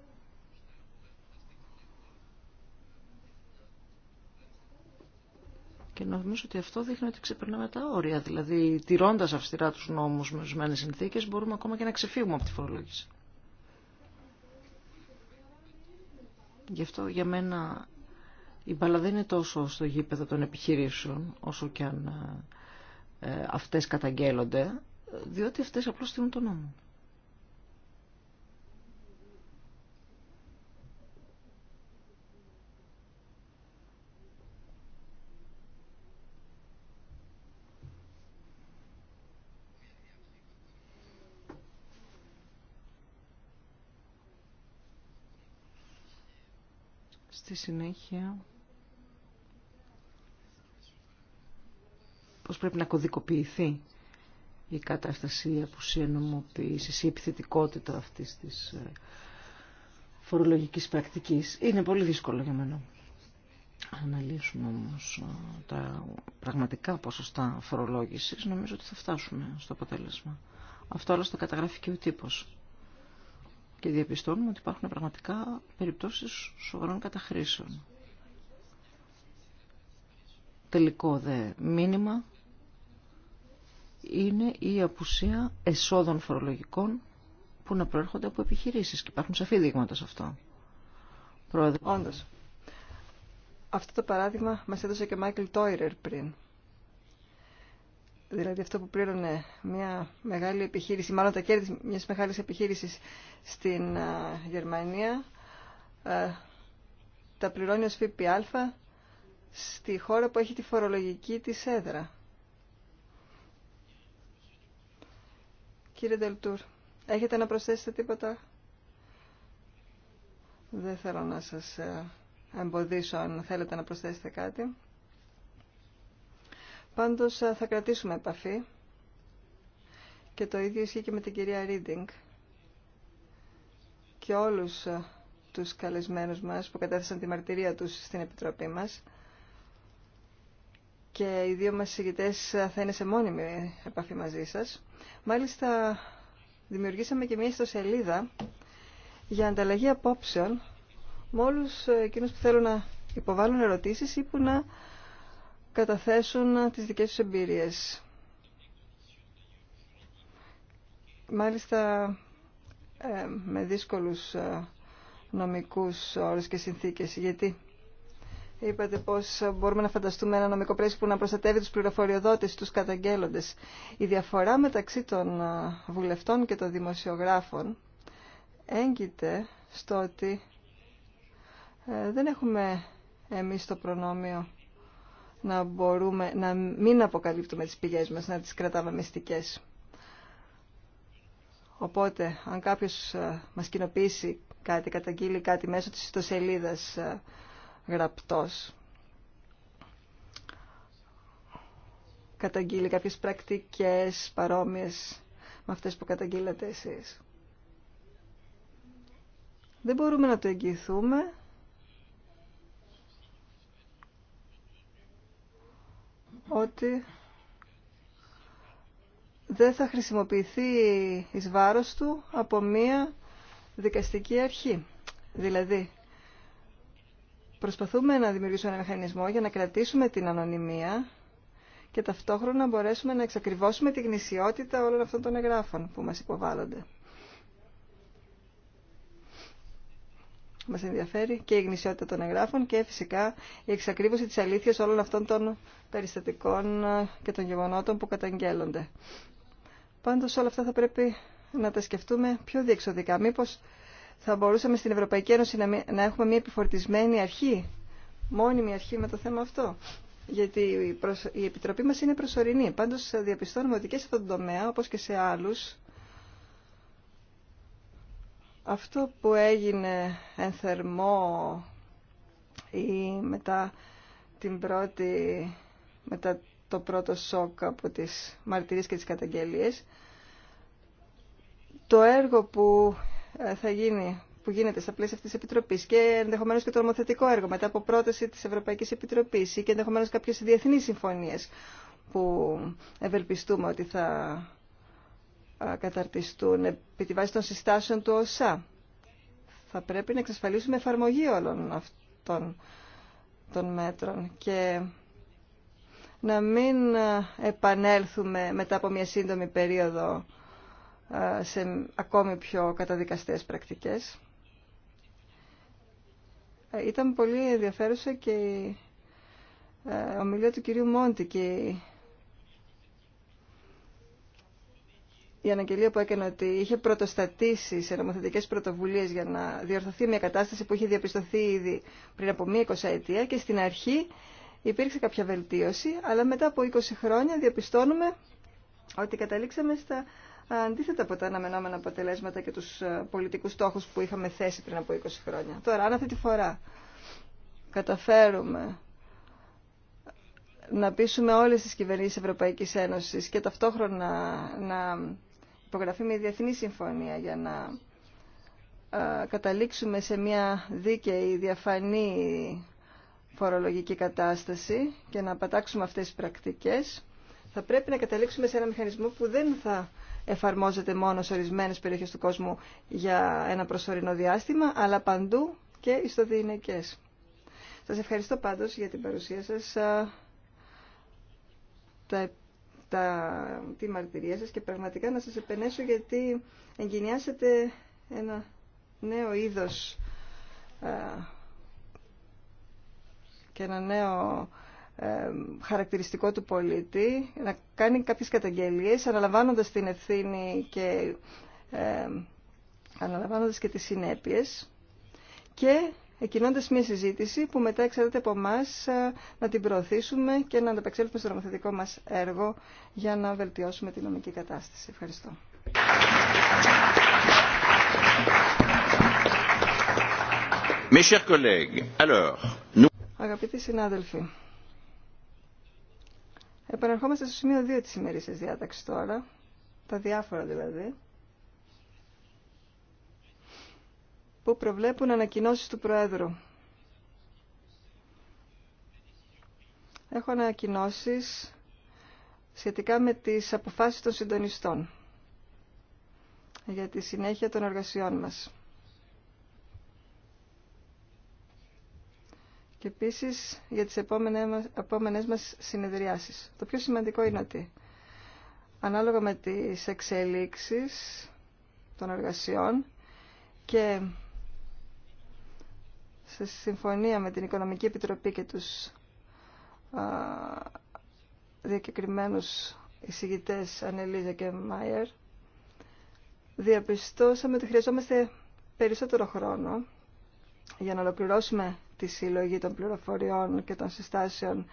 Και νομίζω ότι αυτό δείχνει ότι ξεπερνάμε τα όρια. Δηλαδή, τηρώντας αυστηρά τους νόμους με ορισμένε συνθήκες, μπορούμε ακόμα και να ξεφύγουμε από τη φορολόγηση. Γι' αυτό για μένα η μπαλά δεν είναι τόσο στο γήπεδο των επιχειρήσεων, όσο και αν ε, ε, αυτές καταγγέλλονται, διότι αυτές απλώς στείλουν τον νόμο. στη συνέχεια πως πρέπει να κωδικοποιηθεί η κατάσταση, η απουσία νομοποίησης, η επιθετικότητα αυτής της ε, φορολογικής πρακτικής. Είναι πολύ δύσκολο για μένα. Αναλύσουμε όμως ε, τα πραγματικά ποσοστά φορολόγησης, νομίζω ότι θα φτάσουμε στο αποτέλεσμα. Αυτό άλλωστε καταγράφει και ο τύπος. Και διαπιστώνουμε ότι υπάρχουν πραγματικά περιπτώσεις σοβαρών καταχρήσεων. Τελικό δε μήνυμα είναι η απουσία εσόδων φορολογικών που να προέρχονται από επιχειρήσεις και υπάρχουν σαφή δείγματα σε αυτό. Πρόεδρε. Αυτό το παράδειγμα μας έδωσε και Μάικλ Τόιρερ πριν. Δηλαδή αυτό που πλήρωνε μια μεγάλη επιχείρηση, μάλλον τα κέρδη μιας μεγάλης επιχείρησης στην Γερμανία, τα πληρώνει ως ΦΠΑ στη χώρα που έχει τη φορολογική της έδρα. Κύριε Δελτούρ, έχετε να προσθέσετε τίποτα. Δεν θέλω να σας ε, εμποδίσω αν θέλετε να προσθέσετε κάτι. Πάντως ε, θα κρατήσουμε επαφή και το ίδιο ισχύει και με την κυρία Ρίντινγκ και όλους ε, τους καλεσμένους μας που κατέθεσαν τη μαρτυρία τους στην Επιτροπή μας και οι δύο μας συζητητές θα είναι σε μόνιμη επαφή μαζί σας. Μάλιστα, δημιουργήσαμε και μια ιστοσελίδα για ανταλλαγή απόψεων με όλους εκείνους που θέλουν να υποβάλουν ερωτήσεις ή που να καταθέσουν τις δικές τους εμπειρίες. Μάλιστα, ε, με δύσκολους ε, νομικούς όρους και συνθήκες, γιατί Είπατε πώ μπορούμε να φανταστούμε ένα νομικό πλαίσιο που να προστατεύει του πληροφοριοδότες, του καταγγέλλοντε. Η διαφορά μεταξύ των βουλευτών και των δημοσιογράφων έγκυται στο ότι ε, δεν έχουμε εμείς το προνόμιο να μπορούμε να μην αποκαλύπτουμε τις πηγές μας, να τις κρατάμε μυστικές. Οπότε, αν κάποιος ε, μας κοινοποιήσει κάτι, καταγγείλει κάτι μέσω της ιστοσελίδας ε, γραπτός. Καταγγείλει κάποιες πρακτικές παρόμοιες με αυτές που καταγγείλατε εσείς. Δεν μπορούμε να το εγγυηθούμε. ότι δεν θα χρησιμοποιηθεί εις βάρος του από μία δικαστική αρχή. Δηλαδή, Προσπαθούμε να δημιουργήσουμε ένα μηχανισμό για να κρατήσουμε την ανωνυμία και ταυτόχρονα να μπορέσουμε να εξακριβώσουμε τη γνησιότητα όλων αυτών των εγγράφων που μας υποβάλλονται. Μας ενδιαφέρει και η γνησιότητα των εγγράφων και φυσικά η εξακρίβωση της αλήθειας όλων αυτών των περιστατικών και των γεγονότων που καταγγέλλονται. Πάντως όλα αυτά θα πρέπει να τα σκεφτούμε πιο διεξοδικά. Μήπως θα μπορούσαμε στην Ευρωπαϊκή Ένωση να έχουμε μια επιφορτισμένη αρχή, μόνιμη αρχή με το θέμα αυτό. Γιατί η Επιτροπή μας είναι προσωρινή. Πάντως διαπιστώνουμε ότι και σε αυτόν τον τομέα, όπως και σε άλλους, αυτό που έγινε εν θερμό ή μετά την πρώτη, μετά το πρώτο σοκ από τις μαρτυρίες και τις καταγγελίες, το έργο που θα γίνει, που γίνεται στα πλαίσια αυτής της Επιτροπής και ενδεχομένως και το νομοθετικό έργο μετά από πρόταση της Ευρωπαϊκής Επιτροπής ή και ενδεχομένως κάποιες διεθνείς συμφωνίες που ευελπιστούμε ότι θα καταρτιστούν επί τη βάση των συστάσεων του ΟΣΑ. Θα πρέπει να εξασφαλίσουμε εφαρμογή όλων αυτών των μέτρων και να μην επανέλθουμε μετά από μια σύντομη περίοδο σε ακόμη πιο καταδικαστές πρακτικές. Ε, ήταν πολύ ενδιαφέρουσα και η ε, ομιλία του κυρίου Μόντι και η αναγγελία που έκανε ότι είχε πρωτοστατήσει σε νομοθετικέ πρωτοβουλίε για να διορθωθεί μια κατάσταση που είχε διαπιστωθεί ήδη πριν από μία εικοσάετια και στην αρχή υπήρξε κάποια βελτίωση, αλλά μετά από 20 χρόνια διαπιστώνουμε ότι καταλήξαμε στα αντίθετα από τα αναμενόμενα αποτελέσματα και τους ε, πολιτικούς στόχους που είχαμε θέσει πριν από 20 χρόνια. Τώρα, αν αυτή τη φορά καταφέρουμε να πείσουμε όλες τις κυβερνήσεις Ευρωπαϊκής Ένωσης και ταυτόχρονα να υπογραφεί μια διεθνή συμφωνία για να ε, καταλήξουμε σε μια δίκαιη, διαφανή φορολογική κατάσταση και να πατάξουμε αυτές τις πρακτικές, θα πρέπει να καταλήξουμε σε ένα μηχανισμό που δεν θα εφαρμόζεται μόνο σε ορισμένες περιοχές του κόσμου για ένα προσωρινό διάστημα, αλλά παντού και στο Σας ευχαριστώ πάντως για την παρουσία σας, τα, τα, τη μαρτυρία σας και πραγματικά να σας επενέσω γιατί εγκαινιάσετε ένα νέο είδος και ένα νέο ε, χαρακτηριστικό του πολίτη να κάνει κάποιες καταγγελίες αναλαμβάνοντας την ευθύνη και ε, αναλαμβάνοντας και τις συνέπειες και εκκινώντας μια συζήτηση που μετά εξαρτάται από εμά ε, να την προωθήσουμε και να ανταπεξέλθουμε στο νομοθετικό μας έργο για να βελτιώσουμε την νομική κατάσταση. Ευχαριστώ. Mes chers collègues, alors, nous... Αγαπητοί συνάδελφοι, Επαναρχόμαστε στο σημείο 2 της ημερήσιας διάταξης τώρα, τα διάφορα δηλαδή, που προβλέπουν ανακοινώσεις του Προέδρου. Έχω ανακοινώσεις σχετικά με τις αποφάσεις των συντονιστών για τη συνέχεια των εργασιών μας. και επίσης για τις επόμενες μας συνεδριάσεις. Το πιο σημαντικό είναι ότι ανάλογα με τις εξελίξεις των εργασιών και σε συμφωνία με την Οικονομική Επιτροπή και τους α, διακεκριμένους εισηγητές Ανελίζα και Μάιερ, διαπιστώσαμε ότι χρειαζόμαστε περισσότερο χρόνο για να ολοκληρώσουμε τη συλλογή των πληροφοριών και των συστάσεων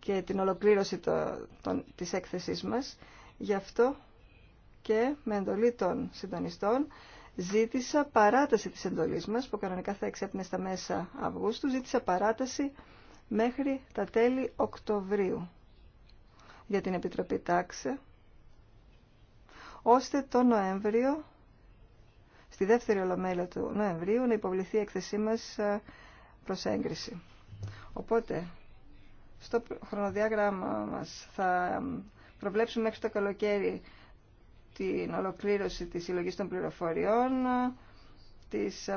και την ολοκλήρωση το, των, της έκθεσής μας. Γι' αυτό και με εντολή των συντονιστών ζήτησα παράταση της εντολής μας, που κανονικά θα εξέπνε στα μέσα Αυγούστου, ζήτησα παράταση μέχρι τα τέλη Οκτωβρίου για την Επιτροπή Τάξε, ώστε το Νοέμβριο, στη δεύτερη ολομέλεια του Νοεμβρίου, να υποβληθεί η έκθεσή μας ε, προς Οπότε, στο χρονοδιάγραμμα μας θα προβλέψουμε μέχρι το καλοκαίρι την ολοκλήρωση της συλλογή των πληροφοριών, της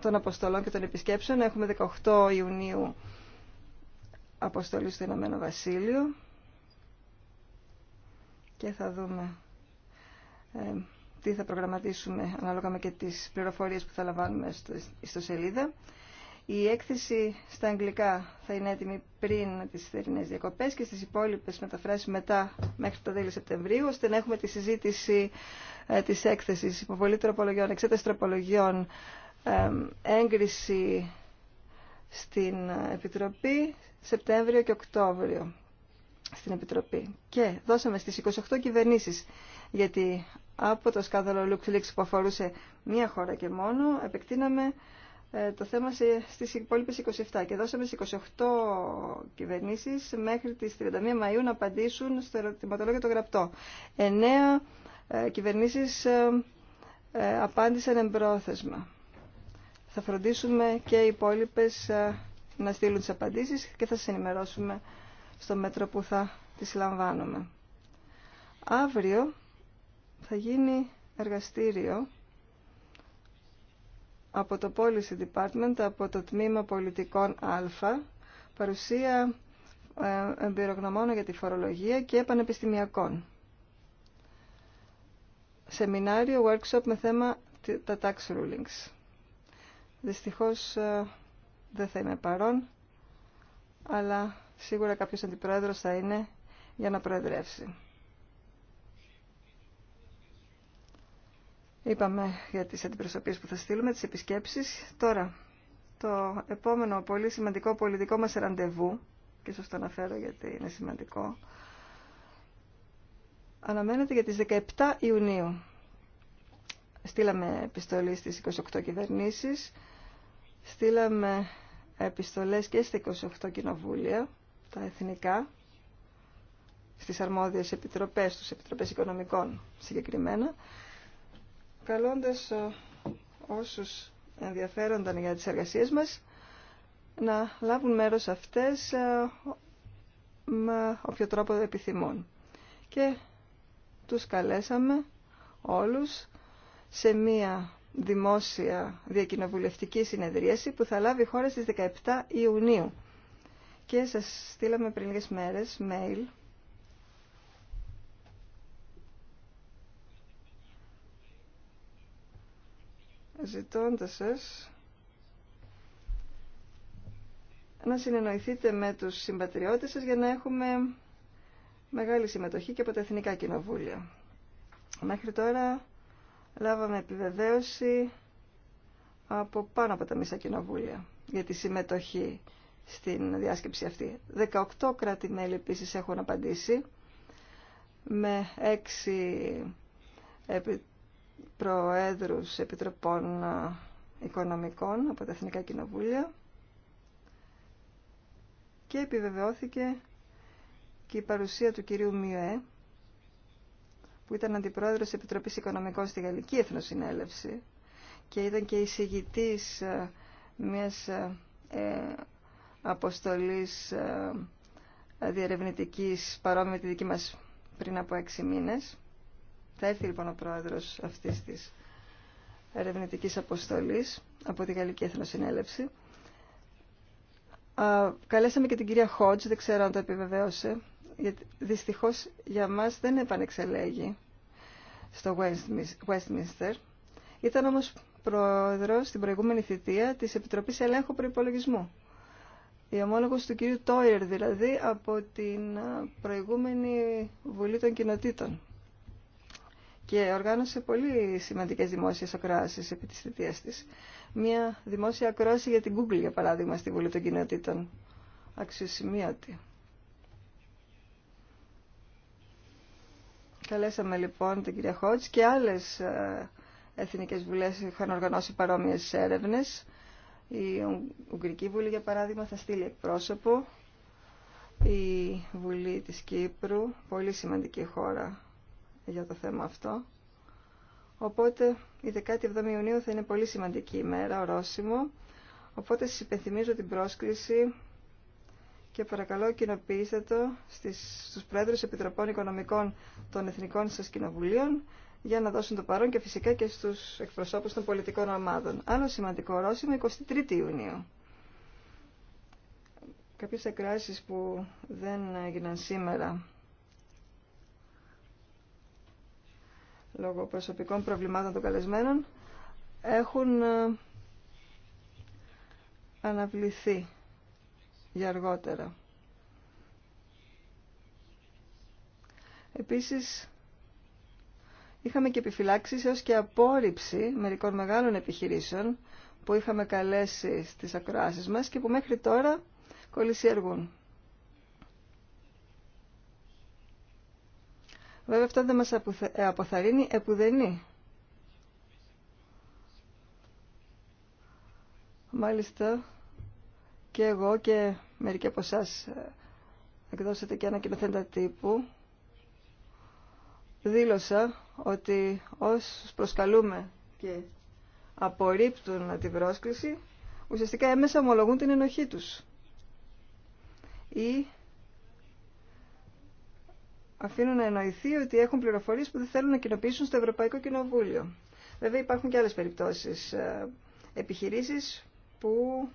των αποστολών και των επισκέψεων. Έχουμε 18 Ιουνίου αποστολή στο Ηνωμένο Βασίλειο και θα δούμε ε, τι θα προγραμματίσουμε ανάλογα με και τις πληροφορίες που θα λαμβάνουμε στο, στο σελίδα. Η έκθεση στα αγγλικά θα είναι έτοιμη πριν τις θερινές διακοπές και στις υπόλοιπες μεταφράσεις μετά μέχρι το τέλη Σεπτεμβρίου, ώστε να έχουμε τη συζήτηση ε, της έκθεσης, υποβολή τροπολογιών, εξέταση τροπολογιών, έγκριση στην Επιτροπή Σεπτέμβριο και Οκτώβριο στην Επιτροπή. Και δώσαμε στις 28 κυβερνήσεις, γιατί από το σκάνδαλο Λίξ που αφορούσε μία χώρα και μόνο, επεκτείναμε ε, το θέμα στις υπόλοιπες 27 και δώσαμε στις 28 κυβερνήσεις μέχρι τις 31 Μαΐου να απαντήσουν στο ερωτηματολόγιο το γραπτό. 9 ε, κυβερνήσεις ε, απάντησαν εμπρόθεσμα. Θα φροντίσουμε και οι υπόλοιπες να στείλουν τις απαντήσεις και θα σας ενημερώσουμε στο μέτρο που θα τις λαμβάνουμε. Αύριο θα γίνει εργαστήριο από το Policy Department, από το Τμήμα Πολιτικών Α, παρουσία ε, εμπειρογνωμών για τη φορολογία και πανεπιστημιακών. Σεμινάριο, workshop με θέμα τα tax rulings. Δυστυχώς ε, δεν θα είμαι παρόν, αλλά σίγουρα κάποιος αντιπρόεδρος θα είναι για να προεδρεύσει. Είπαμε για τις αντιπροσωπείες που θα στείλουμε, τις επισκέψεις. Τώρα, το επόμενο πολύ σημαντικό πολιτικό μας ραντεβού, και σας το αναφέρω γιατί είναι σημαντικό, αναμένεται για τις 17 Ιουνίου. Στείλαμε επιστολή στις 28 κυβερνήσεις, στείλαμε επιστολές και στα 28 κοινοβούλια, τα εθνικά, στις αρμόδιες επιτροπές, τους επιτροπές οικονομικών συγκεκριμένα, καλώντας ε, όσους ενδιαφέρονταν για τις εργασίες μας να λάβουν μέρος αυτές ε, με όποιο τρόπο επιθυμούν. Και τους καλέσαμε όλους σε μία δημόσια διακοινοβουλευτική συνεδρίαση που θα λάβει χώρα στις 17 Ιουνίου. Και σας στείλαμε πριν λίγες μέρες mail ζητώντας σας να συνεννοηθείτε με τους συμπατριώτες σας για να έχουμε μεγάλη συμμετοχή και από τα Εθνικά Κοινοβούλια. Μέχρι τώρα λάβαμε επιβεβαίωση από πάνω από τα μισά κοινοβούλια για τη συμμετοχή στην διάσκεψη αυτή. 18 κράτη-μέλη επίσης έχουν απαντήσει με 6 προέδρους επιτροπών ε, οικονομικών από τα Εθνικά Κοινοβούλια και επιβεβαιώθηκε και η παρουσία του κυρίου Μιουέ που ήταν αντιπρόεδρος της Επιτροπής Οικονομικών στη Γαλλική Εθνοσυνέλευση και ήταν και εισηγητής ε, μιας ε, αποστολής διερευνητικής παρόμοια τη δική μας πριν από έξι μήνες θα έρθει λοιπόν ο πρόεδρος αυτής της ερευνητικής αποστολής από τη Γαλλική Εθνοσυνέλευση. καλέσαμε και την κυρία Χότζ, δεν ξέρω αν το επιβεβαίωσε, γιατί δυστυχώς για μας δεν επανεξελέγει στο Westminster. Ήταν όμως πρόεδρος στην προηγούμενη θητεία της Επιτροπής Ελέγχου Προϋπολογισμού. Η ομόλογος του κυρίου Τόιερ δηλαδή από την προηγούμενη Βουλή των Κοινοτήτων και οργάνωσε πολύ σημαντικές δημόσιες ακροάσεις επί της θητείας της. Μία δημόσια ακρόαση για την Google, για παράδειγμα, στη Βουλή των Κοινοτήτων. Αξιοσημείωτη. Καλέσαμε λοιπόν την κυρία Χότς και άλλες ε, εθνικές βουλές είχαν οργανώσει παρόμοιες έρευνες. Η Ουγγρική Βουλή, για παράδειγμα, θα στείλει εκπρόσωπο. Η Βουλή της Κύπρου, πολύ σημαντική χώρα για το θέμα αυτό. Οπότε η 17η Ιουνίου θα είναι πολύ σημαντική ημέρα, ορόσημο. Οπότε σας υπενθυμίζω την πρόσκληση και παρακαλώ κοινοποιήστε το στις, στους Επιτροπών Οικονομικών των Εθνικών σας Κοινοβουλίων για να δώσουν το παρόν και φυσικά και στους εκπροσώπους των πολιτικών ομάδων. Άλλο σημαντικό ορόσημο, 23η Ιουνίου. Κάποιες εκράσεις που δεν έγιναν σήμερα λόγω προσωπικών προβλημάτων των καλεσμένων έχουν ε, αναβληθεί για αργότερα. Επίσης, είχαμε και επιφυλάξεις έως και απόρριψη μερικών μεγάλων επιχειρήσεων που είχαμε καλέσει στις ακροάσεις μας και που μέχρι τώρα κολλησιεργούν. Βέβαια αυτό δεν μας ε, αποθαρρύνει επουδενή. Μάλιστα και εγώ και μερικοί από εσά ε, εκδώσατε και ανακοινωθέντα τύπου δήλωσα ότι όσους προσκαλούμε και απορρίπτουν την πρόσκληση ουσιαστικά έμεσα ομολογούν την ενοχή τους ή αφήνουν να εννοηθεί ότι έχουν πληροφορίες που δεν θέλουν να κοινοποιήσουν στο Ευρωπαϊκό Κοινοβούλιο. Βέβαια υπάρχουν και άλλες περιπτώσεις ε, επιχειρήσεις που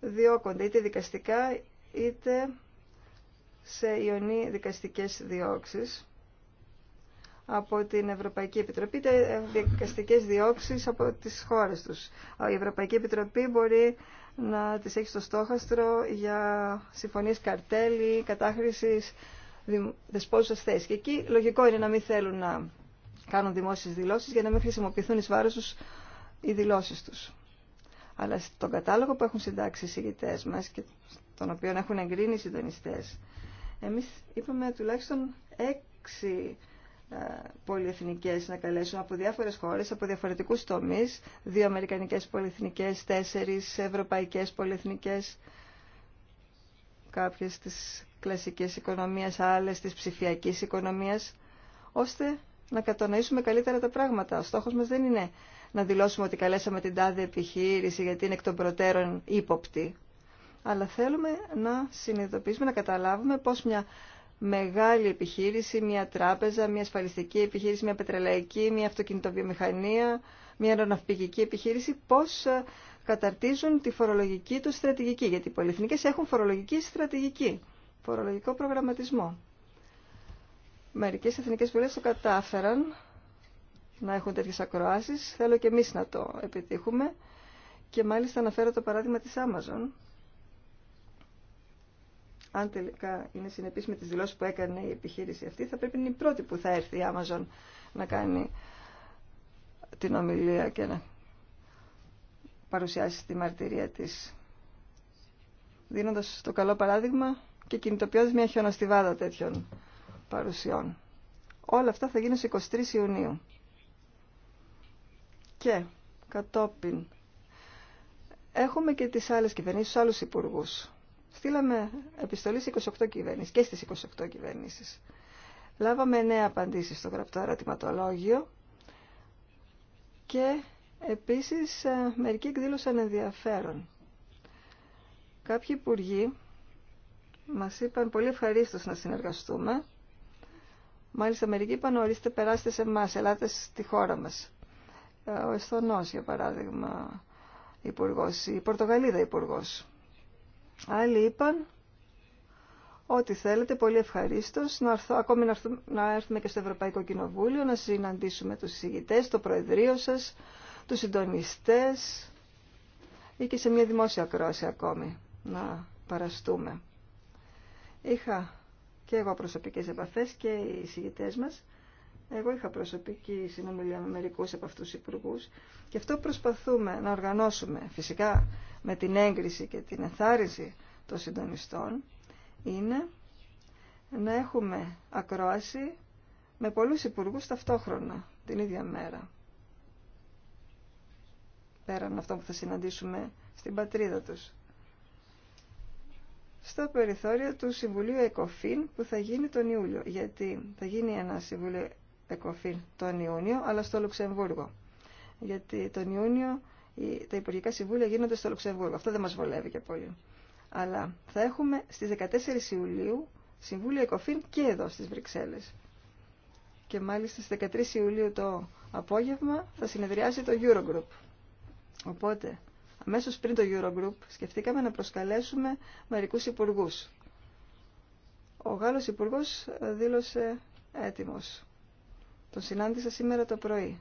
διώκονται είτε δικαστικά είτε σε ιονή δικαστικές διώξεις από την Ευρωπαϊκή Επιτροπή, είτε δικαστικές διώξεις από τις χώρες τους. Η Ευρωπαϊκή Επιτροπή μπορεί να τις έχει στο στόχαστρο για συμφωνίες καρτέλ κατάχρησης δεσπόζουσα θέση. Και εκεί λογικό είναι να μην θέλουν να κάνουν δημόσιες δηλώσεις για να μην χρησιμοποιηθούν εις βάρος τους οι δηλώσεις τους. Αλλά στον κατάλογο που έχουν συντάξει οι συγητές μας και τον οποίο έχουν εγκρίνει οι συντονιστές, εμείς είπαμε τουλάχιστον έξι ε, πολυεθνικές να καλέσουν από διάφορες χώρες, από διαφορετικούς τομείς, δύο αμερικανικές πολυεθνικές, τέσσερις ευρωπαϊκές πολυεθνικές, κάποιες τις κλασικής οικονομίας, άλλες της ψηφιακής οικονομίας, ώστε να κατανοήσουμε καλύτερα τα πράγματα. Ο στόχος μας δεν είναι να δηλώσουμε ότι καλέσαμε την τάδε επιχείρηση γιατί είναι εκ των προτέρων ύποπτη. Αλλά θέλουμε να συνειδητοποιήσουμε, να καταλάβουμε πώς μια μεγάλη επιχείρηση, μια τράπεζα, μια ασφαλιστική επιχείρηση, μια πετρελαϊκή, μια αυτοκινητοβιομηχανία, μια αεροναυπηγική επιχείρηση, πώς ε, καταρτίζουν τη φορολογική του στρατηγική. Γιατί οι πολυεθνικές έχουν φορολογική στρατηγική φορολογικό προγραμματισμό. Μερικές εθνικές βουλές το κατάφεραν να έχουν τέτοιες ακροάσεις. Θέλω και εμείς να το επιτύχουμε. Και μάλιστα αναφέρω το παράδειγμα της Amazon. Αν τελικά είναι συνεπής με τις δηλώσεις που έκανε η επιχείρηση αυτή, θα πρέπει να είναι η πρώτη που θα έρθει η Amazon να κάνει την ομιλία και να παρουσιάσει τη μαρτυρία της. Δίνοντας το καλό παράδειγμα, και κινητοποιώντας μια χιονοστιβάδα τέτοιων παρουσιών. Όλα αυτά θα γίνουν στις 23 Ιουνίου. Και κατόπιν έχουμε και τις άλλες κυβερνήσεις, τους άλλους υπουργούς. Στείλαμε επιστολή σε 28 κυβερνήσεις και στις 28 κυβερνήσεις. Λάβαμε νέα απαντήσει στο γραπτό ερωτηματολόγιο και επίσης ε, μερικοί εκδήλωσαν ενδιαφέρον. Κάποιοι υπουργοί μας είπαν πολύ ευχαρίστως να συνεργαστούμε. Μάλιστα μερικοί είπαν ορίστε περάστε σε εμάς, ελάτε στη χώρα μας. Ε, ο Εσθονός για παράδειγμα υπουργό, η Πορτογαλίδα υπουργό. Άλλοι είπαν ό,τι θέλετε, πολύ ευχαρίστω. Να ακόμη να έρθουμε, να και στο Ευρωπαϊκό Κοινοβούλιο, να συναντήσουμε τους συζητητές, το Προεδρείο σας, τους συντονιστές ή και σε μια δημόσια κρόση ακόμη να παραστούμε. Είχα και εγώ προσωπικές επαφές και οι συγητές μας. Εγώ είχα προσωπική συνομιλία με μερικούς από αυτούς τους υπουργούς και αυτό προσπαθούμε να οργανώσουμε φυσικά με την έγκριση και την εθάριση των συντονιστών είναι να έχουμε ακρόαση με πολλούς υπουργούς ταυτόχρονα την ίδια μέρα. Πέραν αυτό που θα συναντήσουμε στην πατρίδα τους στο περιθώριο του Συμβουλίου ΕΚΟΦΗΝ που θα γίνει τον Ιούλιο. Γιατί θα γίνει ένα Συμβουλίο ΕΚΟΦΗΝ τον Ιούνιο, αλλά στο Λουξεμβούργο. Γιατί τον Ιούνιο τα Υπουργικά Συμβούλια γίνονται στο Λουξεμβούργο. Αυτό δεν μα βολεύει και πολύ. Αλλά θα έχουμε στι 14 Ιουλίου Συμβούλιο ΕΚΟΦΗΝ και εδώ στι Βρυξέλλε. Και μάλιστα στι 13 Ιουλίου το απόγευμα θα συνεδριάσει το Eurogroup. Οπότε αμέσως πριν το Eurogroup σκεφτήκαμε να προσκαλέσουμε μερικούς υπουργούς. Ο Γάλλος υπουργός δήλωσε έτοιμος. Τον συνάντησα σήμερα το πρωί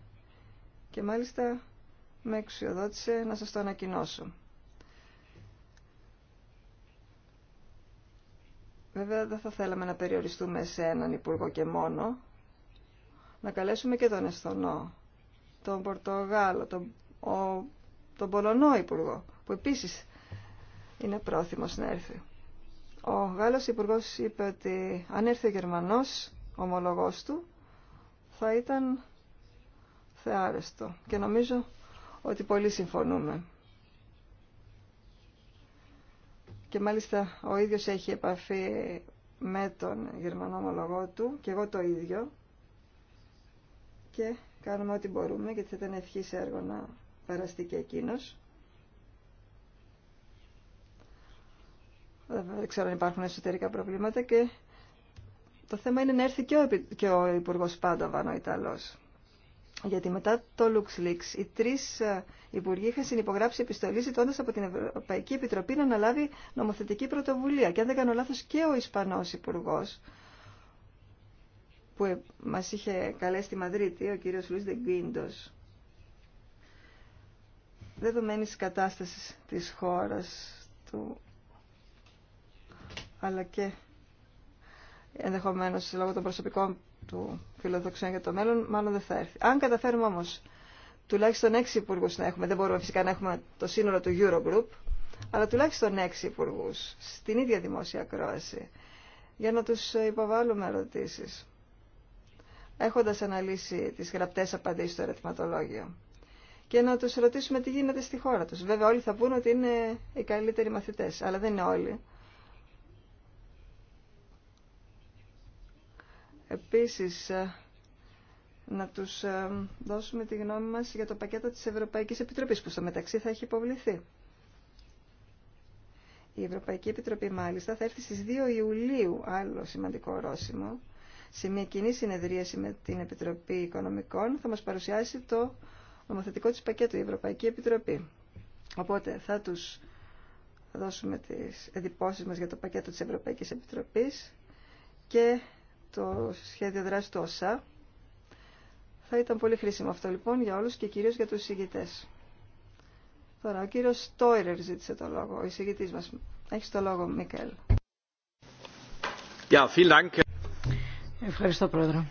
και μάλιστα με εξουσιοδότησε να σας το ανακοινώσω. Βέβαια δεν θα θέλαμε να περιοριστούμε σε έναν υπουργό και μόνο. Να καλέσουμε και τον Εσθονό, τον Πορτογάλο, τον τον Πολωνό Υπουργό, που επίσης είναι πρόθυμος να έρθει. Ο Γάλλος Υπουργός είπε ότι αν έρθει ο Γερμανός ομολογός του, θα ήταν θεάρεστο. Και νομίζω ότι πολύ συμφωνούμε. Και μάλιστα ο ίδιος έχει επαφή με τον Γερμανό ομολογό του και εγώ το ίδιο. Και κάνουμε ό,τι μπορούμε γιατί θα ήταν ευχή έργο να παραστήκε εκείνο. Δεν ξέρω αν υπάρχουν εσωτερικά προβλήματα και το θέμα είναι να έρθει και ο, και ο Υπουργός Πάντοβαν, ο Ιταλός. Γιατί μετά το LuxLeaks οι τρεις ε, υπουργοί είχαν συνυπογράψει επιστολή ζητώντα από την Ευρωπαϊκή Επιτροπή να αναλάβει νομοθετική πρωτοβουλία. Και αν δεν κάνω λάθος και ο Ισπανός υπουργό που ε, μας είχε καλέσει στη Μαδρίτη, ο κύριος Λουίς Δεγκίντος, δεδομένης κατάστασης της χώρας του αλλά και ενδεχομένως λόγω των προσωπικών του φιλοδοξιών για το μέλλον μάλλον δεν θα έρθει. Αν καταφέρουμε όμως τουλάχιστον έξι υπουργού να έχουμε, δεν μπορούμε φυσικά να έχουμε το σύνολο του Eurogroup, αλλά τουλάχιστον έξι υπουργού στην ίδια δημόσια ακρόαση για να τους υποβάλουμε ερωτήσεις έχοντας αναλύσει τις γραπτές απαντήσεις στο ερωτηματολόγιο και να τους ρωτήσουμε τι γίνεται στη χώρα τους. Βέβαια όλοι θα πούν ότι είναι οι καλύτεροι μαθητές, αλλά δεν είναι όλοι. Επίσης, ε, να τους ε, δώσουμε τη γνώμη μας για το πακέτο της Ευρωπαϊκής Επιτροπής, που στο μεταξύ θα έχει υποβληθεί. Η Ευρωπαϊκή Επιτροπή, μάλιστα, θα έρθει στις 2 Ιουλίου, άλλο σημαντικό ορόσημο, σε μια κοινή συνεδρίαση με την Επιτροπή Οικονομικών, θα μας παρουσιάσει το νομοθετικό της πακέτο η Ευρωπαϊκή Επιτροπή. Οπότε θα τους δώσουμε τις εντυπώσεις μας για το πακέτο της Ευρωπαϊκής Επιτροπής και το σχέδιο δράσης του ΩΣΑ. Θα ήταν πολύ χρήσιμο αυτό λοιπόν για όλους και κυρίως για τους εισηγητές. Τώρα, ο κύριος Στόιρερ ζήτησε το λόγο, ο εισηγητής μας. Έχεις το λόγο, Μίκελ. Ευχαριστώ, Πρόεδρε.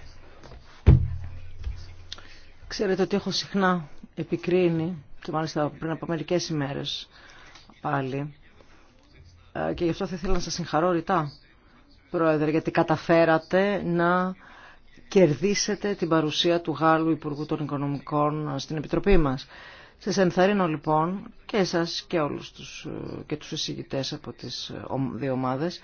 Ξέρετε ότι έχω συχνά επικρίνει και μάλιστα πριν από μερικές ημέρες πάλι ε, και γι' αυτό θα ήθελα να σας συγχαρώ ρητά, Πρόεδρε, γιατί καταφέρατε να κερδίσετε την παρουσία του Γάλλου Υπουργού των Οικονομικών στην Επιτροπή μας. Σας ενθαρρύνω λοιπόν και εσάς και όλους τους, και τους εισηγητές από τις ε, δύο ομάδες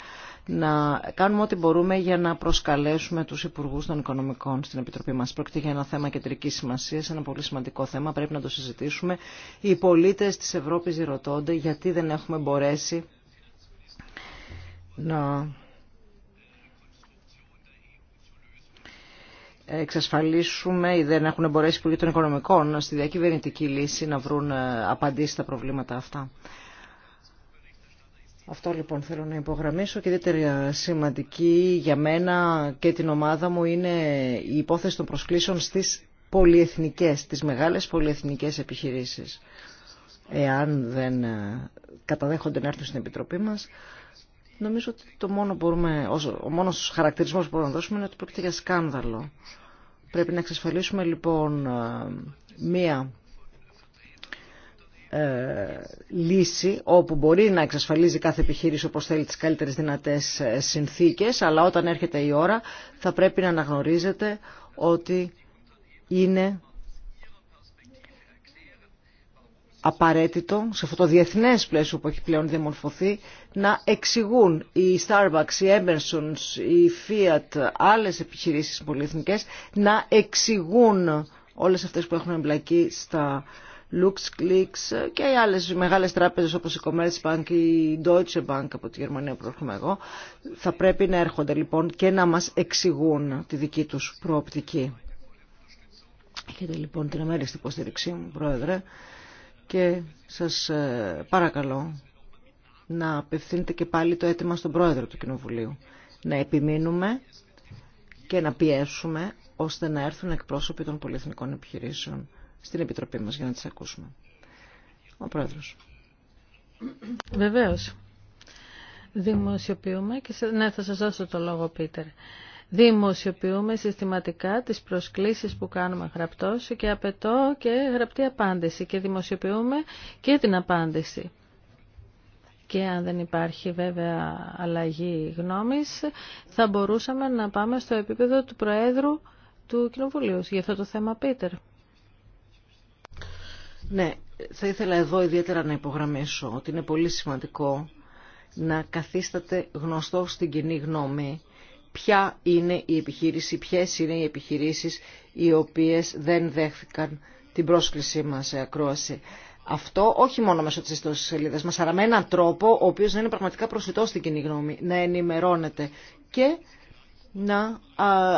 να κάνουμε ό,τι μπορούμε για να προσκαλέσουμε τους Υπουργούς των Οικονομικών στην Επιτροπή μας. Πρόκειται για ένα θέμα κεντρική σημασία, ένα πολύ σημαντικό θέμα, πρέπει να το συζητήσουμε. Οι πολίτες της Ευρώπης ρωτώνται γιατί δεν έχουμε μπορέσει να εξασφαλίσουμε ή δεν έχουν μπορέσει οι Υπουργοί των Οικονομικών στη διακυβερνητική λύση να βρουν ε, απαντήσει στα προβλήματα αυτά. Αυτό λοιπόν θέλω να υπογραμμίσω και ιδιαίτερα σημαντική για μένα και την ομάδα μου είναι η υπόθεση των προσκλήσεων στις πολυεθνικές, τις μεγάλες πολυεθνικές επιχειρήσεις. Εάν δεν ε, καταδέχονται να έρθουν στην Επιτροπή μας, νομίζω ότι το μόνο μπορούμε, ο μόνος χαρακτηρισμός που μπορούμε να δώσουμε είναι ότι πρόκειται για σκάνδαλο. Πρέπει να εξασφαλίσουμε λοιπόν ε, μία ε, λύση όπου μπορεί να εξασφαλίζει κάθε επιχείρηση όπως θέλει τις καλύτερες δυνατές ε, συνθήκες αλλά όταν έρχεται η ώρα θα πρέπει να αναγνωρίζετε ότι είναι απαραίτητο σε αυτό το διεθνές πλαίσιο που έχει πλέον διαμορφωθεί να εξηγούν οι Starbucks, οι Emerson, οι Fiat, άλλες επιχειρήσεις πολυεθνικές να εξηγούν όλες αυτές που έχουν εμπλακεί στα Lux Clicks και οι άλλες μεγάλες τράπεζες όπως η Commerzbank ή η Deutsche Bank από τη Γερμανία που έρχομαι εγώ θα πρέπει να έρχονται λοιπόν και να μας εξηγούν τη δική τους προοπτική. Έχετε λοιπόν την αμέριστη υποστήριξή μου, Πρόεδρε και σας ε, παρακαλώ να απευθύνετε και πάλι το αίτημα στον Πρόεδρο του Κοινοβουλίου. Να επιμείνουμε και να πιέσουμε ώστε να έρθουν εκπρόσωποι των πολυεθνικών επιχειρήσεων στην Επιτροπή μας για να τις ακούσουμε. Ο Πρόεδρος. Βεβαίως. Δημοσιοποιούμε και... Ναι, θα σας δώσω το λόγο, Πίτερ. Δημοσιοποιούμε συστηματικά τις προσκλήσεις που κάνουμε γραπτός και απαιτώ και γραπτή απάντηση και δημοσιοποιούμε και την απάντηση. Και αν δεν υπάρχει βέβαια αλλαγή γνώμης, θα μπορούσαμε να πάμε στο επίπεδο του Προέδρου του Κοινοβουλίου για αυτό το θέμα, Πίτερ. Ναι, θα ήθελα εδώ ιδιαίτερα να υπογραμμίσω ότι είναι πολύ σημαντικό να καθίσταται γνωστό στην κοινή γνώμη ποια είναι η επιχείρηση, ποιες είναι οι επιχειρήσεις οι οποίες δεν δέχθηκαν την πρόσκλησή μας σε ακρόαση. Αυτό όχι μόνο μέσω τη ιστοσελίδα μα, αλλά με έναν τρόπο ο οποίο να είναι πραγματικά προσιτό στην κοινή γνώμη, να ενημερώνεται και να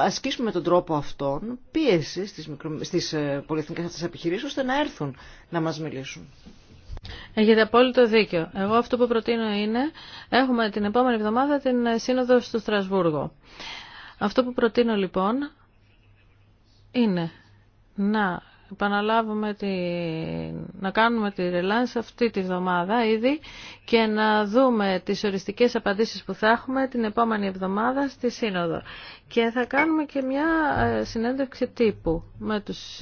ασκήσουμε με τον τρόπο αυτόν πίεση στις, μικρο... στις ε, πολυεθνικές αυτές επιχειρήσεις ώστε να έρθουν να μας μιλήσουν. Έχετε απόλυτο δίκιο. Εγώ αυτό που προτείνω είναι, έχουμε την επόμενη εβδομάδα την σύνοδο στο Στρασβούργο. Αυτό που προτείνω λοιπόν είναι να επαναλάβουμε τη να κάνουμε τη ρελάνς αυτή τη βδομάδα ήδη και να δούμε τις οριστικές απαντήσεις που θα έχουμε την επόμενη εβδομάδα στη Σύνοδο. Και θα κάνουμε και μια ε, συνέντευξη τύπου με τους,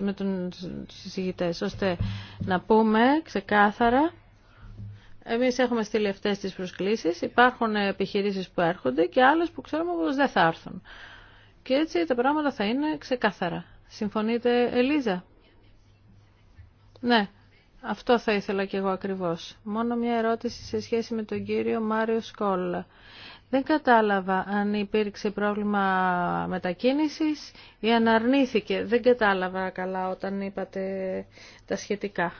με τους συζητητές, ώστε να πούμε ξεκάθαρα εμείς έχουμε στείλει αυτές τις προσκλήσεις, υπάρχουν επιχειρήσεις που έρχονται και άλλες που ξέρουμε πως δεν θα έρθουν. Και έτσι τα πράγματα θα είναι ξεκάθαρα. Συμφωνείτε, Ελίζα. Ναι, αυτό θα ήθελα κι εγώ ακριβώς. Μόνο μια ερώτηση σε σχέση με τον κύριο Μάριο Σκόλλα. Δεν κατάλαβα αν υπήρξε πρόβλημα μετακίνησης ή αν αρνήθηκε. Δεν κατάλαβα καλά όταν είπατε τα σχετικά.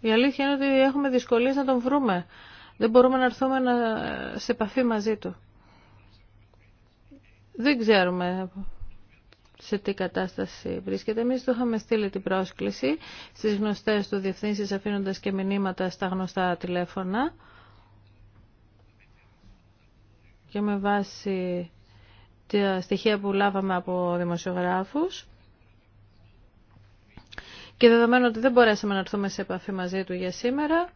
Η αλήθεια είναι ότι έχουμε δυσκολίες να τον βρούμε δεν μπορούμε να έρθουμε να... σε επαφή μαζί του. Δεν ξέρουμε σε τι κατάσταση βρίσκεται. Εμείς του είχαμε στείλει την πρόσκληση στις γνωστές του διευθύνσεις αφήνοντας και μηνύματα στα γνωστά τηλέφωνα και με βάση τα στοιχεία που λάβαμε από δημοσιογράφους και δεδομένου ότι δεν μπορέσαμε να έρθουμε σε επαφή μαζί του για σήμερα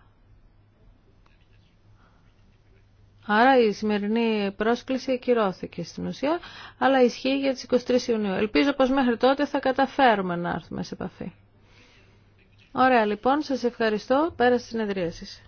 Άρα η σημερινή πρόσκληση ακυρώθηκε στην ουσία, αλλά ισχύει για τις 23 Ιουνίου. Ελπίζω πως μέχρι τότε θα καταφέρουμε να έρθουμε σε επαφή. Ωραία λοιπόν, σας ευχαριστώ. Πέρα στην συνεδρίαση.